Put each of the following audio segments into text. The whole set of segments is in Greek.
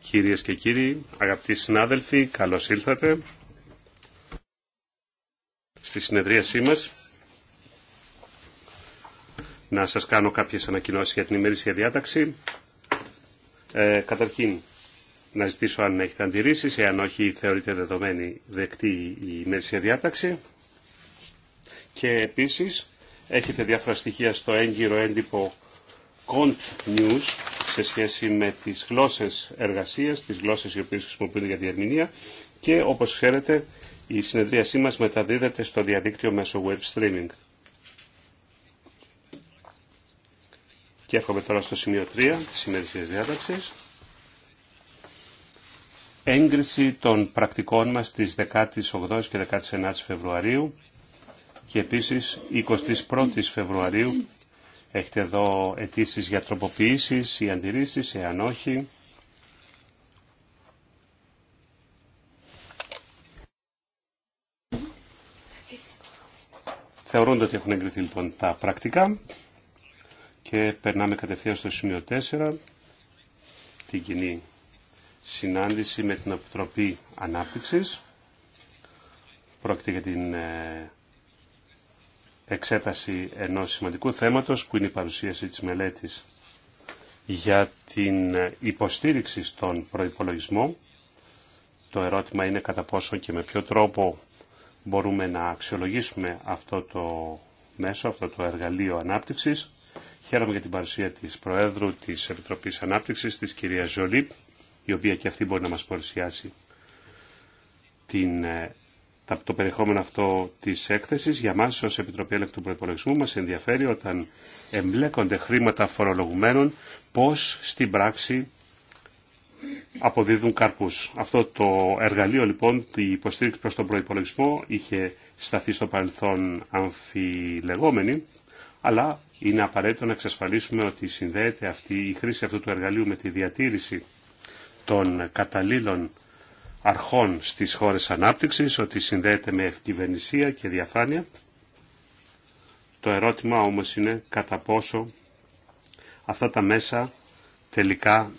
Κυρίες και κύριοι, αγαπητοί συνάδελφοι, καλώς ήλθατε στη συνεδρίασή μας. Να σας κάνω κάποιες ανακοινώσεις για την ημερήσια διάταξη. Ε, καταρχήν, να ζητήσω αν έχετε αντιρρήσεις, εάν όχι θεωρείτε δεδομένη δεκτή η ημερήσια διάταξη. Και επίσης, έχετε διάφορα στοιχεία στο έγκυρο έντυπο Cont News σε σχέση με τις γλώσσες εργασίας, τις γλώσσες οι οποίες χρησιμοποιούνται για διερμηνία και όπως ξέρετε η συνεδρίασή μας μεταδίδεται στο διαδίκτυο μέσω web streaming. Και έχουμε τώρα στο σημείο 3 της σημερισίας διάταξης. Έγκριση των πρακτικών μας της 18 και 19 Φεβρουαρίου και επίσης 21ης Φεβρουαρίου Έχετε εδώ αιτήσει για τροποποιήσει, ή αντιρίσει, ή αντιρρήσει, εάν όχι. Θεωρούνται ότι έχουν εγκριθεί λοιπόν τα πρακτικά και περνάμε κατευθείαν στο σημείο 4, την κοινή συνάντηση με την Επιτροπή Ανάπτυξης. Πρόκειται για την ε, εξέταση ενός σημαντικού θέματος που είναι η παρουσίαση της μελέτης για την υποστήριξη στον προϋπολογισμό. Το ερώτημα είναι κατά πόσο και με ποιο τρόπο μπορούμε να αξιολογήσουμε αυτό το μέσο, αυτό το εργαλείο ανάπτυξης. Χαίρομαι για την παρουσία της Προέδρου της Επιτροπής Ανάπτυξης, της κυρία Ζολή, η οποία και αυτή μπορεί να μας παρουσιάσει την ε, το περιεχόμενο αυτό της έκθεσης. Για μας ως Επιτροπή Ελέκτου Προπολογισμού μας ενδιαφέρει όταν εμπλέκονται χρήματα φορολογουμένων πώς στην πράξη αποδίδουν καρπούς. Αυτό το εργαλείο λοιπόν, η υποστήριξη προς τον προϋπολογισμό είχε σταθεί στο παρελθόν αμφιλεγόμενη, αλλά είναι απαραίτητο να εξασφαλίσουμε ότι συνδέεται αυτή η χρήση αυτού του εργαλείου με τη διατήρηση των καταλήλων αρχών στις χώρες ανάπτυξης, ότι συνδέεται με ευκυβερνησία και διαφάνεια. Το ερώτημα όμως είναι κατά πόσο αυτά τα μέσα τελικά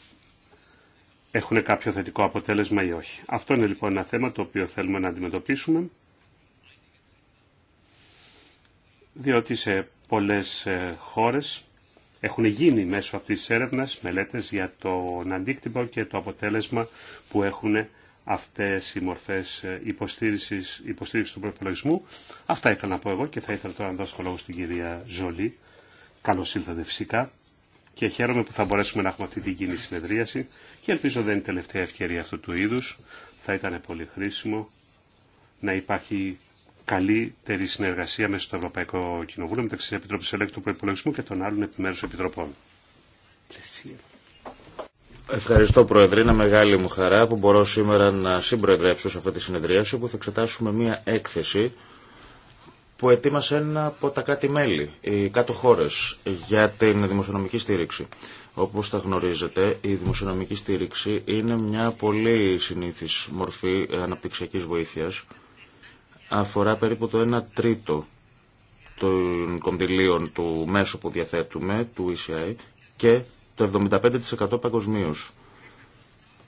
έχουν κάποιο θετικό αποτέλεσμα ή όχι. Αυτό είναι λοιπόν ένα θέμα το οποίο θέλουμε να αντιμετωπίσουμε, διότι σε πολλές ε, χώρες έχουν γίνει μέσω αυτής της έρευνας μελέτες για τον αντίκτυπο και το αποτέλεσμα που έχουν αυτές οι μορφές ε, υποστήριξης, του προπολογισμού. Αυτά ήθελα να πω εγώ και θα ήθελα τώρα να δώσω το λόγο στην κυρία Ζολή. Καλώς ήλθατε φυσικά και χαίρομαι που θα μπορέσουμε να έχουμε αυτή την κοινή συνεδρίαση και ελπίζω δεν είναι τελευταία ευκαιρία αυτού του είδους. Θα ήταν πολύ χρήσιμο να υπάρχει καλύτερη συνεργασία μέσα στο Ευρωπαϊκό Κοινοβούλιο μεταξύ της Επιτροπής Ελέγχου του Προϋπολογισμού και των άλλων επιμέρους επιτροπών. Ευχαριστώ Πρόεδρε, είναι μεγάλη μου χαρά που μπορώ σήμερα να συμπροεδρεύσω σε αυτή τη συνεδρίαση που θα εξετάσουμε μία έκθεση που ετοίμασε ένα από τα κράτη-μέλη, οι κάτω χώρε για την δημοσιονομική στήριξη. Όπως θα γνωρίζετε, η δημοσιονομική στήριξη είναι μια πολύ συνήθις μορφή αναπτυξιακής βοήθειας. Αφορά περίπου το 1 τρίτο των κονδυλίων του μέσου που διαθέτουμε, του ECI, και το 75% παγκοσμίω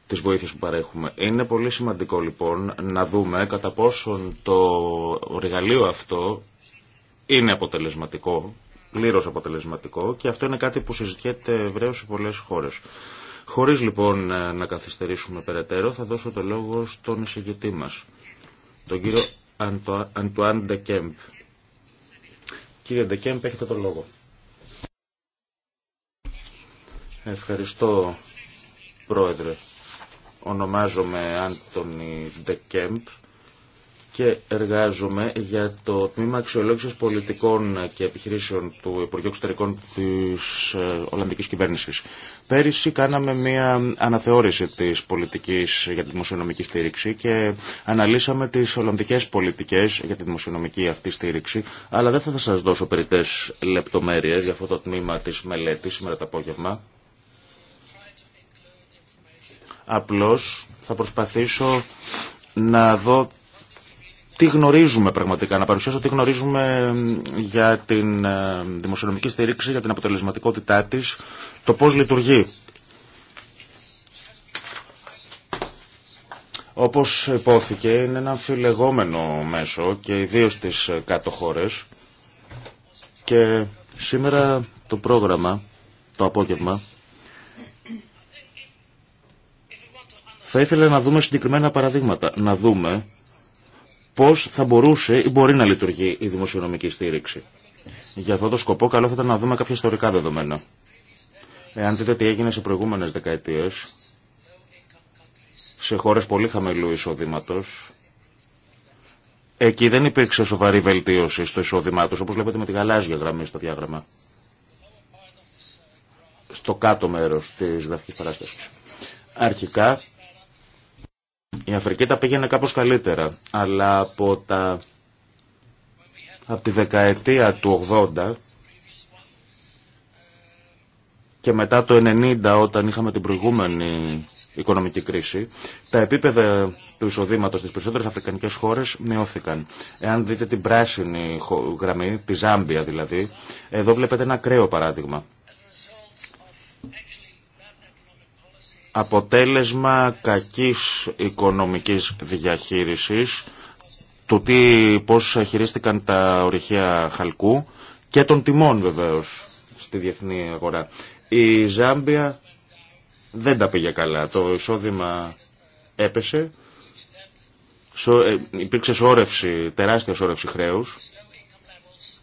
τη βοήθεια που παρέχουμε. Είναι πολύ σημαντικό λοιπόν να δούμε κατά πόσον το εργαλείο αυτό είναι αποτελεσματικό, πλήρω αποτελεσματικό και αυτό είναι κάτι που συζητιέται ευρέω σε πολλέ χώρε. Χωρί λοιπόν να καθυστερήσουμε περαιτέρω, θα δώσω το λόγο στον εισηγητή μα, τον κύριο Αντουάν Ντεκέμπ. Κύριε Ντεκέμπ, έχετε το λόγο. Ευχαριστώ, Πρόεδρε. Ονομάζομαι Άντωνη Ντεκέμπ και εργάζομαι για το Τμήμα Αξιολόγησης Πολιτικών και Επιχειρήσεων του Υπουργείου Εξωτερικών της ε, Ολλανδικής Κυβέρνησης. Πέρυσι κάναμε μια αναθεώρηση της πολιτικής για τη δημοσιονομική στήριξη και αναλύσαμε τις Ολλανδικές πολιτικές για τη δημοσιονομική αυτή στήριξη, αλλά δεν θα σας δώσω περιττές λεπτομέρειες για αυτό το τμήμα της μελέτης σήμερα το απόγευμα. Απλώς θα προσπαθήσω να δω τι γνωρίζουμε πραγματικά, να παρουσιάσω τι γνωρίζουμε για την ε, δημοσιονομική στήριξη, για την αποτελεσματικότητά της, το πώς λειτουργεί. Όπως υπόθηκε, είναι ένα αμφιλεγόμενο μέσο και ιδίως στις κάτω χώρες. Και σήμερα το πρόγραμμα, το απόγευμα, Θα ήθελα να δούμε συγκεκριμένα παραδείγματα. Να δούμε πώς θα μπορούσε ή μπορεί να λειτουργεί η δημοσιονομική στήριξη. Για αυτό το σκοπό καλό θα ήταν να δούμε κάποια ιστορικά δεδομένα. Εάν δείτε τι έγινε σε προηγούμενες δεκαετίες, σε χώρες πολύ χαμηλού εισοδήματος, εκεί δεν υπήρξε σοβαρή βελτίωση στο εισόδημά τους, όπως βλέπετε με τη γαλάζια γραμμή στο διάγραμμα. Στο κάτω μέρος της γραφικής παράστασης. Αρχικά η Αφρική τα πήγαινε κάπως καλύτερα, αλλά από, τα... από τη δεκαετία του 80 και μετά το 90 όταν είχαμε την προηγούμενη οικονομική κρίση, τα επίπεδα του εισοδήματος στις περισσότερες αφρικανικές χώρες μειώθηκαν. Εάν δείτε την πράσινη γραμμή, τη Ζάμπια δηλαδή, εδώ βλέπετε ένα ακραίο παράδειγμα. αποτέλεσμα κακής οικονομικής διαχείρισης του τι, πώς χειρίστηκαν τα ορυχεία χαλκού και των τιμών βεβαίως στη διεθνή αγορά. Η Ζάμπια δεν τα πήγε καλά. Το εισόδημα έπεσε. Ε, υπήρξε τεράστια σώρευση χρέους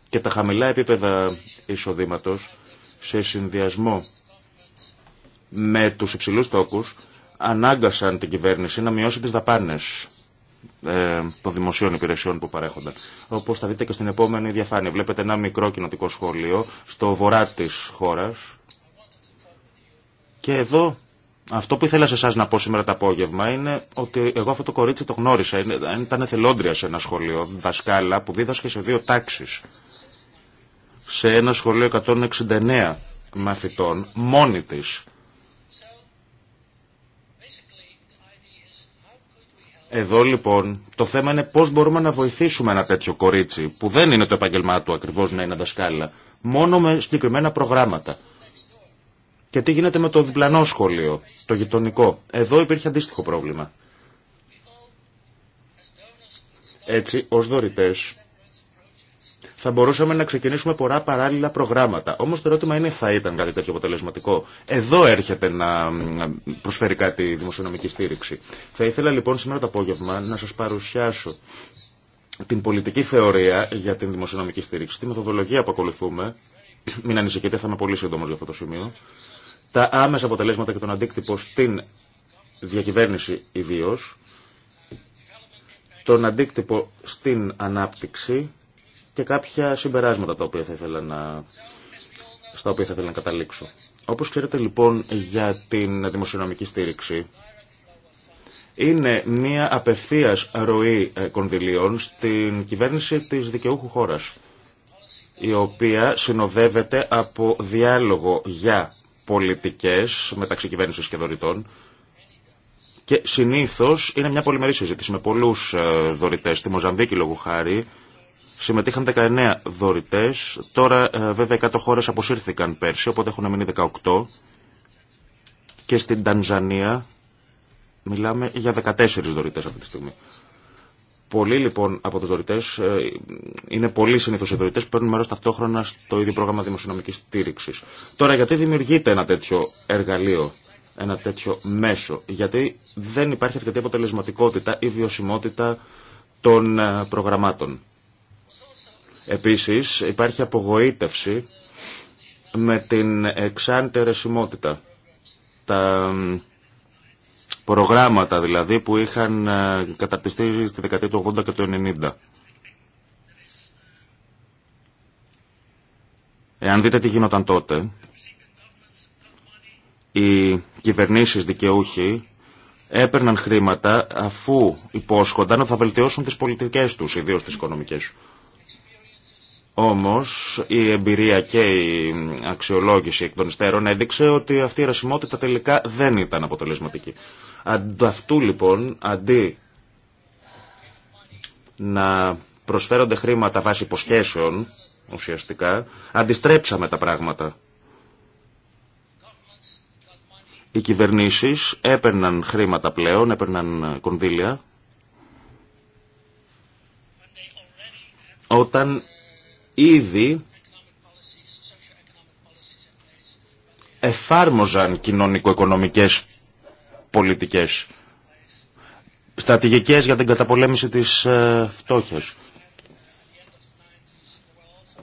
και τα χαμηλά επίπεδα εισοδήματος σε συνδυασμό με τους υψηλούς τόκους ανάγκασαν την κυβέρνηση να μειώσει τις δαπάνες ε, των δημοσίων υπηρεσιών που παρέχονταν. Όπως θα δείτε και στην επόμενη διαφάνεια. Βλέπετε ένα μικρό κοινοτικό σχολείο στο βορρά της χώρας. Και εδώ αυτό που ήθελα σε εσά να πω σήμερα το απόγευμα είναι ότι εγώ αυτό το κορίτσι το γνώρισα. Ήταν εθελόντρια σε ένα σχολείο, δασκάλα που δίδασκε σε δύο τάξεις. Σε ένα σχολείο 169 μαθητών, μόνη τη. Εδώ λοιπόν το θέμα είναι πώς μπορούμε να βοηθήσουμε ένα τέτοιο κορίτσι που δεν είναι το επαγγελμά του ακριβώς να είναι δασκάλα, μόνο με συγκεκριμένα προγράμματα. Και τι γίνεται με το διπλανό σχολείο, το γειτονικό. Εδώ υπήρχε αντίστοιχο πρόβλημα. Έτσι, ως δωρητές, θα μπορούσαμε να ξεκινήσουμε πολλά παράλληλα προγράμματα. Όμω το ερώτημα είναι θα ήταν κάτι τέτοιο αποτελεσματικό. Εδώ έρχεται να προσφέρει κάτι η δημοσιονομική στήριξη. Θα ήθελα λοιπόν σήμερα το απόγευμα να σα παρουσιάσω την πολιτική θεωρία για την δημοσιονομική στήριξη, τη μεθοδολογία που ακολουθούμε. Μην ανησυχείτε, θα είμαι πολύ σύντομο για αυτό το σημείο. Τα άμεσα αποτελέσματα και τον αντίκτυπο στην διακυβέρνηση ιδίω, τον αντίκτυπο στην ανάπτυξη και κάποια συμπεράσματα τα οποία θα ήθελα να, στα οποία θα ήθελα να καταλήξω. Όπως ξέρετε λοιπόν για την δημοσιονομική στήριξη, είναι μια απευθείας ροή ε, κονδυλίων στην κυβέρνηση της δικαιούχου χώρας, η οποία συνοδεύεται από διάλογο για πολιτικές μεταξύ κυβέρνησης και δωρητών, και συνήθως είναι μια πολυμερή συζήτηση με πολλού ε, δωρητέ. Στη λόγου χάρη, Συμμετείχαν 19 δωρητέ. Τώρα ε, βέβαια 100 χώρε αποσύρθηκαν πέρσι, οπότε έχουν μείνει 18. Και στην Τανζανία μιλάμε για 14 δωρητέ αυτή τη στιγμή. Πολλοί λοιπόν από του δωρητέ, ε, είναι πολλοί συνήθω οι δωρητέ που παίρνουν μέρο ταυτόχρονα στο ίδιο πρόγραμμα δημοσιονομική στήριξη. Τώρα, γιατί δημιουργείται ένα τέτοιο εργαλείο, ένα τέτοιο μέσο, Γιατί δεν υπάρχει αρκετή αποτελεσματικότητα ή βιωσιμότητα των ε, προγραμμάτων. Επίσης υπάρχει απογοήτευση με την εξάντη αιρεσιμότητα. Τα προγράμματα δηλαδή που είχαν ε, καταρτιστεί στη δεκαετία του 80 και του 90. Εάν δείτε τι γινόταν τότε, οι κυβερνήσεις δικαιούχοι έπαιρναν χρήματα αφού υπόσχονταν ότι θα βελτιώσουν τις πολιτικές τους, ιδίως τις οικονομικές. Όμως η εμπειρία και η αξιολόγηση εκ των υστέρων έδειξε ότι αυτή η ρασιμότητα τελικά δεν ήταν αποτελεσματική. Ανταυτού λοιπόν, αντί να προσφέρονται χρήματα βάσει υποσχέσεων, ουσιαστικά, αντιστρέψαμε τα πράγματα. Οι κυβερνήσεις έπαιρναν χρήματα πλέον, έπαιρναν κονδύλια, όταν ήδη εφάρμοζαν κοινωνικο-οικονομικές πολιτικές, στρατηγικές για την καταπολέμηση της ε, φτώχειας.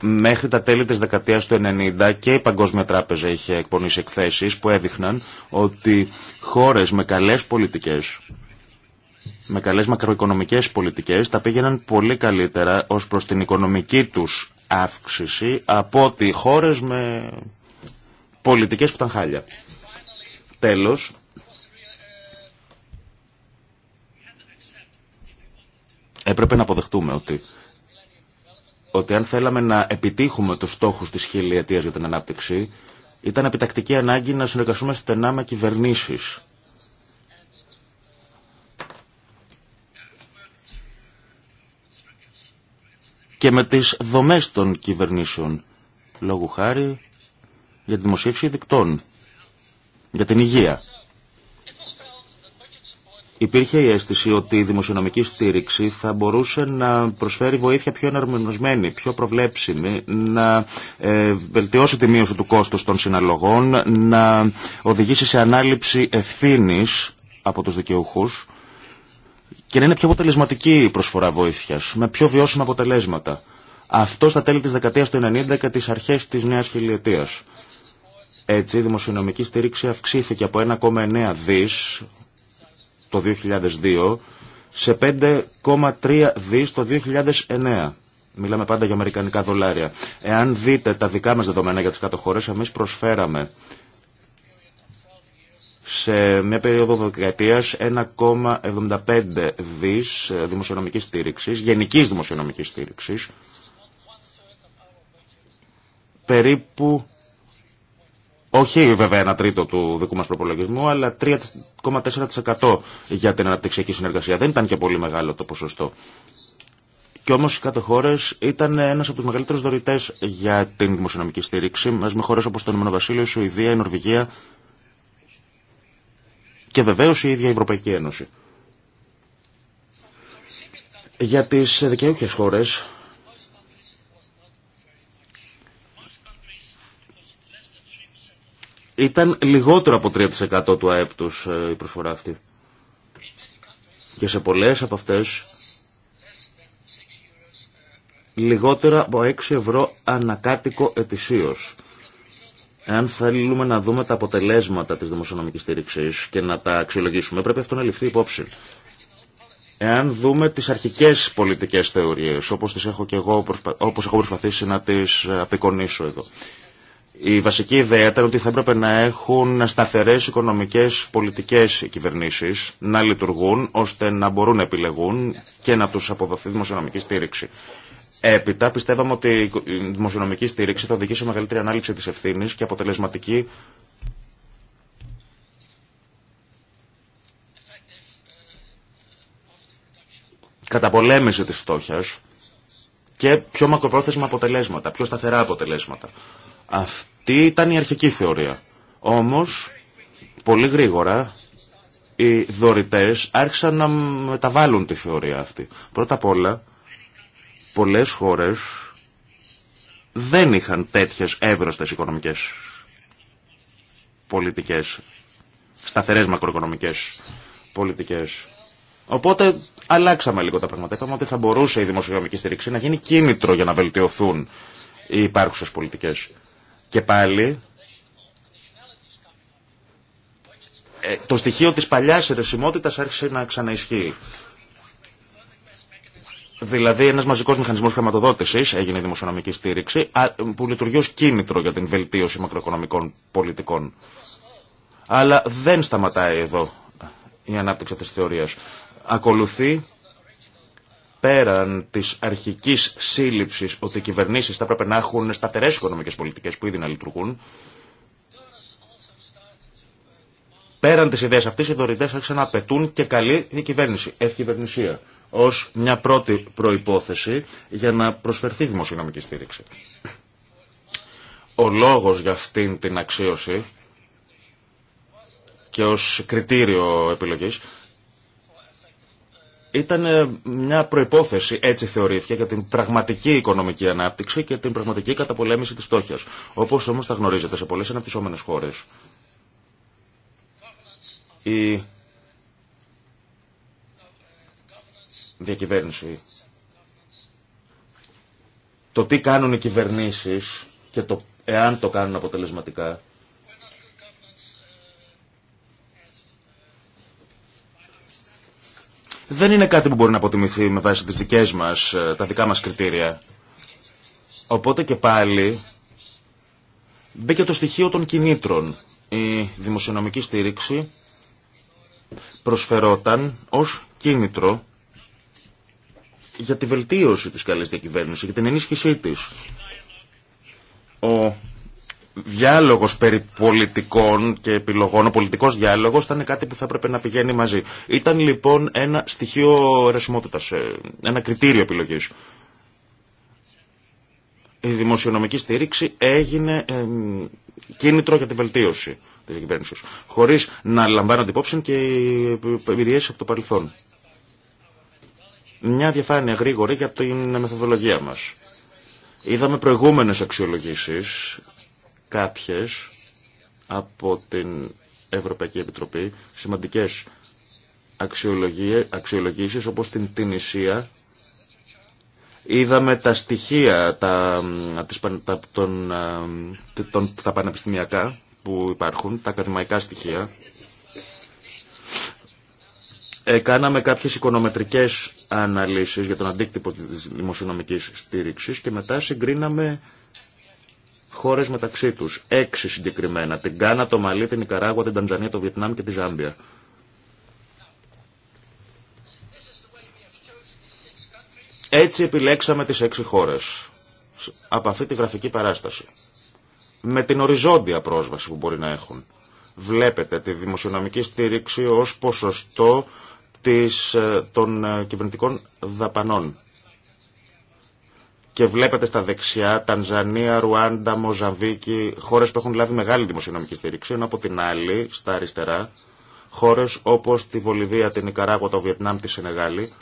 Μέχρι τα τέλη της δεκαετίας του 1990 και η Παγκόσμια Τράπεζα είχε εκπονήσει εκθέσεις που έδειχναν ότι χώρες με καλές πολιτικές με καλές μακροοικονομικές πολιτικές τα πήγαιναν πολύ καλύτερα ως προς την οικονομική τους αύξηση από ότι χώρες με πολιτικές που ήταν χάλια. Τέλος, έπρεπε να αποδεχτούμε ότι, ότι αν θέλαμε να επιτύχουμε τους στόχους της χιλιετίας για την ανάπτυξη, ήταν επιτακτική ανάγκη να συνεργαστούμε στενά με κυβερνήσεις και με τις δομές των κυβερνήσεων. Λόγου χάρη για τη δημοσίευση δικτών, για την υγεία. Υπήρχε η αίσθηση ότι η δημοσιονομική στήριξη θα μπορούσε να προσφέρει βοήθεια πιο εναρμονισμένη, πιο προβλέψιμη, να ε, βελτιώσει τη μείωση του κόστους των συναλλογών, να οδηγήσει σε ανάληψη ευθύνης από τους δικαιούχους και να είναι πιο αποτελεσματική η προσφορά βοήθεια. με πιο βιώσιμα αποτελέσματα. Αυτό στα τέλη τη δεκαετίας του 90 και τι αρχέ της νέας χιλιετίας. Έτσι, η δημοσιονομική στήριξη αυξήθηκε από 1,9 δις το 2002 σε 5,3 δις το 2009. Μιλάμε πάντα για αμερικανικά δολάρια. Εάν δείτε τα δικά μας δεδομένα για τις κάτω χώρες, εμείς προσφέραμε σε μια περίοδο δεκαετίας 1,75 δις ε, δημοσιονομικής στήριξης, γενικής δημοσιονομικής στήριξης, περίπου, όχι βέβαια ένα τρίτο του δικού μας προπολογισμού, αλλά 3,4% για την αναπτυξιακή συνεργασία. Δεν ήταν και πολύ μεγάλο το ποσοστό. Και όμως οι κάτω χώρε ήταν ένας από του μεγαλύτερου δωρητέ για την δημοσιονομική στήριξη, μέσα με χώρε όπως το Ηνωμένο Βασίλειο, η Σουηδία, η Νορβηγία και βεβαίως η ίδια η Ευρωπαϊκή Ένωση. Για τις δικαιούχες χώρες ήταν λιγότερο από 3% του ΑΕΠ τους ε, η προσφορά αυτή. Και σε πολλές από αυτές λιγότερα από 6 ευρώ ανακάτοικο ετησίως. Εάν θέλουμε να δούμε τα αποτελέσματα της δημοσιονομικής στήριξης και να τα αξιολογήσουμε, πρέπει αυτό να ληφθεί υπόψη. Εάν δούμε τις αρχικές πολιτικές θεωρίες, όπως, τις έχω, και εγώ, όπως έχω προσπαθήσει να τις ε, απεικονίσω εδώ, η βασική ιδέα ήταν ότι θα έπρεπε να έχουν σταθερέ οικονομικέ πολιτικέ κυβερνήσει να λειτουργούν ώστε να μπορούν να επιλεγούν και να του αποδοθεί δημοσιονομική στήριξη. Έπειτα πιστεύαμε ότι η δημοσιονομική στήριξη θα οδηγήσει σε μεγαλύτερη ανάληψη της ευθύνης και αποτελεσματική καταπολέμηση της φτώχειας και πιο μακροπρόθεσμα αποτελέσματα, πιο σταθερά αποτελέσματα. Αυτή ήταν η αρχική θεωρία. Όμως, πολύ γρήγορα, οι δωρητές άρχισαν να μεταβάλουν τη θεωρία αυτή. Πρώτα απ' όλα, πολλές χώρες δεν είχαν τέτοιες εύρωστες οικονομικές πολιτικές, σταθερές μακροοικονομικές πολιτικές. Οπότε αλλάξαμε λίγο τα πράγματα. Είπαμε ότι θα μπορούσε η δημοσιογραφική στήριξη να γίνει κίνητρο για να βελτιωθούν οι υπάρχουσες πολιτικές. Και πάλι ε, το στοιχείο της παλιάς ερεσιμότητας άρχισε να ξαναισχύει. Δηλαδή ένας μαζικός μηχανισμός χρηματοδότησης έγινε η δημοσιονομική στήριξη που λειτουργεί ως κίνητρο για την βελτίωση μακροοικονομικών πολιτικών. Αλλά δεν σταματάει εδώ η ανάπτυξη αυτής της θεωρίας. Ακολουθεί πέραν της αρχικής σύλληψης ότι οι κυβερνήσεις θα πρέπει να έχουν σταθερές οικονομικές πολιτικές που ήδη να λειτουργούν, πέραν της ιδέας αυτής οι δωρητές άρχισαν να απαιτούν και καλή διακυβέρνηση, ευκυβερνησία ως μια πρώτη προϋπόθεση για να προσφερθεί δημοσιονομική στήριξη. Ο λόγος για αυτήν την αξίωση και ως κριτήριο επιλογής ήταν ε, μια προϋπόθεση, έτσι θεωρήθηκε, για την πραγματική οικονομική ανάπτυξη και την πραγματική καταπολέμηση της στόχιας. Όπως όμως τα γνωρίζετε σε πολλές αναπτυσσόμενες χώρες, η διακυβέρνηση. Το τι κάνουν οι κυβερνήσεις και το εάν το κάνουν αποτελεσματικά δεν είναι κάτι που μπορεί να αποτιμηθεί με βάση τις δικές μας, ε, τα δικά μας κριτήρια. Οπότε και πάλι μπήκε το στοιχείο των κινήτρων. Η δημοσιονομική στήριξη προσφερόταν ως κίνητρο για τη βελτίωση της καλής διακυβέρνησης, για την ενίσχυσή της. Ο διάλογος περί πολιτικών και επιλογών, ο πολιτικός διάλογος ήταν κάτι που θα έπρεπε να πηγαίνει μαζί. Ήταν λοιπόν ένα στοιχείο ερεσιμότητας, ε, ένα κριτήριο επιλογής. Η δημοσιονομική στήριξη έγινε κίνητρο για τη βελτίωση της κυβέρνησης, χωρίς να λαμβάνονται υπόψη και οι από το παρελθόν. Μια διαφάνεια γρήγορη για την μεθοδολογία μας. Είδαμε προηγούμενες αξιολογήσεις, κάποιες από την Ευρωπαϊκή Επιτροπή, σημαντικές αξιολογήσεις όπως την Τινησία, είδαμε τα στοιχεία τα, τις, τα πανεπιστημιακά που υπάρχουν, τα ακαδημαϊκά στοιχεία. Ε, κάναμε κάποιες οικονομετρικές αναλύσεις για τον αντίκτυπο της δημοσιονομικής στήριξης και μετά συγκρίναμε χώρες μεταξύ τους, έξι συγκεκριμένα, την Κάνα, το Μαλί, την Ικαράγουα, την Τανζανία, το Βιετνάμ και τη Ζάμπια. Έτσι επιλέξαμε τις έξι χώρες από αυτή τη γραφική παράσταση. Με την οριζόντια πρόσβαση που μπορεί να έχουν. Βλέπετε τη δημοσιονομική στήριξη ως ποσοστό της, ε, των ε, κυβερνητικών δαπανών. Και βλέπετε στα δεξιά Τανζανία, Ρουάντα, Μοζαμβίκη, χώρες που έχουν λάβει μεγάλη δημοσιονομική στήριξη, ενώ από την άλλη, στα αριστερά, χώρες όπως τη Βολιβία, την Ικαράγουα, το Βιετνάμ, τη Σενεγάλη,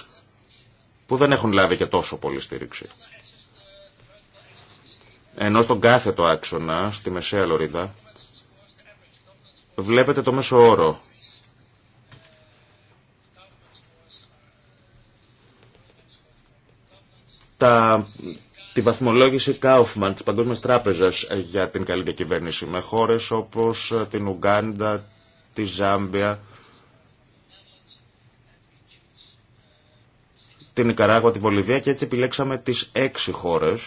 που δεν έχουν λάβει και τόσο πολύ στήριξη. Ενώ στον κάθετο άξονα, στη μεσαία λωρίδα, βλέπετε το μέσο όρο τα, τη βαθμολόγηση Kaufman της Παγκόσμιας Τράπεζας για την καλή διακυβέρνηση με χώρες όπως ε, την Ουγκάντα, τη Ζάμπια, την Νικαράγουα, την Βολιβία και έτσι επιλέξαμε τις έξι χώρες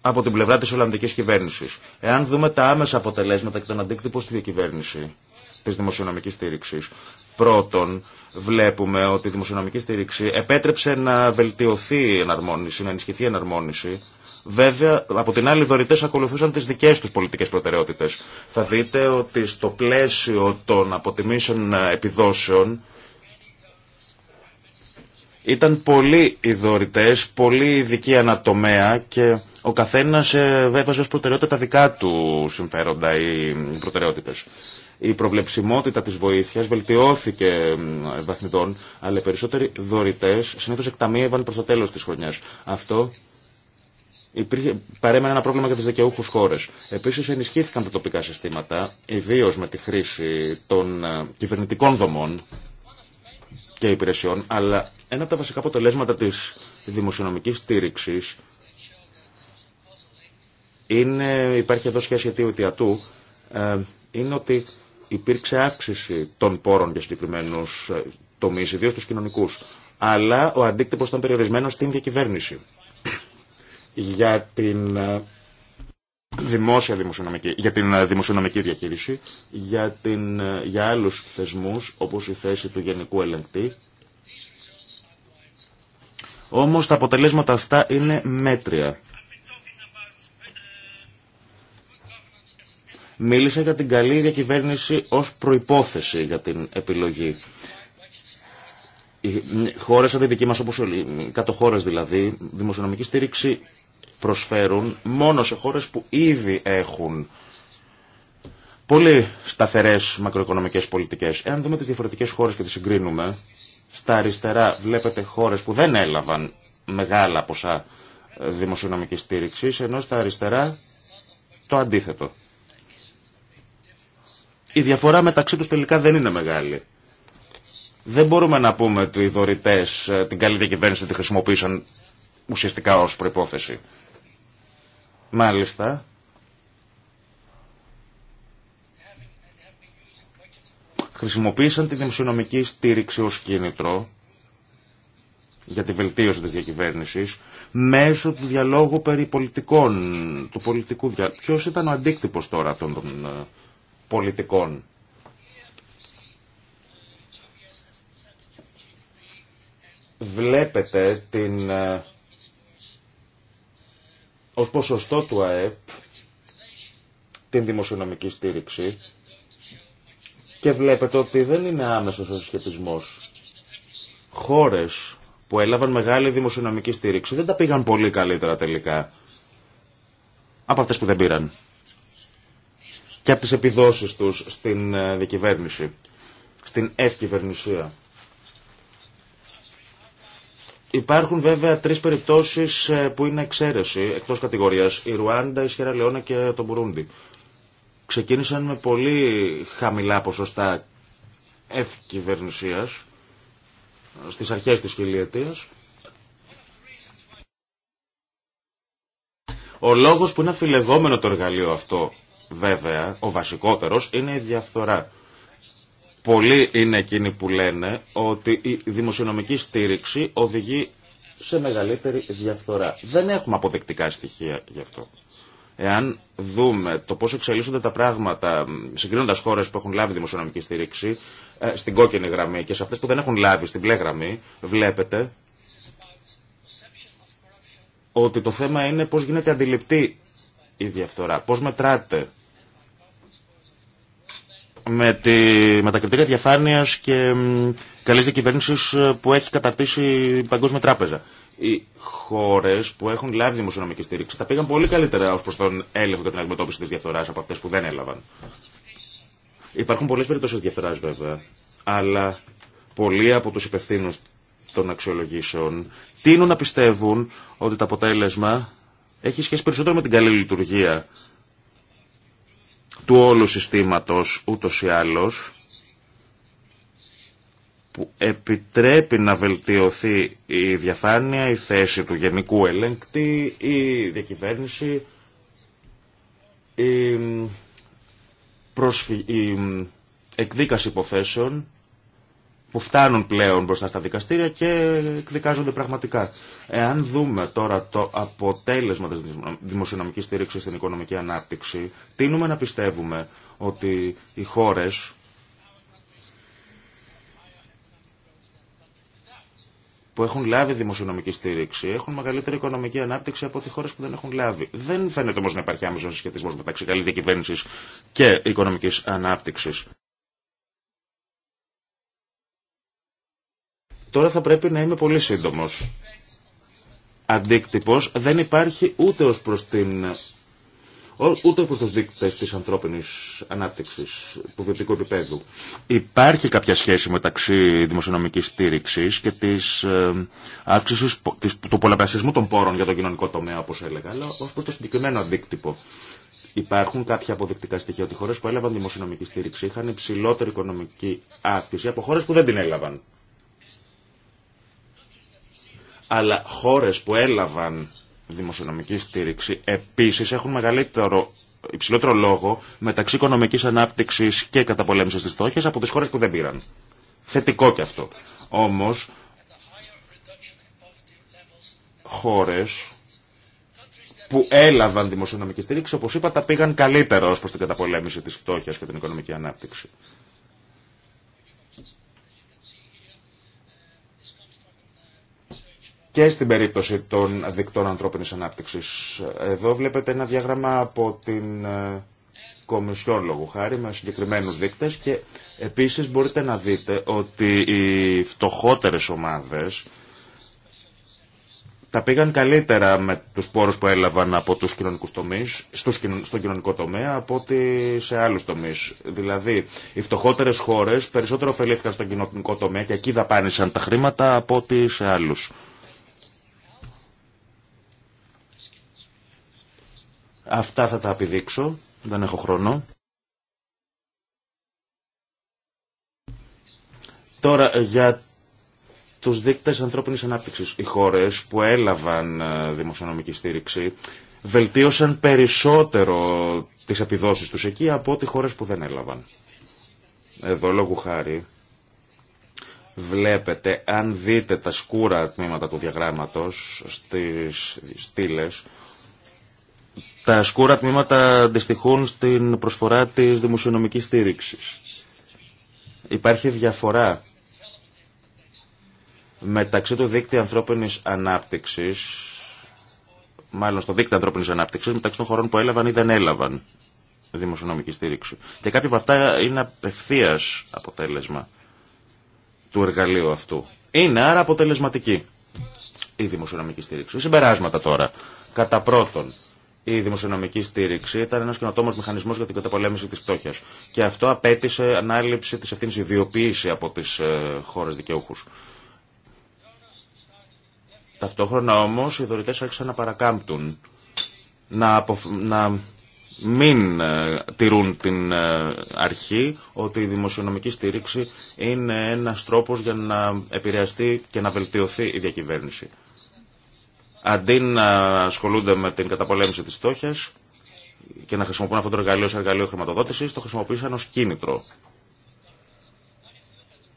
από την πλευρά της Ολλανδικής κυβέρνησης. Εάν δούμε τα άμεσα αποτελέσματα και τον αντίκτυπο στη διακυβέρνηση της δημοσιονομικής στήριξης, Πρώτον, βλέπουμε ότι η δημοσιονομική στήριξη επέτρεψε να βελτιωθεί η εναρμόνιση, να ενισχυθεί η εναρμόνιση. Βέβαια, από την άλλη, οι δωρητέ ακολουθούσαν τι δικέ του πολιτικέ προτεραιότητε. Θα δείτε ότι στο πλαίσιο των αποτιμήσεων επιδόσεων ήταν πολλοί οι δωρητέ, πολλοί ειδικοί ανατομέα και ο καθένα ε, έβαζε ω προτεραιότητα τα δικά του συμφέροντα ή προτεραιότητε. Η προβλεψιμότητα της βοήθειας βελτιώθηκε βαθμιδών, αλλά οι περισσότεροι δωρητές συνήθως εκταμείευαν προς το τέλος της χρονιάς. Αυτό υπήρχε, παρέμενε ένα πρόβλημα για τις δικαιούχους χώρες. Επίσης ενισχύθηκαν τα τοπικά συστήματα, ιδίω με τη χρήση των ε, κυβερνητικών δομών και υπηρεσιών, αλλά ένα από τα βασικά αποτελέσματα της δημοσιονομικής στήριξης είναι, υπάρχει εδώ σχέση αιτίου αιτιατού, ε, είναι ότι υπήρξε αύξηση των πόρων για συγκεκριμένου ε, τομεί, ιδίω του κοινωνικού. Αλλά ο αντίκτυπο ήταν περιορισμένο στην διακυβέρνηση. Για την ε, δημόσια δημοσιονομική, για την ε, δημοσιονομική διαχείριση, για, την, για άλλους θεσμούς, όπως η θέση του Γενικού Ελεγκτή. Όμως τα αποτελέσματα αυτά είναι μέτρια. Μίλησα για την καλή διακυβέρνηση ως προϋπόθεση για την επιλογή. χώρες σαν τη δική μας, όπως όλοι, κάτω δηλαδή, δημοσιονομική στήριξη προσφέρουν μόνο σε χώρες που ήδη έχουν πολύ σταθερές μακροοικονομικές πολιτικές. Εάν δούμε τις διαφορετικές χώρες και τις συγκρίνουμε, στα αριστερά βλέπετε χώρες που δεν έλαβαν μεγάλα ποσά δημοσιονομικής στήριξης, ενώ στα αριστερά το αντίθετο η διαφορά μεταξύ τους τελικά δεν είναι μεγάλη. Δεν μπορούμε να πούμε ότι οι δωρητές ε, την καλή διακυβέρνηση τη χρησιμοποίησαν ουσιαστικά ως προϋπόθεση. Μάλιστα. Χρησιμοποίησαν τη δημοσιονομική στήριξη ως κίνητρο για τη βελτίωση της διακυβέρνησης μέσω του διαλόγου περί πολιτικών, του πολιτικού Ποιος ήταν ο αντίκτυπος τώρα αυτών των ε, πολιτικών. Βλέπετε την, ε, ως ποσοστό του ΑΕΠ την δημοσιονομική στήριξη και βλέπετε ότι δεν είναι άμεσος ο συσχετισμός. Χώρες που έλαβαν μεγάλη δημοσιονομική στήριξη δεν τα πήγαν πολύ καλύτερα τελικά από αυτές που δεν πήραν και από τις επιδόσεις τους στην ε, διακυβέρνηση, στην ευκυβερνησία. Υπάρχουν βέβαια τρεις περιπτώσεις ε, που είναι εξαίρεση εκτός κατηγορίας. Η Ρουάντα, η Σχεραλεώνα και το Μπουρούντι. Ξεκίνησαν με πολύ χαμηλά ποσοστά ευκυβερνησίας ε, στις αρχές της χιλιετίας. Ο λόγος που είναι αφιλεγόμενο το εργαλείο αυτό Βέβαια, ο βασικότερος είναι η διαφθορά. Πολλοί είναι εκείνοι που λένε ότι η δημοσιονομική στήριξη οδηγεί σε μεγαλύτερη διαφθορά. Δεν έχουμε αποδεκτικά στοιχεία γι' αυτό. Εάν δούμε το πώς εξελίσσονται τα πράγματα συγκρίνοντας χώρες που έχουν λάβει δημοσιονομική στήριξη ε, στην κόκκινη γραμμή και σε αυτές που δεν έχουν λάβει στην μπλε γραμμή, βλέπετε ότι το θέμα είναι πώς γίνεται αντιληπτή η διαφθορά, πώς μετράτε με, τη, με τα κριτήρια διαφάνεια και καλή διακυβέρνηση ε, που έχει καταρτήσει η Παγκόσμια Τράπεζα. Οι χώρε που έχουν λάβει δημοσιονομική στήριξη τα πήγαν πολύ καλύτερα ω προ τον έλεγχο και την αντιμετώπιση τη διαφθορά από αυτέ που δεν έλαβαν. Υπάρχουν πολλέ περιπτώσει διαφθορά βέβαια, αλλά πολλοί από του υπευθύνου των αξιολογήσεων τείνουν να πιστεύουν ότι το αποτέλεσμα έχει σχέση περισσότερο με την καλή λειτουργία του όλου συστήματος ούτως ή άλλως που επιτρέπει να βελτιωθεί η διαφάνεια, η θέση του γενικού ελέγκτη, η διακυβέρνηση, η, η εκδίκαση υποθέσεων που φτάνουν πλέον μπροστά στα δικαστήρια και εκδικάζονται πραγματικά. Εάν δούμε τώρα το αποτέλεσμα της δημοσιονομικής στήριξης στην οικονομική ανάπτυξη, τίνουμε να πιστεύουμε ότι οι χώρες που έχουν λάβει δημοσιονομική στήριξη έχουν μεγαλύτερη οικονομική ανάπτυξη από τις χώρε που δεν έχουν λάβει. Δεν φαίνεται όμω να υπάρχει άμεσο συσχετισμό μεταξύ καλή διακυβέρνηση και οικονομική ανάπτυξη. Τώρα θα πρέπει να είμαι πολύ σύντομος. Αντίκτυπος δεν υπάρχει ούτε ως προς την ούτε προς τους δείκτες της ανθρώπινης ανάπτυξης του βιωτικού επίπεδου. Υπάρχει κάποια σχέση μεταξύ δημοσιονομικής στήριξης και της ε, αύξησης του πολλαπλασιασμού των πόρων για τον κοινωνικό τομέα, όπως έλεγα, αλλά ως προς το συγκεκριμένο αντίκτυπο. Υπάρχουν κάποια αποδεικτικά στοιχεία ότι χώρε που έλαβαν δημοσιονομική στήριξη είχαν υψηλότερη οικονομική αύξηση από χώρε που δεν την έλαβαν αλλά χώρες που έλαβαν δημοσιονομική στήριξη επίσης έχουν μεγαλύτερο υψηλότερο λόγο μεταξύ οικονομικής ανάπτυξης και καταπολέμησης της φτώχειας από τις χώρες που δεν πήραν. Θετικό και αυτό. Όμως, χώρες που έλαβαν δημοσιονομική στήριξη, όπως είπα, τα πήγαν καλύτερα ως προς την καταπολέμηση της φτώχειας και την οικονομική ανάπτυξη. και στην περίπτωση των δικτών ανθρώπινης ανάπτυξης. Εδώ βλέπετε ένα διάγραμμα από την ε, Κομισιόν χάρη με συγκεκριμένους δείκτες και επίσης μπορείτε να δείτε ότι οι φτωχότερες ομάδες τα πήγαν καλύτερα με τους πόρους που έλαβαν από τους κοινωνικούς τομείς, στους, στον κοινωνικό τομέα από ότι σε άλλους τομείς. Δηλαδή, οι φτωχότερες χώρες περισσότερο ωφελήθηκαν στον κοινωνικό τομέα και εκεί δαπάνησαν τα χρήματα από ότι σε άλλους. Αυτά θα τα επιδείξω, δεν έχω χρόνο. Τώρα, για τους δείκτες ανθρώπινης ανάπτυξης. Οι χώρες που έλαβαν ε, δημοσιονομική στήριξη βελτίωσαν περισσότερο τις επιδόσεις τους εκεί από ό,τι χώρες που δεν έλαβαν. Εδώ, λόγου χάρη, βλέπετε, αν δείτε τα σκούρα τμήματα του διαγράμματος στις στήλες, τα σκούρα τμήματα αντιστοιχούν στην προσφορά της δημοσιονομικής στήριξης. Υπάρχει διαφορά μεταξύ του δίκτυου ανθρώπινης ανάπτυξης, μάλλον στο δίκτυο ανθρώπινης ανάπτυξης, μεταξύ των χωρών που έλαβαν ή δεν έλαβαν δημοσιονομική στήριξη. Και κάποια από αυτά είναι απευθεία αποτέλεσμα του εργαλείου αυτού. Είναι άρα αποτελεσματική η δημοσιονομική στήριξη. Συμπεράσματα τώρα. Κατά πρώτον, η δημοσιονομική στήριξη ήταν ένα καινοτόμο μηχανισμό για την καταπολέμηση τη φτώχεια. Και αυτό απέτησε ανάληψη τη ευθύνη ιδιοποίηση από τι ε, χώρε δικαιούχου. Ταυτόχρονα όμω οι δωρητέ άρχισαν να παρακάμπτουν, να, να μην ε, τηρούν την ε, αρχή ότι η δημοσιονομική στήριξη είναι ένας τρόπος για να επηρεαστεί και να βελτιωθεί η διακυβέρνηση αντί να ασχολούνται με την καταπολέμηση της φτώχεια και να χρησιμοποιούν αυτό το εργαλείο σε εργαλείο χρηματοδότησης, το χρησιμοποίησαν ως κίνητρο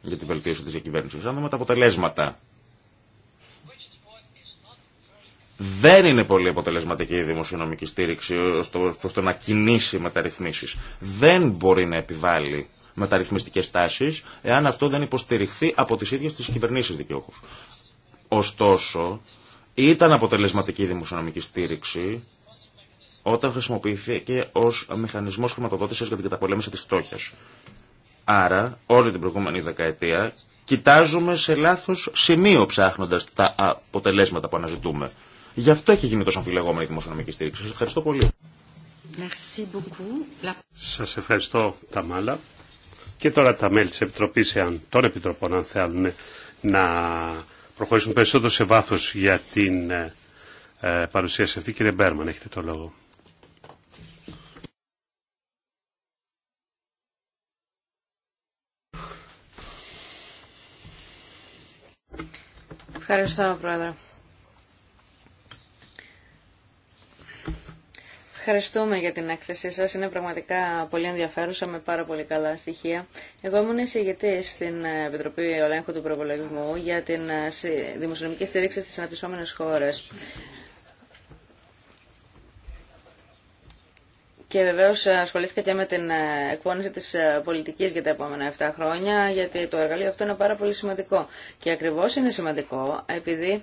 για την βελτίωση της διακυβέρνησης. Αν δούμε τα αποτελέσματα. Δεν είναι πολύ αποτελεσματική η δημοσιονομική στήριξη προς το να κινήσει μεταρρυθμίσεις. Δεν μπορεί να επιβάλλει μεταρρυθμιστικές τάσεις εάν αυτό δεν υποστηριχθεί από τις ίδιες τις κυβερνήσεις δικαιούχους. Ωστόσο, ήταν αποτελεσματική η δημοσιονομική στήριξη όταν χρησιμοποιήθηκε ως μηχανισμός χρηματοδότηση για την καταπολέμηση τη φτώχεια. Άρα, όλη την προηγούμενη δεκαετία, κοιτάζουμε σε λάθος σημείο ψάχνοντα τα αποτελέσματα που αναζητούμε. Γι' αυτό έχει γίνει τόσο αμφιλεγόμενη η δημοσιονομική στήριξη. Σα ευχαριστώ πολύ. Σα ευχαριστώ Και τώρα τα μέλη τη επιτροπή των αν να Προχωρήσουμε περισσότερο σε βάθος για την ε, ε, παρουσίαση αυτή. Κύριε Μπέρμαν, έχετε το λόγο. Ευχαριστώ, Πρόεδρε. Ευχαριστούμε για την έκθεσή σας. Είναι πραγματικά πολύ ενδιαφέρουσα με πάρα πολύ καλά στοιχεία. Εγώ ήμουν εισηγητής στην Επιτροπή Ολέγχου του Προπολογισμού για την ε, δημοσιονομική στήριξη στις αναπτυσσόμενες χώρες. Και βεβαίω ε, ασχολήθηκα και με την ε, εκπόνηση τη πολιτική για τα επόμενα 7 χρόνια, γιατί το εργαλείο αυτό είναι πάρα πολύ σημαντικό. Και ακριβώ είναι σημαντικό, επειδή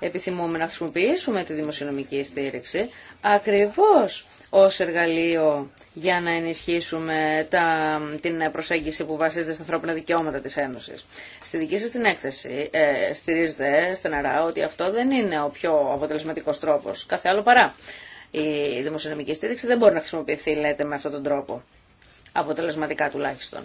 επιθυμούμε να χρησιμοποιήσουμε τη δημοσιονομική στήριξη ακριβώς ως εργαλείο για να ενισχύσουμε τα, την προσέγγιση που βασίζεται στα ανθρώπινα δικαιώματα της Ένωσης. Στη δική σας την έκθεση ε, στηρίζεται στεναρά ότι αυτό δεν είναι ο πιο αποτελεσματικός τρόπος, κάθε άλλο παρά. Η δημοσιονομική στήριξη δεν μπορεί να χρησιμοποιηθεί, λέτε, με αυτόν τον τρόπο, αποτελεσματικά τουλάχιστον.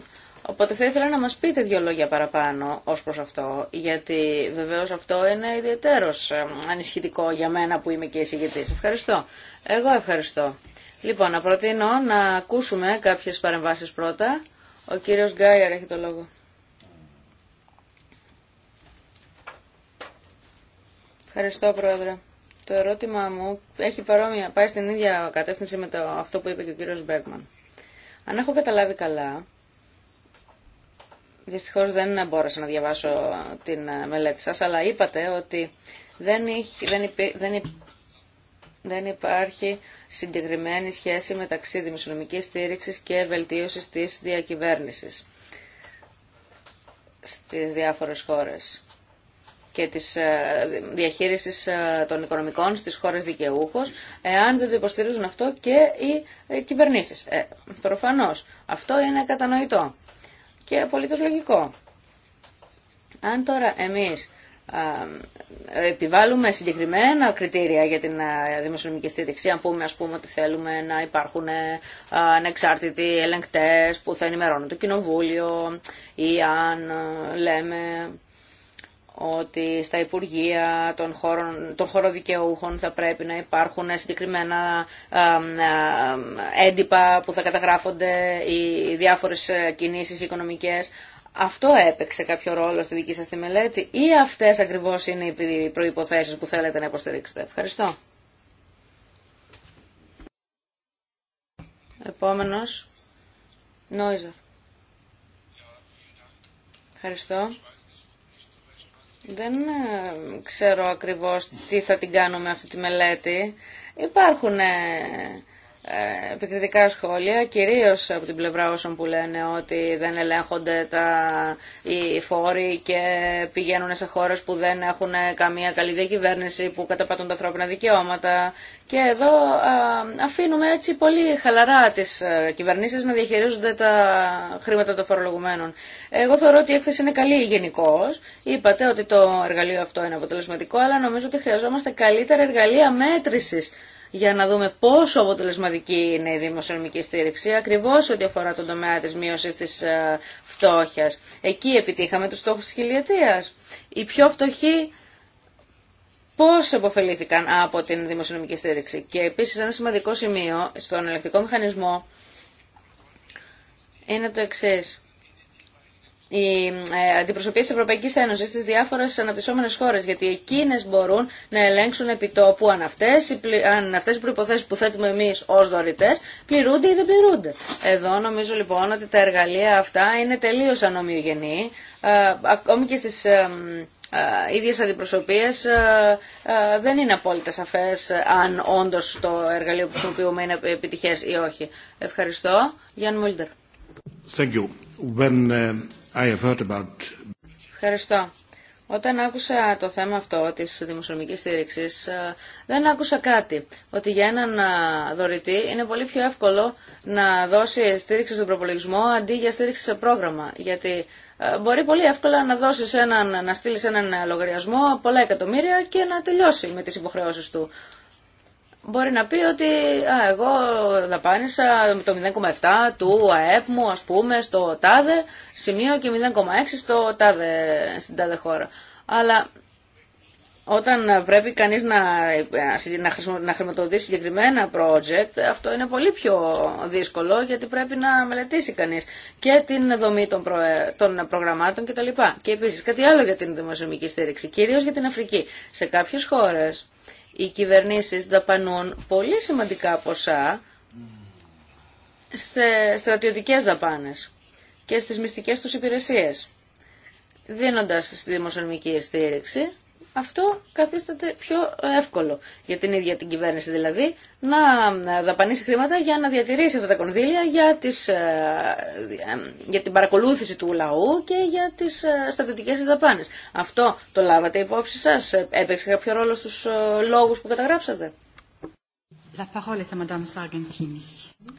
Οπότε θα ήθελα να μας πείτε δύο λόγια παραπάνω ως προς αυτό, γιατί βεβαίως αυτό είναι ιδιαίτερος ε, ανισχυτικό για μένα που είμαι και εισηγητής. Ευχαριστώ. Εγώ ευχαριστώ. Λοιπόν, να προτείνω να ακούσουμε κάποιες παρεμβάσεις πρώτα. Ο κύριος Γκάιερ έχει το λόγο. Ευχαριστώ, Πρόεδρε. Το ερώτημα μου έχει παρόμοια, πάει στην ίδια κατεύθυνση με το, αυτό που είπε και ο κύριος Μπέρκμαν. Αν έχω καταλάβει καλά, Δυστυχώ δεν μπόρεσα να διαβάσω την ε, μελέτη σας, αλλά είπατε ότι δεν, υπάρχει συγκεκριμένη σχέση μεταξύ δημοσιονομικής στήριξης και βελτίωσης της διακυβέρνησης στις διάφορες χώρες και της ε, διαχείρισης ε, των οικονομικών στις χώρες δικαιούχους, εάν δεν το υποστηρίζουν αυτό και οι κυβερνήσεις. Ε, προφανώς, αυτό είναι κατανοητό και απολύτως λογικό. Αν τώρα εμείς επιβάλλουμε συγκεκριμένα κριτήρια για την δημοσιονομική στήριξη, αν πούμε, ας πούμε ότι θέλουμε να υπάρχουν ε, ανεξάρτητοι ελεγκτές που θα ενημερώνουν το κοινοβούλιο ή αν ε, λέμε ότι στα Υπουργεία των χώρων, των δικαιούχων θα πρέπει να υπάρχουν συγκεκριμένα έντυπα που θα καταγράφονται οι διάφορες ε, κινήσεις οικονομικές. Αυτό έπαιξε κάποιο ρόλο στη δική σας τη μελέτη ή αυτές ακριβώς είναι οι προϋποθέσεις που θέλετε να υποστηρίξετε. Ευχαριστώ. Επόμενος, Νόιζερ. Ευχαριστώ. Δεν ε, ξέρω ακριβώς τι θα την κάνουμε αυτή τη μελέτη. Υπάρχουν ε, ε, επικριτικά σχόλια, κυρίως από την πλευρά όσων που λένε ότι δεν ελέγχονται τα, οι φόροι και πηγαίνουν σε χώρες που δεν έχουν καμία καλή διακυβέρνηση, που καταπατούν τα ανθρώπινα δικαιώματα. Και εδώ αφήνουμε έτσι πολύ χαλαρά τις ε, κυβερνήσεις να διαχειρίζονται τα χρήματα των φορολογουμένων. Εγώ θεωρώ ότι η έκθεση είναι καλή γενικώ. Είπατε ότι το εργαλείο αυτό είναι αποτελεσματικό, αλλά νομίζω ότι χρειαζόμαστε καλύτερα εργαλεία μέτρησης για να δούμε πόσο αποτελεσματική είναι η δημοσιονομική στήριξη, ακριβώς ό,τι αφορά τον τομέα της μείωσης της ε, φτώχειας. Εκεί επιτύχαμε τους στόχους της χιλιετίας. Οι πιο φτωχοί πώς επωφελήθηκαν από την δημοσιονομική στήριξη. Και επίσης ένα σημαντικό σημείο στον ελεκτικό μηχανισμό είναι το εξής οι ε, αντιπροσωπείε της Ευρωπαϊκής Ένωσης στις διάφορες αναπτυσσόμενες χώρες, γιατί εκείνε μπορούν να ελέγξουν επιτόπου αν αυτέ αν αυτές οι προϋποθέσεις που θέτουμε εμεί ω δωρητέ, πληρούνται ή δεν πληρούνται. Εδώ νομίζω λοιπόν ότι τα εργαλεία αυτά είναι τελείω ανομοιογενή, ε, ακόμη και στις ε, ίδιες αντιπροσωπείες δεν είναι απόλυτα σαφέ αν όντω το εργαλείο που χρησιμοποιούμε είναι επιτυχέ ή όχι. Ευχαριστώ. Γιάννη Μούλτερ. Thank you. Ευχαριστώ. Όταν άκουσα το θέμα αυτό της δημοσιονομικής στήριξης, ε, δεν άκουσα κάτι. Ότι για έναν ε, δωρητή είναι πολύ πιο εύκολο να δώσει στήριξη στον προπολογισμό αντί για στήριξη σε πρόγραμμα. Γιατί ε, μπορεί πολύ εύκολα να, δώσεις έναν, να στείλεις έναν λογαριασμό πολλά εκατομμύρια και να τελειώσει με τις υποχρεώσεις του μπορεί να πει ότι α, εγώ δαπάνησα το 0,7 του ΑΕΠ μου ας πούμε στο τάδε σημείο και 0,6 στο τάδε, στην τάδε χώρα. Αλλά όταν πρέπει κανείς να, να χρηματοδοτήσει συγκεκριμένα project, αυτό είναι πολύ πιο δύσκολο γιατί πρέπει να μελετήσει κανείς και την δομή των, προ... των προγραμμάτων κτλ. Και επίσης κάτι άλλο για την δημοσιονομική στήριξη, κυρίως για την Αφρική. Σε κάποιες χώρες οι κυβερνήσεις δαπανούν πολύ σημαντικά ποσά σε στρατιωτικές δαπάνες και στις μυστικές τους υπηρεσίες, δίνοντας στη δημοσιονομική στήριξη αυτό καθίσταται πιο εύκολο για την ίδια την κυβέρνηση δηλαδή να δαπανίσει χρήματα για να διατηρήσει αυτά τα κονδύλια για, τις, ε, την παρακολούθηση του λαού και για τις ε, στατιωτικές της δαπάνες. Αυτό το λάβατε υπόψη σας, έπαιξε κάποιο ρόλο στους ε, λόγους που καταγράψατε. Madame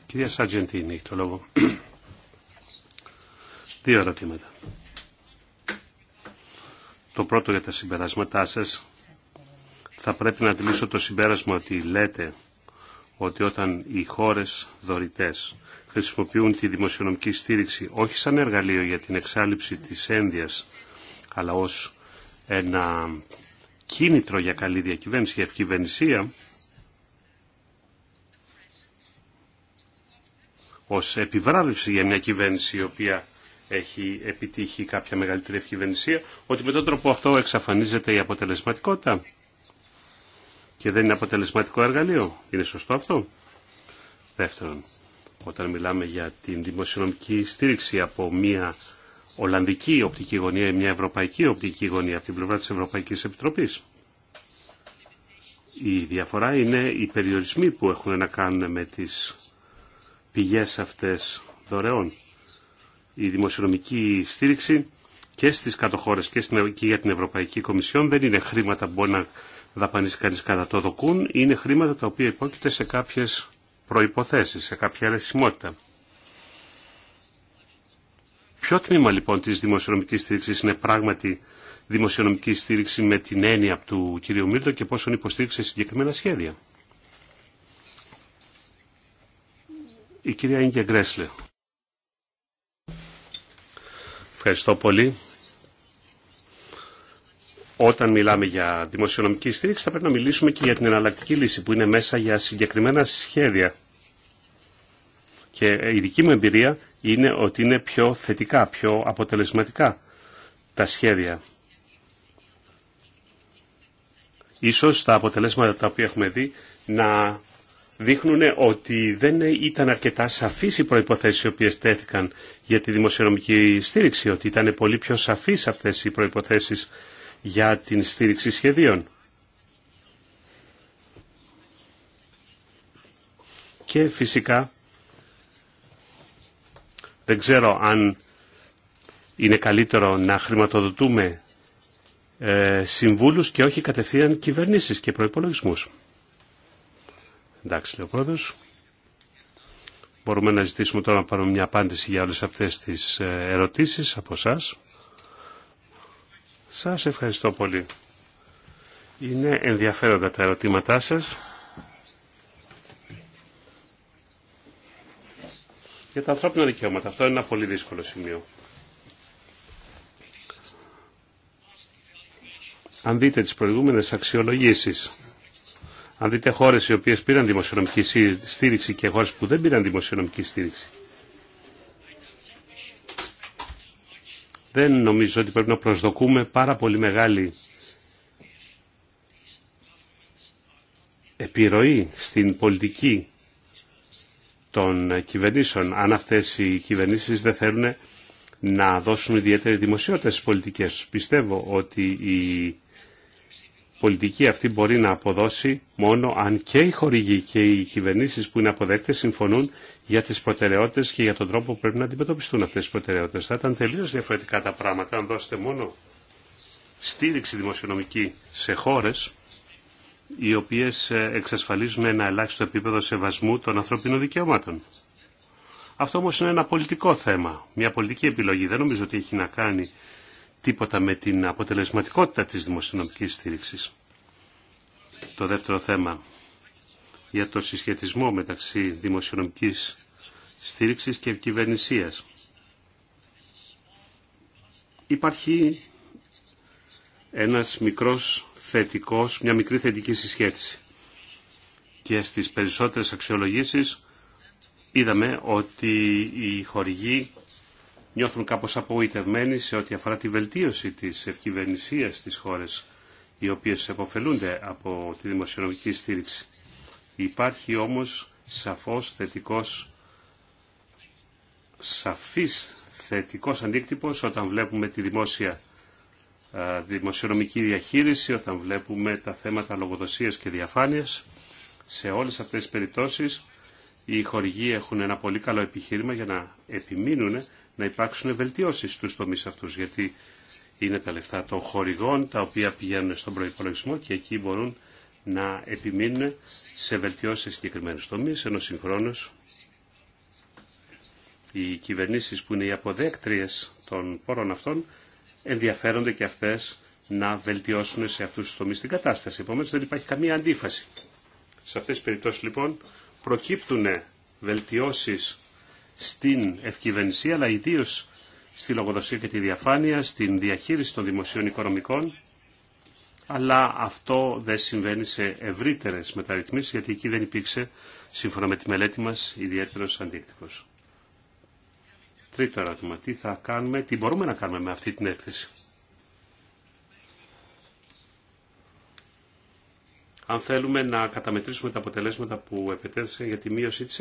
Κυρία Σαργεντίνη, το λόγο. Δύο ερωτήματα το πρώτο για τα συμπεράσματά σας. Θα πρέπει να αντιλήσω το συμπέρασμα ότι λέτε ότι όταν οι χώρες δωρητές χρησιμοποιούν τη δημοσιονομική στήριξη όχι σαν εργαλείο για την εξάλληψη της ένδυας, αλλά ως ένα κίνητρο για καλή διακυβέρνηση για ευκυβερνησία, ως επιβράβευση για μια κυβέρνηση η οποία έχει επιτύχει κάποια μεγαλύτερη ευκυβερνησία, ότι με τον τρόπο αυτό εξαφανίζεται η αποτελεσματικότητα και δεν είναι αποτελεσματικό εργαλείο. Είναι σωστό αυτό. Δεύτερον, όταν μιλάμε για την δημοσιονομική στήριξη από μια Ολλανδική οπτική γωνία ή μια Ευρωπαϊκή οπτική γωνία από την πλευρά της Ευρωπαϊκής Επιτροπής. Η διαφορά είναι οι περιορισμοί που έχουν να κάνουν με τις πηγές αυτές δωρεών η δημοσιονομική στήριξη και στις κατοχώρες και, στην, για την Ευρωπαϊκή Κομισιόν δεν είναι χρήματα που μπορεί να δαπανίσει κανείς κατά το δοκούν, είναι χρήματα τα οποία υπόκειται σε κάποιες προϋποθέσεις, σε κάποια αρεσιμότητα. Ποιο τμήμα λοιπόν της δημοσιονομικής στήριξης είναι πράγματι δημοσιονομική στήριξη με την έννοια του κ. Μίλτο και πόσον υποστήριξε συγκεκριμένα σχέδια. Η κυρία Ίγκια Ευχαριστώ πολύ. Όταν μιλάμε για δημοσιονομική στήριξη θα πρέπει να μιλήσουμε και για την εναλλακτική λύση που είναι μέσα για συγκεκριμένα σχέδια. Και η δική μου εμπειρία είναι ότι είναι πιο θετικά, πιο αποτελεσματικά τα σχέδια. Ίσως τα αποτελέσματα τα οποία έχουμε δει να δείχνουν ότι δεν ήταν αρκετά σαφείς οι προϋποθέσεις οι οποίες τέθηκαν για τη δημοσιονομική στήριξη, ότι ήταν πολύ πιο σαφείς αυτές οι προϋποθέσεις για την στήριξη σχεδίων. Και φυσικά δεν ξέρω αν είναι καλύτερο να χρηματοδοτούμε ε, συμβούλους και όχι κατευθείαν κυβερνήσεις και προϋπολογισμούς. Εντάξει, λέει ο Μπορούμε να ζητήσουμε τώρα να πάρουμε μια απάντηση για όλε αυτές τις ε, ερωτήσεις από εσά. Σας ευχαριστώ πολύ. Είναι ενδιαφέροντα τα ερωτήματά σας. Για τα ανθρώπινα δικαιώματα, αυτό είναι ένα πολύ δύσκολο σημείο. Αν δείτε τις προηγούμενες αξιολογήσεις, αν δείτε χώρες οι οποίες πήραν δημοσιονομική στήριξη και χώρες που δεν πήραν δημοσιονομική στήριξη. Δεν νομίζω ότι πρέπει να προσδοκούμε πάρα πολύ μεγάλη επιρροή στην πολιτική των κυβερνήσεων, αν αυτές οι κυβερνήσεις δεν θέλουν να δώσουν ιδιαίτερη δημοσιότητα στις πολιτικές τους. Πιστεύω ότι οι πολιτική αυτή μπορεί να αποδώσει μόνο αν και οι χορηγοί και οι κυβερνήσεις που είναι αποδέκτες συμφωνούν για τις προτεραιότητες και για τον τρόπο που πρέπει να αντιμετωπιστούν αυτές τις προτεραιότητες. Θα ήταν τελείως διαφορετικά τα πράγματα αν δώσετε μόνο στήριξη δημοσιονομική σε χώρες οι οποίες ε, εξασφαλίζουν ένα ελάχιστο επίπεδο σεβασμού των ανθρωπίνων δικαιωμάτων. Αυτό όμως είναι ένα πολιτικό θέμα, μια πολιτική επιλογή. Δεν νομίζω ότι έχει να κάνει τίποτα με την αποτελεσματικότητα της δημοσιονομικής στήριξης. Το δεύτερο θέμα για το συσχετισμό μεταξύ δημοσιονομικής στήριξης και κυβερνησίας. Υπάρχει ένας μικρός θετικός, μια μικρή θετική συσχέτιση. Και στις περισσότερες αξιολογήσεις είδαμε ότι οι χορηγοί νιώθουν κάπως απογοητευμένοι σε ό,τι αφορά τη βελτίωση της ευκυβερνησίας στις χώρες οι οποίες επωφελούνται από τη δημοσιονομική στήριξη. Υπάρχει όμως σαφώς θετικός, σαφής θετικός αντίκτυπος όταν βλέπουμε τη δημόσια δημοσιονομική διαχείριση, όταν βλέπουμε τα θέματα λογοδοσίας και διαφάνειας. Σε όλες αυτές τις περιπτώσεις οι χορηγοί έχουν ένα πολύ καλό επιχείρημα για να επιμείνουν να υπάρξουν βελτιώσεις στους τομείς αυτούς, γιατί είναι τα λεφτά των χορηγών τα οποία πηγαίνουν στον προϋπολογισμό και εκεί μπορούν να επιμείνουν σε βελτιώσεις σε συγκεκριμένους τομείς, ενώ συγχρόνως οι κυβερνήσεις που είναι οι αποδέκτριες των πόρων αυτών ενδιαφέρονται και αυτές να βελτιώσουν σε αυτούς τους τομείς την κατάσταση. Επομένως δεν υπάρχει καμία αντίφαση. Σε αυτές τις περιπτώσεις λοιπόν προκύπτουν βελτιώσεις στην ευκυβερνησία, αλλά ιδίω στη λογοδοσία και τη διαφάνεια, στην διαχείριση των δημοσίων οικονομικών. Αλλά αυτό δεν συμβαίνει σε ευρύτερε μεταρρυθμίσει, γιατί εκεί δεν υπήρξε, σύμφωνα με τη μελέτη μα, ιδιαίτερο αντίκτυπο. Τρίτο ερώτημα. Τι θα κάνουμε, τι μπορούμε να κάνουμε με αυτή την έκθεση. Αν θέλουμε να καταμετρήσουμε τα αποτελέσματα που επιτέλεσαν για τη μείωση της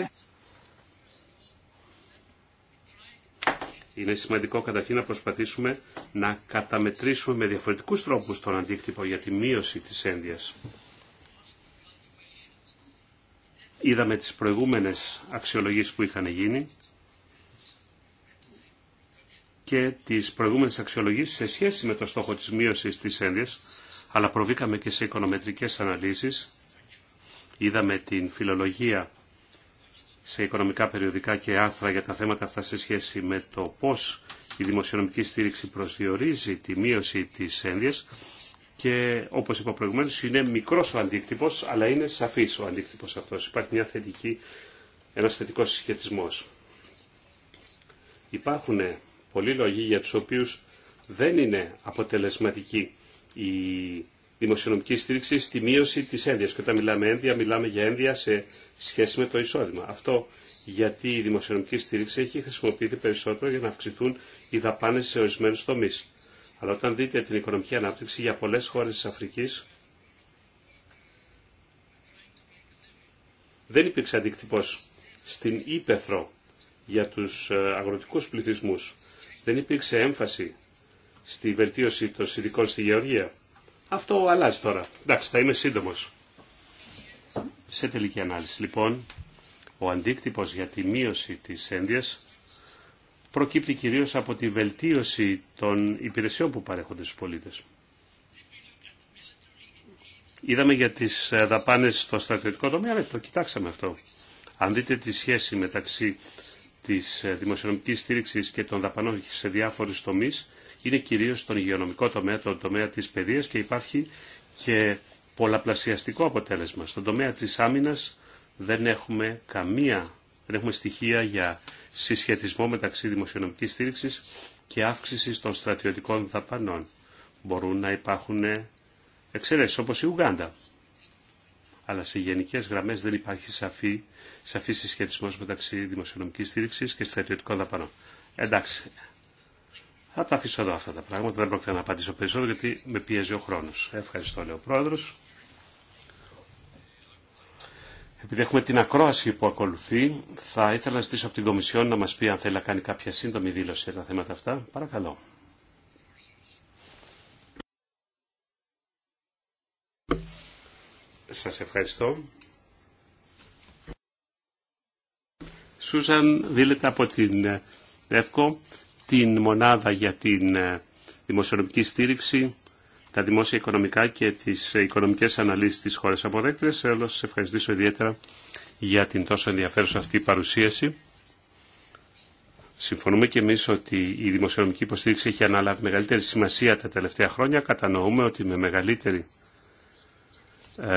Είναι σημαντικό καταρχήν να προσπαθήσουμε να καταμετρήσουμε με διαφορετικούς τρόπους τον αντίκτυπο για τη μείωση της ένδυας. Είδαμε τις προηγούμενες αξιολογήσεις που είχαν γίνει και τις προηγούμενες αξιολογήσεις σε σχέση με το στόχο της μείωσης της ένδυας, αλλά προβήκαμε και σε οικονομετρικές αναλύσεις. Είδαμε την φιλολογία σε οικονομικά περιοδικά και άρθρα για τα θέματα αυτά σε σχέση με το πώς η δημοσιονομική στήριξη προσδιορίζει τη μείωση της ένδυας και όπως είπα προηγουμένως είναι μικρός ο αντίκτυπος αλλά είναι σαφής ο αντίκτυπος αυτός. Υπάρχει μια θετική, ένας θετικός συσχετισμός. Υπάρχουν πολλοί λόγοι για του οποίους δεν είναι αποτελεσματική η δημοσιονομική στήριξη στη μείωση τη ένδυα. Και όταν μιλάμε ένδυα, μιλάμε για ένδυα σε σχέση με το εισόδημα. Αυτό γιατί η δημοσιονομική στήριξη έχει χρησιμοποιηθεί περισσότερο για να αυξηθούν οι δαπάνε σε ορισμένου τομεί. Αλλά όταν δείτε την οικονομική ανάπτυξη για πολλέ χώρε τη Αφρική δεν υπήρξε αντίκτυπο στην ύπεθρο για του ε, αγροτικού πληθυσμού Δεν υπήρξε έμφαση στη βελτίωση των συνδικών στη Γεωργία. Αυτό αλλάζει τώρα. Εντάξει, θα είμαι σύντομο. Σε τελική ανάλυση, λοιπόν, ο αντίκτυπο για τη μείωση της ένδυας προκύπτει κυρίως από τη βελτίωση των υπηρεσιών που παρέχονται στους πολίτε. Είδαμε για τις ε, δαπάνες στο στρατιωτικό τομέα, αλλά το κοιτάξαμε αυτό. Αν δείτε τη σχέση μεταξύ της ε, δημοσιονομική στήριξη και των δαπανών σε διάφορου τομεί είναι κυρίω στον υγειονομικό τομέα, τον τομέα της παιδείας και υπάρχει και πολλαπλασιαστικό αποτέλεσμα. Στον τομέα της άμυνα δεν έχουμε καμία, δεν έχουμε στοιχεία για συσχετισμό μεταξύ δημοσιονομικής στήριξη και αύξησης των στρατιωτικών δαπανών. Μπορούν να υπάρχουν εξαιρέσεις όπως η Ουγγάντα. Αλλά σε γενικέ γραμμέ δεν υπάρχει σαφή, σαφή συσχετισμός μεταξύ δημοσιονομική στήριξη και στρατιωτικών δαπανών. Εντάξει, θα τα αφήσω εδώ αυτά τα πράγματα. Δεν πρόκειται να απαντήσω περισσότερο γιατί με πιέζει ο χρόνο. Ευχαριστώ, λέει ο πρόεδρο. Επειδή έχουμε την ακρόαση που ακολουθεί, θα ήθελα να ζητήσω από την Κομισιόν να μα πει αν θέλει να κάνει κάποια σύντομη δήλωση για τα θέματα αυτά. Παρακαλώ. Σας ευχαριστώ. Σούζαν δίλετε από την ΕΦΚΟ την μονάδα για την ε, δημοσιονομική στήριξη, τα δημόσια οικονομικά και τις ε, οικονομικές αναλύσεις της χώρας αποδέκτρες. Θέλω ε, να σας ευχαριστήσω ιδιαίτερα για την τόσο ενδιαφέρουσα αυτή παρουσίαση. Συμφωνούμε και εμείς ότι η δημοσιονομική υποστήριξη έχει αναλάβει μεγαλύτερη σημασία τα τελευταία χρόνια. Κατανοούμε ότι με μεγαλύτερη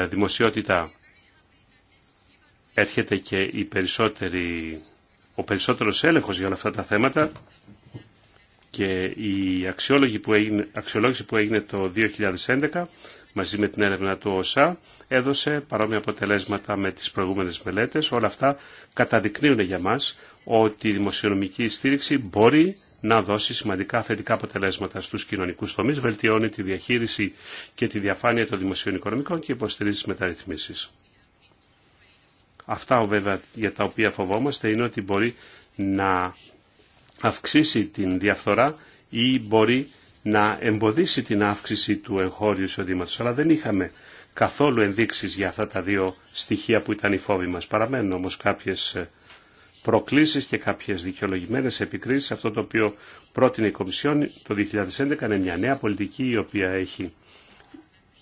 δημοσιότητα έρχεται και η περισσότερη, ο περισσότερος έλεγχος για όλα αυτά τα θέματα και η αξιολόγηση που έγινε, αξιολόγηση που έγινε το 2011 μαζί με την έρευνα του ΩΣΑ έδωσε παρόμοια αποτελέσματα με τις προηγούμενες μελέτες. Όλα αυτά καταδεικνύουν για μας ότι η δημοσιονομική στήριξη μπορεί να δώσει σημαντικά θετικά αποτελέσματα στους κοινωνικούς τομείς, βελτιώνει τη διαχείριση και τη διαφάνεια των δημοσίων οικονομικών και υποστηρίζει τις μεταρρυθμίσεις. Αυτά βέβαια για τα οποία φοβόμαστε είναι ότι μπορεί να αυξήσει την διαφθορά ή μπορεί να εμποδίσει την αύξηση του εγχώριου εισοδήματος. Αλλά δεν είχαμε καθόλου ενδείξεις για αυτά τα δύο στοιχεία που ήταν οι φόβοι μας. Παραμένουν όμως κάποιες ε, προκλήσεις και κάποιες δικαιολογημένες επικρίσεις. Αυτό το οποίο πρότεινε η Κομισιόν το 2011 είναι μια νέα πολιτική η οποία έχει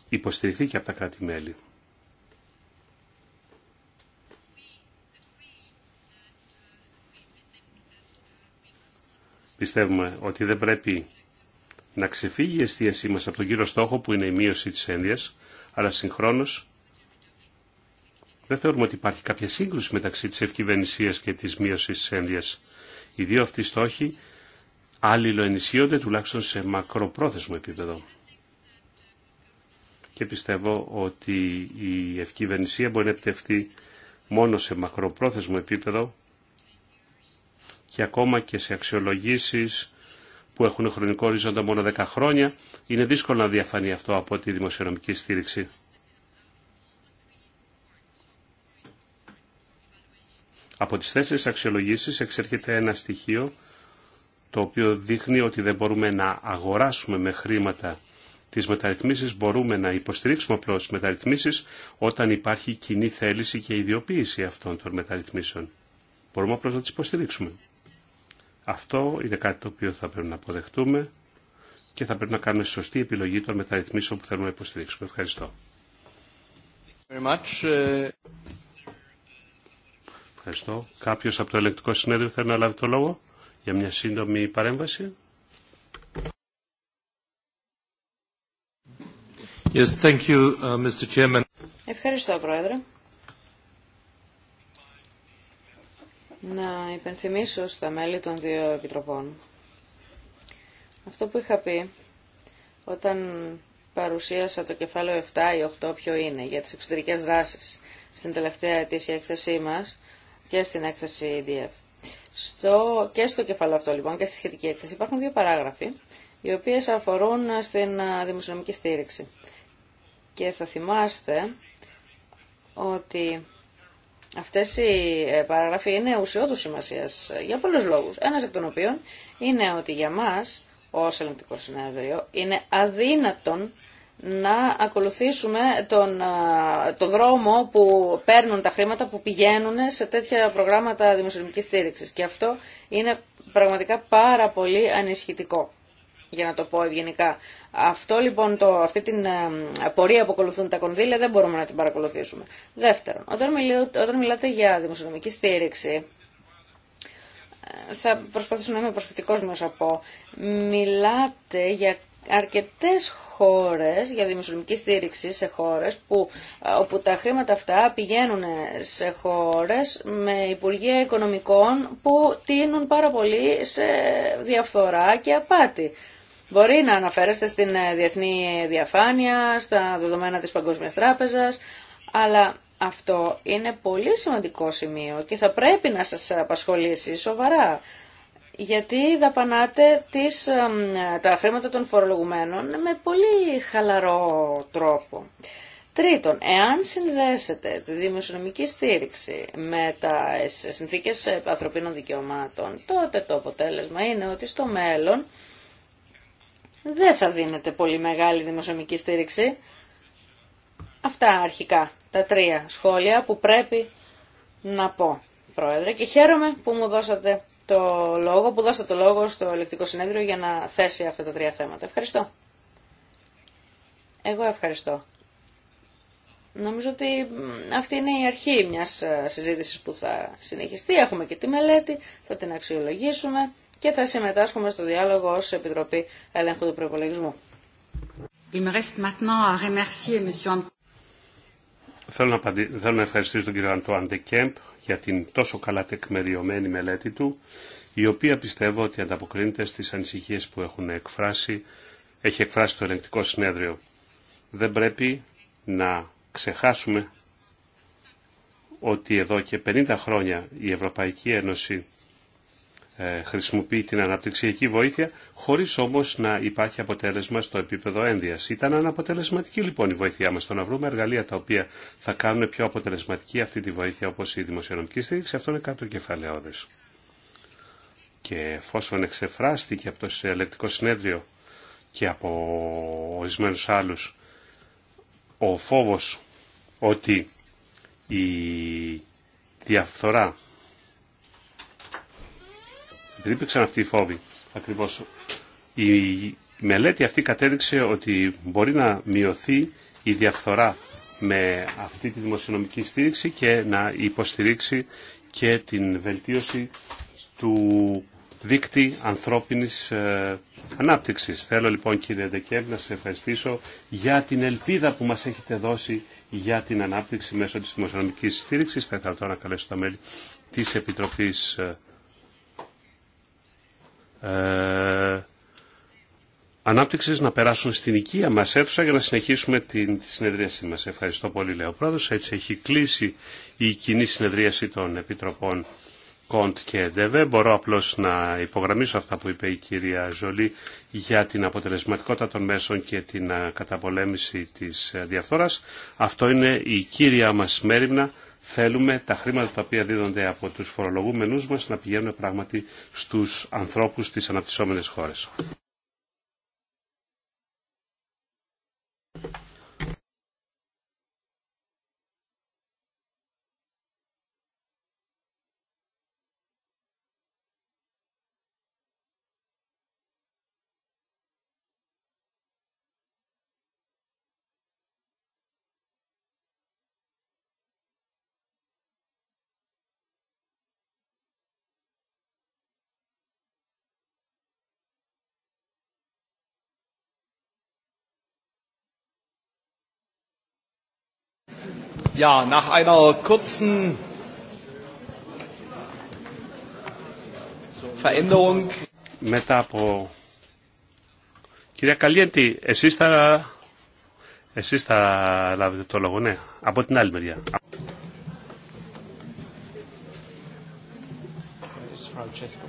υποστηριχθεί και από τα κράτη-μέλη. Πιστεύουμε ότι δεν πρέπει να ξεφύγει η εστίασή μας από τον κύριο στόχο που είναι η μείωση της ένδυας, αλλά συγχρόνως δεν θεωρούμε ότι υπάρχει κάποια σύγκρουση μεταξύ της ευκυβερνησίας και της μείωσης της ένδυας. Οι δύο αυτοί στόχοι αλληλοενισχύονται τουλάχιστον σε μακροπρόθεσμο επίπεδο. Και πιστεύω ότι η ευκυβερνησία μπορεί να επιτευχθεί μόνο σε μακροπρόθεσμο επίπεδο και ακόμα και σε αξιολογήσεις που έχουν χρονικό οριζόντα μόνο 10 χρόνια, είναι δύσκολο να διαφανεί αυτό από τη δημοσιονομική στήριξη. Από τις τέσσερις αξιολογήσεις εξέρχεται ένα στοιχείο το οποίο δείχνει ότι δεν μπορούμε να αγοράσουμε με χρήματα τις μεταρρυθμίσεις, μπορούμε να υποστηρίξουμε απλώ τις μεταρρυθμίσεις όταν υπάρχει κοινή θέληση και ιδιοποίηση αυτών των μεταρρυθμίσεων. Μπορούμε απλώς να τις υποστηρίξουμε. Αυτό είναι κάτι το οποίο θα πρέπει να αποδεχτούμε και θα πρέπει να κάνουμε σωστή επιλογή των μεταρρυθμίσεων που θέλουμε να υποστηρίξουμε. Ευχαριστώ. Ευχαριστώ. Κάποιος από το ελεκτικό συνέδριο θέλει να λάβει το λόγο για μια σύντομη παρέμβαση. Yes, thank you, uh, Mr. Chairman. Ευχαριστώ, Πρόεδρε. να υπενθυμίσω στα μέλη των δύο επιτροπών αυτό που είχα πει όταν παρουσίασα το κεφάλαιο 7 ή 8 ποιο είναι για τις εξωτερικές δράσεις στην τελευταία ετήσια έκθεσή μας και στην έκθεση EDF. Στο, και στο κεφάλαιο αυτό λοιπόν και στη σχετική έκθεση υπάρχουν δύο παράγραφοι οι οποίες αφορούν στην δημοσιονομική στήριξη. Και θα θυμάστε ότι Αυτέ οι ε, παραγραφοί είναι ουσιώδους σημασίας ε, για πολλούς λόγους. Ένα από τον οποίων είναι ότι για μα, ως Ελληνικό συνέδριο, είναι αδύνατον να ακολουθήσουμε τον, ε, το δρόμο που παίρνουν τα χρήματα που πηγαίνουν σε τέτοια προγράμματα δημοσιονομικής στήριξης. Και αυτό είναι πραγματικά πάρα πολύ ανισχυτικό για να το πω ευγενικά. Αυτό λοιπόν, το, αυτή την ε, πορεία που ακολουθούν τα κονδύλια δεν μπορούμε να την παρακολουθήσουμε. Δεύτερον, όταν, όταν μιλάτε για δημοσιονομική στήριξη, ε, θα προσπαθήσω να είμαι προσεκτικός όσα από, μιλάτε για αρκετές χώρες για δημοσιονομική στήριξη σε χώρες που, ε, όπου τα χρήματα αυτά πηγαίνουν σε χώρες με Υπουργεία Οικονομικών που τίνουν πάρα πολύ σε διαφθορά και απάτη. Μπορεί να αναφέρεστε στην ε, διεθνή διαφάνεια, στα δεδομένα της Παγκόσμιας Τράπεζας, αλλά αυτό είναι πολύ σημαντικό σημείο και θα πρέπει να σας απασχολήσει σοβαρά. Γιατί δαπανάτε τις, τα χρήματα των φορολογουμένων με πολύ χαλαρό τρόπο. Τρίτον, εάν συνδέσετε τη δημοσιονομική στήριξη με τα συνθήκες ανθρωπίνων δικαιωμάτων, τότε το αποτέλεσμα είναι ότι στο μέλλον δεν θα δίνεται πολύ μεγάλη δημοσιομική στήριξη. Αυτά αρχικά τα τρία σχόλια που πρέπει να πω, Πρόεδρε, και χαίρομαι που μου δώσατε το λόγο, που δώσατε το λόγο στο ελεκτικό συνέδριο για να θέσει αυτά τα τρία θέματα. Ευχαριστώ. Εγώ ευχαριστώ. Νομίζω ότι αυτή είναι η αρχή μιας ε, συζήτησης που θα συνεχιστεί. Έχουμε και τη μελέτη, θα την αξιολογήσουμε και θα συμμετάσχουμε στο διάλογο ως Επιτροπή Ελέγχου του Προπολογισμού. Θέλω να, ευχαριστήσω τον κύριο Αντουάν Ντεκέμπ για την τόσο καλά τεκμεριωμένη μελέτη του, η οποία πιστεύω ότι ανταποκρίνεται στις ανησυχίες που έχουν εκφράσει, έχει εκφράσει το ελεγκτικό συνέδριο. Δεν πρέπει να ξεχάσουμε ότι εδώ και 50 χρόνια η Ευρωπαϊκή Ένωση ε, χρησιμοποιεί την αναπτυξιακή βοήθεια, χωρίς όμως να υπάρχει αποτέλεσμα στο επίπεδο ένδυας. Ήταν αναποτελεσματική λοιπόν η βοήθειά μας το να βρούμε εργαλεία τα οποία θα κάνουν πιο αποτελεσματική αυτή τη βοήθεια όπως η δημοσιονομική στήριξη. Αυτό είναι κάτω κεφαλαιόδες. Και εφόσον εξεφράστηκε από το ελεκτικό συνέδριο και από ορισμένους άλλους ο φόβος ότι η διαφθορά δεν υπήρξαν αυτοί οι φόβοι. ακριβώ. η μελέτη αυτή κατέδειξε ότι μπορεί να μειωθεί η διαφθορά με αυτή τη δημοσιονομική στήριξη και να υποστηρίξει και την βελτίωση του δίκτυ ανθρώπινης ε, ανάπτυξης. Θέλω λοιπόν κύριε Δεκέμ να σε ευχαριστήσω για την ελπίδα που μας έχετε δώσει για την ανάπτυξη μέσω της δημοσιονομικής στήριξης. Θα ήθελα τώρα να καλέσω τα μέλη της Επιτροπής ε, ε, να περάσουν στην οικία μας αίθουσα για να συνεχίσουμε την, τη συνεδρίαση μας. Ευχαριστώ πολύ, λέει Έτσι έχει κλείσει η κοινή συνεδρίαση των Επιτροπών Κοντ και ΔΕΒΕ. Μπορώ απλώς να υπογραμμίσω αυτά που είπε η κυρία Ζολή για την αποτελεσματικότητα των μέσων και την ε, καταπολέμηση της ε, διαφθόρας. Αυτό είναι η κύρια μας μέρημνα Θέλουμε τα χρήματα τα οποία δίδονται από τους φορολογούμενους μας να πηγαίνουν πράγματι στους ανθρώπους στις αναπτυσσόμενες χώρες. Ja, nach einer kurzen Veränderung. Μετά από... Κυρία Καλλιέντη, εσείς θα... Εσείς θα λάβετε το λόγο, ναι, από την άλλη μεριά. Francesco.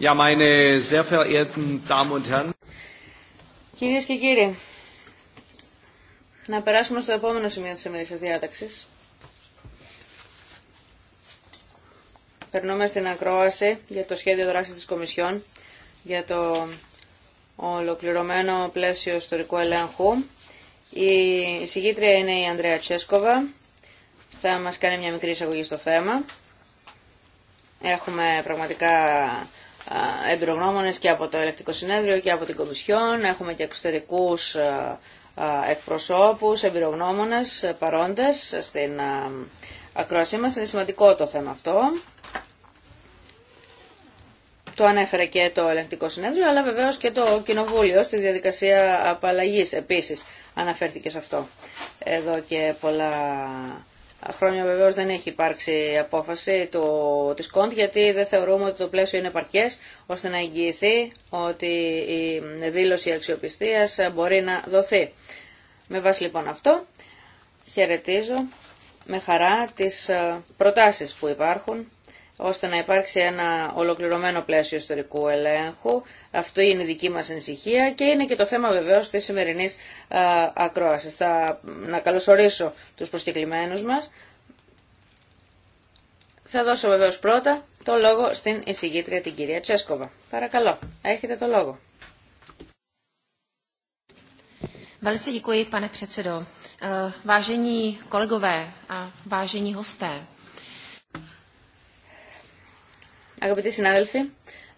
Ja, Κυρίες και κύριοι, να περάσουμε στο επόμενο σημείο της ημερήσιας διάταξης. Περνούμε στην ακρόαση για το σχέδιο δράσης της Κομισιόν για το ολοκληρωμένο πλαίσιο ιστορικού ελέγχου. Η συγγήτρια είναι η Ανδρέα Τσέσκοβα. Θα μας κάνει μια μικρή εισαγωγή στο θέμα. Έχουμε πραγματικά εμπειρογνώμονες και από το Ελεκτικό Συνέδριο και από την Κομισιόν. Έχουμε και εξωτερικούς εκπροσώπους, εμπειρογνώμονες ε, παρόντες στην ακρόασή μας. Είναι σημαντικό το θέμα αυτό. Το ανέφερε και το Ελεκτικό Συνέδριο, αλλά βεβαίως και το Κοινοβούλιο στη διαδικασία απαλλαγής επίσης αναφέρθηκε σε αυτό. Εδώ και πολλά χρόνια βεβαίως δεν έχει υπάρξει απόφαση το της ΚΟΝΤ γιατί δεν θεωρούμε ότι το πλαίσιο είναι παρκές ώστε να εγγυηθεί ότι η δήλωση αξιοπιστίας μπορεί να δοθεί. Με βάση λοιπόν αυτό χαιρετίζω με χαρά τις ε, προτάσεις που υπάρχουν ώστε να υπάρξει ένα ολοκληρωμένο πλαίσιο ιστορικού ελέγχου. Αυτό είναι η δική μας ανησυχία και είναι και το θέμα βεβαίως της σημερινής ακρόασης. Θα να καλωσορίσω τους προσκεκλημένους μας. Θα δώσω βεβαίως πρώτα το λόγο στην εισηγήτρια την κυρία Τσέσκοβα. Παρακαλώ, έχετε το λόγο. κύριε pane Αγαπητοί συνάδελφοι,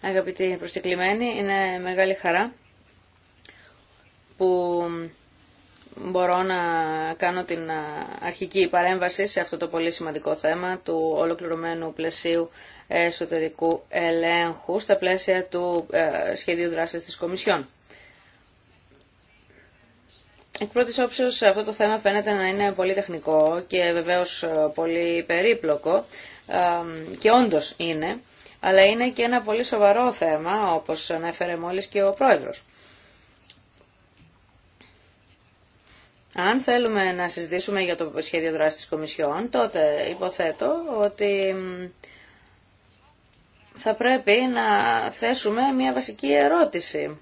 αγαπητοί προσκεκλημένοι, είναι μεγάλη χαρά που μπορώ να κάνω την αρχική παρέμβαση σε αυτό το πολύ σημαντικό θέμα του ολοκληρωμένου πλαισίου εσωτερικού ελέγχου στα πλαίσια του ε, σχεδίου δράσης της Κομισιόν. Εκ πρώτη όψεως αυτό το θέμα φαίνεται να είναι πολύ τεχνικό και βεβαίως ε, πολύ περίπλοκο ε, και όντως είναι αλλά είναι και ένα πολύ σοβαρό θέμα, όπως ανέφερε μόλις και ο Πρόεδρος. Αν θέλουμε να συζητήσουμε για το σχέδιο δράσης της Κομισιόν, τότε υποθέτω ότι θα πρέπει να θέσουμε μια βασική ερώτηση,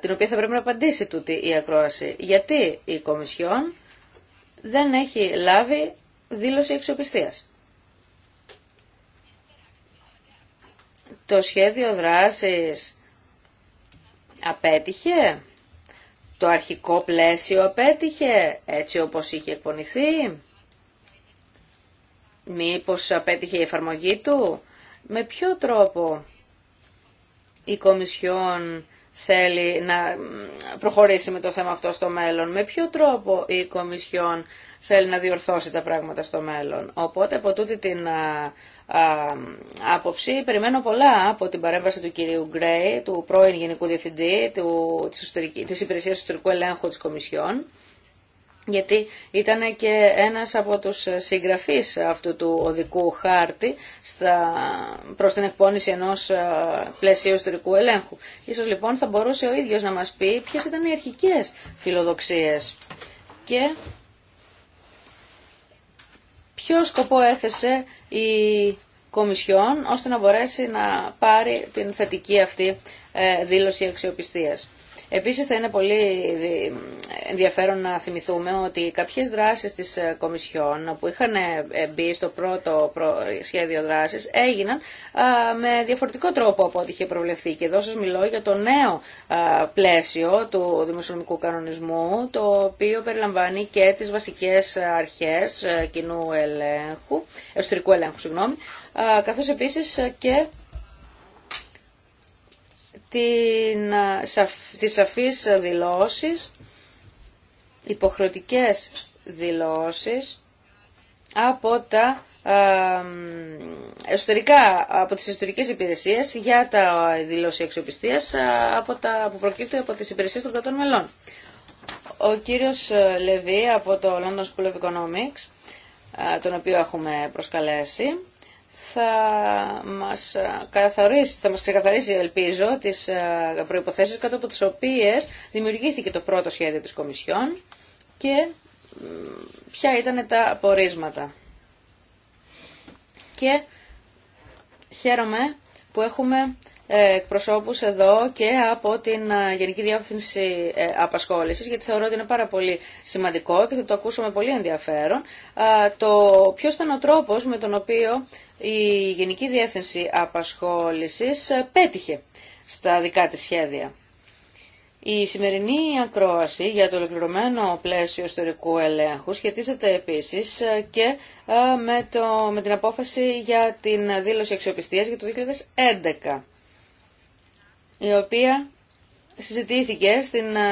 την οποία θα πρέπει να απαντήσει τούτη η ακρόαση. Γιατί η Κομισιόν δεν έχει λάβει δήλωση εξοπιστίας. Το σχέδιο δράσης απέτυχε, το αρχικό πλαίσιο απέτυχε, έτσι όπως είχε εκπονηθεί. Μήπως απέτυχε η εφαρμογή του, με ποιο τρόπο η Κομισιόν θέλει να προχωρήσει με το θέμα αυτό στο μέλλον, με ποιο τρόπο η Κομισιόν θέλει να διορθώσει τα πράγματα στο μέλλον. Οπότε από τούτη την α, άποψη περιμένω πολλά από την παρέμβαση του κυρίου Γκρέι, του πρώην Γενικού Διευθυντή του, της, της Υπηρεσίας Ιστορικού Ελέγχου της Κομισιόν, γιατί ήταν και ένας από τους συγγραφείς αυτού του οδικού χάρτη στα, προς την εκπόνηση ενός ε, πλαισίου ιστορικού ελέγχου. Ίσως λοιπόν θα μπορούσε ο ίδιος να μας πει ποιες ήταν οι αρχικές φιλοδοξίες και ποιο σκοπό έθεσε η Κομισιόν ώστε να μπορέσει να πάρει την θετική αυτή ε, δήλωση αξιοπιστίας. Επίσης θα είναι πολύ ενδιαφέρον να θυμηθούμε ότι κάποιες δράσεις της ε, Κομισιόν που είχαν ε, ε, μπει στο πρώτο σχέδιο δράσης έγιναν με διαφορετικό τρόπο από ό,τι είχε προβλεφθεί. Και εδώ σας μιλώ για το νέο πλαίσιο του δημοσιονομικού κανονισμού το οποίο περιλαμβάνει και τις βασικές αρχές κοινού ελέγχου, εσωτερικού ελέγχου, συγγνώμη, καθώς επίσης και την, ε, τις σαφείς δηλώσεις, υποχρεωτικές δηλώσεις από τα ε, εσωτερικά, από τις εσωτερικές υπηρεσίες για τα δηλώσεις αξιοπιστίας ε, από τα, που προκύπτουν από τις υπηρεσίες των κρατών μελών. Ο κύριος Λεβί από το London School of Economics, τον οποίο έχουμε προσκαλέσει, θα μας, καθαρίσει, θα μας ξεκαθαρίσει, ελπίζω, τις ε, προϋποθέσεις κάτω από τις οποίες δημιουργήθηκε το πρώτο σχέδιο της Κομισιόν και ποια ήταν τα απορίσματα. Και χαίρομαι που έχουμε ε, εκπροσώπου εδώ και από την ε, Γενική Διεύθυνση ε, Απασχόλησης, γιατί θεωρώ ότι είναι πάρα πολύ σημαντικό και θα το ακούσουμε πολύ ενδιαφέρον, το ποιος ήταν ο τρόπος με τον οποίο η Γενική Διεύθυνση Απασχόλησης πέτυχε στα δικά της σχέδια. Η σημερινή ακρόαση για το ολοκληρωμένο πλαίσιο ιστορικού ελέγχου σχετίζεται επίσης και με, το, με την απόφαση για την δήλωση αξιοπιστίας για το 2011 η οποία συζητήθηκε στην ε,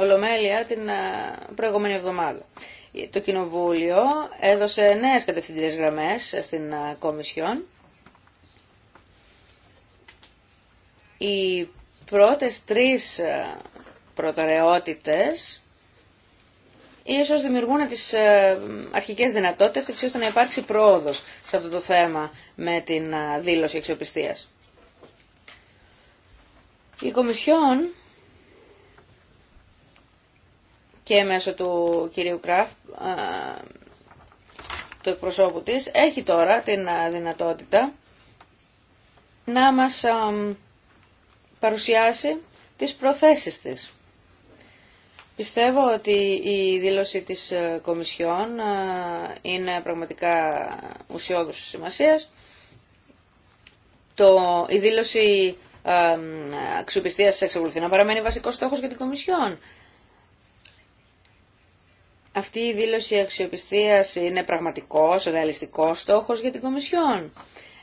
Ολομέλεια την ε, προηγούμενη εβδομάδα. Το Κοινοβούλιο έδωσε νέες κατευθυντήρες γραμμές στην ε, Κομισιόν. Οι πρώτες τρεις προτεραιότητες ίσως δημιουργούν τις αρχικές δυνατότητες έτσι ώστε να υπάρξει πρόοδος σε αυτό το θέμα με την δήλωση αξιοπιστίας. Η Κομισιόν και μέσω του κυρίου Κραφ, του εκπροσώπου της, έχει τώρα την δυνατότητα να μας παρουσιάσει τις προθέσεις της. Πιστεύω ότι η δήλωση της Κομισιόν είναι πραγματικά ουσιώδους σημασίας. Το, η δήλωση αξιοπιστίας εξακολουθεί να παραμένει βασικός στόχο για την Κομισιόν. Αυτή η δήλωση αξιοπιστίας είναι πραγματικός, ρεαλιστικό στόχο για την Κομισιόν.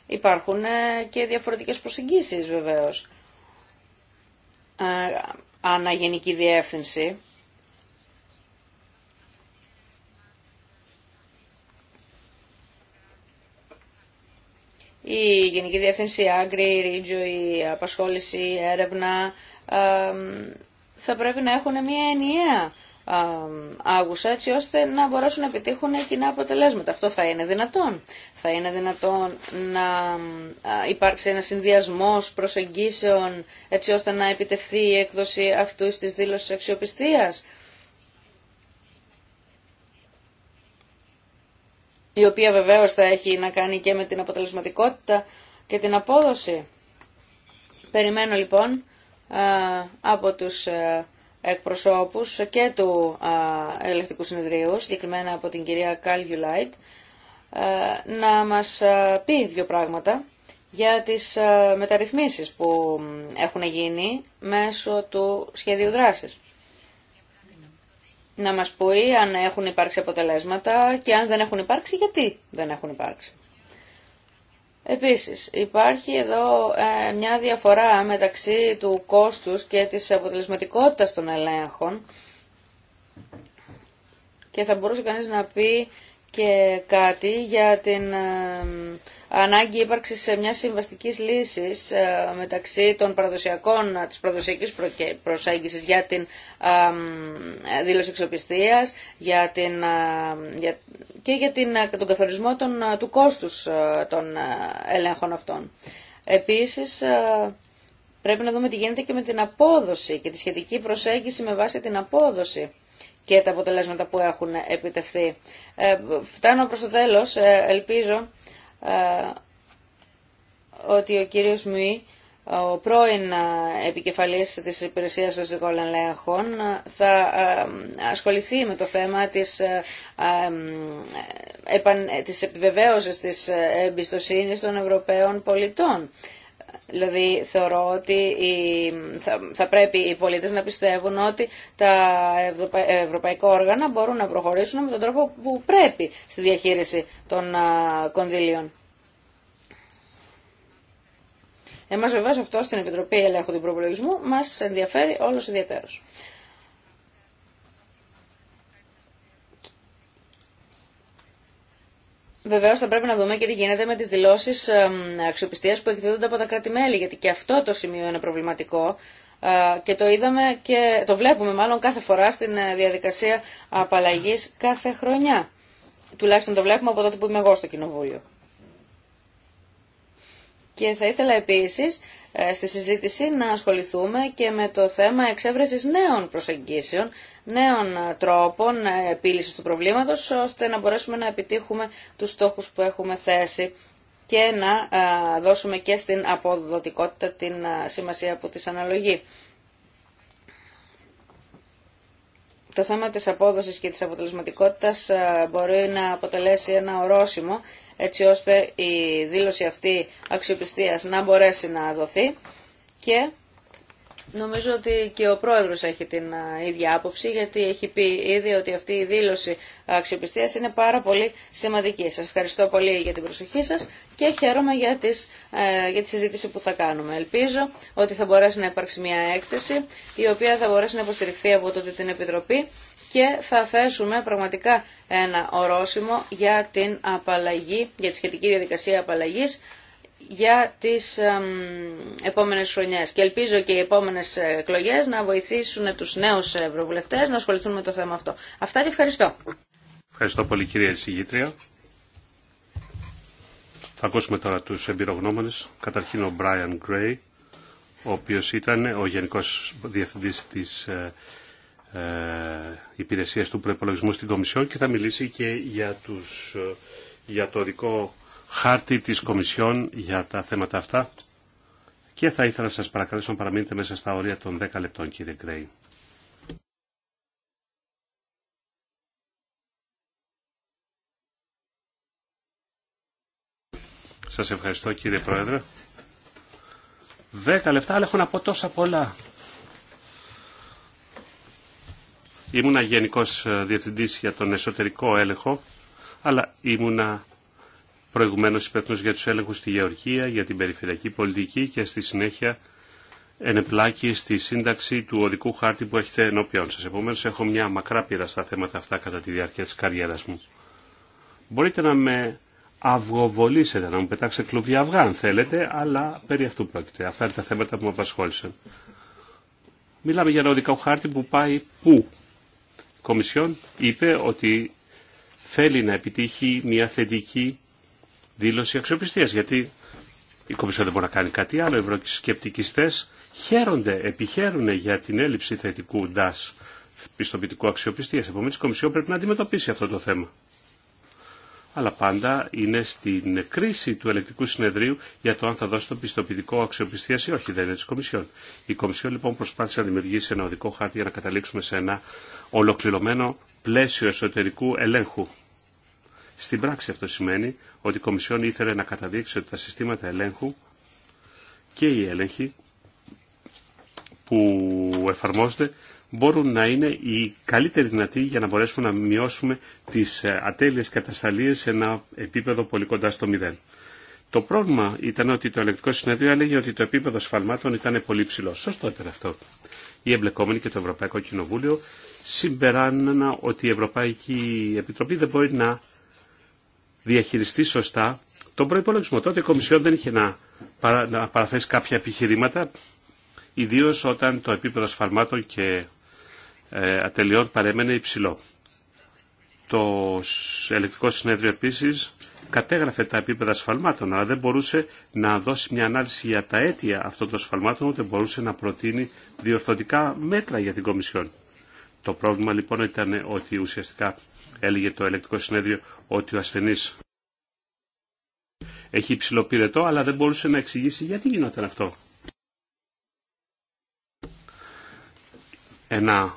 Υπάρχουν ε, και διαφορετικές προσεγγίσεις βεβαίως. Ε, Αναγενική διεύθυνση η Γενική Διεύθυνση Άγκρη, Ρίτζο, η απασχόληση, η έρευνα θα πρέπει να έχουν μια ενιαία άγουσα έτσι ώστε να μπορέσουν να επιτύχουν κοινά αποτελέσματα. Αυτό θα είναι δυνατόν. Θα είναι δυνατόν να υπάρξει ένα συνδυασμός προσεγγίσεων έτσι ώστε να επιτευθεί η έκδοση αυτού της δήλωσης αξιοπιστίας. η οποία βεβαίως θα έχει να κάνει και με την αποτελεσματικότητα και την απόδοση. Περιμένω λοιπόν από τους εκπροσώπους και του ελεκτικού συνεδρίου, συγκεκριμένα από την κυρία Καλγιουλάιτ, να μας πει δύο πράγματα για τις μεταρρυθμίσεις που έχουν γίνει μέσω του σχεδίου δράσης να μας πει αν έχουν υπάρξει αποτελέσματα και αν δεν έχουν υπάρξει, γιατί δεν έχουν υπάρξει. Επίσης, υπάρχει εδώ ε, μια διαφορά μεταξύ του κόστους και της αποτελεσματικότητας των ελέγχων και θα μπορούσε κανείς να πει και κάτι για την ανάγκη ύπαρξης μια συμβαστικής λύσης ε, μεταξύ των παραδοσιακών, ε, της παραδοσιακής προσέγγισης για την δήλωση εξοπιστίας για την, ε, και για την, τον καθορισμό των, του κόστους των ελέγχων αυτών. Επίσης, πρέπει να δούμε τι γίνεται και με την απόδοση και τη σχετική προσέγγιση με βάση την απόδοση και τα αποτελέσματα που έχουν επιτευχθεί. Ε, φτάνω προς το τέλος. Ε, ελπίζω ε, ότι ο κύριος Μουή, ο πρώην επικεφαλής της Υπηρεσίας των Συνδικών Ελέγχων, θα ασχοληθεί με το θέμα της, της επιβεβαίωσης της εμπιστοσύνης των Ευρωπαίων πολιτών. Δηλαδή θεωρώ ότι θα, πρέπει οι πολίτες να πιστεύουν ότι τα ευρωπαϊκά όργανα μπορούν να προχωρήσουν με τον τρόπο που πρέπει στη διαχείριση των κονδυλίων. Εμάς βεβαίως αυτό στην Επιτροπή Ελέγχου του Προπολογισμού μας ενδιαφέρει όλος ιδιαίτερος. Βεβαίω θα πρέπει να δούμε και τι γίνεται με τι δηλώσει αξιοπιστία που εκδίδονται από τα κράτη-μέλη, γιατί και αυτό το σημείο είναι προβληματικό και το είδαμε και το βλέπουμε μάλλον κάθε φορά στην ε, διαδικασία απαλλαγή κάθε χρονιά. Τουλάχιστον το βλέπουμε από τότε που είμαι εγώ στο Κοινοβούλιο. Και θα ήθελα επίσης ε, στη συζήτηση να ασχοληθούμε και με το θέμα εξέβρεσης νέων προσεγγίσεων, νέων ε, τρόπων ε, επίλυσης του προβλήματος, ώστε να μπορέσουμε να επιτύχουμε τους στόχους που έχουμε θέσει και να δώσουμε και στην αποδοτικότητα την σημασία που της αναλογεί. Το θέμα της απόδοσης και της αποτελεσματικότητας μπορεί να αποτελέσει ένα ορόσημο έτσι ώστε η δήλωση αυτή αξιοπιστίας να μπορέσει να δοθεί και νομίζω ότι και ο πρόεδρος έχει την ίδια άποψη γιατί έχει πει ήδη ότι αυτή η δήλωση αξιοπιστίας είναι πάρα πολύ σημαντική. Σας ευχαριστώ πολύ για την προσοχή σας και χαίρομαι για, τις, ε, για τη συζήτηση που θα κάνουμε. Ελπίζω ότι θα μπορέσει να υπάρξει μια έκθεση η οποία θα μπορέσει να υποστηριχθεί από τότε την Επιτροπή και θα θέσουμε πραγματικά ένα ορόσημο για την απαλλαγή, για τη σχετική διαδικασία απαλλαγής για τις επόμενες χρονιές. Και ελπίζω και οι επόμενες εκλογές να βοηθήσουν τους νέους ευρωβουλευτές να ασχοληθούν με το θέμα αυτό. Αυτά και ευχαριστώ. Ευχαριστώ πολύ κυρία Συγήτρια. Θα ακούσουμε τώρα τους εμπειρογνώμονες. Καταρχήν ο Brian Gray, ο οποίος ήταν ο Γενικός Διευθυντής της ε, ε, υπηρεσίας του προπολογισμού στην Κομισιόν και θα μιλήσει και για, τους, ε, για το δικό χάρτη της Κομισιόν για τα θέματα αυτά. Και θα ήθελα να σας παρακαλέσω να παραμείνετε μέσα στα ωρία των 10 λεπτών κύριε Γκρέι. Σας ευχαριστώ κύριε Πρόεδρε. 10 λεπτά, αλλά έχω να τόσα πολλά. Ήμουνα γενικός ε, διευθυντής για τον εσωτερικό έλεγχο, αλλά ήμουνα προηγουμένω υπεύθυνο για τους έλεγχους στη Γεωργία, για την περιφερειακή πολιτική και στη συνέχεια ενεπλάκη στη σύνταξη του οδικού χάρτη που έχετε ενώπιόν σας. Επομένως έχω μια μακρά πείρα στα θέματα αυτά κατά τη διάρκεια της καριέρας μου. Μπορείτε να με αυγοβολήσετε, να μου πετάξετε κλουβιά αυγά αν θέλετε, αλλά περί αυτού πρόκειται. Αυτά είναι τα θέματα που με απασχόλησαν. Μιλάμε για ένα οδικό χάρτη που πάει πού Κομισιόν είπε ότι θέλει να επιτύχει μια θετική δήλωση αξιοπιστίας, γιατί η Κομισιόν δεν μπορεί να κάνει κάτι άλλο. Οι ευρωσκεπτικιστές χαίρονται, επιχαίρουν για την έλλειψη θετικού DAS πιστοποιητικού αξιοπιστίας. Επομένως η Κομισιόν πρέπει να αντιμετωπίσει αυτό το θέμα αλλά πάντα είναι στην κρίση του ελεκτικού συνεδρίου για το αν θα δώσει το πιστοποιητικό αξιοπιστία ή όχι. Δεν είναι τη Κομισιόν. Η Κομισιόν λοιπόν προσπάθησε να δημιουργήσει ένα οδικό χάρτη για να καταλήξουμε σε ένα ολοκληρωμένο πλαίσιο εσωτερικού ελέγχου. Στην πράξη αυτό σημαίνει ότι η Κομισιόν ήθελε να καταδείξει ότι τα συστήματα ελέγχου και οι έλεγχοι που εφαρμόζονται μπορούν να είναι οι καλύτεροι δυνατοί για να μπορέσουμε να μειώσουμε τις ε, ατέλειες κατασταλίες σε ένα επίπεδο πολύ κοντά στο μηδέν. Το πρόβλημα ήταν ότι το ελεκτικό συνεδρίο έλεγε ότι το επίπεδο σφαλμάτων ήταν πολύ ψηλό. Σωστό ήταν αυτό. Οι εμπλεκόμενοι και το Ευρωπαϊκό Κοινοβούλιο συμπεράνουν ότι η Ευρωπαϊκή Επιτροπή δεν μπορεί να διαχειριστεί σωστά τον προπολογισμό. Τότε η Κομισιόν δεν είχε να, να παραθέσει κάποια επιχειρήματα, ιδίω όταν το επίπεδο σφαλμάτων και ε, ατελειών παρέμενε υψηλό. Το ελεκτικό συνέδριο επίσης κατέγραφε τα επίπεδα σφαλμάτων, αλλά δεν μπορούσε να δώσει μια ανάλυση για τα αίτια αυτών των σφαλμάτων, ούτε μπορούσε να προτείνει διορθωτικά μέτρα για την Κομισιόν. Το πρόβλημα λοιπόν ήταν ότι ουσιαστικά έλεγε το ελεκτικό συνέδριο ότι ο ασθενής έχει υψηλό πυρετό, αλλά δεν μπορούσε να εξηγήσει γιατί γινόταν αυτό. Ένα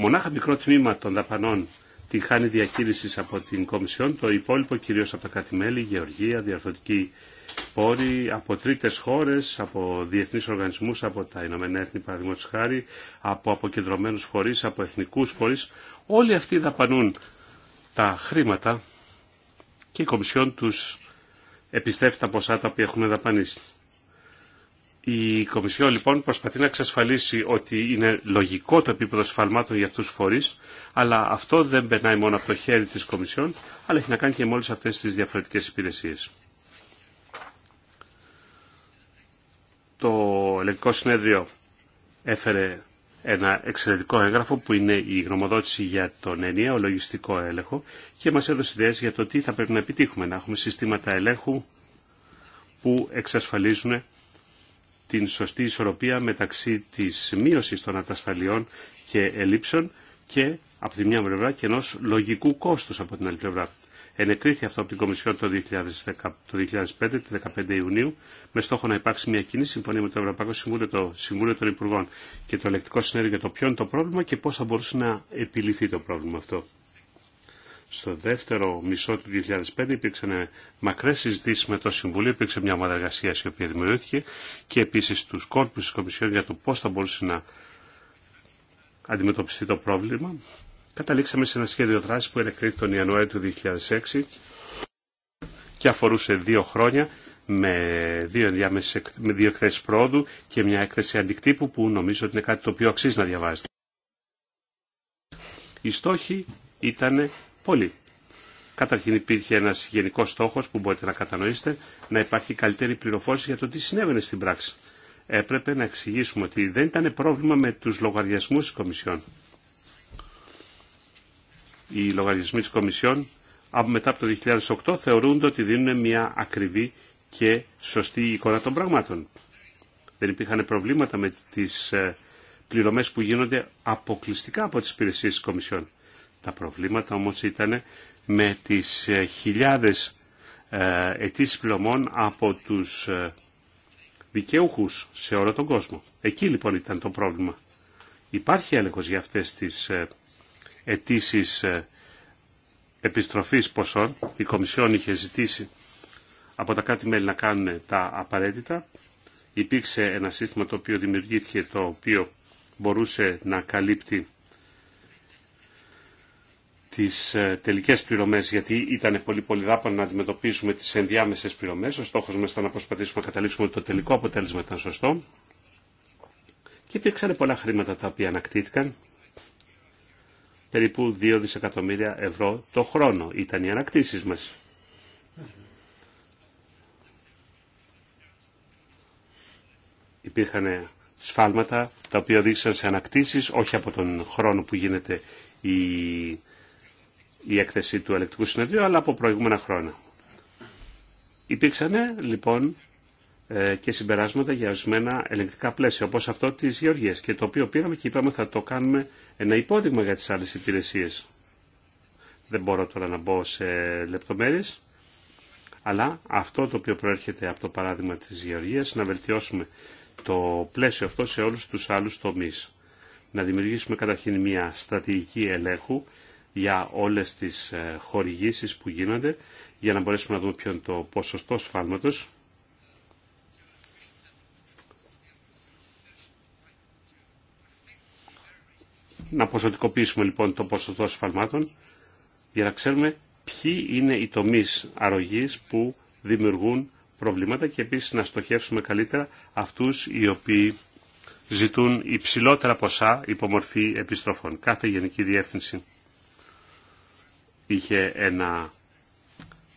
μονάχα μικρό τμήμα των δαπανών την χάνει διαχείριση από την Κομισιόν, το υπόλοιπο κυρίω από τα κατημέλη, γεωργία, διαρθρωτική πόρη, από τρίτε χώρε, από διεθνεί οργανισμού, από τα Ηνωμένα Έθνη παραδείγματο χάρη, από αποκεντρωμένου φορεί, από εθνικού φορεί. Όλοι αυτοί δαπανούν τα χρήματα και η Κομισιόν του επιστρέφει τα ποσά τα οποία έχουν δαπανίσει. Η Κομισιόν λοιπόν προσπαθεί να εξασφαλίσει ότι είναι λογικό το επίπεδο σφαλμάτων για αυτούς τους φορείς, αλλά αυτό δεν περνάει μόνο από το χέρι της Κομισιόν, αλλά έχει να κάνει και με όλες αυτές τις διαφορετικές υπηρεσίες. Το Ελεκτικό Συνέδριο έφερε ένα εξαιρετικό έγγραφο που είναι η γνωμοδότηση για τον ενιαίο λογιστικό έλεγχο και μας έδωσε ιδέες για το τι θα πρέπει να επιτύχουμε, να έχουμε συστήματα ελέγχου που εξασφαλίζουν την σωστή ισορροπία μεταξύ της μείωσης των ατασταλιών και ελλείψεων και από τη μια πλευρά και ενός λογικού κόστους από την άλλη πλευρά. Ενεκρίθη αυτό από την Κομισιόν το, 2010, το 2005, 15 Ιουνίου, με στόχο να υπάρξει μια κοινή συμφωνία με το Ευρωπαϊκό Συμβούλιο, το Συμβούλιο των Υπουργών και το Ελεκτικό Συνέδριο για το ποιο είναι το πρόβλημα και πώς θα μπορούσε να επιληθεί το πρόβλημα αυτό. Στο δεύτερο μισό του 2005 υπήρξαν μακρές συζητήσεις με το Συμβουλίο, υπήρξε μια ομάδα εργασία η οποία δημιουργήθηκε και επίσης τους κόρπους της Κομισιόν για το πώς θα μπορούσε να αντιμετωπιστεί το πρόβλημα. Καταλήξαμε σε ένα σχέδιο δράση που ενεκρίθηκε τον Ιανουάριο του 2006 και αφορούσε δύο χρόνια με δύο, διάμεσες, με δύο εκθέσεις πρόοδου και μια έκθεση αντικτύπου που νομίζω ότι είναι κάτι το οποίο αξίζει να διαβάζετε. Οι στόχοι ήταν πολύ. Καταρχήν υπήρχε ένα γενικό στόχο που μπορείτε να κατανοήσετε, να υπάρχει καλύτερη πληροφόρηση για το τι συνέβαινε στην πράξη. Έπρεπε να εξηγήσουμε ότι δεν ήταν πρόβλημα με του λογαριασμού τη Κομισιόν. Οι λογαριασμοί τη Κομισιόν μετά από το 2008 θεωρούνται ότι δίνουν μια ακριβή και σωστή εικόνα των πραγμάτων. Δεν υπήρχαν προβλήματα με τις ε, πληρωμές που γίνονται αποκλειστικά από τις υπηρεσίες της Κομισιόν. Τα προβλήματα όμως ήταν με τις ε, χιλιάδες ε, αιτήσει πλωμών από τους ε, δικαιούχους σε όλο τον κόσμο. Εκεί λοιπόν ήταν το πρόβλημα. Υπάρχει έλεγχος για αυτές τις αιτήσει επιστροφής ποσών. Η Κομισιόν είχε ζητήσει από τα κάτι μέλη να κάνουν τα απαραίτητα. Υπήρξε ένα σύστημα το οποίο δημιουργήθηκε, το οποίο μπορούσε να καλύπτει τις ε, τελικές πληρωμές, γιατί ήταν πολύ πολύ δάπανο να αντιμετωπίσουμε τις ενδιάμεσες πληρωμές. Ο στόχος μας ήταν να προσπαθήσουμε να καταλήξουμε ότι το τελικό αποτέλεσμα ήταν σωστό. Και υπήρξαν πολλά χρήματα τα οποία ανακτήθηκαν. Περίπου 2 δισεκατομμύρια ευρώ το χρόνο ήταν οι ανακτήσεις μας. Υπήρχαν σφάλματα τα οποία οδήγησαν σε ανακτήσεις, όχι από τον χρόνο που γίνεται η η έκθεση του ελεκτικού συνεδρίου, αλλά από προηγούμενα χρόνια. Υπήρξαν λοιπόν ε, και συμπεράσματα για ορισμένα ελεγκτικά πλαίσια, όπω αυτό τη Γεωργία, και το οποίο πήραμε και είπαμε θα το κάνουμε ένα υπόδειγμα για τι άλλε υπηρεσίε. Δεν μπορώ τώρα να μπω σε λεπτομέρειε, αλλά αυτό το οποίο προέρχεται από το παράδειγμα τη Γεωργία, να βελτιώσουμε το πλαίσιο αυτό σε όλου του άλλου τομεί. Να δημιουργήσουμε καταρχήν μια στρατηγική ελέγχου για όλες τις ε, χορηγήσεις που γίνονται για να μπορέσουμε να δούμε ποιο είναι το ποσοστό σφάλματος. Να ποσοτικοποιήσουμε λοιπόν το ποσοστό σφαλμάτων για να ξέρουμε ποιοι είναι οι τομείς αρρωγής που δημιουργούν προβλήματα και επίσης να στοχεύσουμε καλύτερα αυτούς οι οποίοι ζητούν υψηλότερα ποσά υπομορφή επιστροφών. Κάθε γενική διεύθυνση είχε ένα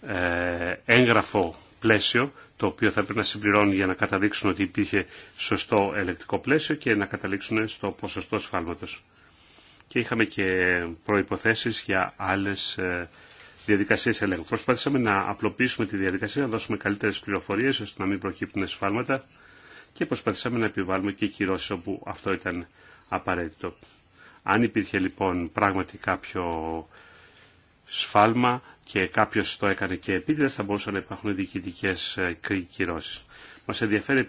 ε, έγγραφο πλαίσιο το οποίο θα πρέπει να συμπληρώνει για να καταδείξουν ότι υπήρχε σωστό ελεκτικό πλαίσιο και να καταλήξουν στο ποσοστό σφάλματος. Και είχαμε και προϋποθέσεις για άλλες ε, διαδικασίες ελέγχου. Προσπαθήσαμε να απλοποιήσουμε τη διαδικασία, να δώσουμε καλύτερες πληροφορίες ώστε να μην προκύπτουν σφάλματα και προσπαθήσαμε να επιβάλλουμε και κυρώσεις όπου αυτό ήταν απαραίτητο. Αν υπήρχε λοιπόν πράγματι κάποιο σφάλμα και κάποιος το έκανε και επίτηδες θα μπορούσαν να υπάρχουν διοικητικές ε, κυρώσεις. Μας ενδιαφέρει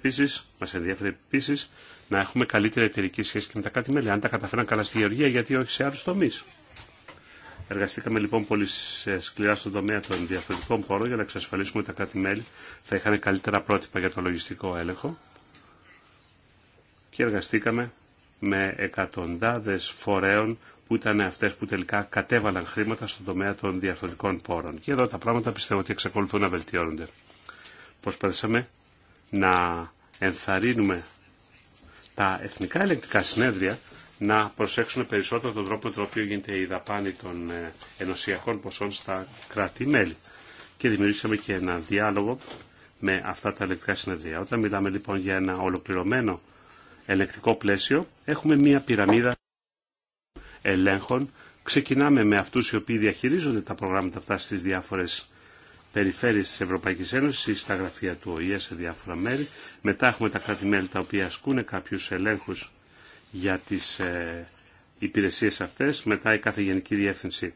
επίσης, να έχουμε καλύτερη εταιρική σχέση και με τα κάτι μέλη. Αν τα καταφέραν καλά στη Γεωργία, γιατί όχι σε άλλου τομεί. Εργαστήκαμε λοιπόν πολύ σκληρά στον τομέα των διαφορετικών πόρων για να εξασφαλίσουμε ότι τα κρατη μέλη θα είχαν καλύτερα πρότυπα για το λογιστικό έλεγχο. Και εργαστήκαμε με εκατοντάδες φορέων που ήταν αυτέ που τελικά κατέβαλαν χρήματα στον τομέα των διαφορετικών πόρων. Και εδώ τα πράγματα πιστεύω ότι εξακολουθούν να βελτιώνονται. Προσπαθήσαμε να ενθαρρύνουμε τα εθνικά ελεκτικά συνέδρια να προσέξουν περισσότερο τον τρόπο με τον οποίο γίνεται η δαπάνη των ε, ενωσιακών ποσών στα κράτη-μέλη. Και δημιουργήσαμε και ένα διάλογο με αυτά τα ελεκτικά συνεδρία. Όταν μιλάμε λοιπόν για ένα ολοκληρωμένο ελεκτικό πλαίσιο, έχουμε μία πυραμίδα ελέγχων. Ξεκινάμε με αυτούς οι οποίοι διαχειρίζονται τα προγράμματα αυτά στις διάφορες περιφέρειες της Ευρωπαϊκής Ένωσης ή στα γραφεία του ΟΗΕ σε διάφορα μέρη. Μετά έχουμε τα κράτη-μέλη τα οποία ασκούν κάποιους ελέγχους για τις ε, υπηρεσίες αυτές. Μετά η κάθε Γενική Διεύθυνση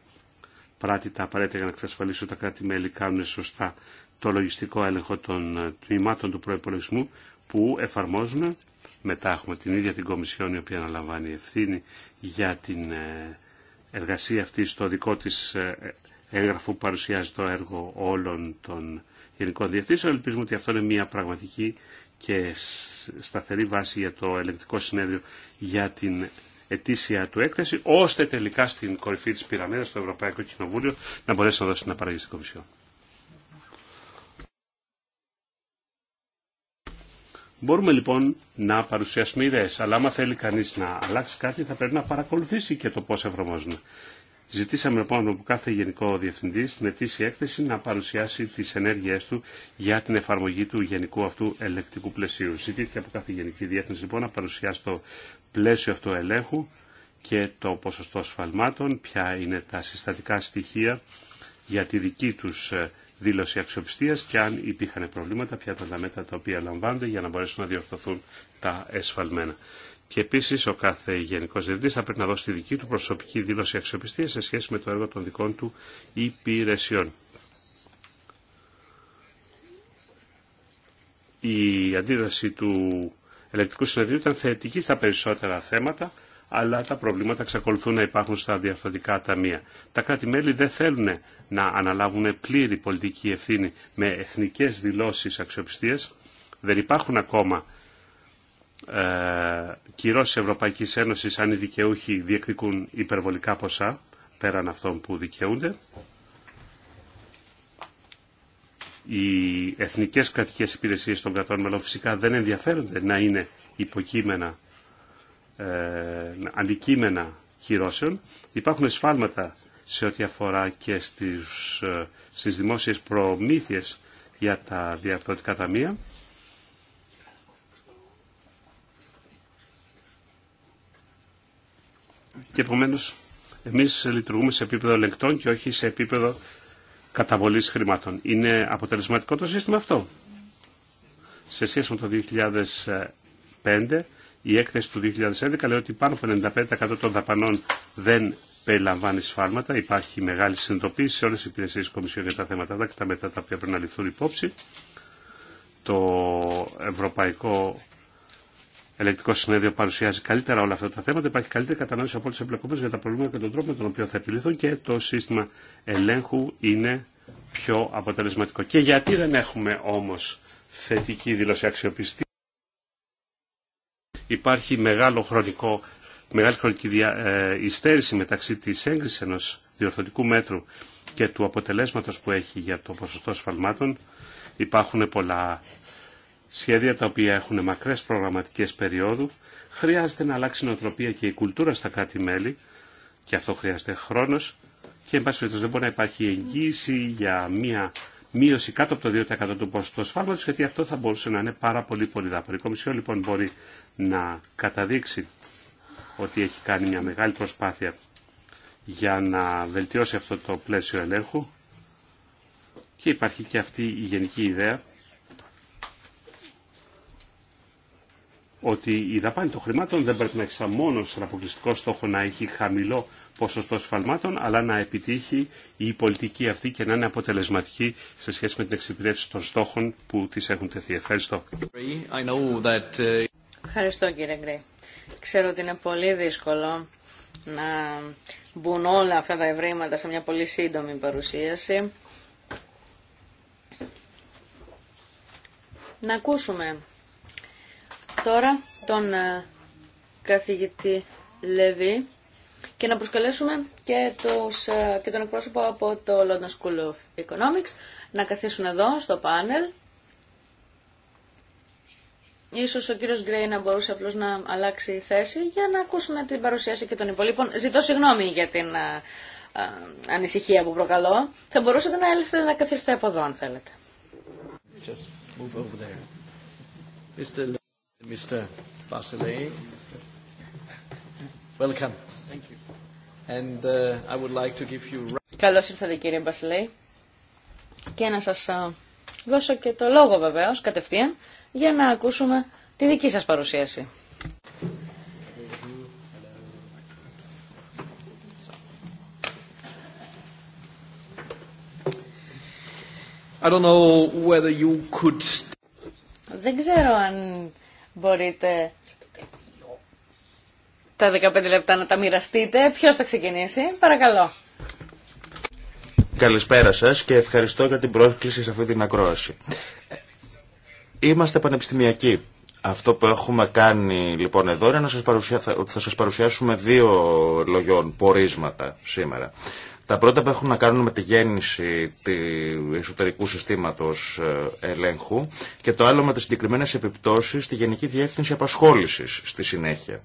πράττει τα απαραίτητα για να εξασφαλίσει ότι τα κράτη-μέλη κάνουν σωστά το λογιστικό έλεγχο των ε, τμήματων του προπολογισμού που εφαρμόζουν μετά έχουμε την ίδια την Κομισιόν η οποία αναλαμβάνει ευθύνη για την ε, εργασία αυτή στο δικό της ε, έγγραφο που παρουσιάζει το έργο όλων των γενικών διευθύνσεων. Ελπίζουμε ότι αυτό είναι μια πραγματική και σταθερή βάση για το ελεγκτικό συνέδριο για την ετήσια του έκθεση, ώστε τελικά στην κορυφή της πυραμίδας στο Ευρωπαϊκό Κοινοβούλιο να μπορέσει να δώσει την απαραγή στην Κομισιόν. Μπορούμε λοιπόν να παρουσιάσουμε ιδέες, αλλά άμα θέλει κανείς να αλλάξει κάτι θα πρέπει να παρακολουθήσει και το πώς εφαρμόζουμε. Ζητήσαμε λοιπόν από κάθε Γενικό Διευθυντή στην ετήσια έκθεση να παρουσιάσει τι ενέργειέ του για την εφαρμογή του γενικού αυτού ελεκτικού πλαισίου. Ζητήθηκε από κάθε Γενική Διεύθυνση λοιπόν να παρουσιάσει το πλαίσιο αυτού ελέγχου και το ποσοστό σφαλμάτων, ποια είναι τα συστατικά στοιχεία για τη δική τους ε, δήλωση αξιοπιστία και αν υπήρχαν προβλήματα, ποια ήταν τα μέτρα τα οποία λαμβάνονται για να μπορέσουν να διορθωθούν τα εσφαλμένα. Και επίση ο κάθε Γενικό Διευθυντή θα πρέπει να δώσει τη δική του προσωπική δήλωση αξιοπιστία σε σχέση με το έργο των δικών του υπηρεσιών. Η αντίδραση του ελεκτικού συνεδρίου ήταν θετική στα περισσότερα θέματα, αλλά τα προβλήματα εξακολουθούν να υπάρχουν στα διαφορετικά ταμεία. Τα κράτη-μέλη δεν θέλουν να αναλάβουν πλήρη πολιτική ευθύνη με εθνικές δηλώσεις αξιοπιστίας. Δεν υπάρχουν ακόμα ε, κυρώσει Ευρωπαϊκή Ένωση αν οι δικαιούχοι διεκδικούν υπερβολικά ποσά πέραν αυτών που δικαιούνται. Οι εθνικές κρατικές υπηρεσίες των κρατών μελών φυσικά δεν ενδιαφέρονται να είναι υποκείμενα ε, αντικείμενα χειρώσεων. Υπάρχουν σφάλματα σε ό,τι αφορά και στις, ε, στις δημόσιες προμήθειες για τα διαρθρωτικά ταμεία. Και επομένω, εμείς λειτουργούμε σε επίπεδο λεκτών και όχι σε επίπεδο καταβολής χρημάτων. Είναι αποτελεσματικό το σύστημα αυτό. Σε σχέση με το 2005 η έκθεση του 2011 λέει ότι πάνω από 95% των δαπανών δεν περιλαμβάνει σφάλματα. Υπάρχει μεγάλη συνειδητοποίηση σε όλε τι υπηρεσίε τη Κομισιόν για τα θέματα αυτά και τα μετά τα οποία πρέπει να ληφθούν υπόψη. Το Ευρωπαϊκό Ελεκτικό Συνέδριο παρουσιάζει καλύτερα όλα αυτά τα θέματα. Υπάρχει καλύτερη κατανόηση από όλου του για τα προβλήματα και τον τρόπο με τον οποίο θα επιληθούν και το σύστημα ελέγχου είναι πιο αποτελεσματικό. Και γιατί δεν έχουμε όμω θετική δήλωση αξιοπιστή υπάρχει μεγάλο χρονικό, μεγάλη χρονική δια, ε, μεταξύ της έγκρισης ενός διορθωτικού μέτρου και του αποτελέσματος που έχει για το ποσοστό σφαλμάτων. Υπάρχουν πολλά σχέδια τα οποία έχουν μακρές προγραμματικές περίοδου. Χρειάζεται να αλλάξει η νοοτροπία και η κουλτούρα στα κράτη-μέλη και αυτό χρειάζεται χρόνος και εν πάση δεν μπορεί να υπάρχει εγγύηση για μια μείωση κάτω από το 2% του ποσοστού ασφάλματος, γιατί αυτό θα μπορούσε να είναι πάρα πολύ πολύ δάπορο. Η Κομισιόν λοιπόν μπορεί να καταδείξει ότι έχει κάνει μια μεγάλη προσπάθεια για να βελτιώσει αυτό το πλαίσιο ελέγχου και υπάρχει και αυτή η γενική ιδέα ότι η δαπάνη των χρημάτων δεν πρέπει να έχει σαν μόνο αποκλειστικό στόχο να έχει χαμηλό ποσοστό φαλμάτων, αλλά να επιτύχει η πολιτική αυτή και να είναι αποτελεσματική σε σχέση με την εξυπηρέτηση των στόχων που τη έχουν τεθεί. Ευχαριστώ. Uh, Ευχαριστώ κύριε Γκρέ. Ξέρω ότι είναι πολύ δύσκολο να μπουν όλα αυτά τα ευρήματα σε μια πολύ σύντομη παρουσίαση. Να ακούσουμε τώρα τον ε, καθηγητή Λεβί και να προσκαλέσουμε και, τους, ε, και τον εκπρόσωπο από το London School of Economics να καθίσουν εδώ στο πάνελ. Ίσως ο κύριος Γκρέι να μπορούσε απλώς να αλλάξει θέση για να ακούσουμε την παρουσίαση και των υπολείπων. Ζητώ συγγνώμη για την ε, ε, ανησυχία που προκαλώ. Θα μπορούσατε να έλθετε να καθίσετε από εδώ αν θέλετε. over there. Mr. Mr. Welcome. Uh, Καλώς ήρθατε κύριε Μπασιλέη και να σας δώσω και το λόγο βεβαίως κατευθείαν για να ακούσουμε τη δική σας παρουσίαση. you Δεν ξέρω αν μπορείτε τα 15 λεπτά να τα μοιραστείτε. Ποιος θα ξεκινήσει, παρακαλώ. Καλησπέρα σας και ευχαριστώ για την πρόσκληση σε αυτή την ακρόαση. Είμαστε πανεπιστημιακοί. Αυτό που έχουμε κάνει λοιπόν εδώ είναι να σας θα παρουσιάσουμε δύο λογιών, πορίσματα σήμερα. Τα πρώτα που έχουν να κάνουν με τη γέννηση του εσωτερικού συστήματος ε, ελέγχου και το άλλο με τις συγκεκριμένες επιπτώσεις στη Γενική Διεύθυνση Απασχόλησης στη συνέχεια.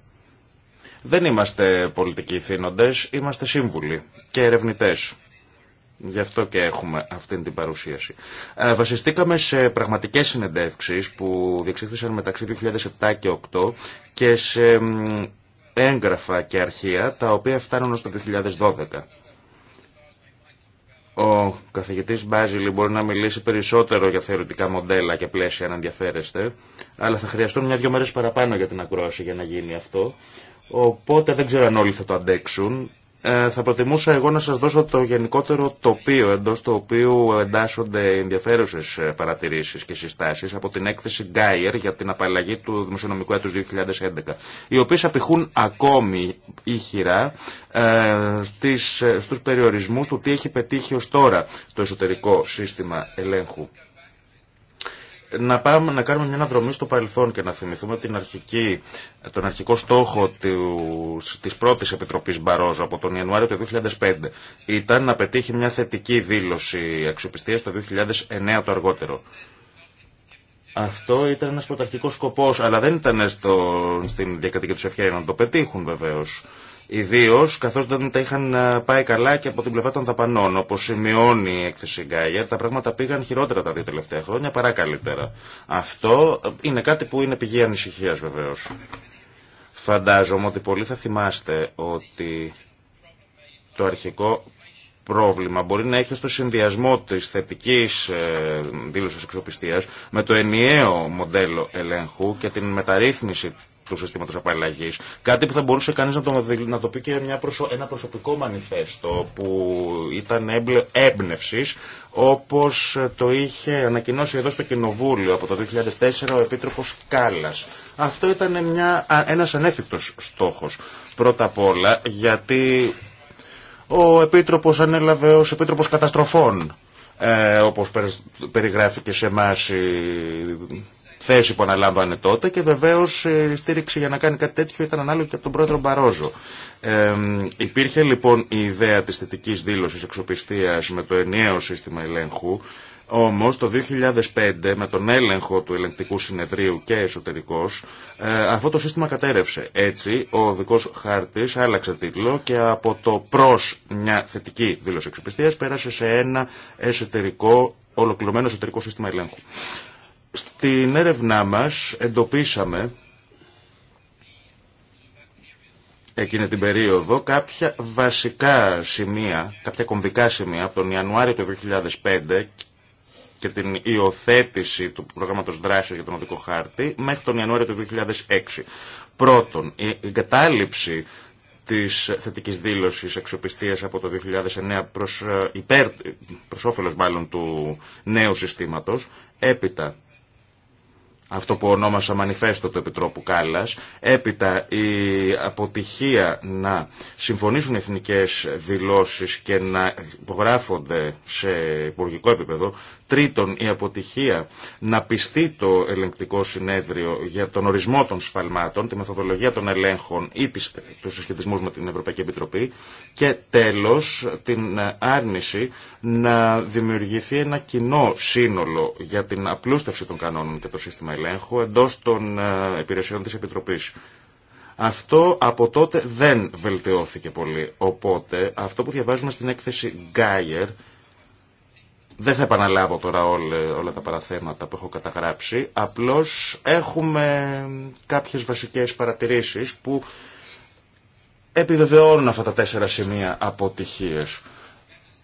Δεν είμαστε πολιτικοί θύνοντες, είμαστε σύμβουλοι και ερευνητές. Γι' αυτό και έχουμε αυτή την παρουσίαση. Ε, βασιστήκαμε σε πραγματικές συνεντεύξεις που διεξήχθησαν μεταξύ 2007 και 2008 και σε έγγραφα και αρχεία τα οποία φτάνουν ως το 2012. Ο καθηγητής Μπάζιλι μπορεί να μιλήσει περισσότερο για θεωρητικά μοντέλα και πλαίσια αν ενδιαφέρεστε, αλλά θα χρειαστούν μια-δυο μέρες παραπάνω για την ακρόαση για να γίνει αυτό. Οπότε δεν ξέρω αν όλοι θα το αντέξουν. Ε, θα προτιμούσα εγώ να σας δώσω το γενικότερο τοπίο εντός του οποίου εντάσσονται ενδιαφέρουσες ε, παρατηρήσεις και συστάσεις από την έκθεση Γκάιερ για την απαλλαγή του δημοσιονομικού έτους 2011, οι οποίες απηχούν ακόμη ηχηρά ε, στις, ε, στους περιορισμούς του τι έχει πετύχει ως τώρα το εσωτερικό σύστημα ελέγχου να, πάμε, να κάνουμε μια αναδρομή στο παρελθόν και να θυμηθούμε την αρχική, τον αρχικό στόχο τη πρώτη επιτροπή Επιτροπής Μπαρόζο από τον Ιανουάριο του 2005. Ήταν να πετύχει μια θετική δήλωση αξιοπιστία το 2009 το αργότερο. Αυτό ήταν ένα πρωταρχικός σκοπό, αλλά δεν ήταν στο, στην διακατοίκη του ευχαίρεια να το πετύχουν βεβαίω. Ιδίω καθώ δεν τα είχαν ε, πάει καλά και από την πλευρά των δαπανών. Όπω σημειώνει η έκθεση Γκάιερ, τα πράγματα πήγαν χειρότερα τα δύο τελευταία χρόνια παρά καλύτερα. Αυτό ε, είναι κάτι που είναι πηγή ανησυχία βεβαίω. Φαντάζομαι ότι πολλοί θα θυμάστε ότι το αρχικό πρόβλημα μπορεί να έχει στο συνδυασμό της θετικής ε, δήλωσης εξοπιστίας με το ενιαίο μοντέλο ελέγχου και την μεταρρύθμιση του συστήματο απαλλαγή. Κάτι που θα μπορούσε κανεί να το, να το πει και μια ένα προσωπικό μανιφέστο που ήταν έμπνευση, όπω το είχε ανακοινώσει εδώ στο Κοινοβούλιο από το 2004 ο Επίτροπο Κάλλα. Αυτό ήταν ένα ανέφικτο στόχο. Πρώτα απ' όλα γιατί ο επίτροπο ανέλαβε ως επίτροπο Καταστροφών, ε, όπως περιγράφηκε σε εμάς η θέση που αναλάμβανε τότε και βεβαίω ε, η στήριξη για να κάνει κάτι τέτοιο ήταν ανάλογη και από τον πρόεδρο Μπαρόζο. Ε, υπήρχε λοιπόν η ιδέα τη θετική δήλωση εξοπιστία με το ενιαίο σύστημα ελέγχου. όμω το 2005 με τον έλεγχο του ελεγκτικού συνεδρίου και εσωτερικός ε, αυτό το σύστημα κατέρευσε. Έτσι ο δικό Χάρτη άλλαξε τίτλο και από το προ μια θετική δήλωση εξοπιστία πέρασε σε ένα εσωτερικό, ολοκληρωμένο εσωτερικό σύστημα ελέγχου. Στην έρευνά μας εντοπίσαμε εκείνη την περίοδο κάποια βασικά σημεία, κάποια κομβικά σημεία από τον Ιανουάριο του 2005 και την υιοθέτηση του προγράμματος δράσης για τον οδικό χάρτη μέχρι τον Ιανουάριο του 2006. Πρώτον, η εγκατάλειψη της θετικής δήλωσης αξιοπιστίας από το 2009 προς, ε, υπέρ, ε, όφελος μάλλον του νέου συστήματος. Έπειτα, αυτό που ονόμασα μανιφέστο του Επιτρόπου Κάλλας, έπειτα η αποτυχία να συμφωνήσουν εθνικές δηλώσεις και να υπογράφονται σε υπουργικό επίπεδο Τρίτον, η αποτυχία να πιστεί το ελεγκτικό συνέδριο για τον ορισμό των σφαλμάτων, τη μεθοδολογία των ελέγχων ή του τους συσχετισμούς με την Ευρωπαϊκή Επιτροπή. Και τέλος, την ε, άρνηση να δημιουργηθεί ένα κοινό σύνολο για την απλούστευση των κανόνων και το σύστημα ελέγχου εντός των ε, υπηρεσιών της Επιτροπής. Αυτό από τότε δεν βελτιώθηκε πολύ. Οπότε αυτό που διαβάζουμε στην έκθεση Γκάιερ δεν θα επαναλάβω τώρα όλα, όλα τα παραθέματα που έχω καταγράψει, απλώς έχουμε κάποιες βασικές παρατηρήσεις που επιβεβαιώνουν αυτά τα τέσσερα σημεία αποτυχίες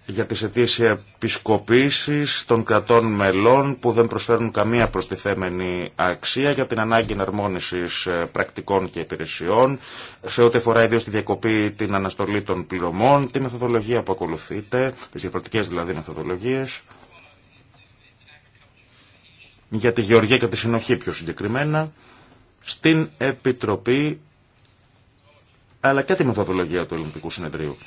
για τις αιτήσει επισκοπήσεις των κρατών μελών που δεν προσφέρουν καμία προστιθέμενη αξία για την ανάγκη εναρμόνισης ε, πρακτικών και υπηρεσιών σε ό,τι αφορά ιδίως τη διακοπή την αναστολή των πληρωμών, τη μεθοδολογία που ακολουθείται, τις διαφορετικές δηλαδή μεθοδολογίες για τη γεωργία και τη συνοχή πιο συγκεκριμένα στην Επιτροπή αλλά και τη μεθοδολογία του Ελληνικού Συνεδρίου.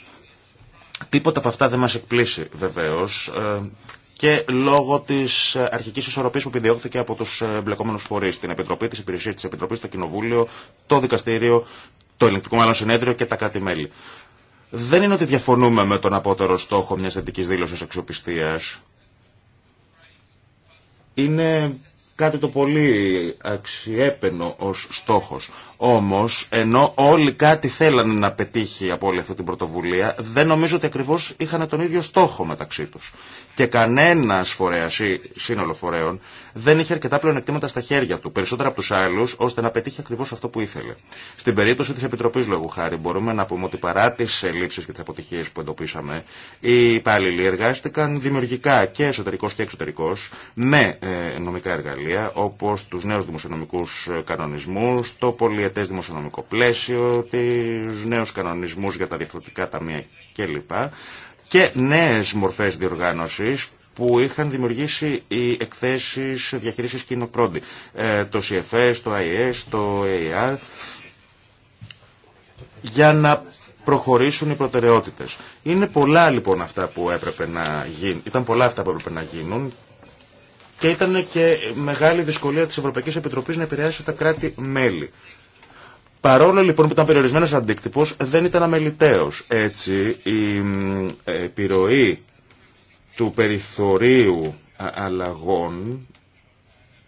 Τίποτα από αυτά δεν μας εκπλήσει βεβαίως ε, και λόγω της ε, αρχικής ισορροπής που επιδιώχθηκε από τους ε, εμπλεκόμενους φορείς, την Επιτροπή, της Υπηρεσίας της Επιτροπής, το Κοινοβούλιο, το Δικαστήριο, το Ελληνικό Μάλλον Συνέδριο και τα κράτη-μέλη. Δεν είναι ότι διαφωνούμε με τον απότερο στόχο μιας θετικής δήλωσης αξιοπιστίας. Είναι κάτι το πολύ αξιέπαινο ως στόχος. Όμως, ενώ όλοι κάτι θέλανε να πετύχει από όλη αυτή την πρωτοβουλία, δεν νομίζω ότι ακριβώς είχαν τον ίδιο στόχο μεταξύ τους. Και κανένα φορέας ή σύνολο φορέων δεν είχε αρκετά πλεονεκτήματα στα χέρια του, περισσότερα από τους άλλους, ώστε να πετύχει ακριβώς αυτό που ήθελε. Στην περίπτωση της Επιτροπής Λόγου Χάρη μπορούμε να πούμε ότι παρά τις ελλείψεις και τις αποτυχίες που εντοπίσαμε, οι υπάλληλοι εργάστηκαν δημιουργικά και εσωτερικός και εξωτερικός με ε, νομικά εργαλεία, όπως τους νέους δημοσιονομικούς ε, κανονισμούς, το πολυ πολιετές δημοσιονομικό πλαίσιο, του νέου κανονισμού για τα διαφορετικά ταμεία κλπ. Και νέε μορφέ διοργάνωσης που είχαν δημιουργήσει οι εκθέσει διαχείρισης κοινοπρόντι. Ε, το CFS, το IES, το AR. για να προχωρήσουν οι προτεραιότητε. Είναι πολλά λοιπόν αυτά που έπρεπε να γίνουν. Ήταν πολλά αυτά που έπρεπε να γίνουν και ήταν και μεγάλη δυσκολία της Ευρωπαϊκής Επιτροπής να επηρεάσει τα κράτη-μέλη. Παρόλο λοιπόν που ήταν περιορισμένος αντίκτυπο, δεν ήταν αμεληταίος. Έτσι, η ε, επιρροή του περιθωρίου αλλαγών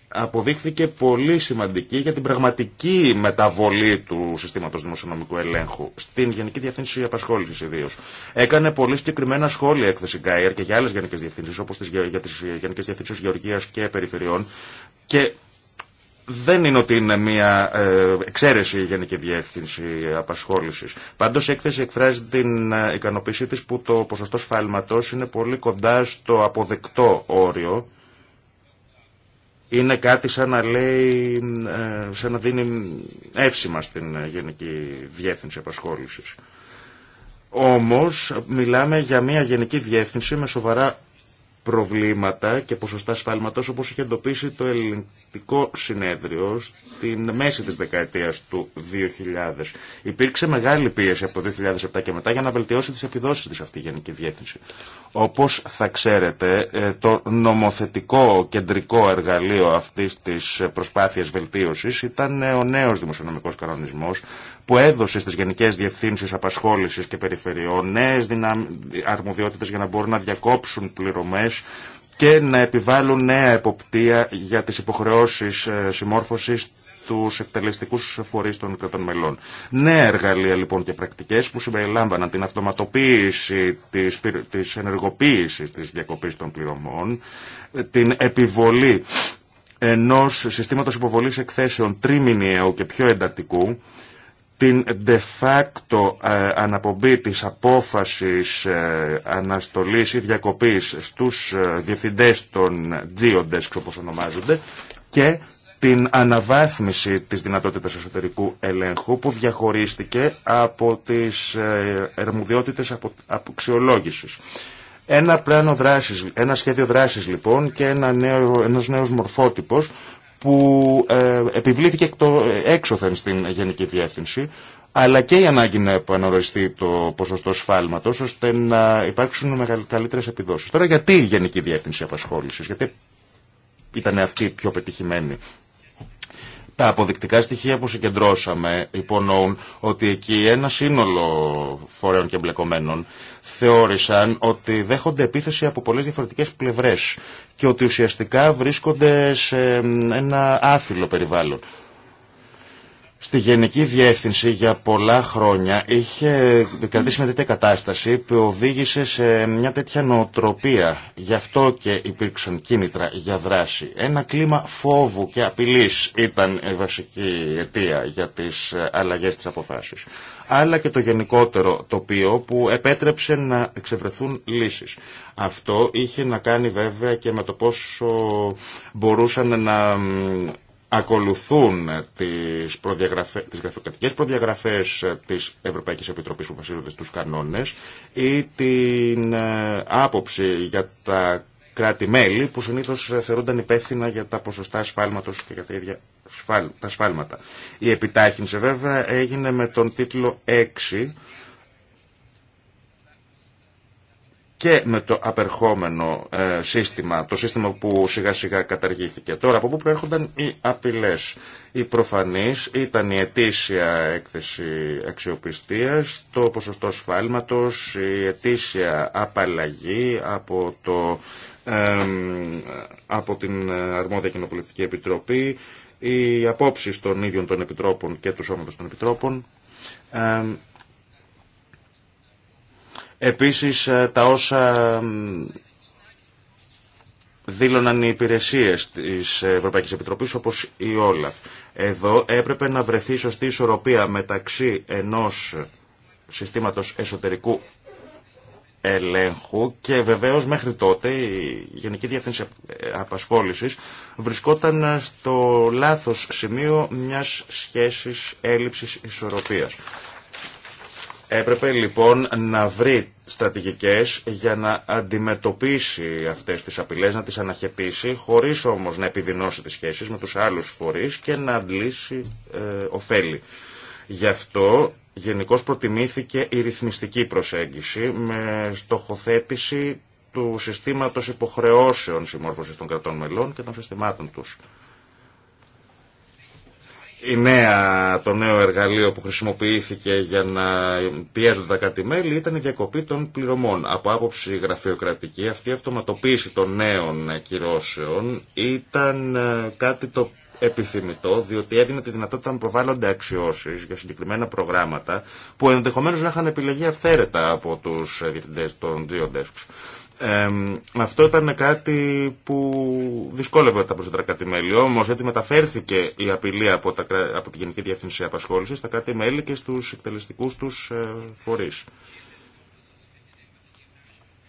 αποδείχθηκε πολύ σημαντική για την πραγματική μεταβολή του συστήματος δημοσιονομικού ελέγχου στην Γενική Διευθύνση Απασχόλησης ιδίως. Έκανε πολύ συγκεκριμένα σχόλια έκθεση Γκάιερ και για άλλες γενικές διευθύνσεις όπως για τις Γενικές Διευθύνσεις Γεωργίας και Περιφερειών και δεν είναι ότι είναι μια ε, εξαίρεση η Γενική Διεύθυνση Απασχόλησης. Πάντως η έκθεση εκφράζει την ε, ικανοποίησή της που το ποσοστό σφάλματος είναι πολύ κοντά στο αποδεκτό όριο. Είναι κάτι σαν να λέει, ε, σαν να δίνει εύσημα στην Γενική Διεύθυνση Απασχόλησης. Όμως μιλάμε για μια γενική διεύθυνση με σοβαρά προβλήματα και ποσοστά σφάλματος όπως είχε εντοπίσει το ελληνικό συνέδριο στην μέση της δεκαετίας του 2000. Υπήρξε μεγάλη πίεση από το 2007 και μετά για να βελτιώσει τις επιδόσεις της αυτή η Γενική Διεύθυνση. Όπως θα ξέρετε, ε, το νομοθετικό κεντρικό εργαλείο αυτής της προσπάθειας βελτίωσης ήταν ε, ο νέος δημοσιονομικός κανονισμός που έδωσε στις Γενικές Διευθύνσεις Απασχόλησης και Περιφερειών νέες αρμοδιότητες για να μπορούν να διακόψουν πληρωμές και να επιβάλλουν νέα εποπτεία για τις υποχρεώσεις ε, συμμόρφωσης του εκτελεστικού φορεί των κρατών μελών. Νέα εργαλεία λοιπόν και πρακτικέ που συμπεριλάμβαναν την αυτοματοποίηση τη ενεργοποίηση τη διακοπή των πληρωμών, ε, την επιβολή ενός συστήματος υποβολής εκθέσεων τρίμηνιαίου και πιο εντατικού, την de facto ε, αναπομπή της απόφασης ε, αναστολής ή διακοπής στους ε, διευθυντές των geodesk όπως ονομάζονται και την αναβάθμιση της δυνατότητας εσωτερικού ελέγχου που διαχωρίστηκε από τις ερμουδιότητες αποξιολόγησης. Ένα, πλάνο δράσης, ένα σχέδιο δράσης λοιπόν και ένα νέο, ένας νέος μορφότυπος που ε, επιβλήθηκε ε, έξωθεν στην Γενική Διεύθυνση, αλλά και η ανάγκη να επαναοριστεί το ποσοστό σφάλματο, ώστε να υπάρξουν καλύτερε επιδόσει. Τώρα, γιατί η Γενική Διεύθυνση Απασχόληση, γιατί ήταν αυτή πιο πετυχημένη τα αποδεικτικά στοιχεία που συγκεντρώσαμε υπονοούν ότι εκεί ένα σύνολο φορέων και εμπλεκομένων θεώρησαν ότι δέχονται επίθεση από πολλές διαφορετικές πλευρές και ότι ουσιαστικά βρίσκονται σε ένα άφυλο περιβάλλον. Στη Γενική Διεύθυνση για πολλά χρόνια είχε κρατήσει μια τέτοια κατάσταση που οδήγησε σε μια τέτοια νοοτροπία. Γι' αυτό και υπήρξαν κίνητρα για δράση. Ένα κλίμα φόβου και απειλής ήταν η βασική αιτία για τις αλλαγές της αποφάσεως. Αλλά και το γενικότερο τοπίο που επέτρεψε να εξευρεθούν λύσεις. Αυτό είχε να κάνει βέβαια και με το πόσο μπορούσαν να ακολουθούν τις, προδιαγραφε... τις γραφειοκρατικές προδιαγραφές της Ευρωπαϊκής Επιτροπής που βασίζονται στους κανόνες ή την ε, άποψη για τα κράτη-μέλη που συνήθως θεωρούνταν υπεύθυνα για τα ποσοστά σφάλματος και για τα ίδια τα σφάλματα. Η επιτάχυνση βέβαια έγινε με τον τίτλο 6 και με το απερχόμενο ε, σύστημα, το σύστημα που σιγά σιγά καταργήθηκε. Τώρα από πού προέρχονταν οι απειλές. οι προφανής ήταν η ετήσια έκθεση αξιοπιστίας, το ποσοστό σφάλματος, η ετήσια απαλλαγή από, το, από την Αρμόδια Κοινοπολιτική Επιτροπή, οι απόψεις των ίδιων των επιτρόπων και του σώματος των επιτρόπων, Επίσης ε, τα όσα δήλωναν οι υπηρεσίες της Ευρωπαϊκής Επιτροπής όπως η Όλαφ. Εδώ έπρεπε να βρεθεί σωστή ισορροπία μεταξύ ενός συστήματος εσωτερικού ελέγχου και βεβαίως μέχρι τότε η Γενική Διεύθυνση ε, Απασχόλησης βρισκόταν στο λάθος σημείο μιας σχέσης έλλειψης ισορροπίας. Έπρεπε λοιπόν να βρει στρατηγικές για να αντιμετωπίσει αυτές τις απειλές, να τις αναχαιτήσει, χωρίς όμως να επιδεινώσει τις σχέσεις με τους άλλους φορείς και να αντλήσει ε, ωφέλη. Γι' αυτό γενικώ προτιμήθηκε η ρυθμιστική προσέγγιση με στοχοθέτηση του συστήματος υποχρεώσεων συμμόρφωσης των κρατών μελών και των συστημάτων τους η νέα, το νέο εργαλείο που χρησιμοποιήθηκε για να πιέζονται τα κρατημέλη ήταν η διακοπή των πληρωμών. Από άποψη γραφειοκρατική αυτή η αυτοματοποίηση των νέων κυρώσεων ήταν ε, κάτι το επιθυμητό, διότι έδινε τη δυνατότητα να προβάλλονται αξιώσει για συγκεκριμένα προγράμματα που ενδεχομένω να είχαν επιλεγεί αυθαίρετα από του ε, διευθυντέ των Geodesks. Ε, αυτό ήταν κάτι που δυσκόλευε τα περισσότερα κράτη-μέλη. Όμω έτσι μεταφέρθηκε η απειλή από, τα, από τη Γενική Διεύθυνση Απασχόληση στα κράτη-μέλη και στου εκτελεστικού του ε, φορεί.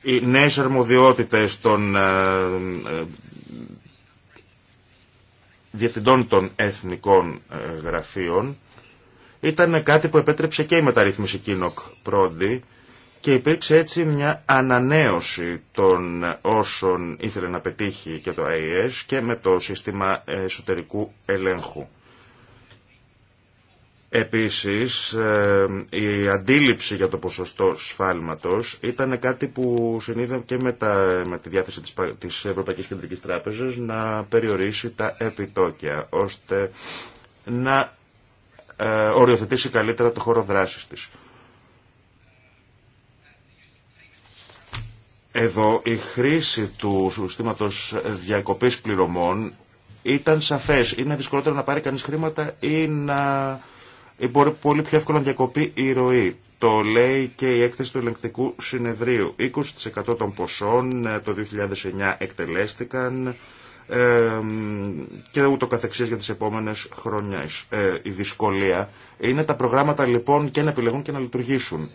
Οι νέε αρμοδιότητε των ε, ε, διευθυντών των εθνικών γραφείων ήταν κάτι που επέτρεψε και η μεταρρύθμιση Κίνοκ πρώτη και υπήρξε έτσι μια ανανέωση των όσων ήθελε να πετύχει και το ΑΕΣ και με το σύστημα εσωτερικού ελέγχου. Επίσης, ε, η αντίληψη για το ποσοστό σφάλματος ήταν κάτι που συνείδευε και με, με τη διάθεση της, της Ευρωπαϊκής Κεντρικής Τράπεζας να περιορίσει τα επιτόκια, ώστε να ε, οριοθετήσει καλύτερα το χώρο δράσης της. Εδώ η χρήση του συστήματος διακοπής πληρωμών ήταν σαφές. Είναι δυσκολότερο να πάρει κανείς χρήματα ή να ή μπορεί πολύ πιο εύκολα να διακοπεί η ροή. Το λέει και η έκθεση του ελεγκτικού συνεδρίου. 20% των ποσών ε, το 2009 εκτελέστηκαν ε, και ούτω καθεξής για τις επόμενες χρονιές. Ε, η δυσκολία είναι τα προγράμματα λοιπόν και να επιλεγούν και να λειτουργήσουν.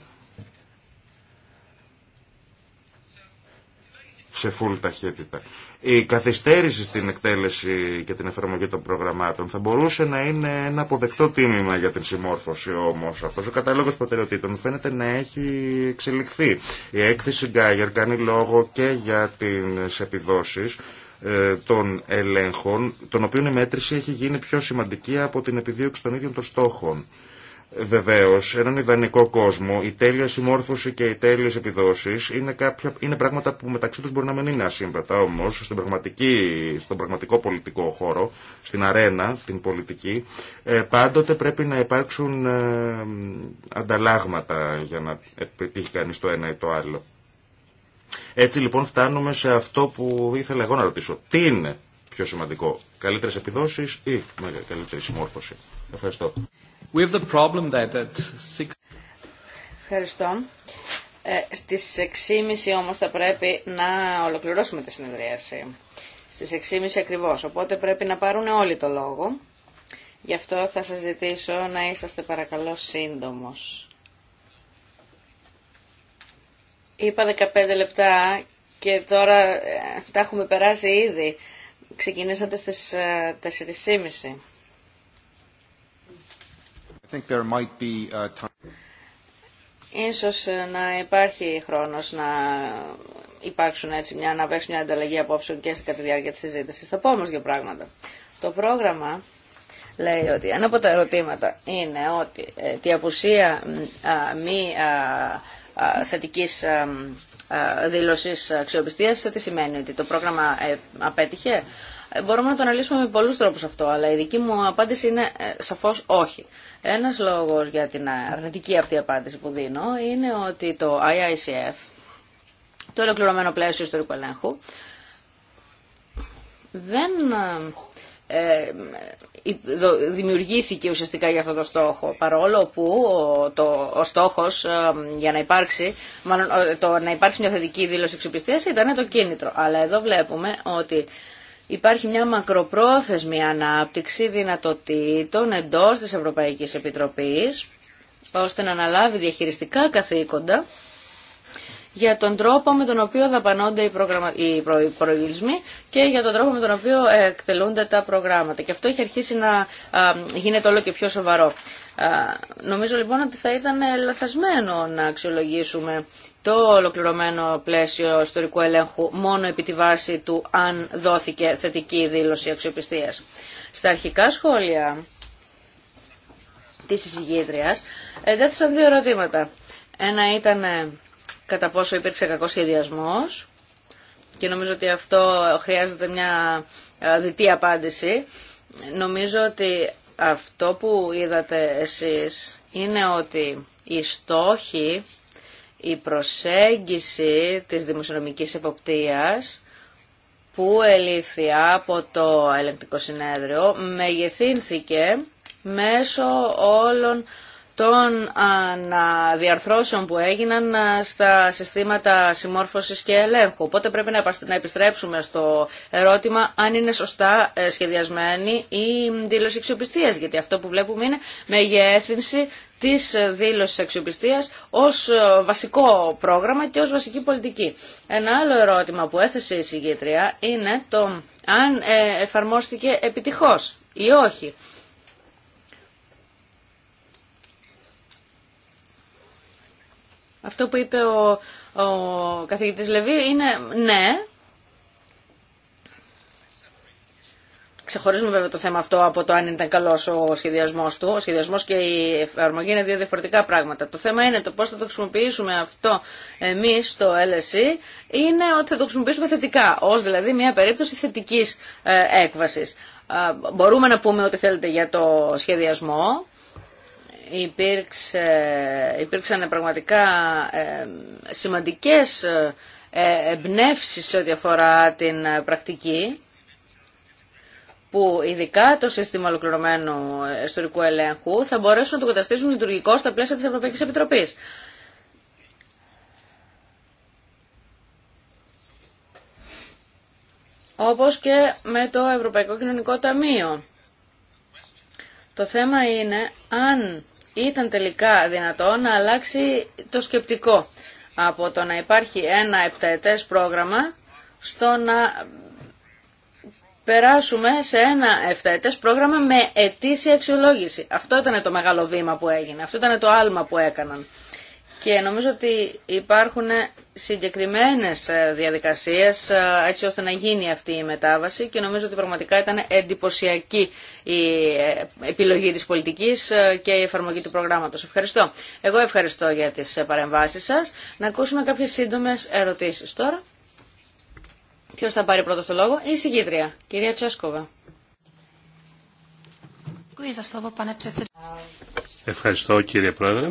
σε full ταχύτητα. Η καθυστέρηση στην εκτέλεση και την εφαρμογή των προγραμμάτων θα μπορούσε να είναι ένα αποδεκτό τίμημα για την συμμόρφωση όμως. Αυτός ο κατάλογος προτεραιοτήτων φαίνεται να έχει εξελιχθεί. Η έκθεση Γκάγερ κάνει λόγο και για τις επιδόσεις ε, των ελέγχων, των οποίων η μέτρηση έχει γίνει πιο σημαντική από την επιδίωξη των ίδιων των στόχων. Βεβαίω, έναν ιδανικό κόσμο, η τέλεια συμμόρφωση και οι τέλειε επιδόσει είναι, κάποια, είναι πράγματα που μεταξύ του μπορεί να μην είναι ασύμβατα. Όμω, στον, πραγματική, στον πραγματικό πολιτικό χώρο, στην αρένα, την πολιτική, ε, πάντοτε πρέπει να υπάρξουν ε, ανταλλάγματα για να επιτύχει κανεί το ένα ή το άλλο. Έτσι λοιπόν φτάνουμε σε αυτό που ήθελα εγώ να ρωτήσω. Τι είναι πιο σημαντικό, καλύτερε επιδόσει ή καλύτερη συμμόρφωση. Ευχαριστώ. We Ευχαριστώ. Ε, στις 6.30 όμως θα πρέπει να ολοκληρώσουμε τη συνεδρίαση. Στις 6.30 ακριβώς, οπότε πρέπει να πάρουν όλοι το λόγο. Γι' αυτό θα σας ζητήσω να είσαστε παρακαλώ σύντομος. Είπα 15 λεπτά και τώρα ε, τα έχουμε περάσει ήδη. Ξεκινήσατε στις ε, 4.30 think uh, Ίσως ε, να υπάρχει χρόνος να υπάρξουν έτσι μια, να μια ανταλλαγή απόψεων και κατά τη διάρκεια της συζήτησης. Θα πω όμως δύο πράγματα. Το πρόγραμμα λέει ότι ένα από τα ερωτήματα είναι ότι η ε, τη απουσία μη α, α, θετικής α, αξιοπιστίας τι σημαίνει ότι το πρόγραμμα ε, απέτυχε. Μπορούμε να το αναλύσουμε με πολλούς τρόπους αυτό, αλλά η δική μου απάντηση είναι ε, σαφώς όχι. Ένας λόγος για την αρνητική αυτή απάντηση που δίνω είναι ότι το IICF, το ολοκληρωμένο πλαίσιο ιστορικού ελέγχου, δεν ε, ε, δημιουργήθηκε ουσιαστικά για αυτό το στόχο παρόλο που ο, το, ο στόχος για να υπάρξει μάλλον, το να υπάρξει μια θετική δήλωση εξοπιστίας ήταν το κίνητρο αλλά εδώ βλέπουμε ότι υπάρχει μια μακροπρόθεσμη ανάπτυξη δυνατοτήτων εντός της Ευρωπαϊκής Επιτροπής, ώστε να αναλάβει διαχειριστικά καθήκοντα για τον τρόπο με τον οποίο θα οι, προγραμμα... οι και για τον τρόπο με τον οποίο ε, εκτελούνται τα προγράμματα. Και αυτό έχει αρχίσει να γίνεται όλο και πιο σοβαρό. Νομίζω λοιπόν ότι θα ήταν λαθασμένο να αξιολογήσουμε το ολοκληρωμένο πλαίσιο ιστορικού ελέγχου μόνο επί τη βάση του αν δόθηκε θετική δήλωση αξιοπιστίας. Στα αρχικά σχόλια της εισηγήτριας εγκάθισαν δύο ερωτήματα. Ένα ήταν ε, κατά πόσο υπήρξε κακό σχεδιασμός και νομίζω ότι αυτό χρειάζεται μια ε, διτή απάντηση. Νομίζω ότι αυτό που είδατε εσείς είναι ότι οι στόχοι η προσέγγιση της δημοσιονομικής εποπτείας που ελήφθη από το ελεγκτικό συνέδριο μεγεθύνθηκε μέσω όλων των αναδιαρθρώσεων που έγιναν στα συστήματα συμμόρφωσης και ελέγχου. Οπότε πρέπει να επιστρέψουμε στο ερώτημα αν είναι σωστά ε, σχεδιασμένη η δήλωση αξιοπιστίας, γιατί αυτό που βλέπουμε είναι μεγέθυνση της δήλωσης αξιοπιστίας ως ε, βασικό πρόγραμμα και ως βασική πολιτική. Ένα άλλο ερώτημα που έθεσε η συγκήτρια είναι το αν ε, εφαρμόστηκε επιτυχώς ή όχι. Αυτό που είπε ο, ο καθηγητής Λεβί είναι ναι, Ξεχωρίζουμε βέβαια το θέμα αυτό από το αν ήταν καλό ο σχεδιασμό του. Ο σχεδιασμό και η εφαρμογή είναι δύο διαφορετικά πράγματα. Το θέμα είναι το πώ θα το χρησιμοποιήσουμε αυτό εμεί στο LSE είναι ότι θα το χρησιμοποιήσουμε θετικά, ω δηλαδή μια περίπτωση θετική ε, έκβαση. Μπορούμε να πούμε ό,τι θέλετε για το σχεδιασμό, υπήρξε, υπήρξαν πραγματικά ε, σημαντικές ε, ε, εμπνεύσεις σε ό,τι αφορά την πρακτική που ειδικά το σύστημα ολοκληρωμένου ιστορικού ελέγχου θα μπορέσουν να το καταστήσουν λειτουργικό στα πλαίσια της Ευρωπαϊκής Επιτροπής. Όπως και με το Ευρωπαϊκό Κοινωνικό Ταμείο. Το θέμα είναι αν ήταν τελικά δυνατό να αλλάξει το σκεπτικό από το να υπάρχει ένα επταετές πρόγραμμα στο να περάσουμε σε ένα εφταετές πρόγραμμα με ετήσια αξιολόγηση. Αυτό ήταν το μεγάλο βήμα που έγινε, αυτό ήταν το άλμα που έκαναν και νομίζω ότι υπάρχουν συγκεκριμένες ε, διαδικασίες ε, έτσι ώστε να γίνει αυτή η μετάβαση και νομίζω ότι πραγματικά ήταν εντυπωσιακή η ε, επιλογή της πολιτικής και η εφαρμογή του προγράμματος. Ευχαριστώ. Εγώ ευχαριστώ για τις παρεμβάσεις σας. Να ακούσουμε κάποιες σύντομες ερωτήσεις τώρα. Ποιο θα πάρει πρώτο το λόγο, η συγκίτρια, κυρία Τσέσκοβα. Ευχαριστώ κύριε Πρόεδρε.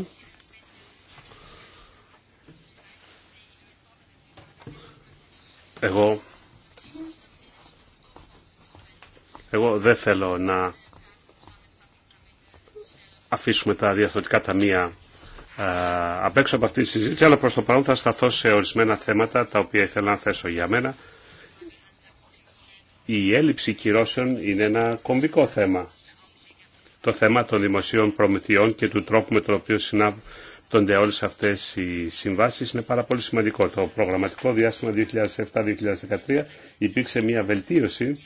Εγώ, εγώ δεν θέλω να αφήσουμε τα διαφορετικά ταμεία απ' έξω από αυτή τη συζήτηση, αλλά προς το παρόν θα σταθώ σε ορισμένα θέματα τα οποία ήθελα να θέσω για μένα. Η έλλειψη κυρώσεων είναι ένα κομβικό θέμα. Το θέμα των δημοσίων προμηθειών και του τρόπου με τον οποίο Τονται όλες αυτές οι συμβάσεις είναι πάρα πολύ σημαντικό. Το προγραμματικό διάστημα 2007-2013 υπήρξε μια βελτίωση,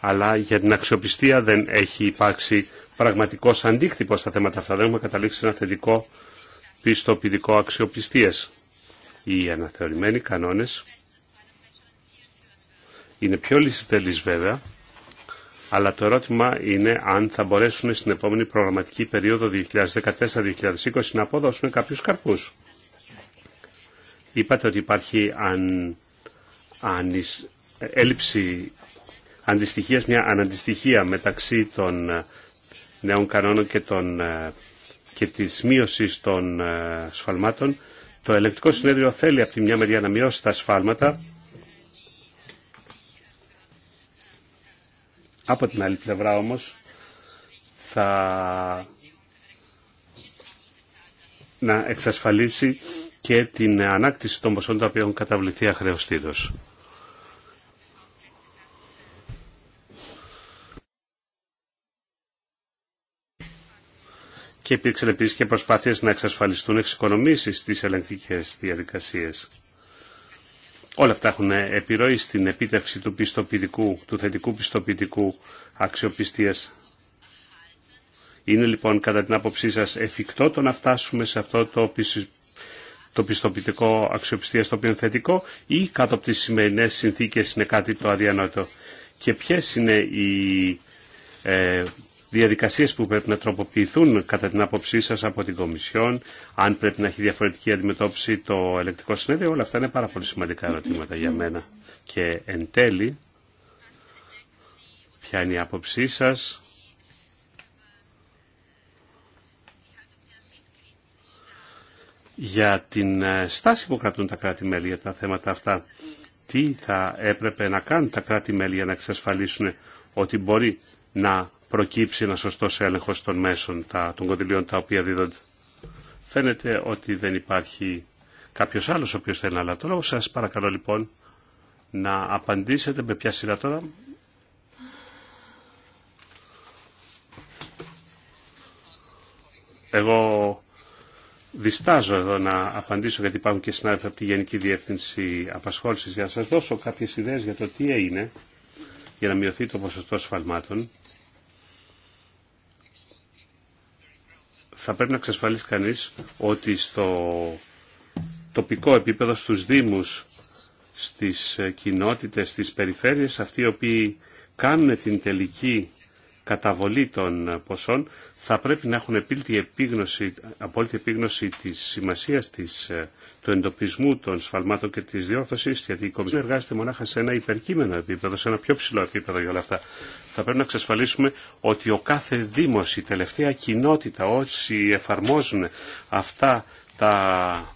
αλλά για την αξιοπιστία δεν έχει υπάρξει πραγματικός αντίκτυπο στα θέματα αυτά. Δεν έχουμε καταλήξει σε ένα θετικό πιστοποιητικό αξιοπιστίας. Οι αναθεωρημένοι κανόνες είναι πιο λυσιτελείς βέβαια, αλλά το ερώτημα είναι αν θα μπορέσουν στην επόμενη προγραμματική περίοδο 2014-2020 να αποδώσουν κάποιους καρπούς. Είπατε ότι υπάρχει αν, ανίσ έλλειψη αντιστοιχίας, μια αναντιστοιχία μεταξύ των ε, νέων κανόνων και, των, ε, και της μείωσης των ε, σφαλμάτων. Το ελεκτικό συνέδριο θέλει από τη μια μεριά να μειώσει τα σφάλματα, Από την άλλη πλευρά όμως θα να εξασφαλίσει και την ανάκτηση των ποσών τα έχουν καταβληθεί αχρεωστήτως. Και υπήρξαν επίσης και προσπάθειες να εξασφαλιστούν εξοικονομήσεις στις ελεγκτικές διαδικασίες. Όλα αυτά έχουν επιρροή στην επίτευξη του, πιστοποιητικού, του θετικού πιστοποιητικού αξιοπιστίας. Είναι λοιπόν κατά την άποψή σας εφικτό το να φτάσουμε σε αυτό το, το πιστοποιητικό αξιοπιστίας το οποίο είναι θετικό ή κάτω από τις σημερινές συνθήκες είναι κάτι το αδιανόητο. Και ποιες είναι οι ε, διαδικασίες που πρέπει να τροποποιηθούν κατά την άποψή σας από την Κομισιόν, αν πρέπει να έχει διαφορετική αντιμετώπιση το ελεκτικό συνέδριο, όλα αυτά είναι πάρα πολύ σημαντικά ερωτήματα για μένα. Και εν τέλει, ποια είναι η άποψή σας για την ε, στάση που κρατούν τα κράτη-μέλη για τα θέματα αυτά. Τι θα έπρεπε να κάνουν τα κράτη-μέλη για να εξασφαλίσουν ότι μπορεί να προκύψει ένα σωστό έλεγχο των μέσων των κοντιλίων τα οποία δίδονται. Φαίνεται ότι δεν υπάρχει κάποιο άλλο ο οποίο θέλει να λάβει το λόγο. Σα παρακαλώ λοιπόν να απαντήσετε με ποια σειρά τώρα. Εγώ διστάζω εδώ να απαντήσω γιατί υπάρχουν και συνάδελφοι από τη Γενική Διεύθυνση Απασχόλησης για να σας δώσω κάποιες ιδέες για το τι έγινε για να μειωθεί το ποσοστό σφαλμάτων θα πρέπει να εξασφαλίσει κανείς ότι στο τοπικό επίπεδο, στους δήμους, στις ε, κοινότητες, στις περιφέρειες, αυτοί οι οποίοι κάνουν την τελική καταβολή των ε, ποσών, θα πρέπει να έχουν επίγνωση, απόλυτη επίγνωση της σημασίας της, ε, του εντοπισμού των σφαλμάτων και της διόρθωσης, γιατί η Κομισιόν εργάζεται μονάχα σε ένα υπερκείμενο επίπεδο, σε ένα πιο ψηλό επίπεδο για όλα αυτά θα πρέπει να εξασφαλίσουμε ότι ο κάθε δήμος, η τελευταία κοινότητα, όσοι εφαρμόζουν αυτά τα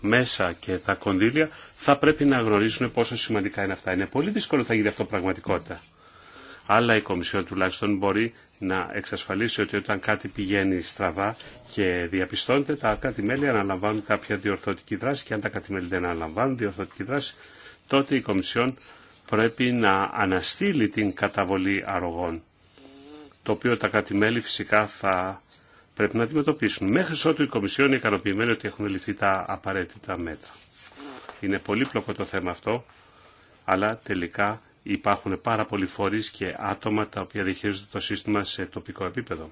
μέσα και τα κονδύλια, θα πρέπει να γνωρίζουν πόσο σημαντικά είναι αυτά. Είναι πολύ δύσκολο θα γίνει αυτό πραγματικότητα. Αλλά η Κομισιόν τουλάχιστον μπορεί να εξασφαλίσει ότι όταν κάτι πηγαίνει στραβά και διαπιστώνεται, τα κρατη αναλαμβάνουν κάποια διορθωτική δράση και αν τα κρατη δεν αναλαμβάνουν διορθωτική δράση, τότε η Κομισιόν πρέπει να αναστείλει την καταβολή αρρωγών το οποίο τα κρατη φυσικά θα πρέπει να αντιμετωπίσουν. Μέχρι ότου η Κομισιόν είναι ικανοποιημένη ότι έχουν ληφθεί τα απαραίτητα μέτρα. Είναι πολύπλοκο το θέμα αυτό, αλλά τελικά υπάρχουν πάρα πολλοί φορείς και άτομα τα οποία διαχειρίζονται το σύστημα σε τοπικό επίπεδο.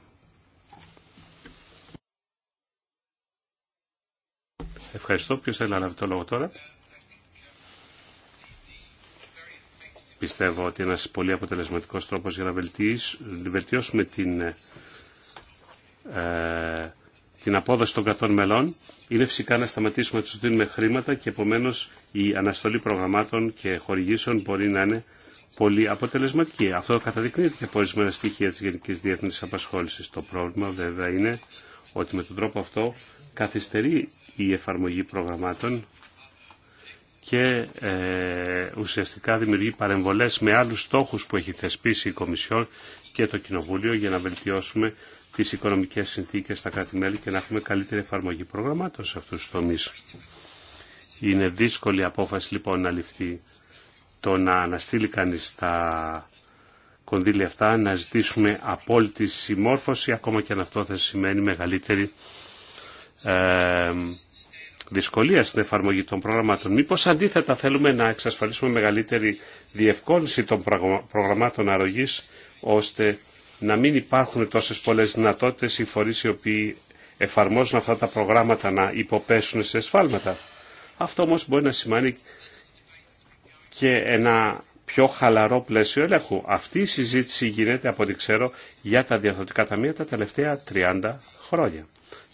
Ευχαριστώ. Ποιος θέλει να λάβει το λόγο τώρα. Πιστεύω ότι ένας πολύ αποτελεσματικός τρόπος για να βελτιώσουμε την, ε, την απόδοση των κρατών μελών είναι φυσικά να σταματήσουμε να τους δίνουμε χρήματα και επομένως η αναστολή προγραμμάτων και χορηγήσεων μπορεί να είναι πολύ αποτελεσματική. Αυτό καταδεικνύεται και από ορισμένα στοιχεία της Γενικής Διεθνής Απασχόλησης. Το πρόβλημα βέβαια είναι ότι με τον τρόπο αυτό καθυστερεί η εφαρμογή προγραμμάτων και ε, ουσιαστικά δημιουργεί παρεμβολές με άλλους στόχους που έχει θεσπίσει η Κομισιόν και το Κοινοβούλιο για να βελτιώσουμε τις οικονομικές συνθήκες στα κράτη-μέλη και να έχουμε καλύτερη εφαρμογή προγραμμάτων σε αυτούς τους τομείς. Είναι δύσκολη απόφαση λοιπόν να ληφθεί το να αναστείλει κανείς τα κονδύλια αυτά, να ζητήσουμε απόλυτη συμμόρφωση, ακόμα και αν αυτό θα σημαίνει μεγαλύτερη ε, δυσκολία στην εφαρμογή των προγραμμάτων. Μήπως αντίθετα θέλουμε να εξασφαλίσουμε μεγαλύτερη διευκόλυνση των προγραμμάτων αρρωγής ώστε να μην υπάρχουν τόσες πολλές δυνατότητες οι φορείς οι οποίοι εφαρμόζουν αυτά τα προγράμματα να υποπέσουν σε σφάλματα. Αυτό όμως μπορεί να σημαίνει και ένα πιο χαλαρό πλαίσιο ελέγχου. Αυτή η συζήτηση γίνεται από ό,τι ξέρω για τα διαδοτικά ταμεία τα τελευταία 30 χρόνια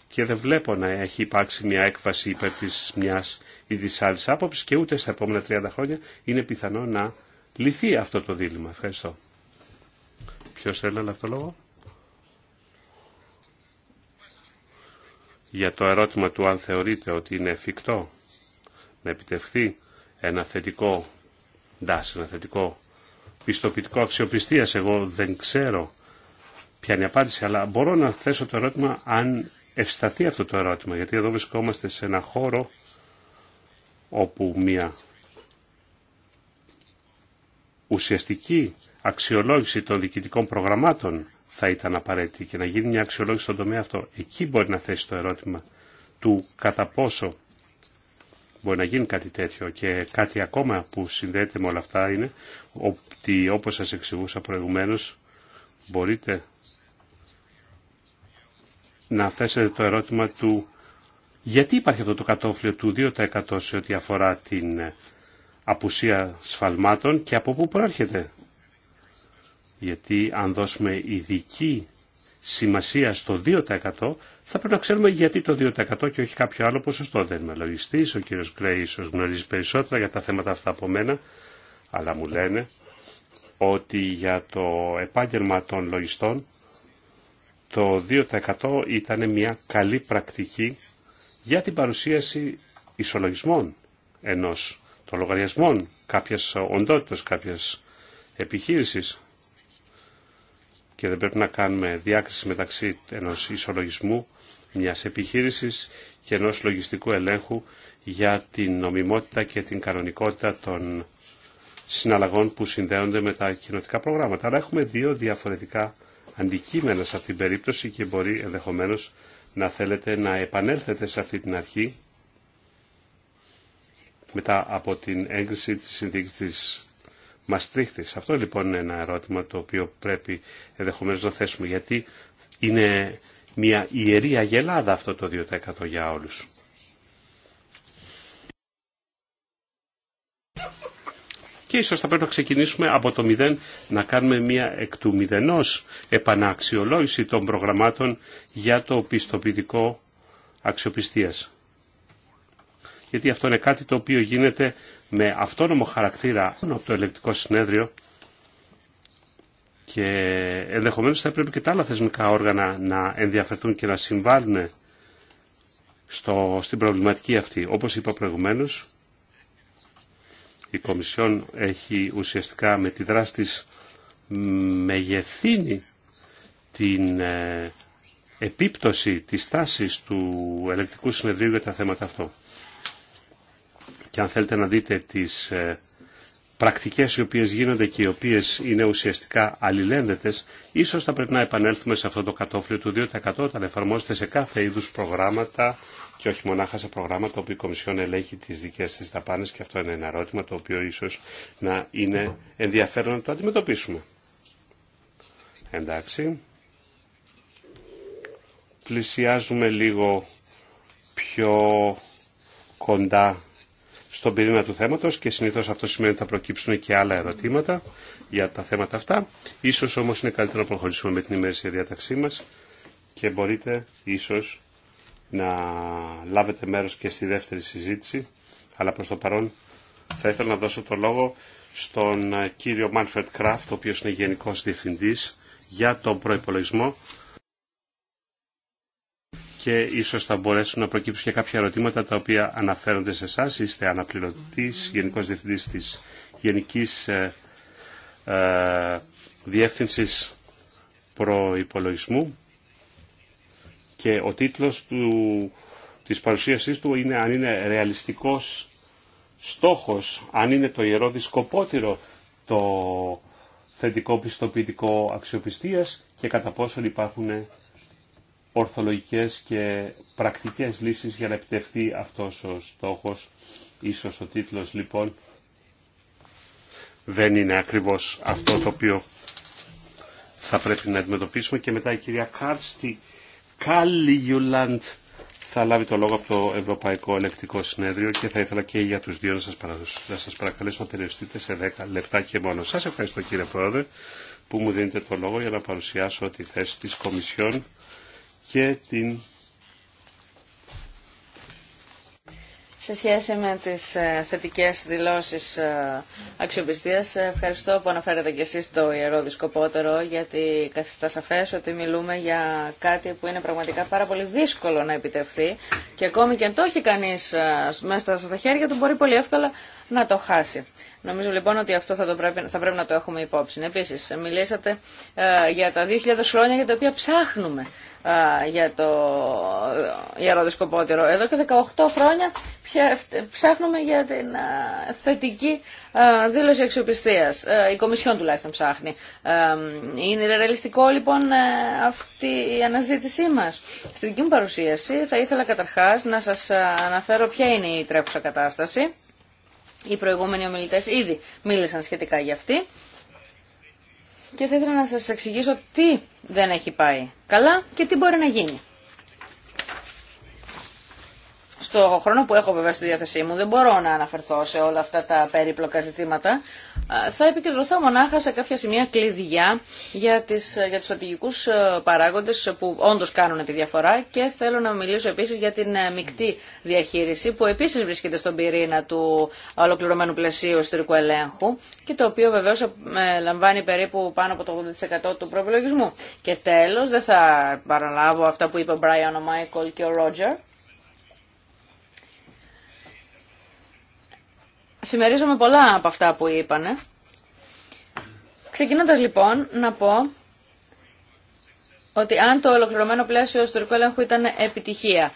και δεν βλέπω να έχει υπάρξει μια έκβαση υπέρ της μιας ή τη άλλη άποψη και ούτε στα επόμενα 30 χρόνια είναι πιθανό να λυθεί αυτό το δίλημα. Ευχαριστώ. Ποιο θέλει να το λόγο? Για το ερώτημα του αν θεωρείτε ότι είναι εφικτό να επιτευχθεί ένα θετικό ντάς, ένα θετικό πιστοποιητικό αξιοπιστίας. Εγώ δεν ξέρω ποια είναι η απάντηση, αλλά μπορώ να θέσω το ερώτημα αν ευσταθεί αυτό το ερώτημα, γιατί εδώ βρισκόμαστε σε ένα χώρο όπου μια ουσιαστική αξιολόγηση των διοικητικών προγραμμάτων θα ήταν απαραίτητη και να γίνει μια αξιολόγηση στον τομέα αυτό. Εκεί μπορεί να θέσει το ερώτημα του κατά πόσο μπορεί να γίνει κάτι τέτοιο και κάτι ακόμα που συνδέεται με όλα αυτά είναι ότι όπως σας εξηγούσα προηγουμένως μπορείτε να θέσετε το ερώτημα του γιατί υπάρχει αυτό το κατόφλιο του 2% σε ό,τι αφορά την ε, απουσία σφαλμάτων και από πού προέρχεται. Γιατί αν δώσουμε ειδική σημασία στο 2% θα πρέπει να ξέρουμε γιατί το 2% και όχι κάποιο άλλο ποσοστό. Δεν είμαι λογιστής, ο κύριος Γκρέι ίσως γνωρίζει περισσότερα για τα θέματα αυτά από μένα, αλλά μου λένε ότι για το επάγγελμα των λογιστών το 2% ήταν μια καλή πρακτική για την παρουσίαση ισολογισμών ενός των λογαριασμών κάποιας οντότητας, κάποιας επιχείρησης και δεν πρέπει να κάνουμε διάκριση μεταξύ ενός ισολογισμού μιας επιχείρησης και ενός λογιστικού ελέγχου για την νομιμότητα και την κανονικότητα των συναλλαγών που συνδέονται με τα κοινοτικά προγράμματα. Αλλά έχουμε δύο διαφορετικά αντικείμενα σε αυτήν την περίπτωση και μπορεί ενδεχομένω να θέλετε να επανέλθετε σε αυτή την αρχή μετά από την έγκριση της συνθήκης της Μαστρίχτης. Αυτό λοιπόν είναι ένα ερώτημα το οποίο πρέπει ενδεχομένω να θέσουμε γιατί είναι μια ιερή αγελάδα αυτό το 2% για όλους. και ίσως θα πρέπει να ξεκινήσουμε από το μηδέν να κάνουμε μια εκ του μηδενός επαναξιολόγηση των προγραμμάτων για το πιστοποιητικό αξιοπιστίας. Γιατί αυτό είναι κάτι το οποίο γίνεται με αυτόνομο χαρακτήρα από το ελεκτικό συνέδριο και ενδεχομένως θα πρέπει και τα άλλα θεσμικά όργανα να ενδιαφερθούν και να συμβάλλουν στο, στην προβληματική αυτή. Όπως είπα προηγουμένως, η Κομισιόν έχει ουσιαστικά με τη δράση της μεγεθύνει την ε, επίπτωση της τάσης του ελεκτικού συνεδρίου για τα θέματα αυτό. Και αν θέλετε να δείτε τις ε, πρακτικές οι οποίες γίνονται και οι οποίες είναι ουσιαστικά αλληλένδετες, ίσως θα πρέπει να επανέλθουμε σε αυτό το κατόφλιο του 2% όταν εφαρμόζεται σε κάθε είδους προγράμματα, και όχι μονάχα σε προγράμματα όπου η Κομισιόν ελέγχει τις δικές της δαπάνε και αυτό είναι ένα ερώτημα το οποίο ίσως να είναι ενδιαφέρον να το αντιμετωπίσουμε. Εντάξει. Πλησιάζουμε λίγο πιο κοντά στον πυρήνα του θέματος και συνήθως αυτό σημαίνει ότι θα προκύψουν και άλλα ερωτήματα για τα θέματα αυτά. Ίσως όμως είναι καλύτερο να προχωρήσουμε με την ημέρησια διάταξή μας και μπορείτε ίσως να λάβετε μέρος και στη δεύτερη συζήτηση, αλλά προς το παρόν θα ήθελα να δώσω το λόγο στον ε, κύριο Μάνφερτ Κράφτ, ο οποίος είναι Γενικός Διευθυντής για τον προϋπολογισμό και ίσως θα μπορέσουν να προκύψουν και κάποια ερωτήματα τα οποία αναφέρονται σε εσά. Είστε αναπληρωτής, Γενικός Διευθυντής της Γενικής ε, ε, Διεύθυνσης και ο τίτλος του, της παρουσίασής του είναι αν είναι ρεαλιστικός στόχος, αν είναι το ιερό δισκοπότηρο το θετικό πιστοποιητικό αξιοπιστίας και κατά πόσον υπάρχουν ορθολογικές και πρακτικές λύσεις για να επιτευχθεί αυτός ο στόχος. Ίσως ο τίτλος λοιπόν δεν είναι ακριβώς αυτό το οποίο θα πρέπει να αντιμετωπίσουμε και μετά η κυρία Κάρστη Καλλιουλάντ θα λάβει το λόγο από το Ευρωπαϊκό Ελεκτικό Συνέδριο και θα ήθελα και για τους δύο να σας, να σας παρακαλέσω να σε 10 λεπτά και μόνο. Σας ευχαριστώ κύριε Πρόεδρε που μου δίνετε το λόγο για να παρουσιάσω τη θέση της Κομισιόν και την σε σχέση με τις ε, θετικές δηλώσεις ε, αξιοπιστίας, ε, ευχαριστώ που αναφέρετε και εσείς το ιερό δισκοπότερο, γιατί καθιστά σαφέ ότι μιλούμε για κάτι που είναι πραγματικά πάρα πολύ δύσκολο να επιτευχθεί και ακόμη και αν το έχει κανείς μέσα στα χέρια του μπορεί πολύ εύκολα να το χάσει. Νομίζω λοιπόν ότι αυτό θα, πρέπει, θα πρέπει να το έχουμε υπόψη. Επίσης, μιλήσατε για τα 2.000 χρόνια για τα οποία ψάχνουμε για το ιεροδισκοπότηρο. Εδώ και 18 χρόνια ψάχνουμε για την θετική δήλωση αξιοπιστίας. Η Κομισιόν τουλάχιστον ψάχνει. Είναι ρεαλιστικό λοιπόν αυτή η αναζήτησή μας. Στην δική μου παρουσίαση θα ήθελα καταρχάς να σας αναφέρω ποια είναι η τρέχουσα κατάσταση. Οι προηγούμενοι ομιλητές ήδη μίλησαν σχετικά για αυτή και θα ήθελα να σας εξηγήσω τι δεν έχει πάει καλά και τι μπορεί να γίνει στο χρόνο που έχω βέβαια στη διάθεσή μου δεν μπορώ να αναφερθώ σε όλα αυτά τα περίπλοκα ζητήματα. Θα επικεντρωθώ μονάχα σε κάποια σημεία κλειδιά για, τις, για τους οδηγικούς ε, παράγοντες που όντως κάνουν τη διαφορά και θέλω να μιλήσω επίσης για την ε, μεικτή διαχείριση που επίσης βρίσκεται στον πυρήνα του ολοκληρωμένου πλαισίου ιστορικού ελέγχου και το οποίο βεβαίως ε, λαμβάνει περίπου πάνω από το 80% του προπολογισμού. Και τέλος, δεν θα παραλάβω αυτά που είπε ο Brian, ο Michael και ο Roger, συμμερίζομαι πολλά από αυτά που είπανε. Ξεκινώντας λοιπόν να πω ότι αν το ολοκληρωμένο πλαίσιο ιστορικού έλεγχου ήταν επιτυχία,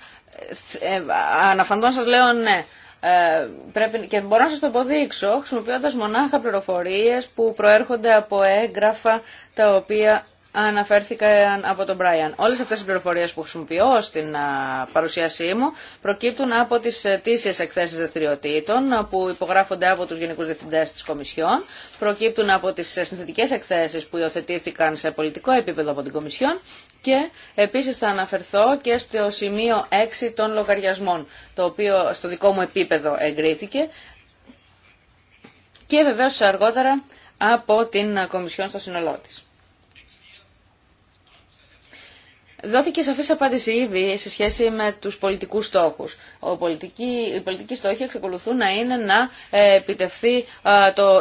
ε, ε αναφαντών σας λέω ναι, ε, πρέπει, και μπορώ να σας το αποδείξω χρησιμοποιώντας μονάχα πληροφορίες που προέρχονται από έγγραφα τα οποία αναφέρθηκαν από τον Brian. Όλες αυτές οι πληροφορίες που χρησιμοποιώ στην παρουσίασή μου προκύπτουν από τις ε, τήσιες εκθέσεις δραστηριοτήτων που υπογράφονται από τους Γενικούς Διευθυντές της Κομισιόν, προκύπτουν από τις ε, συνθετικές εκθέσεις που υιοθετήθηκαν σε πολιτικό επίπεδο από την Κομισιόν και επίσης θα αναφερθώ και στο σημείο 6 των λογαριασμών, το οποίο στο δικό μου επίπεδο εγκρίθηκε και βεβαίως αργότερα από την Κομισιόν στο σύνολό της. Δόθηκε σαφής απάντηση ήδη σε σχέση με τους πολιτικούς στόχους. Ο πολιτική, οι πολιτικοί στόχοι εξακολουθούν να είναι να ε, επιτευχθεί ε,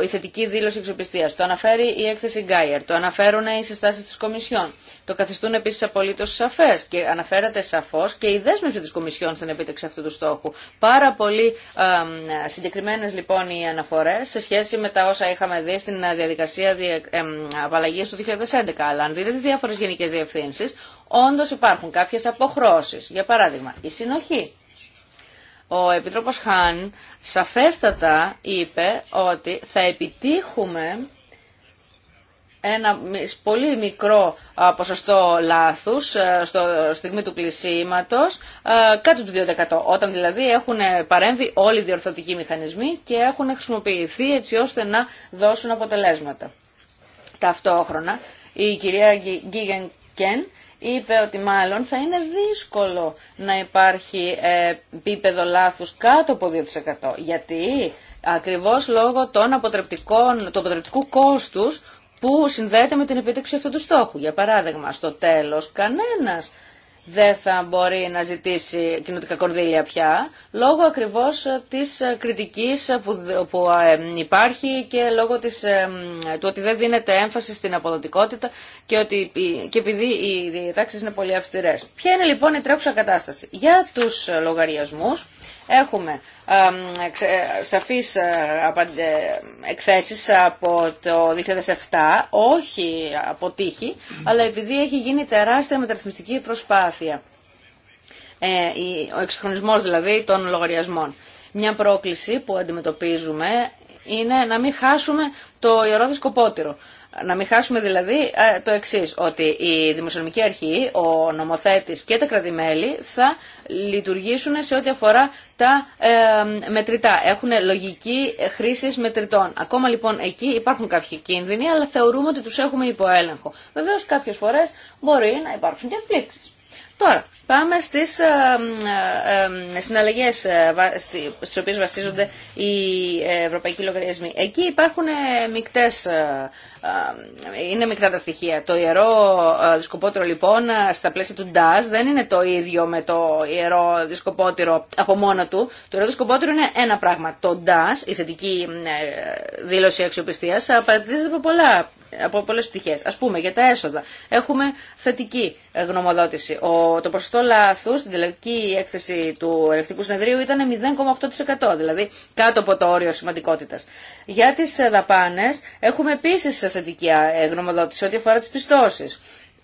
η θετική δήλωση εξοπιστία. Το αναφέρει η έκθεση Γκάιερ, το αναφέρουν οι συστάσει τη Κομισιόν. Το καθιστούν επίση απολύτω σαφέ και αναφέρεται σαφώ και η δέσμευση τη Κομισιόν στην επίτευξη αυτού του στόχου. Πάρα πολύ συγκεκριμένε λοιπόν οι αναφορέ σε σχέση με τα όσα είχαμε δει στην διαδικασία απαλλαγή του 2011. Αλλά αν δείτε τι διάφορε γενικέ διευθύνσει, όντω υπάρχουν κάποιε αποχρώσει. Για παράδειγμα, η συνοχή ο Επίτροπος Χάν σαφέστατα είπε ότι θα επιτύχουμε ένα πολύ μικρό ποσοστό λάθους στο στιγμή του κλεισίματος, κάτω του 2%. Όταν δηλαδή έχουν παρέμβει όλοι οι διορθωτικοί μηχανισμοί και έχουν χρησιμοποιηθεί έτσι ώστε να δώσουν αποτελέσματα. Ταυτόχρονα η κυρία Γκίγεν Κεν είπε ότι μάλλον θα είναι δύσκολο να υπάρχει ε, πίπεδο λάθους κάτω από 2%. Γιατί ακριβώς λόγω των αποτρεπτικών, του αποτρεπτικού κόστους που συνδέεται με την επίτευξη αυτού του στόχου. Για παράδειγμα, στο τέλος κανένας δεν θα μπορεί να ζητήσει κοινωτικά κορδίλια πια, λόγω ακριβώς της ε, κριτικής που, ε, υπάρχει και λόγω της, ε, του ότι δεν δίνεται έμφαση στην αποδοτικότητα και, ότι, και επειδή οι διατάξεις είναι πολύ αυστηρές. Ποια είναι λοιπόν η τρέχουσα κατάσταση. Για τους λογαριασμούς, Έχουμε σαφείς ε, εκθέσεις από το 2007, όχι αποτύχει, αλλά επειδή έχει γίνει τεράστια μεταρρυθμιστική προσπάθεια. Ε, ο εξυγχρονισμός δηλαδή των λογαριασμών. Μια πρόκληση που αντιμετωπίζουμε είναι να μην χάσουμε το ιερό δισκοπότηρο. Να μην χάσουμε δηλαδή ε, το εξή, ότι η Δημοσιονομική Αρχή, ο νομοθέτης και τα κρατημέλη θα λειτουργήσουν σε ό,τι αφορά τα ε, μετρητά. Έχουν λογική χρήση μετρητών. Ακόμα λοιπόν εκεί υπάρχουν κάποιοι κίνδυνοι, αλλά θεωρούμε ότι τους έχουμε υποέλεγχο. Βεβαίως κάποιες φορές μπορεί να υπάρξουν και πλήξεις. Τώρα, πάμε στις ε, ε, συναλλαγές ε, στις οποίες βασίζονται οι ευρωπαϊκοί λογαριασμοί. Εκεί υπάρχουν μικτές, είναι μικρά τα στοιχεία. Το ιερό δισκοπότηρο λοιπόν στα πλαίσια του DAS δεν είναι το ίδιο με το ιερό δισκοπότηρο από μόνο του. Το ιερό δισκοπότηρο είναι ένα πράγμα. Το DAS, η θετική δήλωση αξιοπιστία, παρατηρίζεται από πολλά από πολλέ πτυχές. Ας πούμε για τα έσοδα. Έχουμε θετική ε, γνωμοδότηση. Ο, το ποσοστό λαθού στην τελική έκθεση του ελεκτικού συνεδρίου ήταν 0,8%, δηλαδή κάτω από το όριο σημαντικότητα. Για τι ε, δαπάνε έχουμε επίση θετική ε, γνωμοδότηση ό,τι αφορά τι πιστώσει.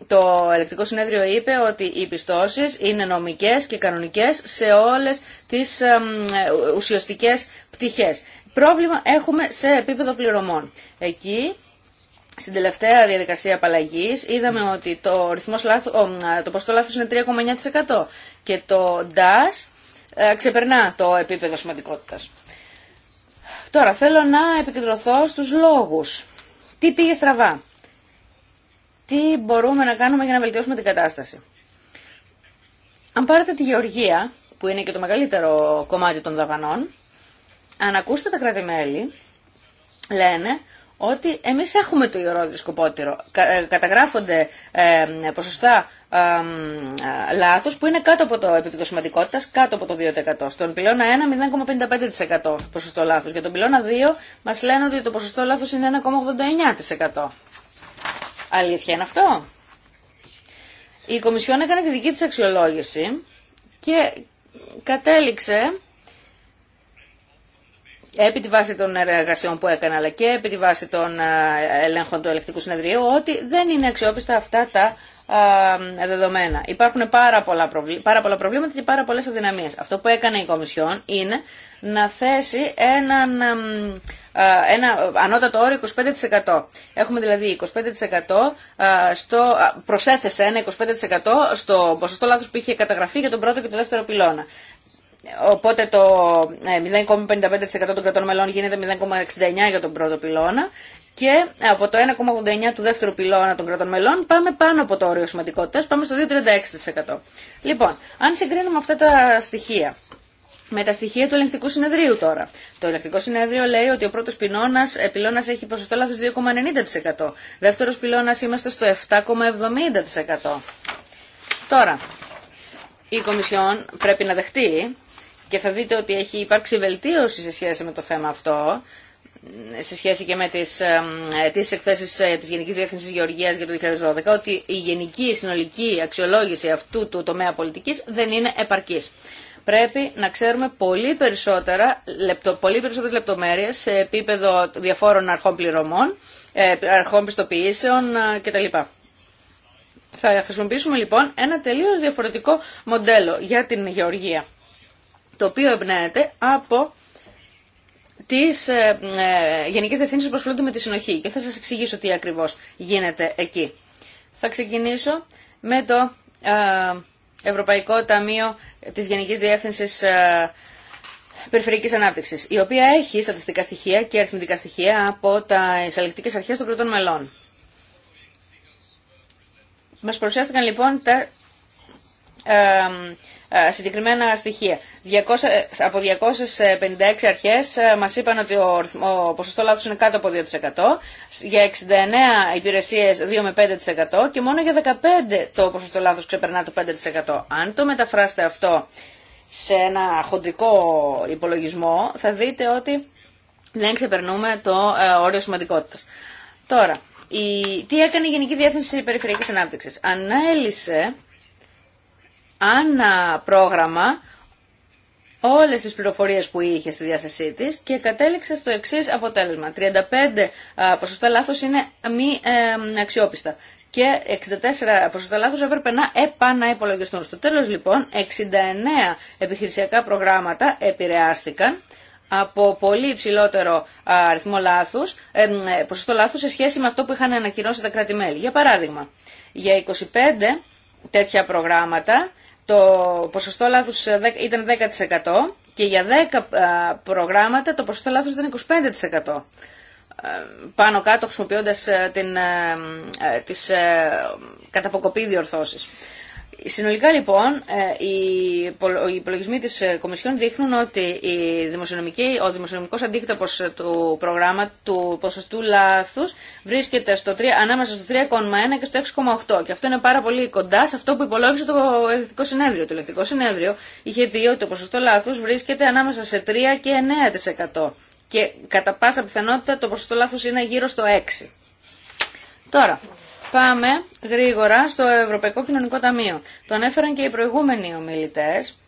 Το ελεκτικό συνέδριο είπε ότι οι πιστώσει είναι νομικέ και κανονικέ σε όλε τι ουσιαστικέ πτυχέ. Πρόβλημα έχουμε σε επίπεδο πληρωμών. Εκεί στην τελευταία διαδικασία απαλλαγή είδαμε ότι το, ρυθμός λάθος, το ποσοστό λάθο είναι 3,9% και το DAS ε, ξεπερνά το επίπεδο σημαντικότητας. Τώρα θέλω να επικεντρωθώ στους λόγους. Τι πήγε στραβά. Τι μπορούμε να κάνουμε για να βελτιώσουμε την κατάσταση. Αν πάρετε τη γεωργία, που είναι και το μεγαλύτερο κομμάτι των δαπανών, αν ακούσετε τα κρατη λένε ότι εμείς έχουμε το ιερό δισκοπότηρο. Ε, καταγράφονται ε, ποσοστά ε, λάθος που είναι κάτω από το επίπεδο σημαντικότητας, κάτω από το 2%. Στον πυλώνα 1, 0,55% ποσοστό λάθος. Για τον πυλώνα 2 μας λένε ότι το ποσοστό λάθος είναι 1,89%. Αλήθεια είναι αυτό. Η Κομισιόν έκανε τη δική της αξιολόγηση και κατέληξε επί τη βάση των εργασιών που έκανα αλλά και επί τη βάση των ε, ελέγχων του ελεκτικού συνεδρίου ότι δεν είναι αξιόπιστα αυτά τα δεδομένα. Υπάρχουν πάρα πολλά, προβλήματα, πάρα πολλά προβλήματα και πάρα πολλές αδυναμίες. Αυτό που έκανε η Κομισιόν είναι να θέσει έναν, ένα ανώτατο όριο 25%. Έχουμε δηλαδή 25% στο, προσέθεσε ένα 25% στο ποσοστό λάθο που είχε καταγραφεί για τον πρώτο και τον δεύτερο πυλώνα. Οπότε το 0,55% ε, των κρατών μελών γίνεται 0,69% για τον πρώτο πυλώνα και ε, από το 1,89% του δεύτερου πυλώνα των κρατών μελών πάμε πάνω από το όριο σημαντικότητα, πάμε στο 2,36%. Λοιπόν, αν συγκρίνουμε αυτά τα στοιχεία με τα στοιχεία του ελεγκτικού συνεδρίου τώρα. Το ελεγκτικό συνεδρίο λέει ότι ο πρώτο πυλώνα ε, έχει ποσοστό λάθο 2,90%. Δεύτερο πυλώνα είμαστε στο 7,70%. Τώρα, η Κομισιόν πρέπει να δεχτεί και θα δείτε ότι έχει υπάρξει βελτίωση σε σχέση με το θέμα αυτό σε σχέση και με τις, τις εκθέσεις ε, της Γενικής Διεύθυνσης Γεωργίας για το 2012, ότι η γενική συνολική αξιολόγηση αυτού του τομέα πολιτικής δεν είναι επαρκής. Πρέπει να ξέρουμε πολύ, περισσότερα, λεπτο, πολύ περισσότερες λεπτομέρειες σε επίπεδο διαφόρων αρχών πληρωμών, ε, αρχών πιστοποιήσεων ε, κτλ. Θα χρησιμοποιήσουμε λοιπόν ένα τελείως διαφορετικό μοντέλο για την γεωργία το οποίο εμπνέεται από τι ε, ε, γενικέ διευθύνσει που με τη συνοχή. Και θα σα εξηγήσω τι ακριβώ γίνεται εκεί. Θα ξεκινήσω με το ε, Ευρωπαϊκό Ταμείο τη Γενική Διεύθυνση ε, Περιφερειακή Ανάπτυξη, η οποία έχει στατιστικά στοιχεία και αριθμητικά στοιχεία από τα εισαλλεκτικέ αρχέ των κρατών μελών. Μα παρουσιάστηκαν λοιπόν τα ε, συγκεκριμένα στοιχεία. 200, από 256 αρχές ε, μας είπαν ότι ο, ποσοστό λάθος είναι κάτω από 2%, για 69 υπηρεσίες 2 με 5% και μόνο για 15 το ποσοστό λάθος ξεπερνά το 5%. Αν το μεταφράσετε αυτό σε ένα χοντρικό υπολογισμό θα δείτε ότι δεν ξεπερνούμε το ε, όριο σημαντικότητας. Τώρα, η, τι έκανε η Γενική Διεύθυνση Περιφερειακής Ανάπτυξης. Ανέλησε ένα πρόγραμμα όλες τις πληροφορίες που είχε στη διάθεσή της και κατέληξε στο εξής αποτέλεσμα. 35 ποσοστά λάθος είναι μη αξιόπιστα και 64 ποσοστά λάθος έπρεπε να επαναυπολογιστούν. Στο τέλος λοιπόν 69 επιχειρησιακά προγράμματα επηρεάστηκαν από πολύ υψηλότερο αριθμό λάθους, ποσοστό λάθους σε σχέση με αυτό που είχαν ανακοινώσει τα κράτη-μέλη. Για παράδειγμα, για 25 τέτοια προγράμματα το ποσοστό λάθους ε, ήταν 10% και για 10 ε, προγράμματα το ποσοστό λάθους ήταν 25% ε, πάνω κάτω χρησιμοποιώντας την, τις καταποκοπή διορθώσεις. Συνολικά λοιπόν, ε, οι υπολογισμοί της ε, Κομισιόν δείχνουν ότι η δημοσιονομική, ο δημοσιονομικός αντίκτυπος ε, του προγράμμα του ποσοστού λάθους βρίσκεται στο 3, ανάμεσα στο 3,1 και στο 6,8 και αυτό είναι πάρα πολύ κοντά σε αυτό που υπολόγισε το ελεκτικό συνέδριο. Το ελεκτικό συνέδριο είχε πει ότι το ποσοστό λάθους βρίσκεται ανάμεσα σε 3 και 9% και κατά πάσα πιθανότητα το ποσοστό λάθους είναι γύρω στο 6%. Τώρα, Πάμε γρήγορα στο Ευρωπαϊκό Κοινωνικό Ταμείο. Το ανέφεραν και οι προηγούμενοι ομιλητές.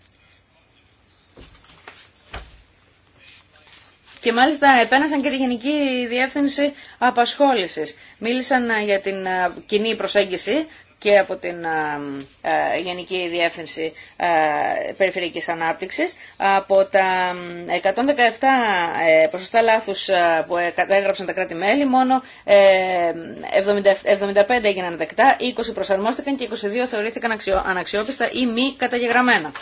Και μάλιστα επένασαν και τη Γενική Διεύθυνση Απασχόλησης. Μίλησαν για την κοινή προσέγγιση και από την Γενική Διεύθυνση Περιφερειακής Ανάπτυξης. Από τα 117 ε, ποσοστά λάθους που ε, καταγράψαν τα κράτη-μέλη, μόνο 75 ε, έγιναν δεκτά, 20 προσαρμόστηκαν και 22 θεωρήθηκαν αναξιόπιστα ή μη καταγεγραμμένα.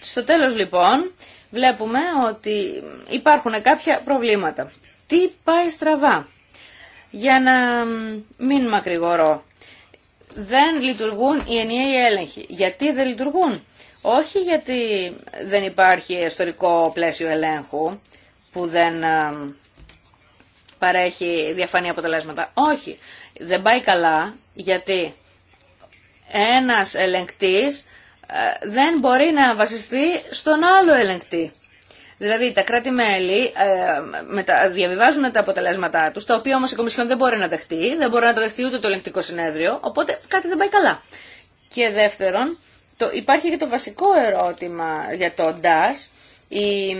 Στο τέλος λοιπόν βλέπουμε ότι υπάρχουν κάποια προβλήματα. Τι πάει στραβά. Για να μην μακρηγορώ δεν λειτουργούν οι ενιαίοι έλεγχοι. Γιατί δεν λειτουργούν. Όχι γιατί δεν υπάρχει ιστορικό πλαίσιο ελέγχου που δεν ε, παρέχει διαφανή αποτελέσματα. Όχι. Δεν πάει καλά γιατί ένας ελεγκτής ε, δεν μπορεί να βασιστεί στον άλλο ελεγκτή. Δηλαδή τα κράτη-μέλη ε, διαβιβάζουν τα αποτελέσματά του, τα οποία όμω η Κομισιόν δεν μπορεί να δεχτεί, δεν μπορεί να τα δεχτεί ούτε το ελεγκτικό συνέδριο, οπότε κάτι δεν πάει καλά. Και δεύτερον, το, υπάρχει και το βασικό ερώτημα για το DAS. Η,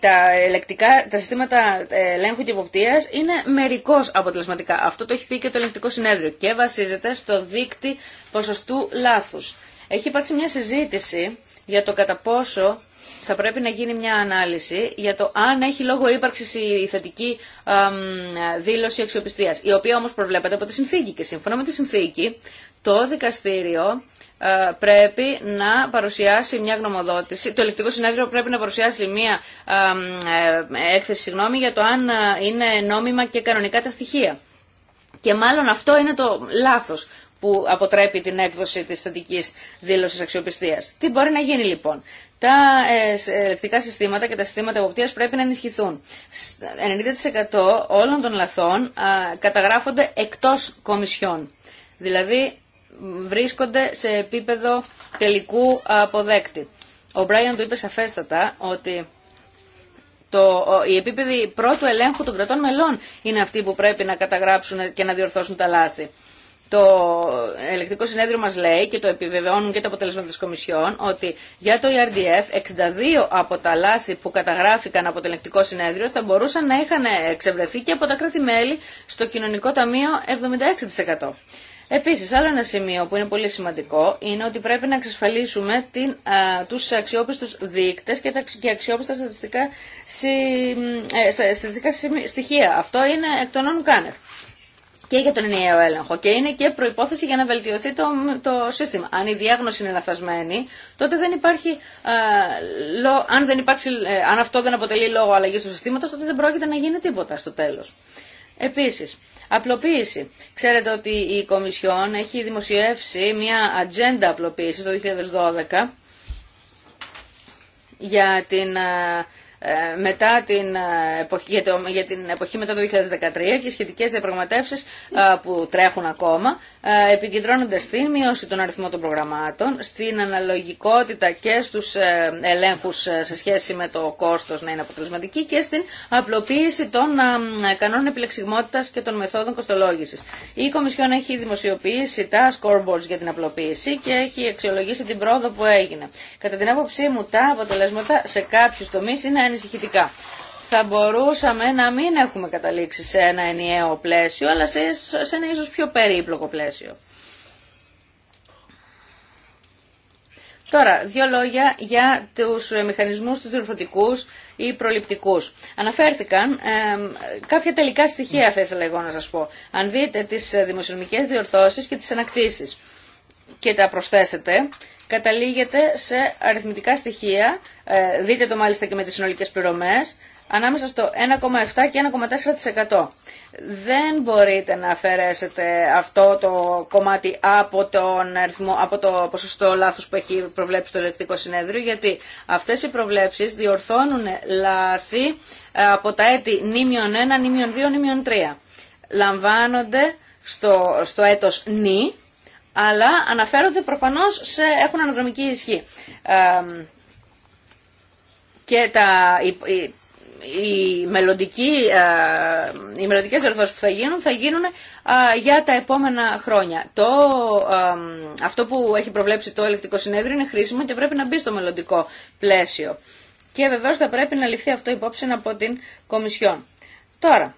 τα, ελεκτικά, τα συστήματα ελέγχου και υποπτία είναι μερικώ αποτελεσματικά. Αυτό το έχει πει και το ελεγκτικό συνέδριο και βασίζεται στο δίκτυ ποσοστού λάθου. Έχει υπάρξει μια συζήτηση για το κατά πόσο θα πρέπει να γίνει μια ανάλυση για το αν έχει λόγο ύπαρξη η θετική δήλωση αξιοπιστία, η οποία όμω προβλέπεται από τη συνθήκη. Και σύμφωνα με τη συνθήκη, το δικαστήριο ε, πρέπει να παρουσιάσει μια γνωμοδότηση, το ελεκτικό συνέδριο πρέπει να παρουσιάσει μια ε, έκθεση συγγνώμη, για το αν ε, είναι νόμιμα και κανονικά τα στοιχεία. Και μάλλον αυτό είναι το λάθος που αποτρέπει την έκδοση της θετικής δήλωσης αξιοπιστίας. Τι μπορεί να γίνει λοιπόν. Τα ελεκτικά συστήματα και τα συστήματα εποπτείας πρέπει να ενισχυθούν. 90% όλων των λαθών καταγράφονται εκτός κομισιών. Δηλαδή βρίσκονται σε επίπεδο τελικού αποδέκτη. Ο Μπράιον του είπε σαφέστατα ότι το, οι επίπεδοι πρώτου ελέγχου των κρατών μελών είναι αυτή που πρέπει να καταγράψουν και να διορθώσουν τα λάθη το ελεκτικό συνέδριο μας λέει και το επιβεβαιώνουν και τα αποτελέσματα της Κομισιόν ότι για το ERDF 62 από τα λάθη που καταγράφηκαν από το ελεκτικό συνέδριο θα μπορούσαν να είχαν εξευρεθεί και από τα κράτη-μέλη στο κοινωνικό ταμείο 76%. Επίσης, άλλο ένα σημείο που είναι πολύ σημαντικό είναι ότι πρέπει να εξασφαλίσουμε την, α, τους αξιόπιστους δείκτες και, τα, αξιόπιστα στατιστικά, ε, στατιστικά στοιχεία. Αυτό είναι εκ των όνων κάνευ και για τον ενιαίο έλεγχο και είναι και προϋπόθεση για να βελτιωθεί το, το σύστημα. Αν η διάγνωση είναι λαθασμένη, τότε δεν υπάρχει, αν, δεν υπάρξει, ε, αν αυτό δεν αποτελεί λόγο αλλαγής του συστήματος, τότε δεν πρόκειται να γίνει τίποτα στο τέλος. Επίσης, απλοποίηση. Ξέρετε ότι η Κομισιόν έχει δημοσιεύσει μια ατζέντα απλοποίησης το 2012 για την ε, μετά την ε, εποχή, για, την εποχή μετά το 2013 και οι σχετικές διαπραγματεύσεις ε, που τρέχουν ακόμα επικεντρώνονται στη μείωση των αριθμών των προγραμμάτων, στην αναλογικότητα και στους ελέγχους σε σχέση με το κόστος να είναι αποτελεσματική και στην απλοποίηση των κανόνων επιλεξιμότητας και των μεθόδων κοστολόγησης. Η Κομισιόν έχει δημοσιοποιήσει τα scoreboards για την απλοποίηση και έχει αξιολογήσει την πρόοδο που έγινε. Κατά την άποψή μου τα αποτελέσματα σε κάποιους τομείς είναι ανησυχητικά. Θα μπορούσαμε να μην έχουμε καταλήξει σε ένα ενιαίο πλαίσιο, αλλά σε, ένα ίσως πιο περίπλοκο πλαίσιο. Τώρα, δύο λόγια για τους μηχανισμούς του διορθωτικούς ή προληπτικούς. Αναφέρθηκαν κάποια τελικά στοιχεία, θα ήθελα εγώ να σας πω. Αν δείτε τις δημοσιονομικές διορθώσεις και τις ανακτήσεις και τα προσθέσετε, καταλήγετε σε αριθμητικά στοιχεία ε, δείτε το μάλιστα και με τις συνολικές πληρωμές, ανάμεσα στο 1,7 και 1,4%. Δεν μπορείτε να αφαιρέσετε αυτό το κομμάτι από, τον από το ποσοστό λάθους που έχει προβλέψει το ελεκτικό συνέδριο, γιατί αυτές οι προβλέψεις διορθώνουν λάθη ε, από τα έτη νήμιον 1, νήμιον 2, νήμιον 3. Λαμβάνονται στο, στο έτος νη, αλλά αναφέρονται προφανώς σε, έχουν αναδρομική ισχύ. Ε, και τα, οι, οι, οι, ε, οι μελλοντικές που θα γίνουν θα γίνουν ε, για τα επόμενα χρόνια. Το, ε, αυτό που έχει προβλέψει το ελεκτικό συνέδριο είναι χρήσιμο και πρέπει να μπει στο μελλοντικό πλαίσιο. Και βεβαίως θα πρέπει να ληφθεί αυτό υπόψη από την Κομισιόν. Τώρα,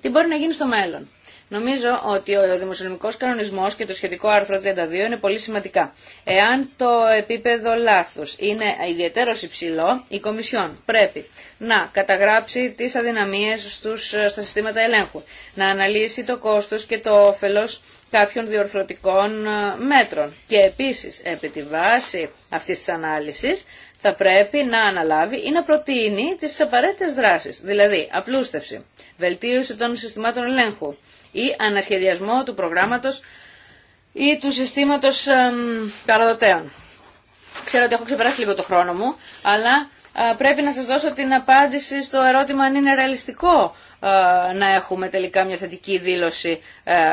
τι μπορεί να γίνει στο μέλλον. Νομίζω ότι ο δημοσιονομικός κανονισμός και το σχετικό άρθρο 32 είναι πολύ σημαντικά. Εάν το επίπεδο λάθο είναι ιδιαίτερο υψηλό, η Κομισιόν πρέπει να καταγράψει τις αδυναμίες στους, στα συστήματα ελέγχου, να αναλύσει το κόστος και το όφελος κάποιων διορθωτικών ε, μέτρων. Και επίσης, επί τη βάση αυτής της ανάλυσης, θα πρέπει να αναλάβει ή να προτείνει τις απαραίτητες δράσεις, δηλαδή απλούστευση, βελτίωση των συστημάτων ελέγχου, ή ανασχεδιασμό του προγράμματος ή του συστήματος παραδοτέων. Ξέρω ότι έχω ξεπεράσει λίγο το χρόνο μου, αλλά πρέπει να σας δώσω την απάντηση στο ερώτημα αν είναι ρεαλιστικό να έχουμε τελικά μια θετική δήλωση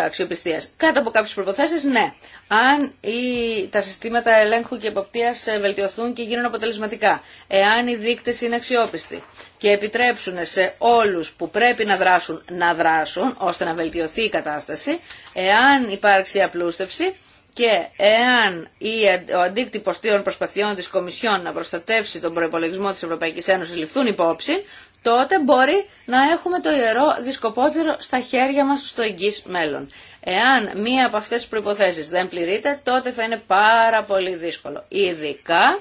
αξιοπιστίας. Κάτω από κάποιες προποθέσεις, ναι. Αν οι, τα συστήματα ελέγχου και εποπτείας βελτιωθούν και γίνουν αποτελεσματικά, εάν οι δείκτες είναι αξιόπιστοι και επιτρέψουν σε όλους που πρέπει να δράσουν να δράσουν, ώστε να βελτιωθεί η κατάσταση, εάν υπάρξει απλούστευση, και εάν η, ο αντίκτυπος των προσπαθειών της Κομισιόν να προστατεύσει τον προϋπολογισμό της Ευρωπαϊκής Ένωσης ληφθούν υπόψη, τότε μπορεί να έχουμε το ιερό δισκοπότηρο στα χέρια μας στο εγγύς μέλλον. Εάν μία από αυτές τις προϋποθέσεις δεν πληρείται, τότε θα είναι πάρα πολύ δύσκολο. Ειδικά,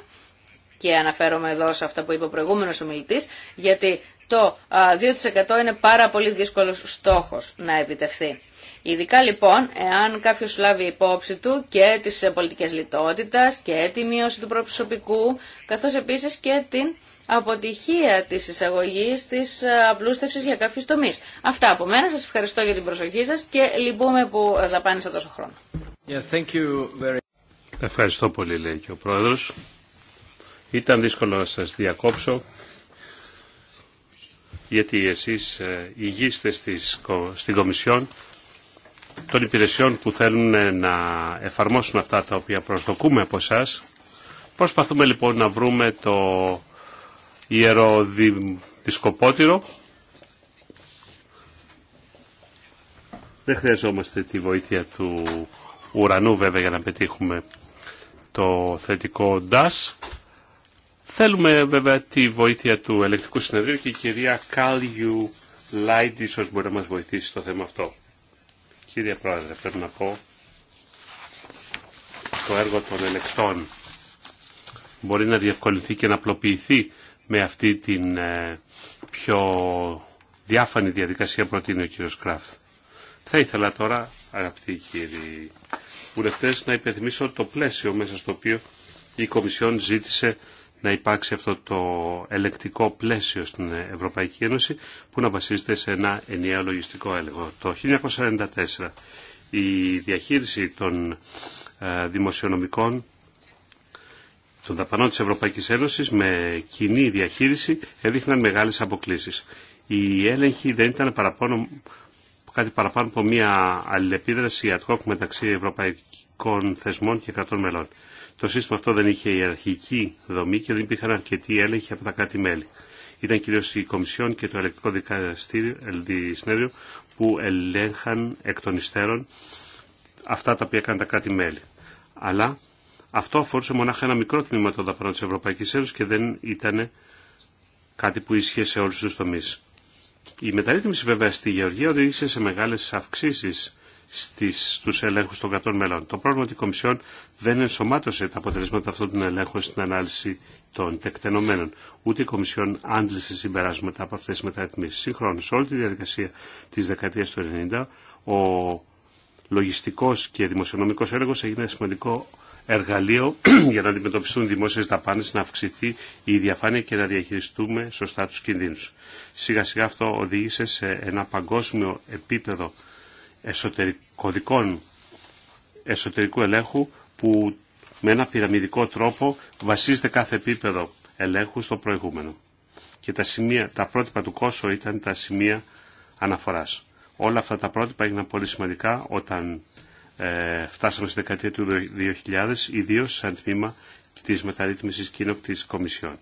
και αναφέρομαι εδώ σε αυτά που είπε ο προηγούμενος ομιλητής, γιατί το 2% είναι πάρα πολύ δύσκολος στόχος να επιτευχθεί. Ειδικά λοιπόν, εάν κάποιο λάβει υπόψη του και τι ε, πολιτικέ λιτότητα και τη μείωση του προσωπικού, καθώ επίση και την αποτυχία τη εισαγωγή τη ε, απλούστευση για κάποιου τομεί. Αυτά από μένα. Σα ευχαριστώ για την προσοχή σα και λυπούμε που ε, δαπάνησα τόσο χρόνο. Yeah, thank you Ευχαριστώ πολύ, λέει και ο πρόεδρο. Ήταν δύσκολο να σα διακόψω γιατί εσείς ηγείστε στην Κομισιόν των υπηρεσιών που θέλουν να εφαρμόσουν αυτά τα οποία προσδοκούμε από εσά. Προσπαθούμε λοιπόν να βρούμε το ιερό δισκοπότηρο. Δεν χρειαζόμαστε τη βοήθεια του ουρανού βέβαια για να πετύχουμε το θετικό DAS. Θέλουμε βέβαια τη βοήθεια του ελεκτικού συνεδρίου και η κυρία Κάλιου Λάιντ ίσως μπορεί να μας βοηθήσει στο θέμα αυτό. Κύριε Πρόεδρε, πρέπει να πω το έργο των ελεκτών μπορεί να διευκολυνθεί και να απλοποιηθεί με αυτή την ε, πιο διάφανη διαδικασία που προτείνει ο κύριος Κράφτ. Θα ήθελα τώρα, αγαπητοί κύριοι βουλευτές, να υπενθυμίσω το πλαίσιο μέσα στο οποίο η Κομισιόν ζήτησε να υπάρξει αυτό το ελεκτικό πλαίσιο στην Ευρωπαϊκή Ένωση που να βασίζεται σε ένα ενιαίο λογιστικό έλεγχο. Το 1994 η διαχείριση των ε, δημοσιονομικών των δαπανών της Ευρωπαϊκής Ένωσης με κοινή διαχείριση έδειχναν μεγάλες αποκλήσεις. Η έλεγχη δεν ήταν παραπάνω, κάτι παραπάνω από μια αλληλεπίδραση ad hoc μεταξύ ευρωπαϊκών θεσμών και κρατών μελών. Το σύστημα αυτό δεν είχε ιεραρχική δομή και δεν υπήρχαν αρκετοί έλεγχοι από τα κράτη-μέλη. Ήταν κυρίως η Κομισιόν και το Ελεκτικό Δικαστήριο ε, που ελέγχαν εκ των υστέρων αυτά τα οποία έκαναν τα κράτη-μέλη. Αλλά αυτό αφορούσε μονάχα ένα μικρό τμήμα των δαπανών της Ευρωπαϊκής Ένωσης και δεν ήταν κάτι που ίσχυε σε όλους τους τομείς. Η μεταρρύθμιση βέβαια στη Γεωργία οδήγησε σε μεγάλες αυξήσεις στις, στους ελέγχους των κρατών μελών. Το πρόβλημα ότι η Κομισιόν δεν ενσωμάτωσε τα αποτελέσματα αυτών των ελέγχων στην ανάλυση των τεκτενομένων. Ούτε η Κομισιόν άντλησε συμπεράσματα από αυτές τις μεταρρυθμίσεις. Συγχρόνως, όλη τη διαδικασία της δεκαετίας του 1990, ο λογιστικός και δημοσιονομικός έλεγχος έγινε σημαντικό εργαλείο για να αντιμετωπιστούν δημόσιες δαπάνε, να αυξηθεί η διαφάνεια και να διαχειριστούμε σωστά του κινδύνου. Σιγά σιγά αυτό οδήγησε σε ένα παγκόσμιο επίπεδο εσωτερικών, εσωτερικού ελέγχου που με ένα πυραμιδικό τρόπο βασίζεται κάθε επίπεδο ελέγχου στο προηγούμενο. Και τα, σημεία, τα πρότυπα του Κόσο ήταν τα σημεία αναφοράς. Όλα αυτά τα πρότυπα έγιναν πολύ σημαντικά όταν ε, φτάσαμε στη δεκαετία του 2000, ιδίω σαν τμήμα της μεταρρύθμισης κοινοπτής Κομισιόν.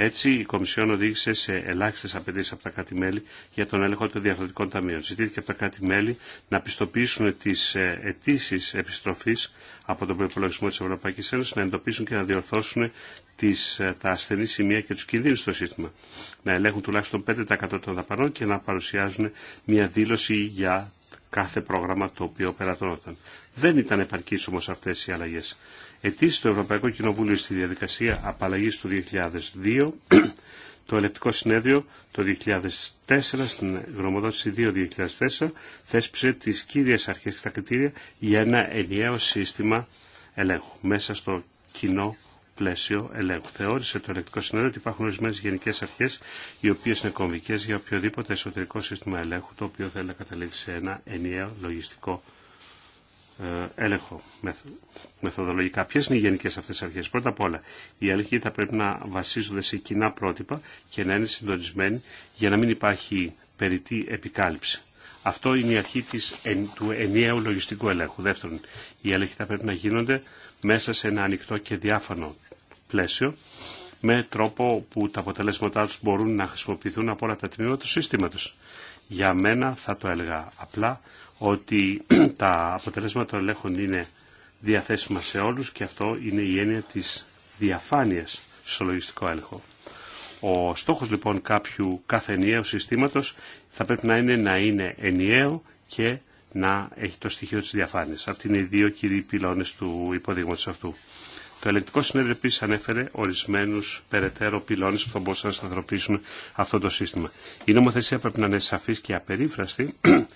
Έτσι, η Κομισιόν οδήγησε σε ελάχιστε απαιτήσει από τα κράτη-μέλη για τον έλεγχο των διαφορετικών ταμείων. Ζητήθηκε από τα κράτη-μέλη να πιστοποιήσουν τι ε, αιτήσει επιστροφή από τον προπολογισμό τη Ευρωπαϊκή Ένωση, να εντοπίσουν και να διορθώσουν τις, ε, τα ασθενή σημεία και του κινδύνου στο σύστημα. Να ελέγχουν τουλάχιστον 5% των δαπανών και να παρουσιάζουν μια δήλωση για κάθε πρόγραμμα το οποίο περατώνονταν. Δεν ήταν επαρκή όμω αυτέ οι αλλαγέ. Ετήσει το Ευρωπαϊκό Κοινοβούλιο στη διαδικασία απαλλαγής του 2002, το Ελεκτικό Συνέδριο το 2004, στην γνωμοδότηση 2-2004, θέσπισε τις κύριες αρχές και τα κριτήρια για ένα ενιαίο σύστημα ελέγχου μέσα στο κοινό πλαίσιο ελέγχου. Θεώρησε το Ελεκτικό Συνέδριο ότι υπάρχουν ορισμένε γενικέ αρχέ οι οποίε είναι κομβικέ για οποιοδήποτε εσωτερικό σύστημα ελέγχου το οποίο θέλει να καταλήξει σε ένα ενιαίο λογιστικό ε, έλεγχο μεθοδολογικά. Ποιε είναι οι γενικέ αυτέ αρχέ. Πρώτα απ' όλα, οι έλεγχοι θα πρέπει να βασίζονται σε κοινά πρότυπα και να είναι συντονισμένοι για να μην υπάρχει περιττή επικάλυψη. Αυτό είναι η αρχή της, του ενιαίου λογιστικού ελέγχου. Δεύτερον, οι έλεγχοι θα πρέπει να γίνονται μέσα σε ένα ανοιχτό και διάφανο πλαίσιο με τρόπο που τα αποτελέσματά τους μπορούν να χρησιμοποιηθούν από όλα τα τμήματα του σύστηματος. Για μένα θα το έλεγα απλά ότι τα αποτελέσματα των ελέγχων είναι διαθέσιμα σε όλους και αυτό είναι η έννοια της διαφάνειας στο λογιστικό έλεγχο. Ο στόχος λοιπόν κάποιου κάθε ενιαίου συστήματος θα πρέπει να είναι να είναι ενιαίο και να έχει το στοιχείο της διαφάνειας. Αυτοί είναι οι δύο κύριοι πυλώνες του υποδείγματος αυτού. Το ελεκτικό συνέδριο επίση ανέφερε ορισμένου περαιτέρω πυλώνε που θα μπορούσαν να σταθεροποιήσουν αυτό το σύστημα. Η νομοθεσία πρέπει να είναι σαφή και απερίφραστη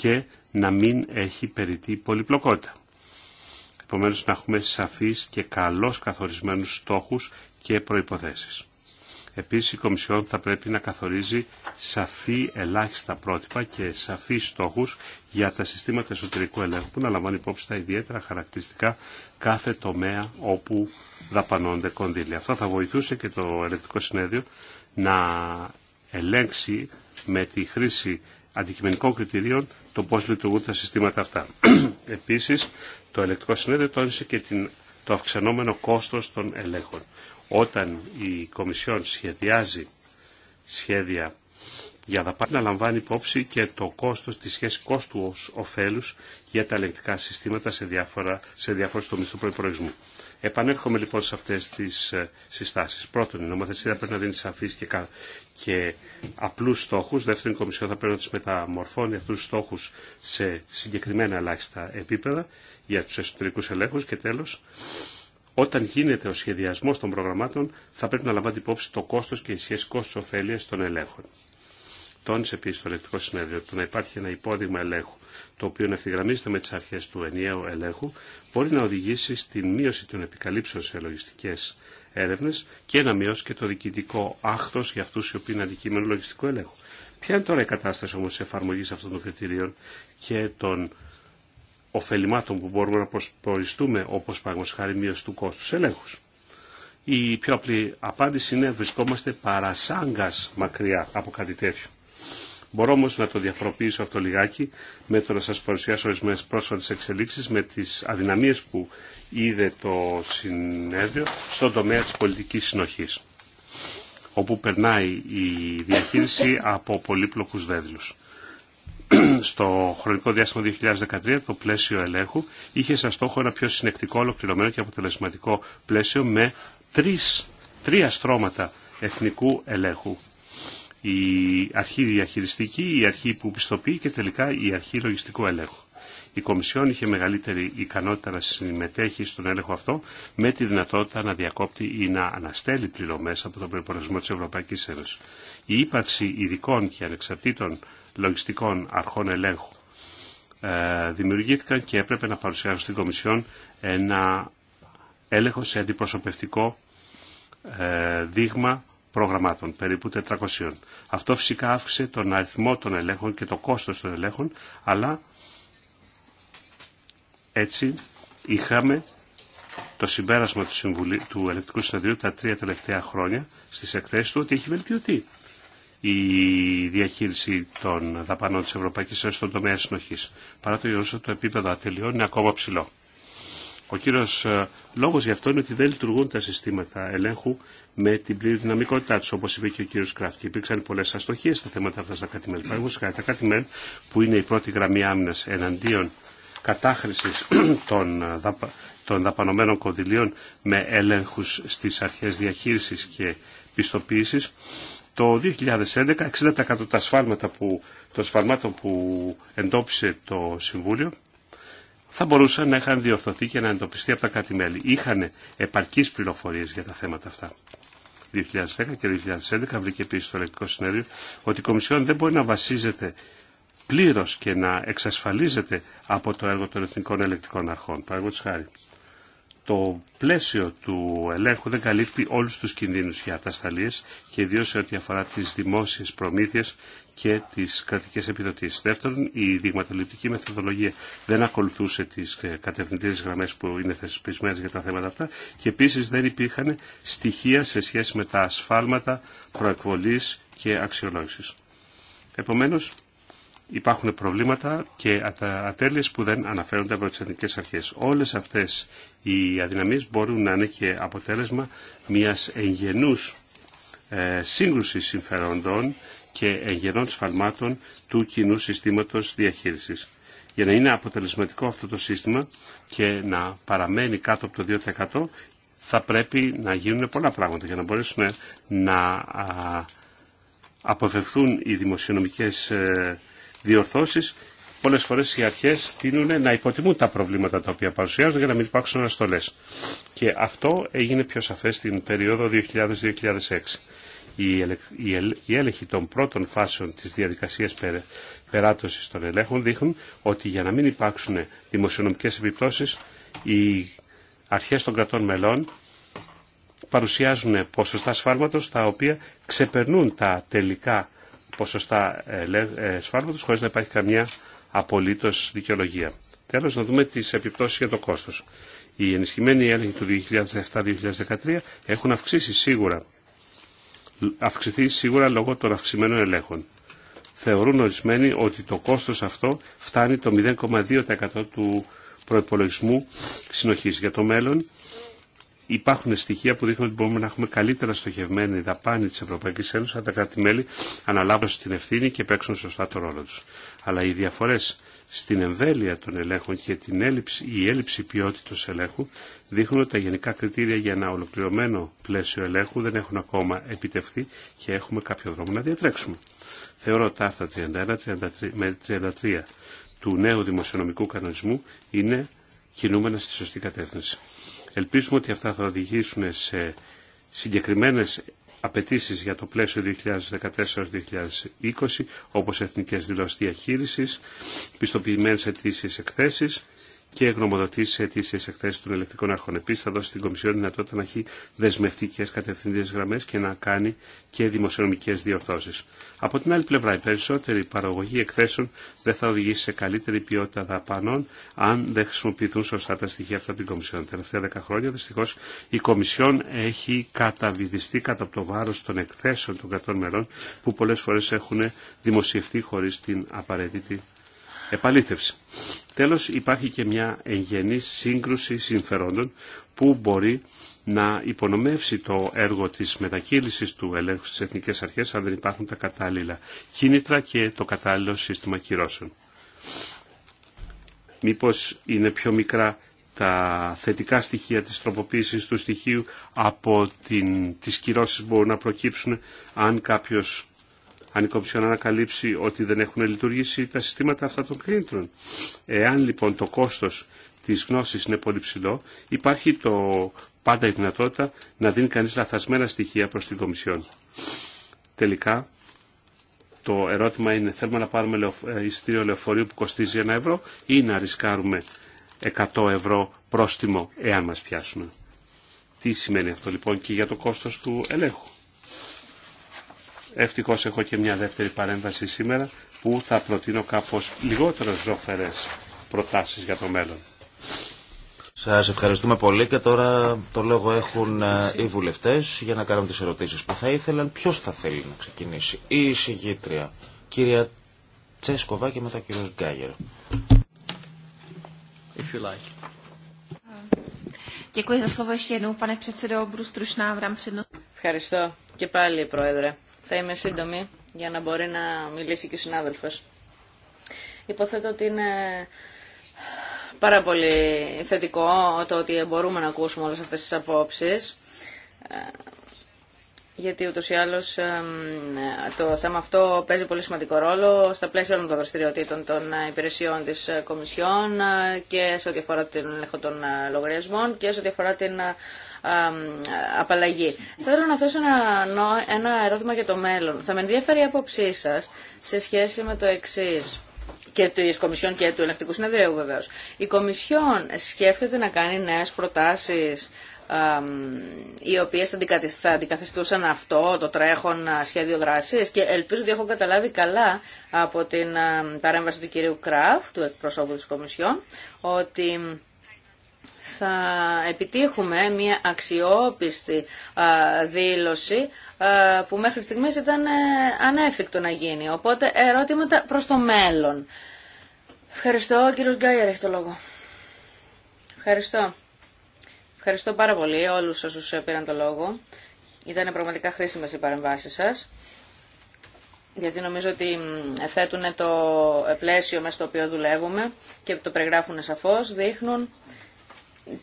και να μην έχει περιττή πολυπλοκότητα. Επομένω να έχουμε σαφείς και καλώς καθορισμένους στόχους και προϋποθέσεις. Επίσης η Κομισιόν θα πρέπει να καθορίζει σαφή ελάχιστα πρότυπα και σαφείς στόχους για τα συστήματα εσωτερικού ελέγχου που να λαμβάνει υπόψη τα ιδιαίτερα χαρακτηριστικά κάθε τομέα όπου δαπανώνται κονδύλια. Αυτό θα βοηθούσε και το ελεκτικό συνέδριο να ελέγξει με τη χρήση αντικειμενικών κριτηρίων το πώς λειτουργούν τα συστήματα αυτά. Επίσης, το ελεκτικό συνέδριο τόνισε και την, το αυξανόμενο κόστος των ελέγχων. Όταν η Κομισιόν σχεδιάζει σχέδια για δαπάνη να λαμβάνει υπόψη και το κόστος, τη σχέση κόστου κόστος-οφέλους για τα ελεκτικά συστήματα σε, διάφορα, σε τομείς του προϋπολογισμού. Επανέρχομαι λοιπόν σε αυτές τις ε, συστάσεις. Πρώτον, η νομοθεσία πρέπει να δίνει σαφείς και, κα... και απλούς στόχους. Δεύτερον, η Κομισιόν θα πρέπει να τις μεταμορφώνει αυτούς τους στόχους σε συγκεκριμένα ελάχιστα επίπεδα για τους εσωτερικούς ελέγχους. Και τέλος, όταν γίνεται ο σχεδιασμός των προγραμμάτων θα πρέπει να λαμβάνει υπόψη το κόστος και η σχέση κόστος ωφέλειας των ελέγχων. Τόνισε επίση το ελεκτικό συνέδριο το να υπάρχει ένα υπόδειγμα ελέγχου, το οποίο να ευθυγραμμίζεται με τι αρχέ του ενιαίου ελέγχου, μπορεί να οδηγήσει στην μείωση των επικαλύψεων σε λογιστικέ έρευνε και να μειώσει και το διοικητικό άχθο για αυτού οι οποίοι είναι αντικείμενο λογιστικού ελέγχου. Ποια είναι τώρα η κατάσταση όμω τη εφαρμογή αυτών των κριτηρίων και των ωφελημάτων που μπορούμε να προσποριστούμε, όπω παραδείγματο χάρη μείωση του κόστου ελέγχου. Η πιο απλή απάντηση είναι βρισκόμαστε παρασάγκα μακριά από κάτι τέτοιο. Μπορώ όμω να το διαφοροποιήσω αυτό λιγάκι με το να σα παρουσιάσω ορισμένε πρόσφατε εξελίξει με τι αδυναμίε που είδε το συνέδριο στον τομέα τη πολιτική συνοχή. Όπου περνάει η διαχείριση από πολύπλοκου δέδλου. Στο χρονικό διάστημα 2013 το πλαίσιο ελέγχου είχε σαν στόχο ένα πιο συνεκτικό, ολοκληρωμένο και αποτελεσματικό πλαίσιο με τρεις, τρία στρώματα εθνικού ελέγχου η αρχή διαχειριστική, η αρχή που πιστοποιεί και τελικά η αρχή λογιστικού ελέγχου. Η Κομισιόν είχε μεγαλύτερη ικανότητα να συμμετέχει στον έλεγχο αυτό με τη δυνατότητα να διακόπτει ή να αναστέλει πληρωμέ από τον προπολογισμό τη Ευρωπαϊκή Ένωση. Η ύπαρξη ειδικών και ανεξαρτήτων λογιστικών αρχών ελέγχου ε, δημιουργήθηκαν και έπρεπε να παρουσιάσουν στην Κομισιόν ένα έλεγχο σε αντιπροσωπευτικό δημιουργηθηκαν και επρεπε να παρουσιασουν στην κομισιον ενα ελεγχο σε αντιπροσωπευτικο δειγμα προγραμμάτων, περίπου 400. Αυτό φυσικά αύξησε τον αριθμό των ελέγχων και το κόστος των ελέγχων, αλλά έτσι είχαμε το συμπέρασμα του, Συμβουλή, του Ελεκτικού Συνεδρίου τα τρία τελευταία χρόνια στις εκθέσεις του ότι έχει βελτιωθεί η διαχείριση των δαπανών της Ευρωπαϊκής Ένωσης στον τομέα συνοχής, παρά το γεγονός ότι το επίπεδο ατελειών είναι ακόμα ψηλό. Ο κύριος ε, λόγος γι' αυτό είναι ότι δεν λειτουργούν τα συστήματα ελέγχου με την πλήρη δυναμικότητά του, όπω είπε και ο κύριο Κράφτη. Υπήρξαν πολλέ αστοχίε στα θέματα αυτά στα κατημέρια. Παραδείγματο χάρη, τα κατημέρια, που είναι η πρώτη γραμμή άμυνα εναντίον κατάχρηση των, ε, των δαπανωμένων κονδυλίων με έλεγχου στι αρχέ διαχείριση και πιστοποίηση. Το 2011, 60% τα σφάλματα που, των σφαλμάτων που εντόπισε το Συμβούλιο θα μπορούσαν να είχαν διορθωθεί και να εντοπιστεί από τα κράτη-μέλη. Είχαν επαρκείς πληροφορίες για τα θέματα αυτά. 2010 και 2011 βρήκε επίση το Ελεκτικό Συνέδριο ότι η Κομισιόν δεν μπορεί να βασίζεται πλήρω και να εξασφαλίζεται από το έργο των Εθνικών Ελεκτικών Αρχών. Παραδείγματο χάρη, το πλαίσιο του ελέγχου δεν καλύπτει όλου του κινδύνου για ατασταλίε και ιδίω σε ό,τι αφορά τι δημόσιε προμήθειε και τι κρατικέ επιδοτήσει. Δεύτερον, η δειγματοληπτική μεθοδολογία δεν ακολουθούσε τι ε, κατευθυντήριε γραμμέ που είναι θεσπισμένε για τα θέματα αυτά και επίση δεν υπήρχαν στοιχεία σε σχέση με τα ασφάλματα προεκβολή και αξιολόγηση. Επομένω, υπάρχουν προβλήματα και ατέλειε που δεν αναφέρονται από τι εθνικέ αρχέ. Όλε αυτέ οι αδυναμίε μπορούν να είναι και αποτέλεσμα μιας εγγενούς ε, σύγκρουση συμφερόντων και εγγενών σφαλμάτων του κοινού συστήματος διαχείρισης. Για να είναι αποτελεσματικό αυτό το σύστημα και να παραμένει κάτω από το 2% θα πρέπει να γίνουν πολλά πράγματα για να μπορέσουν να αποφευθούν οι δημοσιονομικές ε, διορθώσεις. Πολλές φορές οι αρχές τείνουν να υποτιμούν τα προβλήματα τα οποία παρουσιάζονται για να μην υπάρξουν αναστολές. Και αυτό έγινε πιο σαφές στην περίοδο 2000-2006. Οι έλεγχοι των πρώτων φάσεων της διαδικασίας περάτωσης των ελέγχων δείχνουν ότι για να μην υπάρξουν δημοσιονομικές επιπτώσεις, οι αρχές των κρατών μελών παρουσιάζουν ποσοστά σφάλματος τα οποία ξεπερνούν τα τελικά ποσοστά ε, ε, σφάλματος χωρίς να υπάρχει καμιά απολύτως δικαιολογία. Τέλος, να δούμε τις επιπτώσεις για το κόστος. Οι ενισχυμένοι έλεγχοι του 2007-2013 έχουν αυξήσει σίγουρα αυξηθεί σίγουρα λόγω των αυξημένων ελέγχων. Θεωρούν ορισμένοι ότι το κόστος αυτό φτάνει το 0,2% του προϋπολογισμού συνοχής για το μέλλον. Υπάρχουν στοιχεία που δείχνουν ότι μπορούμε να έχουμε καλύτερα στοχευμένη δαπάνη της Ευρωπαϊκής Ένωσης αν τα κράτη-μέλη αναλάβουν την ευθύνη και παίξουν σωστά το ρόλο του. Αλλά οι διαφορές στην εμβέλεια των ελέγχων και την έλλειψη, η έλλειψη ποιότητος ελέγχου δείχνουν ότι τα γενικά κριτήρια για ένα ολοκληρωμένο πλαίσιο ελέγχου δεν έχουν ακόμα επιτευχθεί και έχουμε κάποιο δρόμο να διατρέξουμε. Θεωρώ τα άρθρα 31 με 33 του νέου δημοσιονομικού κανονισμού είναι κινούμενα στη σωστή κατεύθυνση. Ελπίζουμε ότι αυτά θα οδηγήσουν σε συγκεκριμένες απαιτήσει για το πλαίσιο 2014-2020, όπως εθνικές δηλώσεις διαχείρισης, πιστοποιημένες αιτήσεις εκθέσεις και γνωμοδοτήσει σε αιτήσει εκθέσει των ελεκτικών αρχών. Επίση, θα δώσει στην Κομισιόν δυνατότητα να έχει δεσμευτικέ κατευθυντήριε γραμμέ και να κάνει και δημοσιονομικέ διορθώσει. Από την άλλη πλευρά, η περισσότερη παραγωγή εκθέσεων δεν θα οδηγήσει σε καλύτερη ποιότητα δαπανών αν δεν χρησιμοποιηθούν σωστά τα στοιχεία αυτά από την Κομισιόν. Τα τελευταία δέκα χρόνια, δυστυχώ, η Κομισιόν έχει καταβιδιστεί κατά το βάρο των εκθέσεων των κρατών που πολλέ φορέ έχουν δημοσιευτεί χωρί την απαραίτητη επαλήθευση. Τέλος υπάρχει και μια εγγενή σύγκρουση συμφερόντων που μπορεί να υπονομεύσει το έργο της μετακύλησης του ελέγχου στις εθνικές αρχές αν δεν υπάρχουν τα κατάλληλα κίνητρα και το κατάλληλο σύστημα κυρώσεων. Μήπως είναι πιο μικρά τα θετικά στοιχεία της τροποποίησης του στοιχείου από την, τις κυρώσεις που μπορούν να προκύψουν αν κάποιος αν η Κομισιόν ανακαλύψει ότι δεν έχουν λειτουργήσει τα συστήματα αυτά των κλίντρων. Εάν λοιπόν το κόστος της γνώσης είναι πολύ ψηλό, υπάρχει το πάντα η δυνατότητα να δίνει κανείς λαθασμένα στοιχεία προς την Κομισιόν. Τελικά, το ερώτημα είναι θέλουμε να πάρουμε ε, εισιτήριο λεωφορείου που κοστίζει ένα ευρώ ή να ρισκάρουμε 100 ευρώ πρόστιμο εάν μας πιάσουν. Τι σημαίνει αυτό λοιπόν και για το κόστος του ελέγχου. Ευτυχώς έχω και μια δεύτερη παρέμβαση σήμερα που θα προτείνω κάπως λιγότερο ζωφερές προτάσεις για το μέλλον. Σας ευχαριστούμε πολύ και τώρα το λόγο έχουν ε, οι βουλευτές για να κάνουν τις ερωτήσεις που θα ήθελαν. Ποιος θα θέλει να ξεκινήσει, η εισηγήτρια, κυρία Τσέσκοβα και μετά κύριο Γκάγερ. Ευχαριστώ και πάλι, Πρόεδρε. Θα είμαι σύντομη για να μπορεί να μιλήσει και ο συνάδελφος. Υποθέτω ότι είναι πάρα πολύ θετικό το ότι μπορούμε να ακούσουμε όλες αυτές τις απόψεις ε, γιατί ούτως ή άλλως ε, το θέμα αυτό παίζει πολύ σημαντικό ρόλο στα πλαίσια όλων των δραστηριοτήτων των υπηρεσιών της Κομισιόν ε, και σε ό,τι αφορά την έλεγχο των λογαριασμών και σε ό,τι αφορά την απαλλαγή. Θέλω να θέσω ένα ερώτημα για το μέλλον. Θα με ενδιαφέρει η άποψή σα σε σχέση με το εξή και τη Κομισιόν και του Ελεκτικού Συνεδρίου βεβαίω. Η Κομισιόν σκέφτεται να κάνει νέε προτάσει οι οποίε θα αντικαθιστούσαν αυτό το τρέχον σχέδιο δράση και ελπίζω ότι έχω καταλάβει καλά από την παρέμβαση του κυρίου Κραφ, του εκπροσώπου τη Κομισιόν, ότι θα επιτύχουμε μια αξιόπιστη δήλωση που μέχρι στιγμής ήταν ε, ανέφικτο να γίνει. Οπότε ερώτηματα προς το μέλλον. Ευχαριστώ. κύριος Γκάιερ έχει το λόγο. Ευχαριστώ. Ευχαριστώ πάρα πολύ όλους όσους πήραν το λόγο. Ήταν πραγματικά χρήσιμες οι παρεμβάσεις σας γιατί νομίζω ότι θέτουν το πλαίσιο μέσα στο οποίο δουλεύουμε και το περιγράφουν σαφώς, δείχνουν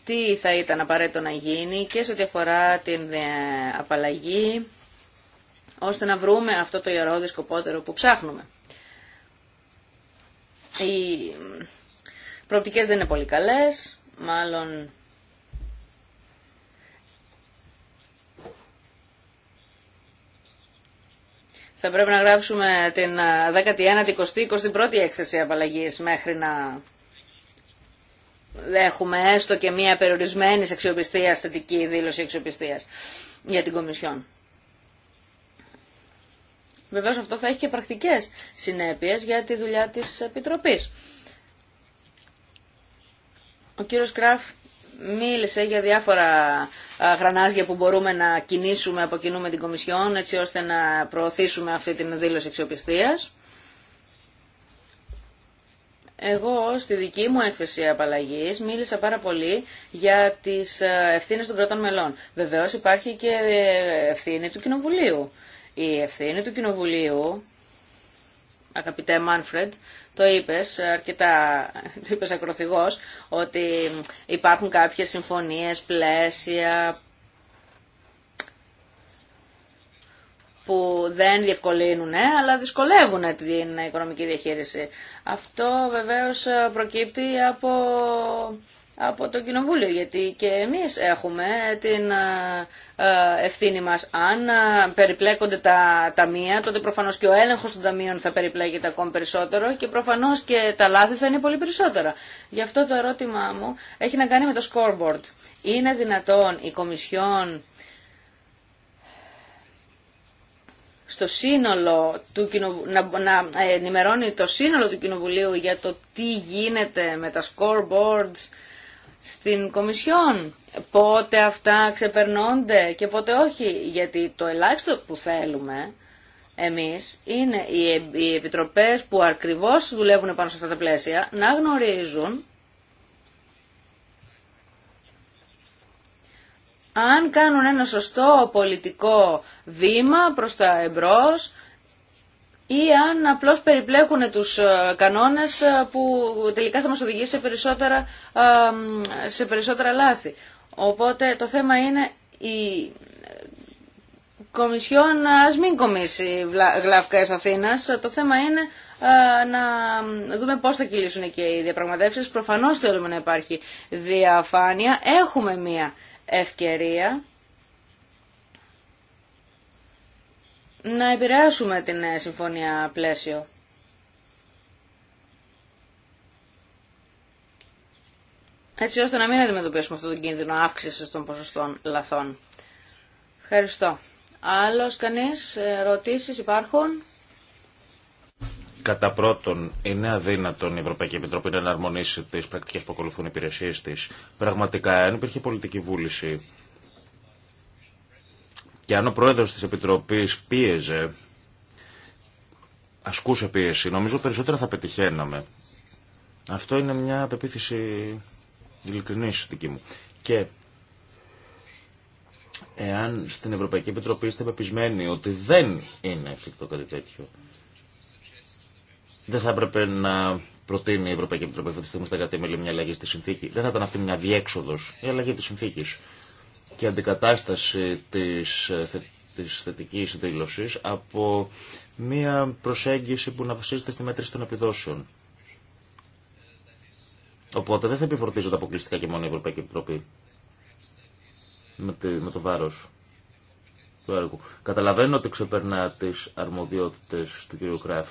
τι θα ήταν απαραίτητο να γίνει και σε ό,τι αφορά την ε, απαλλαγή, ώστε να βρούμε αυτό το ιερό δισκοπότερο που ψάχνουμε. Οι προοπτικές δεν είναι πολύ καλές, μάλλον θα πρέπει να γράψουμε την 19η, 20η, 21η έκθεση απαλλαγής μέχρι να έχουμε έστω και μία περιορισμένη αξιοπιστία, θετική δήλωση αξιοπιστία για την Κομισιόν. Βεβαίω αυτό θα έχει και πρακτικές συνέπειες για τη δουλειά της Επιτροπής. Ο κύριος Κράφ μίλησε για διάφορα γρανάζια που μπορούμε να κινήσουμε από κοινού με την Κομισιόν έτσι ώστε να προωθήσουμε αυτή την δήλωση αξιοπιστίας. Εγώ στη δική μου έκθεση απαλλαγή μίλησα πάρα πολύ για τι ε, ευθύνε των κρατών μελών. Βεβαίω υπάρχει και ευθύνη του Κοινοβουλίου. Η ευθύνη του Κοινοβουλίου, αγαπητέ Μάνφρεντ, το είπε αρκετά, το είπε ακροθυγό, ότι υπάρχουν κάποιε συμφωνίε, πλαίσια που δεν διευκολύνουν, ε, αλλά δυσκολεύουν την οικονομική διαχείριση. Αυτό βεβαίως ε, προκύπτει από, από το Κοινοβούλιο, γιατί και εμείς έχουμε ε, την ευθύνη μας. Αν περιπλέκονται τα ταμεία, τότε προφανώς και ο έλεγχος των ταμείων θα περιπλέκεται ακόμη περισσότερο και προφανώς και τα λάθη θα είναι πολύ περισσότερα. Γι' αυτό το ερώτημά μου έχει να κάνει με το scoreboard. Είναι δυνατόν η Κομισιόν στο σύνολο του να, να ενημερώνει το σύνολο του Κοινοβουλίου για το τι γίνεται με τα scoreboards στην Κομισιόν. Πότε αυτά ξεπερνώνται και πότε όχι. Γιατί το ελάχιστο που θέλουμε εμείς είναι οι επιτροπές που ακριβώς δουλεύουν πάνω σε αυτά τα πλαίσια να γνωρίζουν αν κάνουν ένα σωστό πολιτικό βήμα προς τα εμπρός ή αν απλώς περιπλέκουν τους ε, κανόνες ε, που τελικά θα μας οδηγήσει σε περισσότερα, ε, σε περισσότερα λάθη. Οπότε το θέμα είναι η Κομισιόν ας μην κομίσει γλαυκές Αθήνας. Το θέμα είναι να δούμε πώς θα κυλήσουν και οι διαπραγματεύσεις. Προφανώς θέλουμε να υπάρχει διαφάνεια. Έχουμε μία ευκαιρία να επηρεάσουμε την ε, συμφωνία πλαίσιο. Έτσι ώστε να μην αντιμετωπίσουμε αυτόν τον κίνδυνο αύξηση των ποσοστών λαθών. Ευχαριστώ. Άλλος κανείς, ε, ερωτήσεις υπάρχουν. Κατά πρώτον, είναι αδύνατον η Ευρωπαϊκή Επιτροπή να εναρμονίσει τι πρακτικέ που ακολουθούν οι υπηρεσίε τη. Πραγματικά, αν υπήρχε πολιτική βούληση και αν ο πρόεδρο τη Επιτροπή πίεζε, ασκούσε πίεση, νομίζω περισσότερα θα πετυχαίναμε. Αυτό είναι μια πεποίθηση ειλικρινή δική μου. Και εάν στην Ευρωπαϊκή Επιτροπή είστε πεπισμένοι ότι δεν είναι εφικτό κάτι τέτοιο, δεν θα έπρεπε να προτείνει η Ευρωπαϊκή Επιτροπή αυτή τη στιγμή στα κατήμελη μια αλλαγή στη συνθήκη. Δεν θα ήταν αυτή μια διέξοδο, η αλλαγή τη συνθήκη. Και αντικατάσταση τη της ε, θετική δήλωση από μια προσέγγιση που να βασίζεται στη μέτρηση των επιδόσεων. Οπότε δεν θα επιφορτίζονται αποκλειστικά και μόνο η Ευρωπαϊκή Επιτροπή με, το βάρο του έργου. Καταλαβαίνω ότι ξεπερνά τι αρμοδιότητε του κ. Κράφ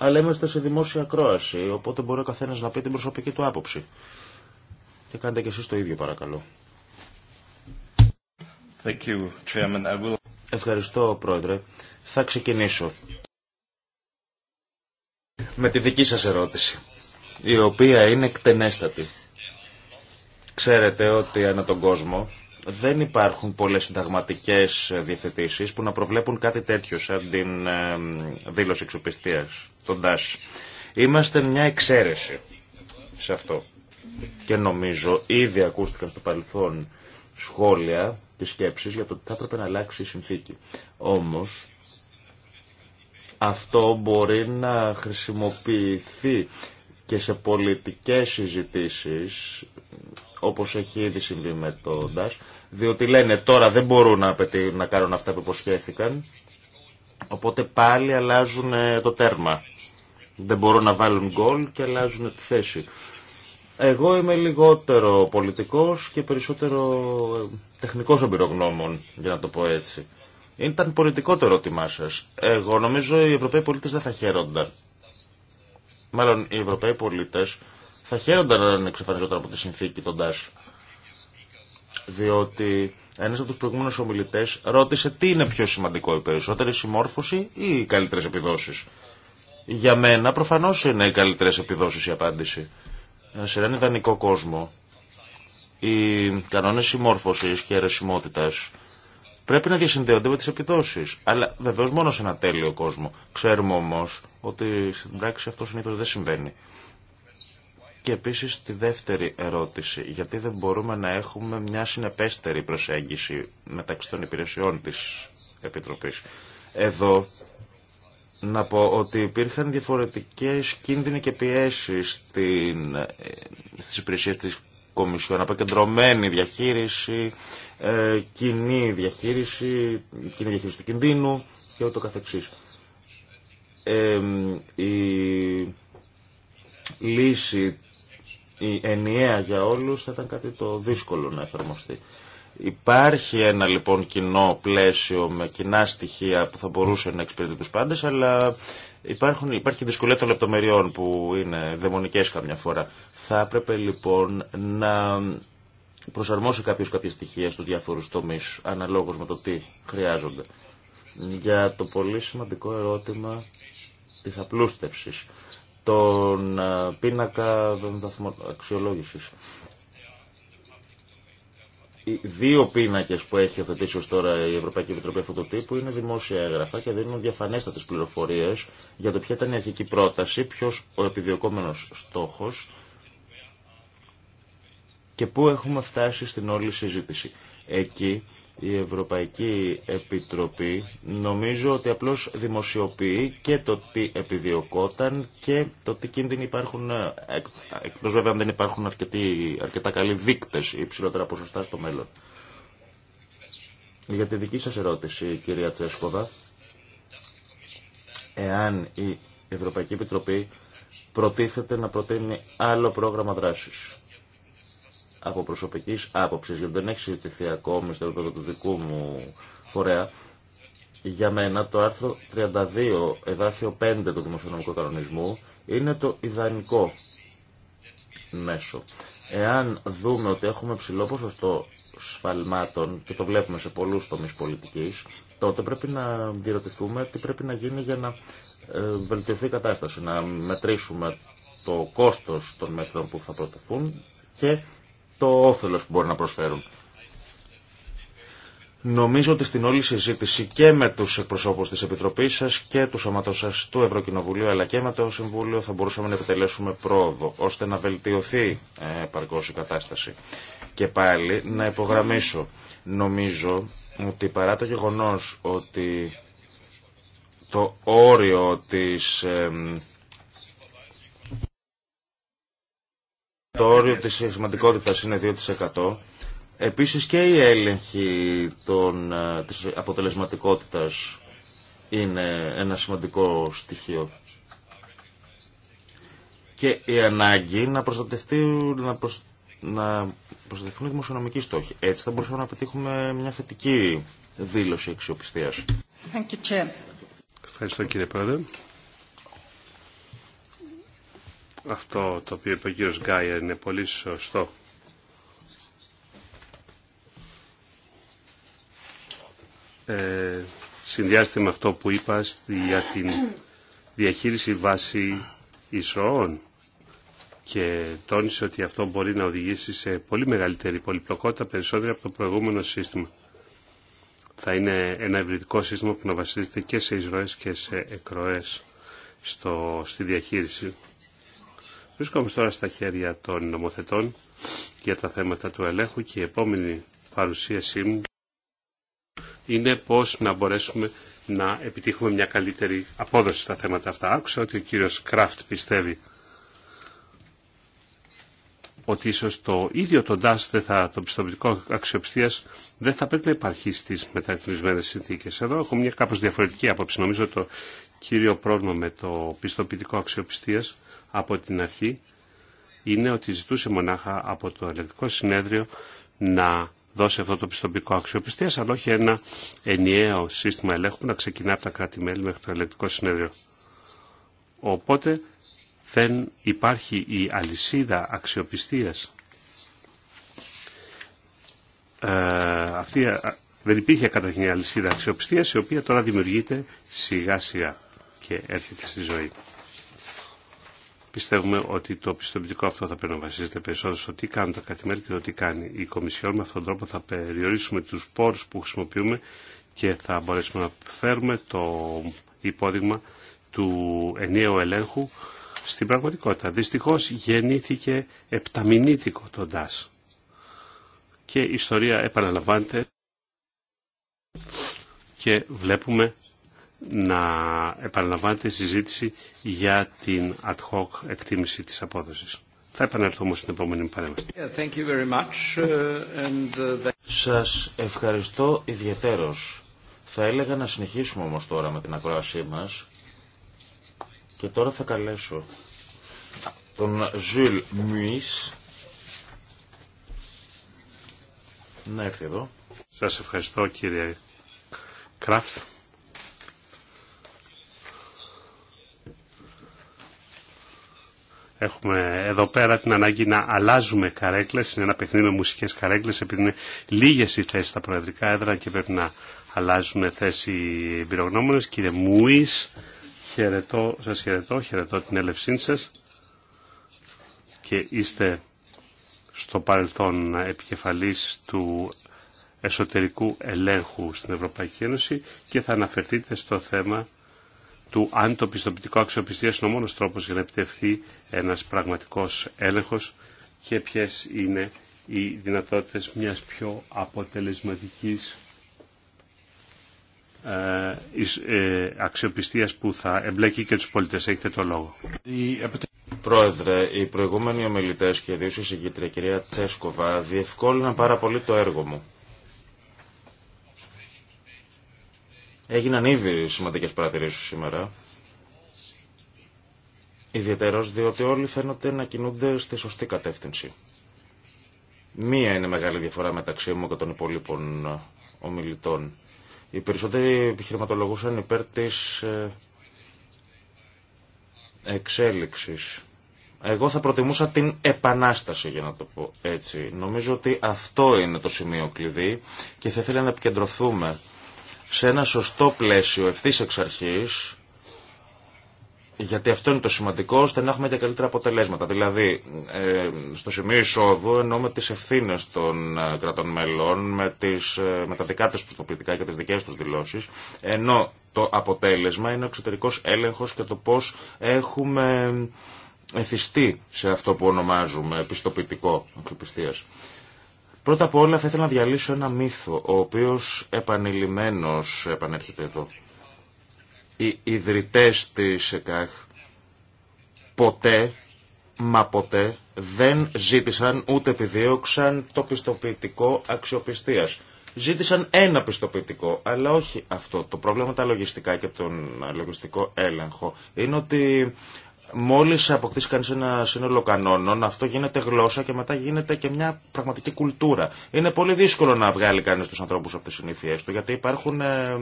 αλλά είμαστε σε δημόσια ακρόαση, οπότε μπορεί ο καθένα να πει την προσωπική του άποψη. Και κάντε κι εσεί το ίδιο, παρακαλώ. Thank you, Chairman. I will... Ευχαριστώ, Πρόεδρε. Θα ξεκινήσω με τη δική σας ερώτηση, η οποία είναι εκτενέστατη. Ξέρετε ότι ανά τον κόσμο δεν υπάρχουν πολλές συνταγματικές διευθετήσεις που να προβλέπουν κάτι τέτοιο σαν την ε, δήλωση εξοπιστίας, τον ΤΑΣ. Είμαστε μια εξαίρεση σε αυτό. Και νομίζω ήδη ακούστηκαν στο παρελθόν σχόλια της σκέψης για το ότι θα έπρεπε να αλλάξει η συνθήκη. Όμως, αυτό μπορεί να χρησιμοποιηθεί και σε πολιτικές συζητήσεις, όπως έχει ήδη συμβεί με το ΝΤΑΣ, διότι λένε τώρα δεν μπορούν να, να κάνουν αυτά που υποσχέθηκαν, οπότε πάλι αλλάζουν ε, το τέρμα. Δεν μπορούν να βάλουν γκολ και αλλάζουν τη θέση. Εγώ είμαι λιγότερο πολιτικός και περισσότερο ε, τεχνικός εμπειρογνώμων, για να το πω έτσι. Ήταν πολιτικό το ερώτημά σα. Εγώ νομίζω οι Ευρωπαίοι πολίτες δεν θα χαίρονταν μάλλον οι Ευρωπαίοι πολίτε θα χαίρονταν αν εξαφανιζόταν από τη συνθήκη των ΤΑΣ. Διότι ένα από του προηγούμενου ομιλητέ ρώτησε τι είναι πιο σημαντικό, η περισσότερη συμμόρφωση ή οι καλύτερε επιδόσει. Για μένα προφανώ είναι οι καλύτερε επιδόσει η απάντηση. Σε έναν ιδανικό κόσμο, οι κανόνε συμμόρφωση και αιρεσιμότητα πρέπει να διασυνδέονται με τι επιδόσει. Αλλά βεβαίω μόνο σε ένα τέλειο κόσμο. Ξέρουμε όμω ότι στην πράξη αυτό συνήθω δεν συμβαίνει. Και επίση τη δεύτερη ερώτηση. Γιατί δεν μπορούμε να έχουμε μια συνεπέστερη προσέγγιση μεταξύ των υπηρεσιών τη Επιτροπή. Εδώ να πω ότι υπήρχαν διαφορετικές κίνδυνοι και πιέσει ε, στι υπηρεσίε τη της Κομισιόν, αποκεντρωμένη διαχείριση, ε, κοινή διαχείριση, κοινή διαχείριση του κινδύνου και ούτω καθεξής. Ε, η λύση η ενιαία για όλους θα ήταν κάτι το δύσκολο να εφαρμοστεί. Υπάρχει ένα λοιπόν κοινό πλαίσιο με κοινά στοιχεία που θα μπορούσε να εξυπηρετεί τους πάντες, αλλά υπάρχουν, υπάρχει δυσκολία των λεπτομεριών που είναι δαιμονικές καμιά φορά. Θα έπρεπε λοιπόν να προσαρμόσει κάποιο κάποια στοιχεία στους διαφορού τομεί αναλόγω με το τι χρειάζονται. Για το πολύ σημαντικό ερώτημα της απλούστευση, τον ε, πίνακα αξιολόγηση. Οι δύο πίνακε που έχει οθετήσει ω τώρα η Ευρωπαϊκή Επιτροπή αυτού του τύπου είναι δημόσια έγγραφα και δίνουν διαφανέστατε πληροφορίε για το ποια ήταν η αρχική πρόταση, ποιο ο επιδιωκόμενο στόχο και πού έχουμε φτάσει στην όλη συζήτηση. Εκεί η Ευρωπαϊκή Επιτροπή νομίζω ότι απλώς δημοσιοποιεί και το τι επιδιωκόταν και το τι κίνδυνοι υπάρχουν, ε, εκτός βέβαια αν δεν υπάρχουν αρκετά καλοί δείκτες ή υψηλότερα ποσοστά στο μέλλον. Για τη δική σας ερώτηση, κυρία Τσέσκοβα, εάν η Ευρωπαϊκή Επιτροπή προτίθεται να προτείνει άλλο πρόγραμμα δράσης από προσωπική άποψη, γιατί δεν έχει συζητηθεί ακόμη στο επίπεδο του δικού μου φορέα, για μένα το άρθρο 32, εδάφιο 5 του δημοσιονομικού κανονισμού, είναι το ιδανικό μέσο. Εάν δούμε ότι έχουμε ψηλό ποσοστό σφαλμάτων και το βλέπουμε σε πολλούς τομείς πολιτικής, τότε πρέπει να διερωτηθούμε τι πρέπει να γίνει για να ε, βελτιωθεί η κατάσταση, να μετρήσουμε το κόστος των μέτρων που θα προτεθούν και το όφελος που μπορεί να προσφέρουν. Νομίζω ότι στην όλη συζήτηση και με τους εκπροσώπους της Επιτροπής σας και του σώματος σας του Ευρωκοινοβουλίου αλλά και με το Συμβούλιο θα μπορούσαμε να επιτελέσουμε πρόοδο ώστε να βελτιωθεί ε, παρκώς η κατάσταση. Και πάλι να υπογραμμίσω. Νομίζω ότι παρά το γεγονός ότι το όριο της Το όριο της σημαντικότητας είναι 2%. Επίσης και η έλεγχη των, ε, της αποτελεσματικότητας είναι ένα σημαντικό στοιχείο. Και η ανάγκη να, προστατευτεί, να, να προστατευτούν οι δημοσιονομικοί στόχοι. Έτσι θα μπορούσαμε να πετύχουμε μια θετική δήλωση αξιοπιστίας. Thank you, Ευχαριστώ κύριε Πρόεδρε. Αυτό το οποίο είπε ο κύριο Γκάιερ είναι πολύ σωστό. Ε, με αυτό που είπα για την διαχείριση βάση ισοών και τόνισε ότι αυτό μπορεί να οδηγήσει σε πολύ μεγαλύτερη πολυπλοκότητα περισσότερη από το προηγούμενο σύστημα. Θα είναι ένα ευρυντικό σύστημα που να βασίζεται και σε εισρωές και σε εκροές στο, στη διαχείριση. Βρίσκομαι τώρα στα χέρια των νομοθετών για τα θέματα του ελέγχου και η επόμενη παρουσίασή μου είναι πώς να μπορέσουμε να επιτύχουμε μια καλύτερη απόδοση στα θέματα αυτά. Άκουσα ότι ο κύριος Κράφτ πιστεύει ότι ίσως το ίδιο το DAS, θα, το πιστοποιητικό αξιοπιστίας, δεν θα πρέπει να υπάρχει στις μεταρρυθμισμένες συνθήκες. Εδώ έχω μια κάπως διαφορετική άποψη. Νομίζω το κύριο πρόβλημα με το πιστοποιητικό αξιοπιστίας από την αρχή είναι ότι ζητούσε μονάχα από το ελεκτικό συνέδριο να δώσει αυτό το πιστοπικό αξιοπιστίας, αλλά όχι ένα ενιαίο σύστημα ελέγχου να ξεκινά από τα κράτη-μέλη μέχρι το ελεκτικό συνέδριο. Οπότε δεν υπάρχει η αλυσίδα αξιοπιστίας. Ε, αυτή, ε, δεν υπήρχε καταρχήν η αλυσίδα αξιοπιστίας, η οποία τώρα δημιουργείται σιγά-σιγά και έρχεται στη ζωή. Πιστεύουμε ότι το πιστοποιητικό αυτό θα πρέπει να βασίζεται περισσότερο στο τι κάνουν τα κατημέρια και το τι κάνει η Κομισιόν. Με αυτόν τον τρόπο θα περιορίσουμε τους πόρους που χρησιμοποιούμε και θα μπορέσουμε να φέρουμε το υπόδειγμα του ενιαίου ελέγχου στην πραγματικότητα. Δυστυχώς γεννήθηκε επταμινήτικο το ΝΤΑΣ και η ιστορία επαναλαμβάνεται και βλέπουμε να επαναλαμβάνεται η συζήτηση για την ad hoc εκτίμηση της απόδοσης. Θα όμως στην επόμενη παρέμβαση. Σας ευχαριστώ ιδιαίτερος. Θα έλεγα να συνεχίσουμε όμως τώρα με την ακρόασή μας και τώρα θα καλέσω τον Ζουλ Μουίς να έρθει εδώ. Σας ευχαριστώ κύριε Κράφτ. Έχουμε εδώ πέρα την ανάγκη να αλλάζουμε καρέκλες, είναι ένα παιχνίδι με μουσικές καρέκλες επειδή είναι λίγες οι θέσεις στα προεδρικά έδρα και πρέπει να αλλάζουν θέση οι εμπειρογνώμονες. Κύριε Μούης, χαιρετώ, σας χαιρετώ, χαιρετώ την έλευσή σας και είστε στο παρελθόν επικεφαλής του εσωτερικού ελέγχου στην Ευρωπαϊκή Ένωση και θα αναφερθείτε στο θέμα του αν το πιστοποιητικό αξιοπιστίας είναι ο μόνος τρόπος για να επιτευχθεί ένας πραγματικός έλεγχος και ποιες είναι οι δυνατότητες μιας πιο αποτελεσματικής ε, ε, αξιοπιστίας που θα εμπλέκει και τους πολίτες. Έχετε το λόγο. Πρόεδρε, οι προηγούμενοι ομιλητέ και ιδίως η συγκεκριτή κυρία Τσέσκοβα διευκόλυναν πάρα πολύ το έργο μου. Έγιναν ήδη σημαντικές παρατηρήσεις σήμερα Ιδιαίτερος διότι όλοι φαίνονται να κινούνται στη σωστή κατεύθυνση. Μία είναι μεγάλη διαφορά μεταξύ μου και των υπολείπων ομιλητών. Οι περισσότεροι επιχειρηματολογούσαν υπέρ της ε, εξέλιξης. Εγώ θα προτιμούσα την επανάσταση για να το πω έτσι. Νομίζω ότι αυτό είναι το σημείο κλειδί και θα ήθελα να επικεντρωθούμε σε ένα σωστό πλαίσιο ευθύ εξ αρχής γιατί αυτό είναι το σημαντικό, ώστε να έχουμε και καλύτερα αποτελέσματα. Δηλαδή, ε, στο σημείο εισόδου εννοούμε τι ευθύνε των ε, κρατών μελών με, τις, ε, με τα δικά του πιστοποιητικά και τι δικέ του δηλώσει, ενώ το αποτέλεσμα είναι ο εξωτερικό έλεγχο και το πώ έχουμε εθιστεί σε αυτό που ονομάζουμε πιστοποιητικό αξιοπιστία. Πρώτα απ' όλα θα ήθελα να διαλύσω ένα μύθο, ο οποίος επανειλημμένος επανέρχεται εδώ οι ιδρυτές της ΕΚΑΧ ποτέ, μα ποτέ, δεν ζήτησαν ούτε επιδίωξαν το πιστοποιητικό αξιοπιστίας. Ζήτησαν ένα πιστοποιητικό, αλλά όχι αυτό. Το πρόβλημα με τα λογιστικά και τον λογιστικό έλεγχο είναι ότι μόλις αποκτήσει κανείς ένα σύνολο κανόνων, αυτό γίνεται γλώσσα και μετά γίνεται και μια πραγματική κουλτούρα. Είναι πολύ δύσκολο να βγάλει κανείς τους ανθρώπους από τις συνήθειές του, γιατί υπάρχουν ε,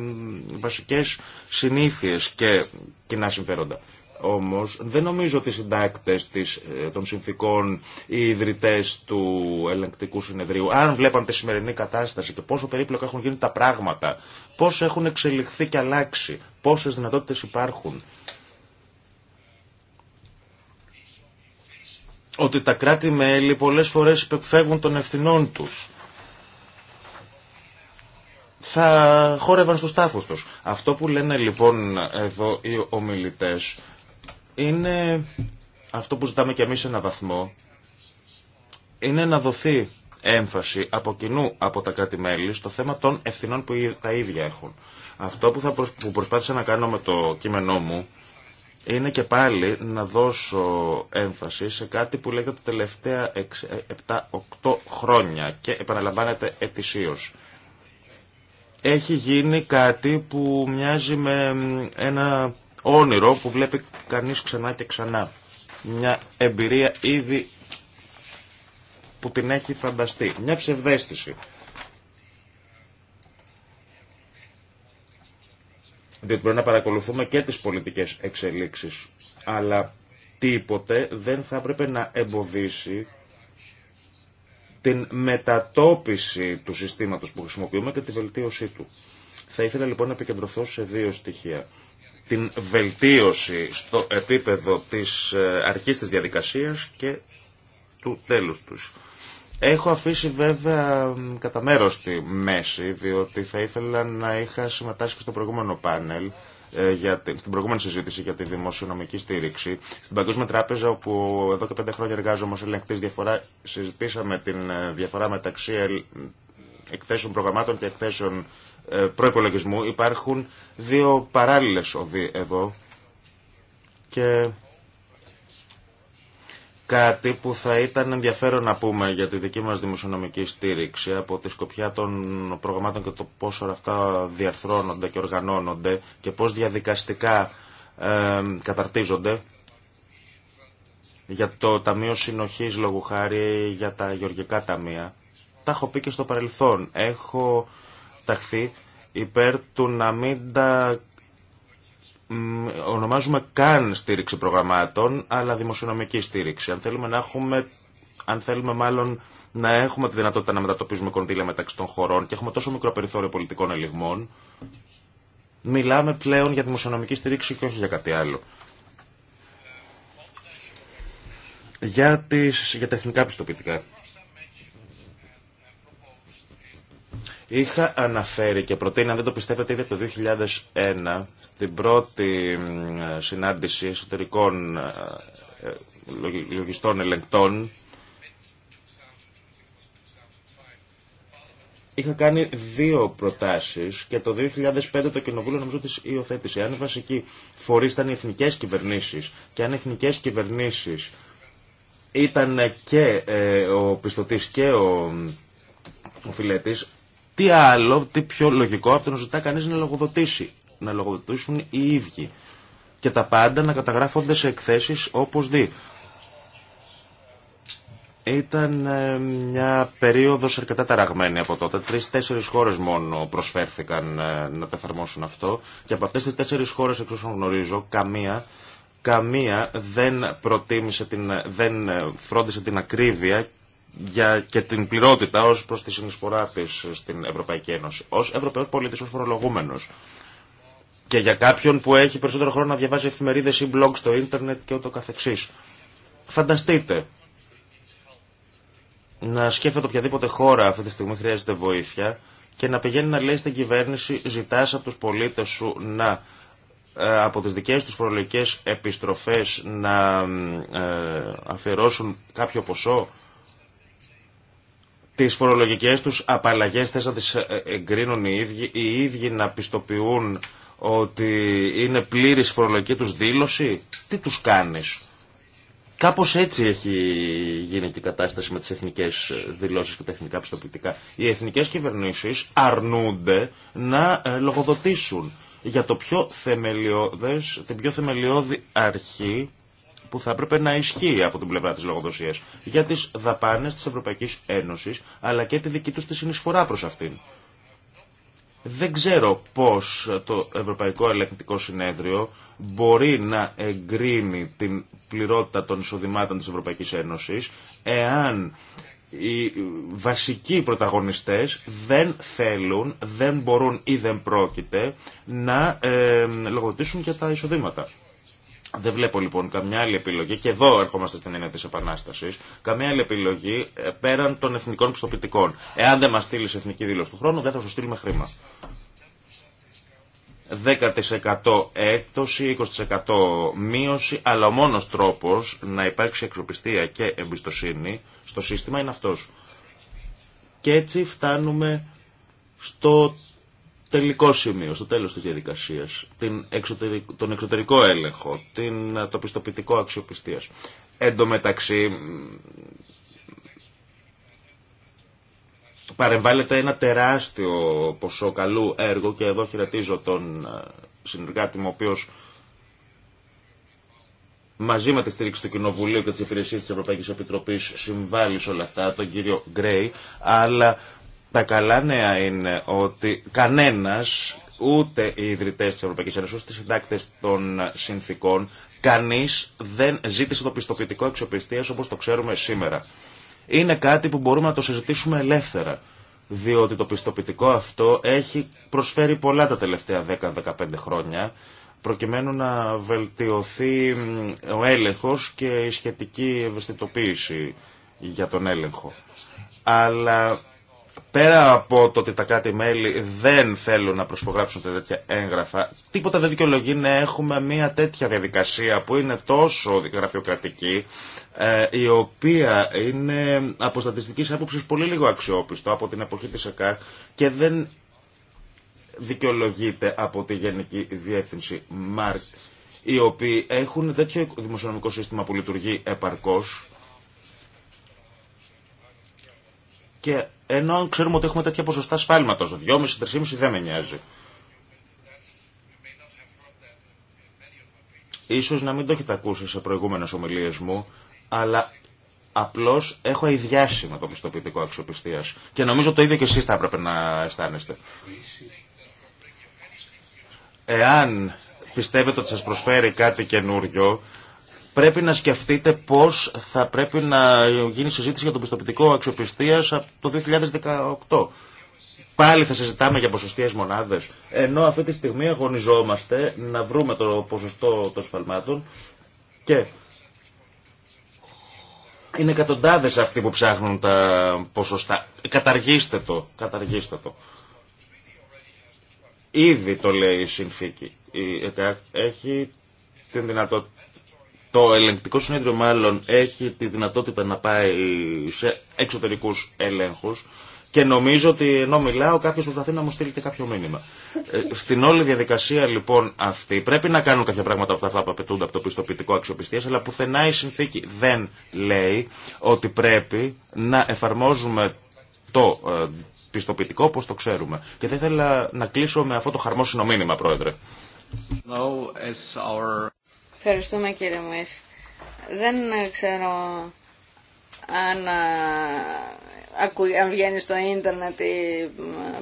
βασικές συνήθειες και κοινά συμφέροντα. Όμως δεν νομίζω ότι οι συντάκτες της, ε, των συνθήκων, οι ιδρυτές του ελεγκτικού συνεδρίου, αν βλέπαν τη σημερινή κατάσταση και πόσο περίπλοκα έχουν γίνει τα πράγματα, πώ έχουν εξελιχθεί και αλλάξει, πόσες δυνατότητες υπάρχουν, ότι τα κράτη-μέλη πολλές φορές φεύγουν των ευθυνών τους. Θα χόρευαν στους τάφους τους. Αυτό που λένε λοιπόν εδώ οι ομιλητές είναι αυτό που ζητάμε κι εμείς σε ένα βαθμό, είναι να δοθεί έμφαση από κοινού από τα κράτη-μέλη στο θέμα των ευθυνών που τα ίδια έχουν. Αυτό που, θα που προσπάθησα να κάνω με το κείμενό μου είναι και πάλι να δώσω έμφαση σε κάτι που λέγεται τα τελευταία 7-8 ε, χρόνια και επαναλαμβάνεται ετησίως. Έχει γίνει κάτι που μοιάζει με ένα όνειρο που βλέπει κανείς ξανά και ξανά. Μια εμπειρία ήδη που την έχει φανταστεί. Μια ψευδέστηση διότι πρέπει να παρακολουθούμε και τις πολιτικές εξελίξεις. Αλλά τίποτε δεν θα έπρεπε να εμποδίσει την μετατόπιση του συστήματος που χρησιμοποιούμε και τη βελτίωσή του. Θα ήθελα λοιπόν να επικεντρωθώ σε δύο στοιχεία. Την βελτίωση στο επίπεδο της ε, αρχής της διαδικασίας και του τέλους τους. Έχω αφήσει βέβαια κατά μέρο τη μέση, διότι θα ήθελα να είχα συμμετάσχει στο προηγούμενο πάνελ, ε, στην προηγούμενη συζήτηση για τη δημοσιονομική στήριξη. Στην Παγκόσμια Τράπεζα, όπου εδώ και πέντε χρόνια εργάζομαι ως ελεγκτή, διαφορά, συζητήσαμε την ε, διαφορά μεταξύ εκθέσεων προγραμμάτων και εκθέσεων ε, προπολογισμού. Υπάρχουν δύο παράλληλε οδοί εδώ και κάτι που θα ήταν ενδιαφέρον να πούμε για τη δική μας δημοσιονομική στήριξη από τη σκοπιά των προγραμμάτων και το πόσο αυτά διαρθρώνονται και οργανώνονται και πώς διαδικαστικά ε, καταρτίζονται για το Ταμείο Συνοχής λόγου χάρη για τα γεωργικά ταμεία. Τα έχω πει και στο παρελθόν. Έχω ταχθεί υπέρ του να μην τα ονομάζουμε καν στήριξη προγραμμάτων, αλλά δημοσιονομική στήριξη. Αν θέλουμε να έχουμε, αν θέλουμε μάλλον να έχουμε τη δυνατότητα να μετατοπίζουμε κονδύλια μεταξύ των χωρών και έχουμε τόσο μικρό περιθώριο πολιτικών ελιγμών, μιλάμε πλέον για δημοσιονομική στήριξη και όχι για κάτι άλλο. Για, για τα εθνικά πιστοποιητικά. Είχα αναφέρει και προτείνει, αν δεν το πιστεύετε, ήδη από το 2001, στην πρώτη συνάντηση εσωτερικών ε, λογιστών ελεγκτών, Είχα κάνει δύο προτάσει και το 2005 το Κοινοβούλιο νομίζω τι υιοθέτησε. Αν οι βασικοί φορεί ήταν οι εθνικέ κυβερνήσει και αν οι εθνικέ κυβερνήσει ήταν και ε, ο πιστωτή και ο, ο φιλέτης, τι άλλο, τι πιο λογικό από το να ζητά κανεί να λογοδοτήσει. Να λογοδοτήσουν οι ίδιοι. Και τα πάντα να καταγράφονται σε εκθέσει όπω δει. Ήταν ε, μια περίοδος αρκετά ταραγμένη από τότε. Τρεις-τέσσερις χώρες μόνο προσφέρθηκαν ε, να το εφαρμόσουν αυτό και από αυτές τις τέσσερις χώρες εξ όσων γνωρίζω, καμία, καμία δεν, την, δεν ε, φρόντισε την ακρίβεια για και την πληρότητα ως προς τη συνεισφορά της στην Ευρωπαϊκή Ένωση. Ως Ευρωπαίος πολίτης, ως φορολογούμενος. Και για κάποιον που έχει περισσότερο χρόνο να διαβάζει εφημερίδες ή blog στο ίντερνετ και ούτω καθεξής. Φανταστείτε να σκέφτεται οποιαδήποτε χώρα αυτή τη στιγμή χρειάζεται βοήθεια και να πηγαίνει να λέει στην κυβέρνηση ζητάς από τους πολίτες σου να ε, από τις δικές τους φορολογικές επιστροφές να ε, αφιερώσουν κάποιο ποσό τις φορολογικές τους απαλλαγές θες να τις ε, εγκρίνουν οι ίδιοι, οι ίδιοι να πιστοποιούν ότι είναι πλήρης φορολογική τους δήλωση. Τι τους κάνεις. Κάπως έτσι έχει γίνει και η κατάσταση με τις εθνικές ε, δηλώσεις και τα εθνικά πιστοποιητικά. Οι εθνικές κυβερνήσεις αρνούνται να ε, λογοδοτήσουν για το πιο την πιο θεμελιώδη αρχή που θα έπρεπε να ισχύει από την πλευρά της λογοδοσίας για τις δαπάνες της Ευρωπαϊκής Ένωσης αλλά και τη δική τους τη συνεισφορά προς αυτήν. Δεν ξέρω πώς το Ευρωπαϊκό Ελεκτικό Συνέδριο μπορεί να εγκρίνει την πληρότητα των εισοδημάτων της Ευρωπαϊκής Ένωσης εάν οι βασικοί πρωταγωνιστές δεν θέλουν, δεν μπορούν ή δεν πρόκειται να ε, λογοτήσουν και τα εισοδήματα. Δεν βλέπω λοιπόν καμιά άλλη επιλογή, και εδώ ερχόμαστε στην έννοια τη επανάσταση, καμιά άλλη επιλογή ε, πέραν των εθνικών πιστοποιητικών. Εάν δεν μα στείλει εθνική δήλωση του χρόνου, δεν θα σου στείλουμε χρήμα. 10% έκπτωση, 20% μείωση, αλλά ο μόνο τρόπο να υπάρξει αξιοπιστία και εμπιστοσύνη στο σύστημα είναι αυτό. Και έτσι φτάνουμε στο τελικό σημείο, στο τέλος της διαδικασίας, την εξωτερικό, τον εξωτερικό έλεγχο, την, το πιστοποιητικό αξιοπιστίας. Εν τω μεταξύ, παρεμβάλλεται ένα τεράστιο ποσό καλού έργο και εδώ χαιρετίζω τον ε, συνεργάτη μου, ο οποίος μαζί με τη στήριξη του Κοινοβουλίου και της υπηρεσίας της Ευρωπαϊκής Επιτροπής συμβάλλει σε όλα αυτά, τον κύριο Γκρέι, αλλά τα καλά νέα είναι ότι κανένας, ούτε οι ιδρυτές της Ευρωπαϊκή Ένωσης, ούτε οι συντάκτες των συνθήκων, κανείς δεν ζήτησε το πιστοποιητικό εξοπιστίας όπως το ξέρουμε σήμερα. Είναι κάτι που μπορούμε να το συζητήσουμε ελεύθερα, διότι το πιστοποιητικό αυτό έχει προσφέρει πολλά τα τελευταία 10-15 χρόνια, προκειμένου να βελτιωθεί ο έλεγχος και η σχετική ευαισθητοποίηση για τον έλεγχο. Αλλά πέρα από το ότι τα κράτη-μέλη δεν θέλουν να προσπογράψουν τέτοια έγγραφα, τίποτα δεν δικαιολογεί να έχουμε μια τέτοια διαδικασία που είναι τόσο γραφειοκρατική, ε, η οποία είναι από στατιστική άποψη πολύ λίγο αξιόπιστο από την εποχή της ΕΚΑ και δεν δικαιολογείται από τη Γενική Διεύθυνση ΜΑΡΚ, οι οποίοι έχουν τέτοιο δημοσιονομικό σύστημα που λειτουργεί επαρκώς και ενώ ξέρουμε ότι έχουμε τέτοια σφάλματο, σφάλματος, 2,5-3,5 δεν με νοιάζει. Ίσως να μην το έχετε ακούσει σε προηγούμενες ομιλίες μου, αλλά απλώς έχω ιδιάσει με το πιστοποιητικό αξιοπιστίας. Και νομίζω το ίδιο και εσείς θα έπρεπε να αισθάνεστε. Εάν πιστεύετε ότι σας προσφέρει κάτι καινούριο, πρέπει να σκεφτείτε πώς θα πρέπει να γίνει συζήτηση για τον πιστοποιητικό αξιοπιστίας από το 2018. Πάλι θα συζητάμε για ποσοστίες μονάδες, ενώ αυτή τη στιγμή αγωνιζόμαστε να βρούμε το ποσοστό των σφαλμάτων και είναι εκατοντάδες αυτοί που ψάχνουν τα ποσοστά. Καταργήστε το, καταργήστε το. Ήδη το λέει η συνθήκη. Η ΕΤΑΚ έχει την δυνατότητα το ελεγκτικό συνέδριο μάλλον έχει τη δυνατότητα να πάει σε εξωτερικούς ελέγχους και νομίζω ότι ενώ μιλάω κάποιο προσπαθεί να μου στείλει και κάποιο μήνυμα. Ε, στην όλη διαδικασία λοιπόν αυτή πρέπει να κάνουν κάποια πράγματα από αυτά που απαιτούνται από το πιστοποιητικό αξιοπιστία, αλλά πουθενά η συνθήκη δεν λέει ότι πρέπει να εφαρμόζουμε το ε, πιστοποιητικό όπω το ξέρουμε. Και δεν ήθελα να κλείσω με αυτό το χαρμόσυνο μήνυμα, Πρόεδρε. Ευχαριστούμε κύριε Μουής. Δεν ξέρω αν, αν βγαίνει στο ίντερνετ η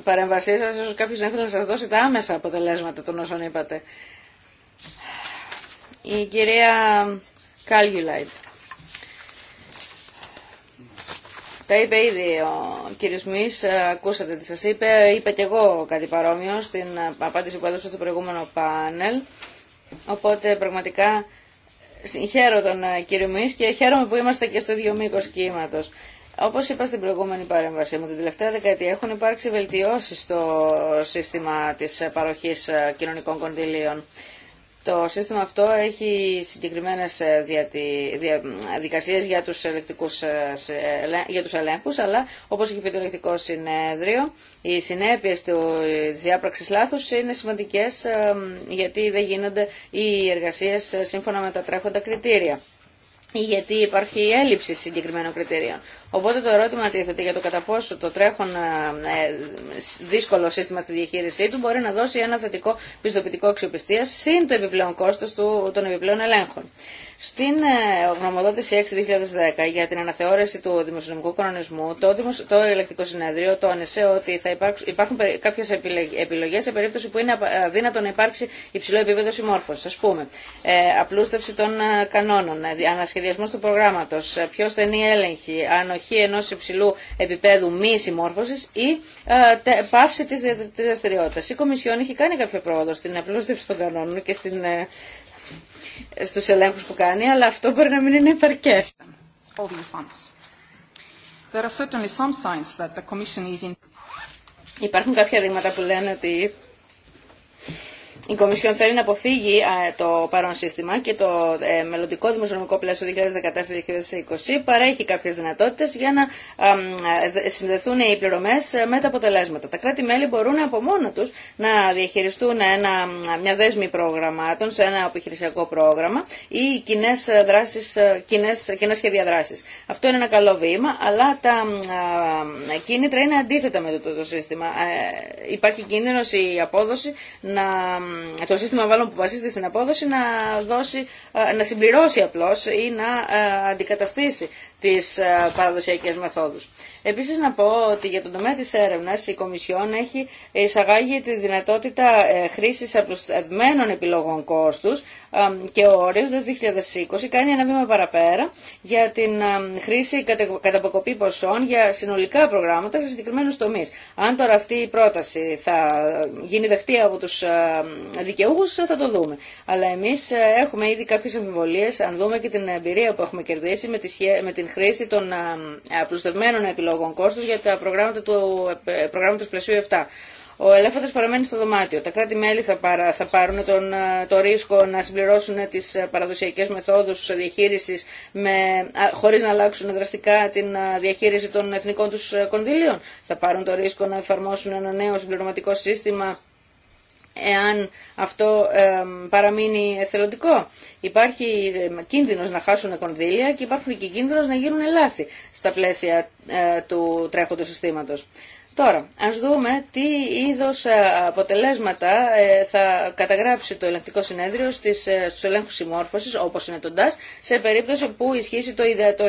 παρέμβασή σας, ίσως κάποιος να ήθελε να σας δώσει τα άμεσα αποτελέσματα των όσων είπατε. Η κυρία Κάλγιουλαϊτ. Τα είπε ήδη ο κύριο Μή, ακούσατε τι σα είπε. Είπα και εγώ κάτι παρόμοιο στην ε, απάντηση που έδωσα στο προηγούμενο πάνελ. Οπότε πραγματικά συγχαίρω τον ε, κύριο Μουής και χαίρομαι που είμαστε και στο ίδιο μήκο κύματο. Όπω είπα στην προηγούμενη παρέμβασή μου, την τελευταία δεκαετία έχουν υπάρξει βελτιώσει στο σύστημα τη παροχή ε, κοινωνικών κονδυλίων. Το σύστημα αυτό έχει συγκεκριμένες ε, διαδικασίες για τους, ελεκτικούς, ε, για τους ελέγχους, αλλά όπως έχει πει το ελεκτικό συνέδριο, οι συνέπειες της διάπραξης λάθους είναι σημαντικές ε, γιατί δεν γίνονται οι εργασίες σύμφωνα με τα τρέχοντα κριτήρια γιατί υπάρχει έλλειψη συγκεκριμένων κριτηρίων. Οπότε το ερώτημα τίθεται για το κατά πόσο το τρέχον ε, ε, δύσκολο σύστημα στη διαχείρισή του μπορεί να δώσει ένα θετικό πιστοποιητικό αξιοπιστία συν το επιπλέον κόστος του, των επιπλέον ελέγχων. Στην ε, γνωμοδότηση 6-2010 για την αναθεώρηση του δημοσιονομικού κανονισμού, το, το ελεκτικό συνέδριο τόνισε ότι θα υπάρξουν, υπάρχουν κάποιε επιλογέ σε περίπτωση που είναι αδύνατο να υπάρξει υψηλό επίπεδο συμμόρφωση. Α πούμε, ε, απλούστευση των ε, κανόνων, ε, ανασχεδιασμό του προγράμματο, πιο στενή έλεγχη, ανοχή ενό υψηλού επίπεδου μη συμμόρφωση ή ε, πάυση τη δραστηριότητα. Η Κομισιόν έχει κάνει κάποιο πρόοδο στην απλούστευση των κανόνων και στην στους ελέγχους που κάνει, αλλά αυτό μπορεί να μην είναι επαρκές. Υπάρχουν κάποια δείγματα που λένε ότι η Κομισιόν θέλει να αποφύγει το παρόν σύστημα και το ε, μελλοντικό δημοσιονομικό πλαίσιο 2014-2020 παρέχει κάποιε δυνατότητε για να συνδεθούν οι πληρωμέ με τα αποτελέσματα. Τα κράτη-μέλη μπορούν από μόνα του να διαχειριστούν ένα, μια δέσμη προγραμμάτων σε ένα επιχειρησιακό πρόγραμμα ή κοινέ δράσεις, ε, κοινές, σχέδια Αυτό είναι ένα καλό βήμα, αλλά τα ε, κίνητρα είναι αντίθετα με το, το, σύστημα. Υπάρχει κίνδυνο η απόδοση να το σύστημα βάλων που βασίζεται στην απόδοση να, δώσει, ε, να συμπληρώσει απλώς ή να ε, αντικαταστήσει τις ε, παραδοσιακές μεθόδους. Επίση να πω ότι για τον τομέα τη έρευνα, η Κομισιόν έχει εισαγάγει τη δυνατότητα ε, χρήση απλουστευμένων επιλογών κόστου ε, και ο το 2020 κάνει ένα βήμα παραπέρα για την ε, χρήση καταποκοπή ποσών για συνολικά προγράμματα σε συγκεκριμένου τομεί. Αν τώρα αυτή η πρόταση θα γίνει δεχτή από του δικαιούχου, θα το δούμε. Αλλά εμεί έχουμε ήδη κάποιε αμφιβολίε, αν δούμε και την εμπειρία που έχουμε κερδίσει με την χρήση των απλουστευμένων επιλογών λόγων για τα προγράμματα του ε, προγράμματος πλαισίου 7. Ο ελέφαντας παραμένει στο δωμάτιο. Τα κράτη-μέλη θα, παρα, θα πάρουν τον, ε, το ρίσκο να συμπληρώσουν τις ε, παραδοσιακές μεθόδους διαχείρισης με, χωρίς να αλλάξουν δραστικά την διαχείριση των εθνικών τους κονδυλίων. Θα πάρουν το ρίσκο να εφαρμόσουν ένα νέο συμπληρωματικό σύστημα εάν αυτό παραμείνει εθελοντικό. Υπάρχει κίνδυνος να χάσουν κονδύλια και υπάρχουν και κίνδυνος να γίνουν λάθη στα πλαίσια ε, του τρέχοντος συστήματος. Τώρα, ας δούμε τι είδος ε, αποτελέσματα ε, θα καταγράψει το ελεγκτικό συνέδριο στις, ε, στους ελέγχους συμμόρφωσης, όπως είναι το ΝΤΑΣ, σε περίπτωση που ισχύσει το ιδεατό,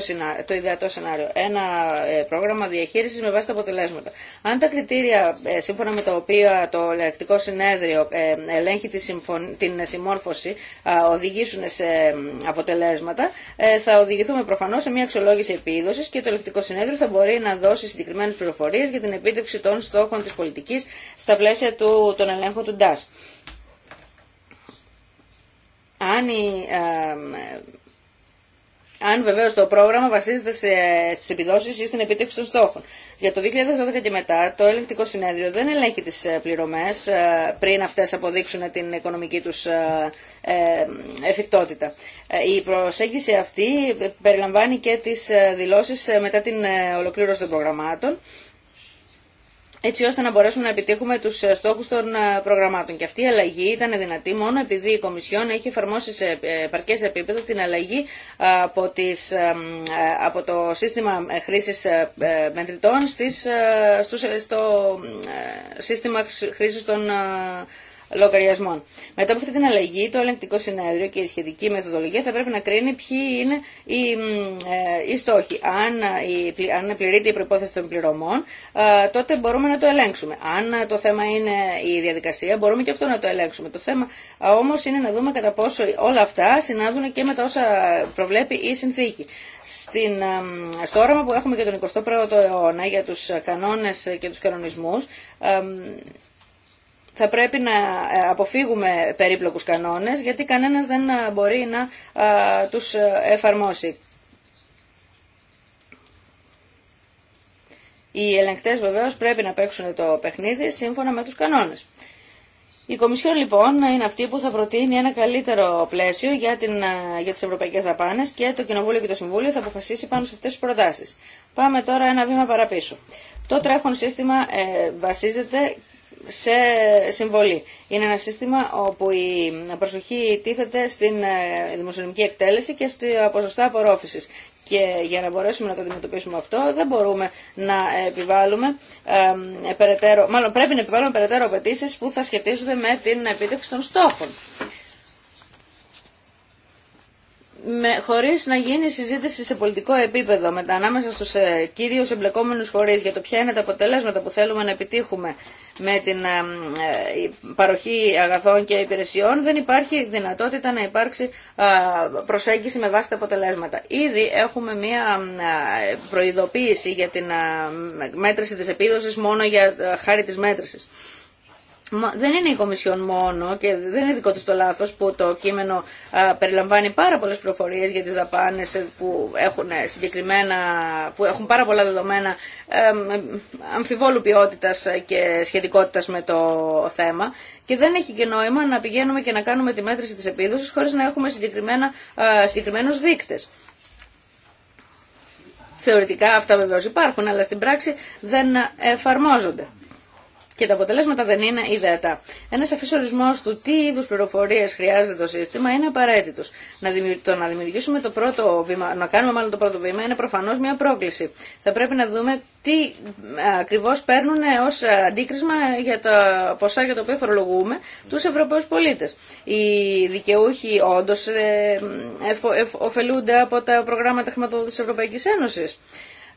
το ιδεατό σενάριο. Ένα πρόγραμμα διαχείρισης με βάση τα αποτελέσματα. Αν τα κριτήρια σύμφωνα με τα οποία το ελεγκτικό συνέδριο ελέγχει τη συμφων... την συμμόρφωση οδηγήσουν σε αποτελέσματα, θα οδηγηθούμε προφανώς σε μια αξιολόγηση επίδοσης και το ελεγκτικό συνέδριο θα μπορεί να δώσει συγκεκριμένες πληροφορίες για την επίδοση επίτευξη των στόχων της πολιτικής στα πλαίσια του, των ελέγχων του ΝΤΑΣ. Αν η, αν βεβαίω το πρόγραμμα βασίζεται στι επιδόσεις ή στην επίτευξη των στόχων. Για το 2012 και μετά, το ελεγκτικό συνέδριο δεν ελέγχει τι ε, πληρωμέ ε, πριν αυτέ αποδείξουν την οικονομική του ε, εφικτότητα. Η προσέγγιση αυτή περιλαμβάνει και τι δηλώσει μετά την ολοκλήρωση των προγραμμάτων έτσι ώστε να μπορέσουμε να επιτύχουμε τους ε, στόχους των ε, προγραμμάτων. Και αυτή η αλλαγή ήταν δυνατή μόνο επειδή η Κομισιόν έχει εφαρμόσει σε ε, παρκές επίπεδο την αλλαγή από, τις, από το σύστημα χρήσης μετρητών στις, στο σύστημα χρήσης των λογαριασμών. Μετά από αυτή την αλλαγή, το ελεγκτικό συνέδριο και η σχετική μεθοδολογία θα πρέπει να κρίνει ποιοι είναι οι, ε, οι στόχοι. Αν, ε, η, αν πληρείται η προπόθεση των πληρωμών, ε, τότε μπορούμε να το ελέγξουμε. Αν ε, το θέμα είναι η διαδικασία, μπορούμε και αυτό να το ελέγξουμε. Το θέμα ε, όμω είναι να δούμε κατά πόσο όλα αυτά συνάδουν και με τα όσα προβλέπει η συνθήκη. Στην, στο όραμα που έχουμε για τον 21ο αιώνα, για τους κανόνες και τους κανονισμούς, θα πρέπει να ε, αποφύγουμε περίπλοκους κανόνες γιατί κανένας δεν ε, μπορεί να ε, τους εφαρμόσει. Οι ελεγκτές βεβαίως πρέπει να παίξουν το παιχνίδι σύμφωνα με τους κανόνες. Η Κομισιόν λοιπόν είναι αυτή που θα προτείνει ένα καλύτερο πλαίσιο για, την, για τις ευρωπαϊκές δαπάνες και το Κοινοβούλιο και το Συμβούλιο θα αποφασίσει πάνω σε αυτές τις προτάσεις. Πάμε τώρα ένα βήμα παραπίσω. Το τρέχον σύστημα βασίζεται σε συμβολή. Είναι ένα σύστημα όπου η προσοχή τίθεται στην ε, δημοσιονομική εκτέλεση και στα ε, ποσοστά απορρόφησης. Και για να μπορέσουμε να το αντιμετωπίσουμε αυτό, δεν μπορούμε να επιβάλλουμε περαιτέρω, μάλλον πρέπει να επιβάλλουμε περαιτέρω απαιτήσει που θα σχετίζονται με την επίτευξη των στόχων με, χωρίς να γίνει συζήτηση σε πολιτικό επίπεδο μετά ανάμεσα στους ε, κύριους εμπλεκόμενους φορείς για το ποια είναι τα αποτελέσματα που θέλουμε να επιτύχουμε με την ε, ε, παροχή αγαθών και υπηρεσιών δεν υπάρχει δυνατότητα να υπάρξει ε, προσέγγιση με βάση τα αποτελέσματα. Ήδη έχουμε μία προειδοποίηση για την μέτρηση της επίδοσης μόνο για χάρη της μέτρησης δεν είναι η Κομισιόν μόνο και δεν είναι δικό της το λάθος που το κείμενο περιλαμβάνει πάρα πολλές προφορίες για τις δαπάνες ε, που έχουν, ε, συγκεκριμένα, που έχουν πάρα πολλά δεδομένα ε, αμφιβόλου ποιότητας και σχετικότητας με το θέμα και δεν έχει και νόημα να πηγαίνουμε και να κάνουμε τη μέτρηση της επίδοσης χωρίς να έχουμε συγκεκριμένα, συγκεκριμένους δείκτες. Θεωρητικά αυτά βεβαίως υπάρχουν, αλλά στην πράξη δεν εφαρμόζονται και τα αποτελέσματα δεν είναι ιδέατα. Ένα σαφή ορισμό του τι είδου πληροφορίε χρειάζεται το σύστημα είναι απαραίτητο. Να το να δημιουργήσουμε το πρώτο βήμα, να κάνουμε μάλλον το πρώτο βήμα, είναι προφανώ μια πρόκληση. Θα πρέπει να δούμε τι ακριβώ παίρνουν ω αντίκρισμα για τα ποσά για τα οποία φορολογούμε του Ευρωπαίου πολίτε. Οι δικαιούχοι όντω ωφελούνται από τα προγράμματα χρηματοδότηση Ευρωπαϊκή Ένωση.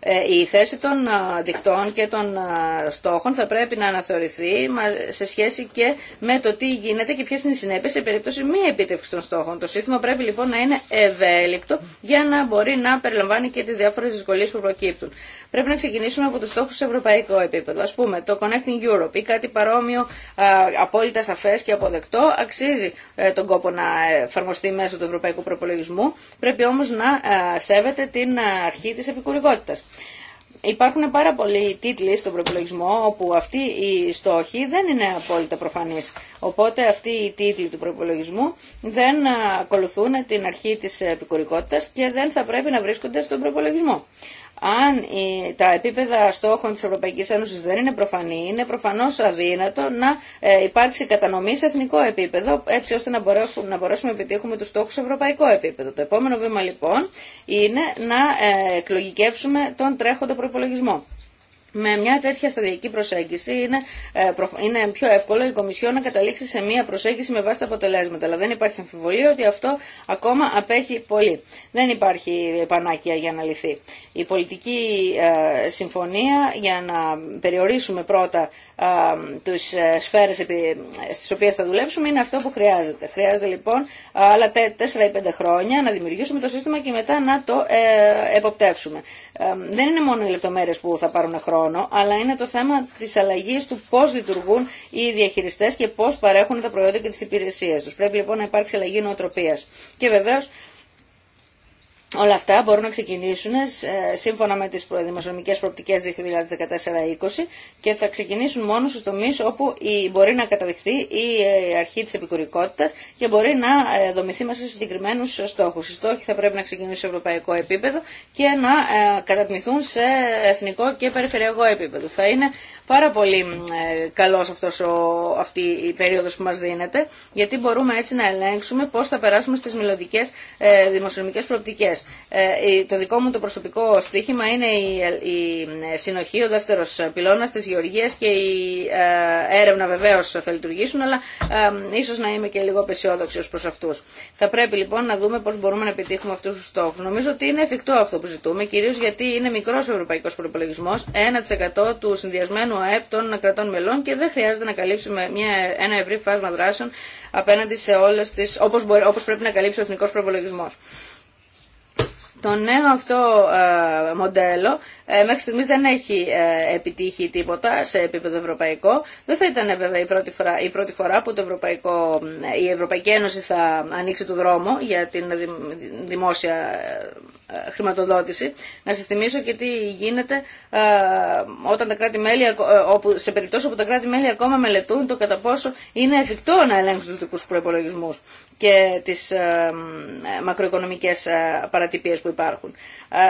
Ε, η θέση των ε, δικτών και των ε, στόχων θα πρέπει να αναθεωρηθεί σε σχέση και με το τι γίνεται και ποιες είναι οι συνέπειες σε περίπτωση μη επίτευξη των στόχων. Το σύστημα πρέπει λοιπόν να είναι ευέλικτο για να μπορεί να περιλαμβάνει και τις διάφορες δυσκολίες που προκύπτουν. Πρέπει να ξεκινήσουμε από τους στόχους σε ευρωπαϊκό επίπεδο. Ας πούμε, το Connecting Europe ή κάτι παρόμοιο απόλυτα σαφές και αποδεκτό αξίζει τον κόπο να εφαρμοστεί μέσω του ευρωπαϊκού προπολογισμού. Πρέπει όμως να σέβεται την αρχή της επικουρικότητας υπάρχουν πάρα πολλοί τίτλοι στον προπολογισμό όπου αυτοί οι στόχοι δεν είναι απόλυτα προφανείς. Οπότε αυτοί οι τίτλοι του προπολογισμού δεν ακολουθούν την αρχή της επικουρικότητας και δεν θα πρέπει να βρίσκονται στον προπολογισμό αν τα επίπεδα στόχων της Ευρωπαϊκής Ένωσης δεν είναι προφανή, είναι προφανώς αδύνατο να ε, υπάρξει κατανομή σε εθνικό επίπεδο, έτσι ώστε να μπορέσουμε, να μπορέσουμε να επιτύχουμε τους στόχους σε ευρωπαϊκό επίπεδο. Το επόμενο βήμα λοιπόν είναι να ε, εκλογικεύσουμε τον τρέχοντο προπολογισμό. Με μια τέτοια σταδιακή προσέγγιση είναι, ε, είναι πιο εύκολο η Κομισιόν να καταλήξει σε μια προσέγγιση με βάση τα αποτελέσματα. Αλλά δεν υπάρχει αμφιβολία ότι αυτό ακόμα απέχει πολύ. Δεν υπάρχει πανάκια για να λυθεί η πολιτική ε, συμφωνία για να περιορίσουμε πρώτα ε, τις ε, σφαίρες στις οποίες θα δουλέψουμε είναι αυτό που χρειάζεται. Χρειάζεται λοιπόν άλλα τέσσερα ή πέντε χρόνια να δημιουργήσουμε το σύστημα και μετά να το εποπτεύσουμε. Δεν είναι μόνο οι λεπτομέρειες που θα πάρουν χρόνο, αλλά είναι το θέμα της αλλαγής του πώς λειτουργούν οι διαχειριστές και πώς παρέχουν τα προϊόντα και τις υπηρεσίες τους. Πρέπει λοιπόν να υπάρξει αλλαγή νοοτροπίας. Και βεβαίως Όλα αυτά μπορούν να ξεκινήσουν ε, σύμφωνα με τις δημοσιονομικές προοπτικές 2014-2020 και θα ξεκινήσουν μόνο στους τομείς όπου μπορεί να καταδειχθεί ε, η αρχή της επικουρικότητας και μπορεί να ε, δομηθεί μέσα σε συγκεκριμένους στόχους. Οι στόχοι θα πρέπει να ξεκινήσουν σε ευρωπαϊκό επίπεδο και να κατατμηθούν σε εθνικό και περιφερειακό επίπεδο. Θα είναι πάρα πολύ καλός αυτός ο, αυτή η περίοδος που μας δίνεται γιατί μπορούμε έτσι να ελέγξουμε πώς θα περάσουμε στις μελλοντικές δημοσιονομικές προοπτικές. Ε, το δικό μου το προσωπικό στοίχημα είναι η συνοχή, ο δεύτερος πυλώνας της γεωργίας και η ε, έρευνα βεβαίως θα λειτουργήσουν, αλλά ε, ίσως να είμαι και λίγο απεσιόδοξη προς αυτούς. Θα πρέπει λοιπόν να δούμε πώς μπορούμε να επιτύχουμε αυτούς τους στόχους. Νομίζω ότι είναι εφικτό αυτό που ζητούμε, κυρίως γιατί είναι μικρός ο ευρωπαϊκός προϋπολογισμός, 1% του συνδυασμένου ΑΕΠ των κρατών μελών και δεν χρειάζεται να καλύψουμε μια, ένα ευρύ φάσμα δράσεων απέναντι σε όλες τις, όπως, μπορεί, όπως πρέπει να καλύψει ο εθνικός προϋπολογισμός. Το νέο αυτό ε, μοντέλο ε, μέχρι στιγμής δεν έχει ε, επιτύχει τίποτα σε επίπεδο ευρωπαϊκό. Δεν θα ήταν βέβαια η πρώτη φορά, η πρώτη φορά που το ευρωπαϊκό, η Ευρωπαϊκή Ένωση θα ανοίξει το δρόμο για την δημόσια χρηματοδότηση. Να σας θυμίσω και τι γίνεται όταν τα κράτη-μέλη, όπου, σε περιπτώσει όπου τα κράτη-μέλη ακόμα μελετούν το κατά πόσο είναι εφικτό να ελέγξουν τους δικούς προϋπολογισμούς και τις ε, ε, μακροοικονομικές ε, παρατυπίες που υπάρχουν.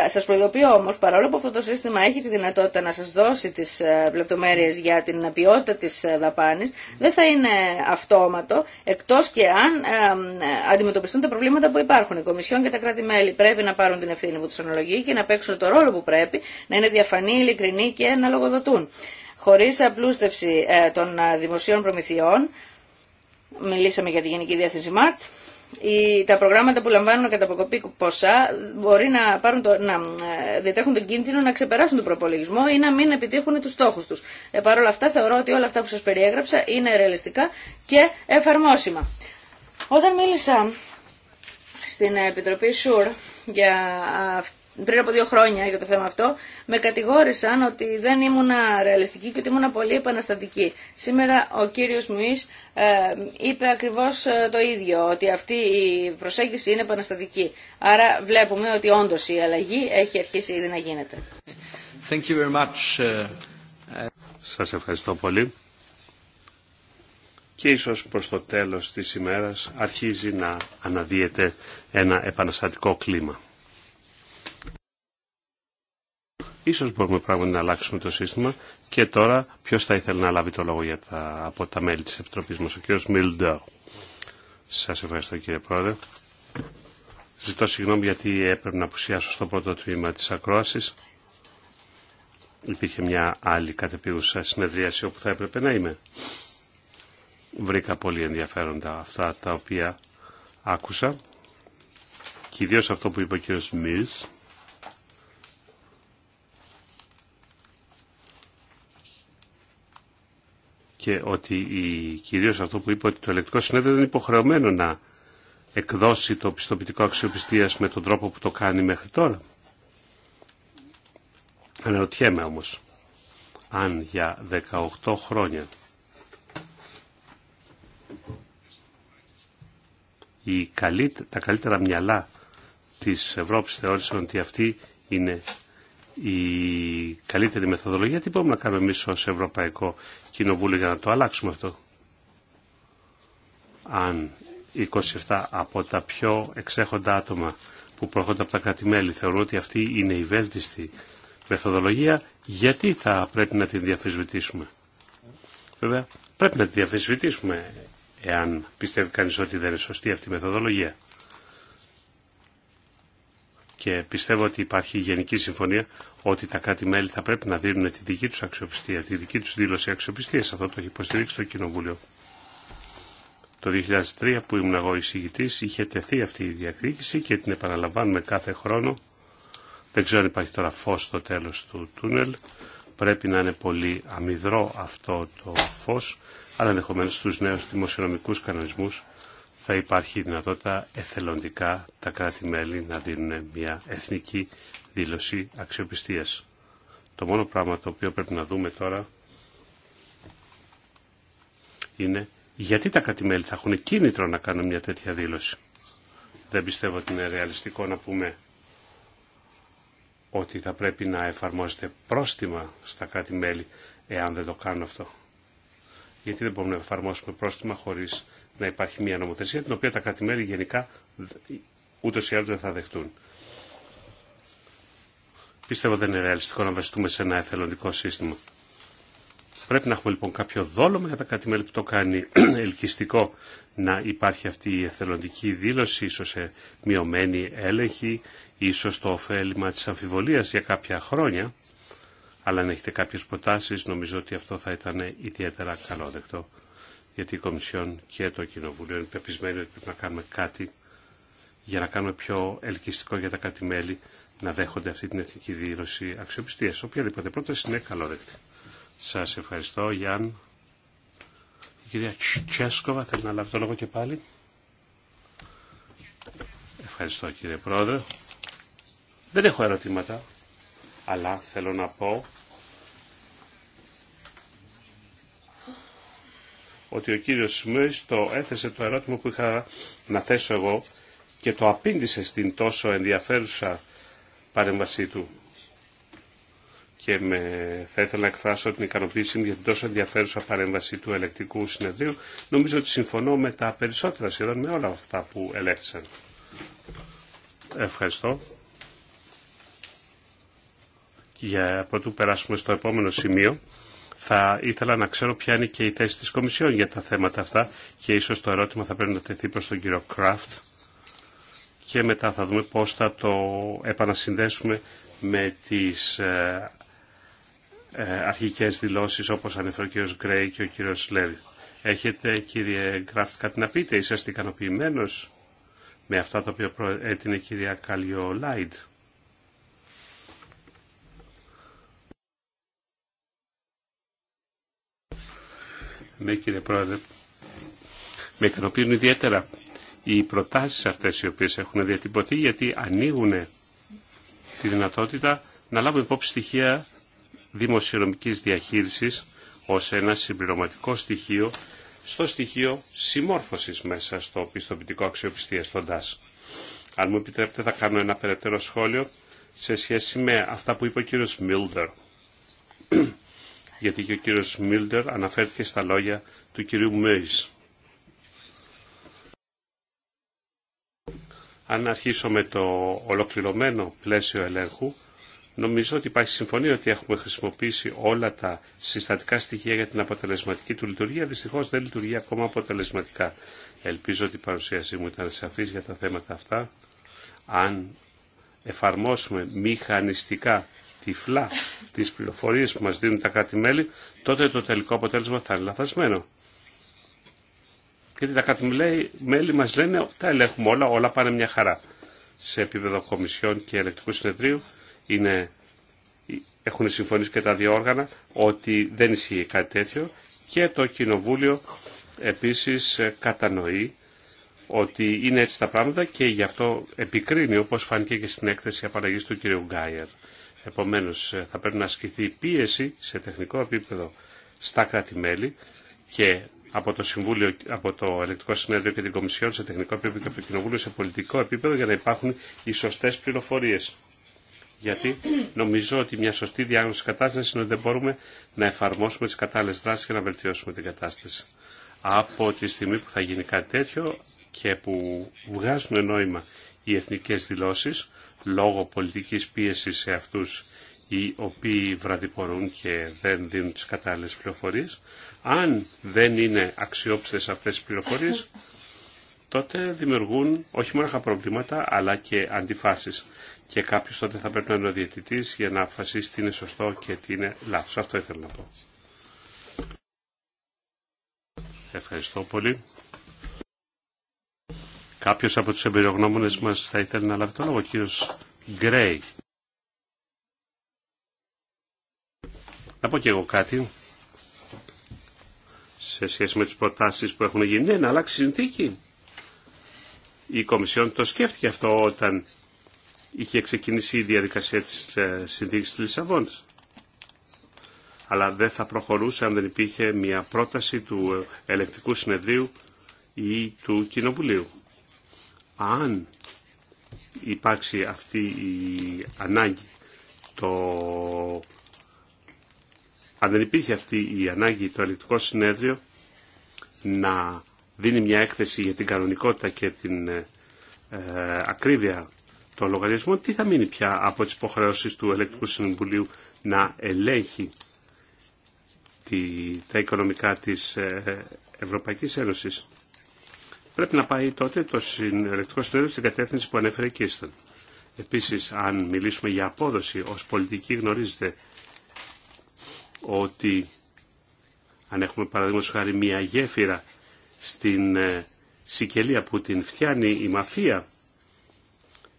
Σας προειδοποιώ όμως, παρόλο που αυτό το σύστημα έχει τη δυνατότητα να σας δώσει τις λεπτομέρειες για την ποιότητα της δαπάνης, δεν θα είναι αυτόματο, εκτός και αν αντιμετωπιστούν τα προβλήματα που υπάρχουν. Η Κομισιόν και τα κράτη-μέλη πρέπει να πάρουν την ευθύνη που τους ονολογεί και να παίξουν το ρόλο που πρέπει, να είναι διαφανή, ειλικρινή και να λογοδοτούν χωρίς απλούστευση των δημοσίων προμηθειών μιλήσαμε για τη Γενική Διάθεση ΜΑΡΤ, τα προγράμματα που λαμβάνουν κατά αποκοπή ποσά μπορεί να, πάρουν το, να ε, διατέχουν τον κίνδυνο να ξεπεράσουν τον προπολογισμό ή να μην επιτύχουν τους στόχους τους. Ε, Παρ' όλα αυτά θεωρώ ότι όλα αυτά που σας περιέγραψα είναι ρεαλιστικά και εφαρμόσιμα. Όταν μίλησα στην Επιτροπή ΣΟΥΡ για πριν από δύο χρόνια για το θέμα αυτό, με κατηγόρησαν ότι δεν ήμουνα ρεαλιστική και ότι ήμουν πολύ επαναστατική. Σήμερα ο κύριος Μουής ε, είπε ακριβώς ε, το ίδιο, ότι αυτή η προσέγγιση είναι επαναστατική. Άρα βλέπουμε ότι όντως η αλλαγή έχει αρχίσει ήδη να γίνεται. Thank you very much. Ε, Σας ευχαριστώ πολύ. Και ίσως προς το τέλος της ημέρας αρχίζει να αναδύεται ένα επαναστατικό κλίμα. Ίσως μπορούμε πράγματι να αλλάξουμε το σύστημα και τώρα ποιος θα ήθελε να λάβει το λόγο για τα, από τα μέλη της Επιτροπής μας, ο κ. Μιλντερ. Σας ευχαριστώ κύριε Πρόεδρε. Ζητώ συγγνώμη γιατί έπρεπε να απουσιάσω στο πρώτο τμήμα της ακρόασης. Υπήρχε μια άλλη κατεπίγουσα συνεδρίαση όπου θα έπρεπε να είμαι. Βρήκα πολύ ενδιαφέροντα αυτά τα οποία άκουσα και ιδίως αυτό που είπε ο κ. Μιλς και ότι η, κυρίως αυτό που είπε ότι το ελεκτικό συνέδριο είναι υποχρεωμένο να εκδώσει το πιστοποιητικό αξιοπιστίας με τον τρόπο που το κάνει μέχρι τώρα. Αναρωτιέμαι όμως αν για 18 χρόνια η καλύτε, τα καλύτερα μυαλά της Ευρώπης θεώρησαν ότι αυτή είναι η καλύτερη μεθοδολογία, τι μπορούμε να κάνουμε εμείς ως Ευρωπαϊκό Κοινοβούλιο για να το αλλάξουμε αυτό. Αν 27 από τα πιο εξέχοντα άτομα που προέρχονται από τα κράτη-μέλη θεωρούν ότι αυτή είναι η βέλτιστη μεθοδολογία, γιατί θα πρέπει να την διαφυσβητήσουμε. Βέβαια, πρέπει να την διαφυσβητήσουμε εάν πιστεύει κανείς ότι δεν είναι σωστή αυτή η μεθοδολογία και πιστεύω ότι υπάρχει γενική συμφωνία ότι τα κράτη-μέλη θα πρέπει να δίνουν τη δική του αξιοπιστία, τη δική του δήλωση αξιοπιστία. Αυτό το έχει υποστηρίξει το Κοινοβούλιο. Το 2003 που ήμουν εγώ εισηγητή είχε τεθεί αυτή η διακρίκηση και την επαναλαμβάνουμε κάθε χρόνο. Δεν ξέρω αν υπάρχει τώρα φω στο τέλο του τούνελ. Πρέπει να είναι πολύ αμυδρό αυτό το φω, αλλά ενδεχομένω στου νέου δημοσιονομικού κανονισμού θα υπάρχει δυνατότητα εθελοντικά τα κράτη-μέλη να δίνουν μια εθνική δήλωση αξιοπιστίας. Το μόνο πράγμα το οποίο πρέπει να δούμε τώρα είναι γιατί τα κράτη-μέλη θα έχουν κίνητρο να κάνουν μια τέτοια δήλωση. Δεν πιστεύω ότι είναι ρεαλιστικό να πούμε ότι θα πρέπει να εφαρμόζεται πρόστιμα στα κράτη-μέλη εάν δεν το κάνουν αυτό. Γιατί δεν μπορούμε να εφαρμόσουμε πρόστιμα χωρίς να υπάρχει μια νομοθεσία την οποία τα κρατημέλη γενικά ούτε ή άλλως δεν θα δεχτούν. Πιστεύω δεν είναι ρεαλιστικό να βασιστούμε σε ένα εθελοντικό σύστημα. Πρέπει να έχουμε λοιπόν κάποιο δόλωμα για τα κρατη που το κάνει ελκυστικό να υπάρχει αυτή η εθελοντική δήλωση, ίσως σε μειωμένη έλεγχη, ίσως το ωφέλιμα της αμφιβολίας για κάποια χρόνια. Αλλά αν έχετε κάποιες προτάσεις, νομίζω ότι αυτό θα ήταν ιδιαίτερα καλόδεκτο γιατί η Κομισιόν και το Κοινοβούλιο είναι πεπισμένοι ότι πρέπει να κάνουμε κάτι για να κάνουμε πιο ελκυστικό για τα κάτι μελη να δέχονται αυτή την εθνική δήλωση αξιοπιστία. Οποιαδήποτε πρόταση είναι καλόδεκτη. Σα ευχαριστώ, Γιάν. Η κυρία Τσέσκοβα θέλει να λάβει το λόγο και πάλι. Ευχαριστώ, κύριε Πρόεδρε. Δεν έχω ερωτήματα, αλλά θέλω να πω ότι ο κύριος Σμουής το έθεσε το ερώτημα που είχα να θέσω εγώ και το απήντησε στην τόσο ενδιαφέρουσα παρέμβασή του. Και με, θα ήθελα να εκφράσω την ικανοποίησή μου για την τόσο ενδιαφέρουσα παρέμβαση του ελεκτικού συνεδρίου. Νομίζω ότι συμφωνώ με τα περισσότερα σχεδόν με όλα αυτά που ελέγξαν Ευχαριστώ. Και για πρωτού περάσουμε στο επόμενο σημείο θα ήθελα να ξέρω ποια είναι και η θέση της Κομισιόν για τα θέματα αυτά και ίσως το ερώτημα θα πρέπει να τεθεί προς τον κύριο Κράφτ και μετά θα δούμε πώς θα το επανασυνδέσουμε με τις ε, ε, αρχικές δηλώσεις όπως ανέφερε ο κύριος Γκρέι και ο κύριος Λέβη. Έχετε κύριε Κράφτ, κάτι να πείτε, είσαστε ικανοποιημένος με αυτά τα οποία έτεινε η κυρία Καλιολάιντ. Ναι κύριε Πρόεδρε, με ικανοποιούν ιδιαίτερα οι προτάσεις αυτές οι οποίες έχουν διατυπωθεί γιατί ανοίγουν τη δυνατότητα να λάβουμε υπόψη στοιχεία δημοσιονομικής διαχείρισης ως ένα συμπληρωματικό στοιχείο στο στοιχείο συμμόρφωσης μέσα στο πιστοποιητικό αξιοπιστία στον ΤΑΣ. Αν μου επιτρέπετε θα κάνω ένα περαιτέρω σχόλιο σε σχέση με αυτά που είπε ο κύριος Μίλντερ γιατί και ο κύριος Μίλντερ αναφέρθηκε στα λόγια του κυρίου Μέης. Αν αρχίσω με το ολοκληρωμένο πλαίσιο ελέγχου, νομίζω ότι υπάρχει συμφωνία ότι έχουμε χρησιμοποιήσει όλα τα συστατικά στοιχεία για την αποτελεσματική του λειτουργία. Δυστυχώς δεν λειτουργεί ακόμα αποτελεσματικά. Ελπίζω ότι η παρουσίασή μου ήταν σαφής για τα θέματα αυτά. Αν εφαρμόσουμε μηχανιστικά τυφλά τις πληροφορίες που μας δίνουν τα κράτη-μέλη, τότε το τελικό αποτέλεσμα θα είναι λαθασμένο. Γιατί τα κράτη-μέλη μας λένε τα ελέγχουμε όλα, όλα πάνε μια χαρά. Σε επίπεδο κομισιών και ελεκτικού συνεδρίου είναι, έχουν συμφωνήσει και τα δύο όργανα ότι δεν ισχύει κάτι τέτοιο και το Κοινοβούλιο επίσης κατανοεί ότι είναι έτσι τα πράγματα και γι' αυτό επικρίνει, όπως φάνηκε και στην έκθεση απαραγής του κ. Γκάιερ Επομένως ε, θα πρέπει να ασκηθεί πίεση σε τεχνικό επίπεδο στα κράτη-μέλη και από το, Συμβούλιο, από το Ελεκτικό Συνέδριο και την Κομισιόν σε τεχνικό επίπεδο και από το Κοινοβούλιο σε πολιτικό επίπεδο για να υπάρχουν οι σωστές πληροφορίες. Γιατί νομίζω ότι μια σωστή διάγνωση κατάσταση είναι ότι δεν μπορούμε να εφαρμόσουμε τις κατάλληλες δράσεις και να βελτιώσουμε την κατάσταση. Από τη στιγμή που θα γίνει κάτι τέτοιο και που βγάζουν νόημα οι εθνικές δηλώσεις, λόγω πολιτικής πίεσης σε αυτούς οι οποίοι βραδιπορούν και δεν δίνουν τις κατάλληλες πληροφορίες. Αν δεν είναι αξιόπιστες αυτές οι πληροφορίες, τότε δημιουργούν όχι μόνο προβλήματα, αλλά και αντιφάσεις. Και κάποιο τότε θα πρέπει να είναι ο διαιτητής για να αποφασίσει τι είναι σωστό και τι είναι λάθος. Αυτό ήθελα να πω. Ευχαριστώ πολύ. Κάποιος από τους εμπειρογνώμονες μας θα ήθελε να λάβει το λόγο, ο κύριος Γκρέι. Να πω και εγώ κάτι σε σχέση με τις προτάσεις που έχουν γίνει. Ναι, να αλλάξει συνθήκη. Η Κομισιόν το σκέφτηκε αυτό όταν είχε ξεκινήσει η διαδικασία της ε, συνθήκης της Λισαβόνας. Αλλά δεν θα προχωρούσε αν δεν υπήρχε μια πρόταση του ελεκτικού συνεδρίου ή του Κοινοβουλίου αν υπάρξει αυτή η ανάγκη, το... αν δεν υπήρχε αυτή η ανάγκη το ελεκτικό συνέδριο να δίνει μια έκθεση για την κανονικότητα και την ε, ακρίβεια των λογαριασμών, τι θα μείνει πια από τις υποχρεώσεις του ελεκτικού συμβουλίου να ελέγχει τη, τα οικονομικά της ε, Ευρωπαϊκής Ένωσης. Πρέπει να πάει τότε το συνελεκτικό συνέδριο στην κατεύθυνση που ανέφερε η Επίσης, αν μιλήσουμε για απόδοση, ως πολιτική γνωρίζετε ότι αν έχουμε παραδείγματος χάρη μια γέφυρα στην ε, Σικελία που την φτιάνει η μαφία,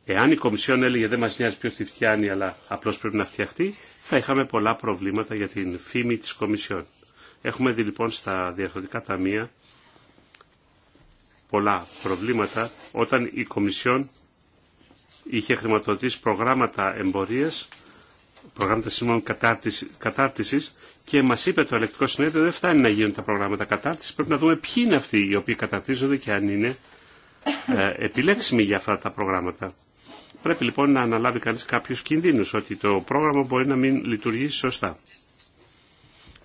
εάν η Κομισιόν έλεγε δεν μας νοιάζει ποιος τη φτιάνει αλλά απλώς πρέπει να φτιαχτεί, θα είχαμε πολλά προβλήματα για την φήμη της Κομισιόν. Έχουμε δει λοιπόν στα διαφορετικά ταμεία πολλά προβλήματα όταν η Κομισιόν είχε χρηματοδοτήσει προγράμματα εμπορίας, προγράμματα σημών κατάρτισης, κατάρτισης και μας είπε το ελεκτικό συνέδριο δεν φτάνει να γίνουν τα προγράμματα κατάρτισης, πρέπει να δούμε ποιοι είναι αυτοί οι οποίοι καταρτίζονται και αν είναι ε, επιλέξιμοι για αυτά τα προγράμματα. Πρέπει λοιπόν να αναλάβει κανείς κάποιους κινδύνους ότι το πρόγραμμα μπορεί να μην λειτουργήσει σωστά.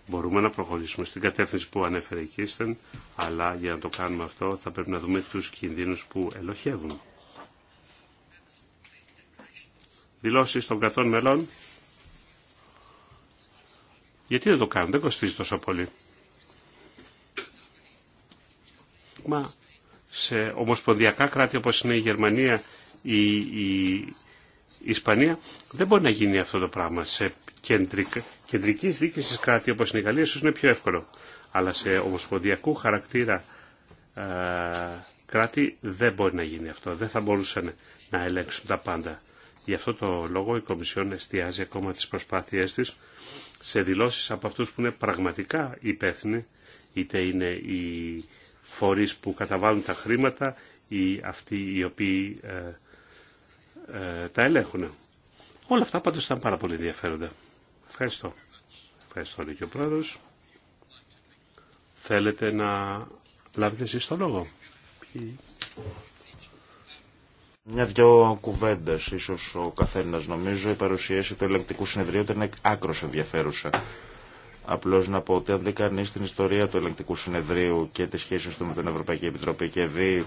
Μπορούμε να προχωρήσουμε στην κατεύθυνση που ανέφερε η Κίστεν, αλλά για να το κάνουμε αυτό θα πρέπει να δούμε τους κινδύνους που ελοχεύουν. Δηλώσεις των κρατών μελών. Γιατί δεν το κάνουν, δεν κοστίζει τόσο πολύ. Μα σε ομοσπονδιακά κράτη όπως είναι η Γερμανία, η, η, Ισπανία, δεν μπορεί να γίνει αυτό το πράγμα σε κεντρικά κεντρική διοίκηση κράτη όπω είναι η Γαλλία, ίσω είναι πιο εύκολο. Αλλά σε ομοσπονδιακού χαρακτήρα ε, κράτη δεν μπορεί να γίνει αυτό. Δεν θα μπορούσαν να ελέγξουν τα πάντα. Γι' αυτό το λόγο η Κομισιόν εστιάζει ακόμα τις προσπάθειές της σε δηλώσεις από αυτούς που είναι πραγματικά υπεύθυνοι, είτε είναι οι φορείς που καταβάλουν τα χρήματα ή αυτοί οι οποίοι ε, ε τα ελέγχουν. Όλα αυτά πάντως ήταν πάρα πολύ ενδιαφέροντα. Ευχαριστώ. Ευχαριστώ, λέει και Θέλετε να λάβετε εσεί το λόγο. Μια-δυο κουβέντε, ίσω ο καθένα. Νομίζω η παρουσίαση του ελεγκτικού συνεδρίου ήταν άκρο ενδιαφέρουσα. Απλώ να πω ότι αν δει κανεί την ιστορία του ελεγκτικού συνεδρίου και τι σχέσει του με την Ευρωπαϊκή Επιτροπή και δει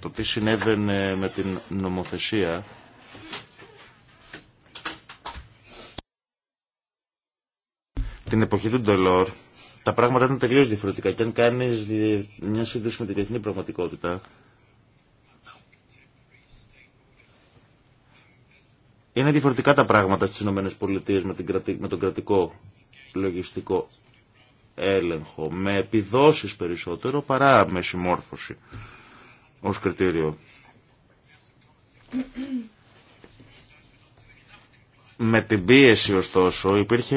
το τι συνέβαινε με την νομοθεσία, Στην εποχή του ντελόρ. τα πράγματα ήταν τελείω διαφορετικά και αν κάνει μια σύνδεση με την διεθνή πραγματικότητα είναι διαφορετικά τα πράγματα στις Ηνωμένε Πολιτείες με τον κρατικό λογιστικό έλεγχο, με επιδόσεις περισσότερο παρά με συμμόρφωση ω κριτήριο. Με την πίεση ωστόσο υπήρχε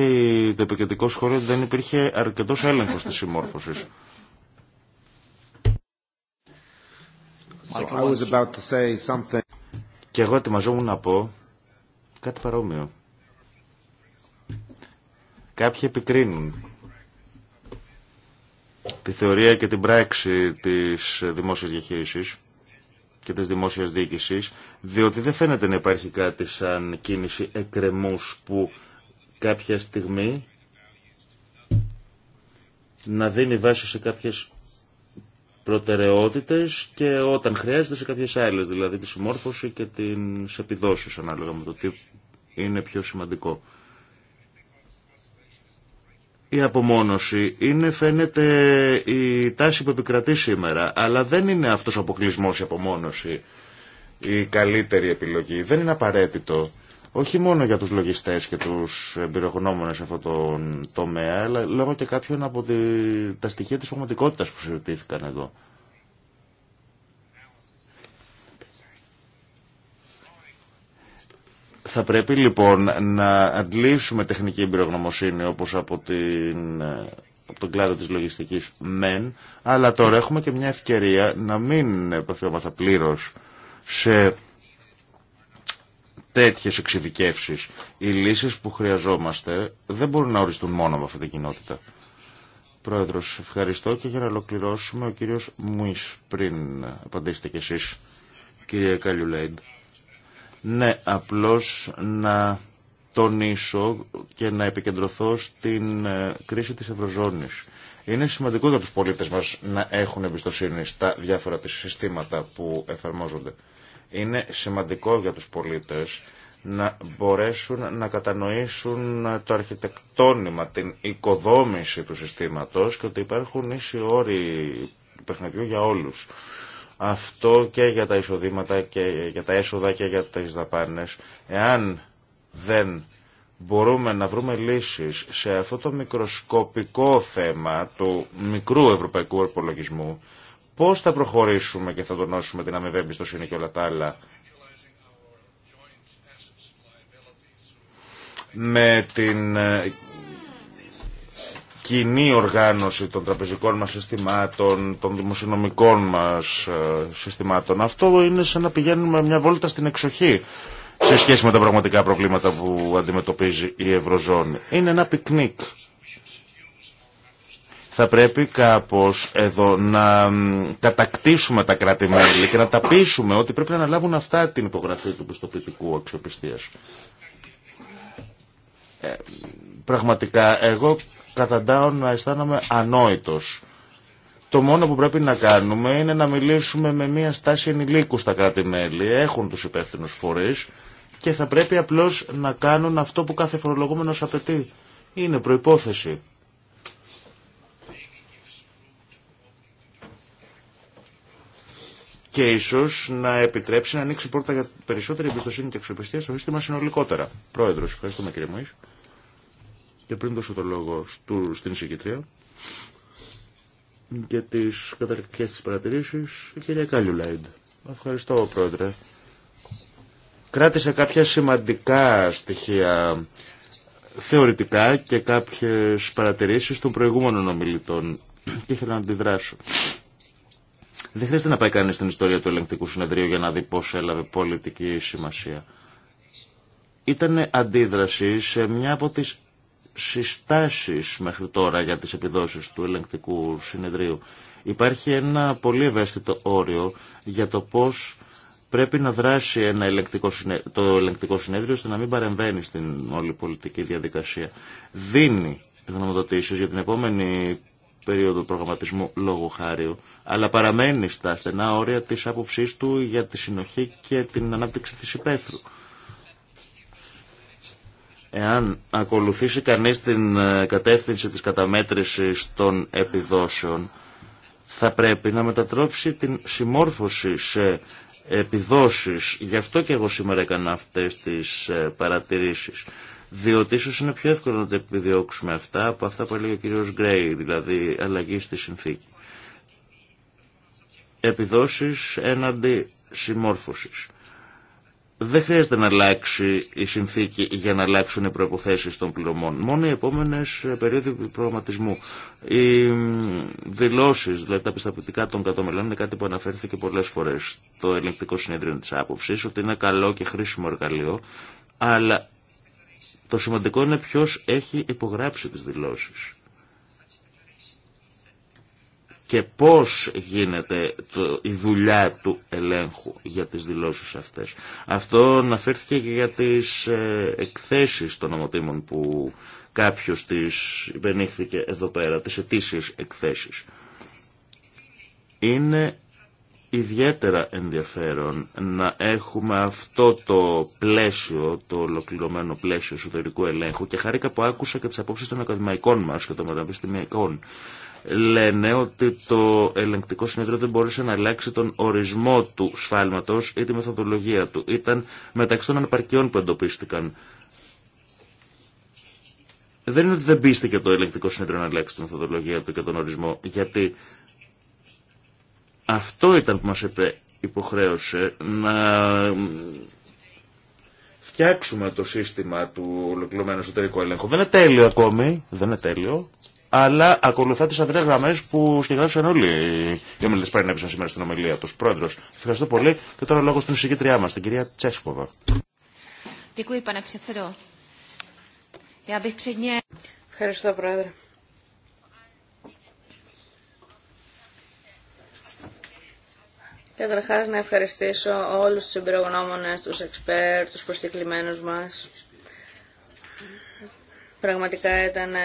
το επικεντρικό σχόλιο ότι δεν υπήρχε αρκετός έλεγχος της συμμόρφωσης. Και εγώ ετοιμαζόμουν να πω κάτι παρόμοιο. Κάποιοι επικρίνουν τη θεωρία και την πράξη της δημόσιας διαχείρισης και της δημόσιας διοίκησης, διότι δεν φαίνεται να υπάρχει κάτι σαν κίνηση εκρεμούς που κάποια στιγμή να δίνει βάση σε κάποιες προτεραιότητες και όταν χρειάζεται σε κάποιες άλλες, δηλαδή τη συμμόρφωση και τις επιδόσεις ανάλογα με το τι είναι πιο σημαντικό η απομόνωση είναι φαίνεται η τάση που επικρατεί σήμερα, αλλά δεν είναι αυτός ο αποκλεισμός η απομόνωση η καλύτερη επιλογή. Δεν είναι απαραίτητο, όχι μόνο για τους λογιστές και τους εμπειρογνώμονε σε αυτό το τομέα, αλλά λόγω και κάποιων από τα στοιχεία της πραγματικότητας που συζητήθηκαν εδώ. Θα πρέπει λοιπόν να αντλήσουμε τεχνική εμπειρογνωμοσύνη όπως από, την, από τον κλάδο της λογιστικής μεν, αλλά τώρα έχουμε και μια ευκαιρία να μην επαφιόμαστε πλήρω σε τέτοιες εξειδικεύσεις. Οι λύσεις που χρειαζόμαστε δεν μπορούν να οριστούν μόνο από αυτή την κοινότητα. Πρόεδρος, ευχαριστώ και για να ολοκληρώσουμε ο κύριος Μουής πριν απαντήσετε κι εσείς, κύριε Καλιουλέιντ. Ναι, απλώς να τονίσω και να επικεντρωθώ στην ε, κρίση της Ευρωζώνης. Είναι σημαντικό για τους πολίτες μας να έχουν εμπιστοσύνη στα διάφορα της συστήματα που εφαρμόζονται. Είναι σημαντικό για τους πολίτες να μπορέσουν να κατανοήσουν το αρχιτεκτόνημα, την οικοδόμηση του συστήματος και ότι υπάρχουν ίσοι όροι παιχνιδιού για όλους. Αυτό και για τα εισοδήματα και για τα έσοδα και για τις δαπάνε, Εάν δεν μπορούμε να βρούμε λύσεις σε αυτό το μικροσκοπικό θέμα του μικρού ευρωπαϊκού υπολογισμού, πώς θα προχωρήσουμε και θα τονώσουμε την αμοιβή εμπιστοσύνη και όλα τα άλλα. Με την ε, κοινή οργάνωση των τραπεζικών μας συστημάτων, των δημοσιονομικών μας ε, συστημάτων. Αυτό είναι σαν να πηγαίνουμε μια βόλτα στην εξοχή σε σχέση με τα πραγματικά προβλήματα που αντιμετωπίζει η Ευρωζώνη. Είναι ένα πικνίκ. Θα πρέπει κάπως εδώ να κατακτήσουμε τα κράτη-μέλη και να τα πείσουμε ότι πρέπει να αναλάβουν αυτά την υπογραφή του πιστοποιητικού αξιοπιστίας. Ε, πραγματικά εγώ καταντάω να αισθάνομαι ανόητος. Το μόνο που πρέπει να κάνουμε είναι να μιλήσουμε με μια στάση ενηλίκου στα κράτη-μέλη. Έχουν τους υπεύθυνους φορείς και θα πρέπει απλώς να κάνουν αυτό που κάθε φορολογούμενος απαιτεί. Είναι προϋπόθεση. Και ίσως να επιτρέψει να ανοίξει πόρτα για περισσότερη εμπιστοσύνη και εξοπιστία στο σύστημα συνολικότερα. Πρόεδρος, ευχαριστούμε κύριε Μωής και πριν δώσω το λόγο στου, στην εισηγητρία και τι καταρκτικές τη παρατηρήσει, η κυρία Κάλιουλαϊντ. Ευχαριστώ, Πρόεδρε. Κράτησα κάποια σημαντικά στοιχεία θεωρητικά και κάποιε παρατηρήσει των προηγούμενων ομιλητών και ήθελα να αντιδράσω. Δεν χρειάζεται να πάει κάνει στην ιστορία του ελεγκτικού συνεδρίου για να δει πώ έλαβε πολιτική σημασία. Ήταν αντίδραση σε μια από τι συστάσεις μέχρι τώρα για τις επιδόσεις του ελεγκτικού συνεδρίου. Υπάρχει ένα πολύ ευαίσθητο όριο για το πώς πρέπει να δράσει ένα το ελεγκτικό συνέδριο ώστε να μην παρεμβαίνει στην όλη πολιτική διαδικασία. Δίνει γνωμοδοτήσεις για την επόμενη περίοδο προγραμματισμού λόγου χάριου, αλλά παραμένει στα στενά όρια της άποψής του για τη συνοχή και την ανάπτυξη της υπαίθρου. Εάν ακολουθήσει κανείς την ε, κατεύθυνση της καταμέτρησης των επιδόσεων, θα πρέπει να μετατρόψει την συμμόρφωση σε επιδόσεις. Γι' αυτό και εγώ σήμερα έκανα αυτές τις ε, παρατηρήσεις. Διότι ίσω είναι πιο εύκολο να τα επιδιώξουμε αυτά από αυτά που έλεγε ο κύριος Γκρέι, δηλαδή αλλαγή στη συνθήκη. Επιδόσεις έναντι συμμόρφωσης δεν χρειάζεται να αλλάξει η συνθήκη για να αλλάξουν οι προϋποθέσεις των πληρωμών. Μόνο οι επόμενες περίοδοι προγραμματισμού. Οι δηλώσεις, δηλαδή τα πιστοποιητικά των κατομελών, είναι κάτι που αναφέρθηκε πολλές φορές στο ελεγκτικό συνέδριο της άποψης, ότι είναι καλό και χρήσιμο εργαλείο, αλλά το σημαντικό είναι ποιος έχει υπογράψει τις δηλώσεις και πώς γίνεται το, η δουλειά του ελέγχου για τις δηλώσεις αυτές. Αυτό αναφέρθηκε και για τις ε, εκθέσεις των νομοτήμων που κάποιος τις υπενήχθηκε εδώ πέρα, τις ετήσιες εκθέσεις. Είναι ιδιαίτερα ενδιαφέρον να έχουμε αυτό το πλαίσιο, το ολοκληρωμένο πλαίσιο εσωτερικού ελέγχου και χάρηκα που άκουσα και τις απόψεις των ακαδημαϊκών μας και των μεταπιστημιακών λένε ότι το ελεγκτικό συνέδριο δεν μπορούσε να αλλάξει τον ορισμό του σφάλματος ή τη μεθοδολογία του. Ήταν μεταξύ των ανεπαρκειών που εντοπίστηκαν. Δεν είναι ότι δεν πίστηκε το ελεγκτικό συνέδριο να αλλάξει τη μεθοδολογία του και τον ορισμό, γιατί αυτό ήταν που μας είπε, υποχρέωσε να φτιάξουμε το σύστημα του ολοκληρωμένου εσωτερικού ελέγχου. Δεν είναι τέλειο ακόμη, δεν είναι τέλειο, αλλά ακολουθά τι αδρέ γραμμέ που σχεδιάσαν όλοι οι ομιλητέ που παρενέβησαν σήμερα στην ομιλία του. Πρόεδρο, ευχαριστώ πολύ και τώρα λόγο στην συγκεκριά μα, την κυρία Τσέσκοβα. Ευχαριστώ, Πρόεδρε. Καταρχά να ευχαριστήσω όλου του εμπειρογνώμονε, του εξπέρ, του προσκεκλημένου μα. Πραγματικά ήταν ε,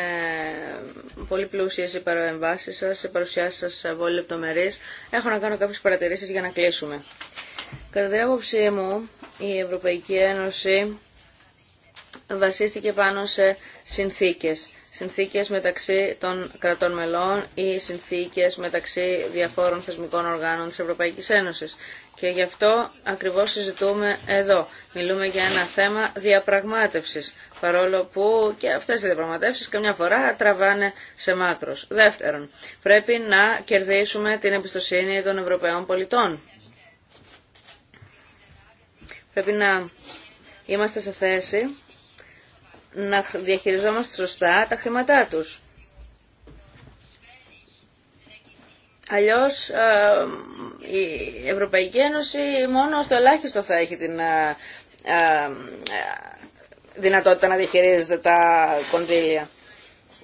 πολύ πλούσιε οι παρεμβάσει σα, οι παρουσιάσει σα πολύ λεπτομερεί. Έχω να κάνω κάποιε παρατηρήσει για να κλείσουμε. Κατά την άποψή μου, η Ευρωπαϊκή Ένωση βασίστηκε πάνω σε συνθήκες συνθήκες μεταξύ των κρατών μελών ή συνθήκες μεταξύ διαφόρων θεσμικών οργάνων της Ευρωπαϊκής Ένωσης. Και γι' αυτό ακριβώς συζητούμε εδώ. Μιλούμε για ένα θέμα διαπραγμάτευσης, παρόλο που και αυτές οι διαπραγματεύσεις καμιά φορά τραβάνε σε μάκρος. Δεύτερον, πρέπει να κερδίσουμε την εμπιστοσύνη των Ευρωπαίων πολιτών. Πρέπει να είμαστε σε θέση να διαχειριζόμαστε σωστά τα χρήματά τους. Αλλιώς ε, η Ευρωπαϊκή Ένωση μόνο στο ελάχιστο θα έχει την ε, ε, δυνατότητα να διαχειρίζεται τα κονδύλια.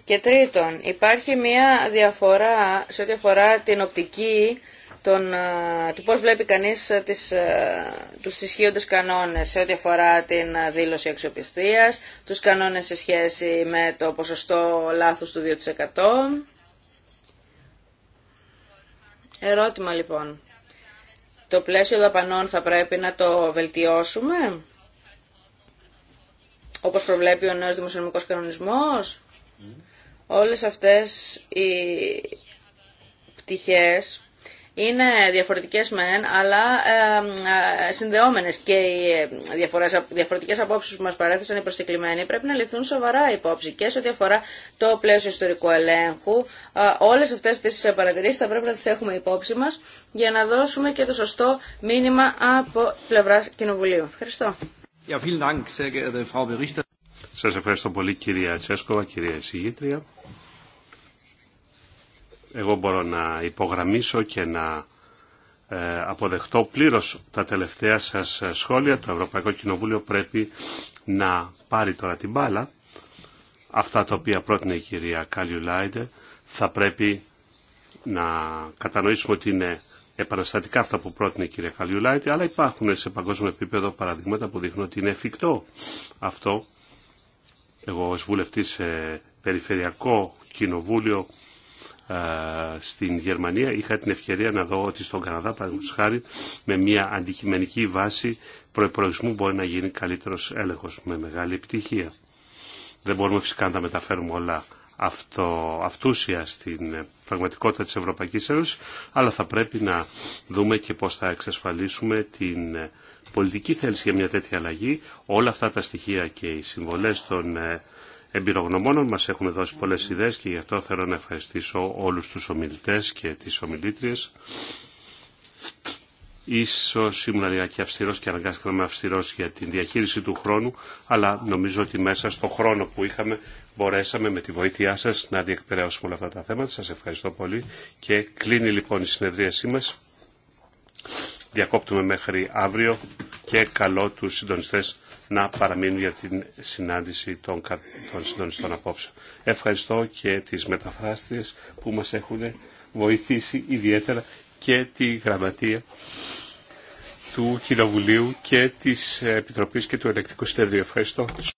Και τρίτον, υπάρχει μια διαφορά σε ό,τι αφορά την οπτική τον, του πώς βλέπει κανείς τις, τους ισχύοντες κανόνες σε ό,τι αφορά την δήλωση αξιοπιστίας, τους κανόνες σε σχέση με το ποσοστό λάθους του 2%. Ερώτημα λοιπόν. Το πλαίσιο δαπανών θα πρέπει να το βελτιώσουμε, όπως προβλέπει ο νέος δημοσιονομικός κανονισμός. Mm. Όλες αυτές οι πτυχές είναι διαφορετικές μεν, αλλά ε, συνδεόμενες και οι ε, διαφορετικές απόψεις που μας παρέθεσαν οι προσκεκλημένοι πρέπει να ληφθούν σοβαρά υπόψη και σε ό,τι αφορά το πλαίσιο ιστορικού ελέγχου. Ε, όλες αυτές τις παρατηρήσεις θα πρέπει να τις έχουμε υπόψη μας για να δώσουμε και το σωστό μήνυμα από πλευράς Κοινοβουλίου. Ευχαριστώ. Σας ευχαριστώ πολύ κυρία Τσέσκοβα, κυρία Συγήτρια. Εγώ μπορώ να υπογραμμίσω και να ε, αποδεχτώ πλήρως τα τελευταία σας σχόλια. Το Ευρωπαϊκό Κοινοβούλιο πρέπει να πάρει τώρα την μπάλα. Αυτά τα οποία πρότεινε η κυρία Κάλιου θα πρέπει να κατανοήσουμε ότι είναι επαναστατικά αυτά που πρότεινε η κυρία Κάλιου αλλά υπάρχουν σε παγκόσμιο επίπεδο παραδείγματα που δείχνουν ότι είναι εφικτό αυτό. Εγώ ως βουλευτής σε περιφερειακό κοινοβούλιο στην Γερμανία είχα την ευκαιρία να δω ότι στον Καναδά, παραδείγματος χάρη, με μια αντικειμενική βάση προϋπολογισμού μπορεί να γίνει καλύτερος έλεγχος με μεγάλη επιτυχία. Δεν μπορούμε φυσικά να τα μεταφέρουμε όλα αυτό, αυτούσια στην πραγματικότητα της Ευρωπαϊκής Ένωσης, αλλά θα πρέπει να δούμε και πώς θα εξασφαλίσουμε την πολιτική θέληση για μια τέτοια αλλαγή. Όλα αυτά τα στοιχεία και οι συμβολές των ε, εμπειρογνωμόνων. Μας έχουν δώσει πολλές ιδέες και γι' αυτό θέλω να ευχαριστήσω όλους τους ομιλητές και τις ομιλήτριες. Ίσως ήμουν λιγάκι αυστηρός και αναγκάστηκα να είμαι αυστηρός για την διαχείριση του χρόνου, αλλά νομίζω ότι μέσα στο χρόνο που είχαμε μπορέσαμε με τη βοήθειά σας να διεκπαιρεώσουμε όλα αυτά τα θέματα. Σας ευχαριστώ πολύ και κλείνει λοιπόν η συνεδρίασή μας. Διακόπτουμε μέχρι αύριο και καλό τους συντονιστές να παραμείνουν για την συνάντηση των, των συντονιστών απόψε. Ευχαριστώ και τις μεταφράστες που μας έχουν βοηθήσει ιδιαίτερα και τη γραμματεία του Κοινοβουλίου και της Επιτροπής και του Ελεκτικού Συνέδριου. Ευχαριστώ.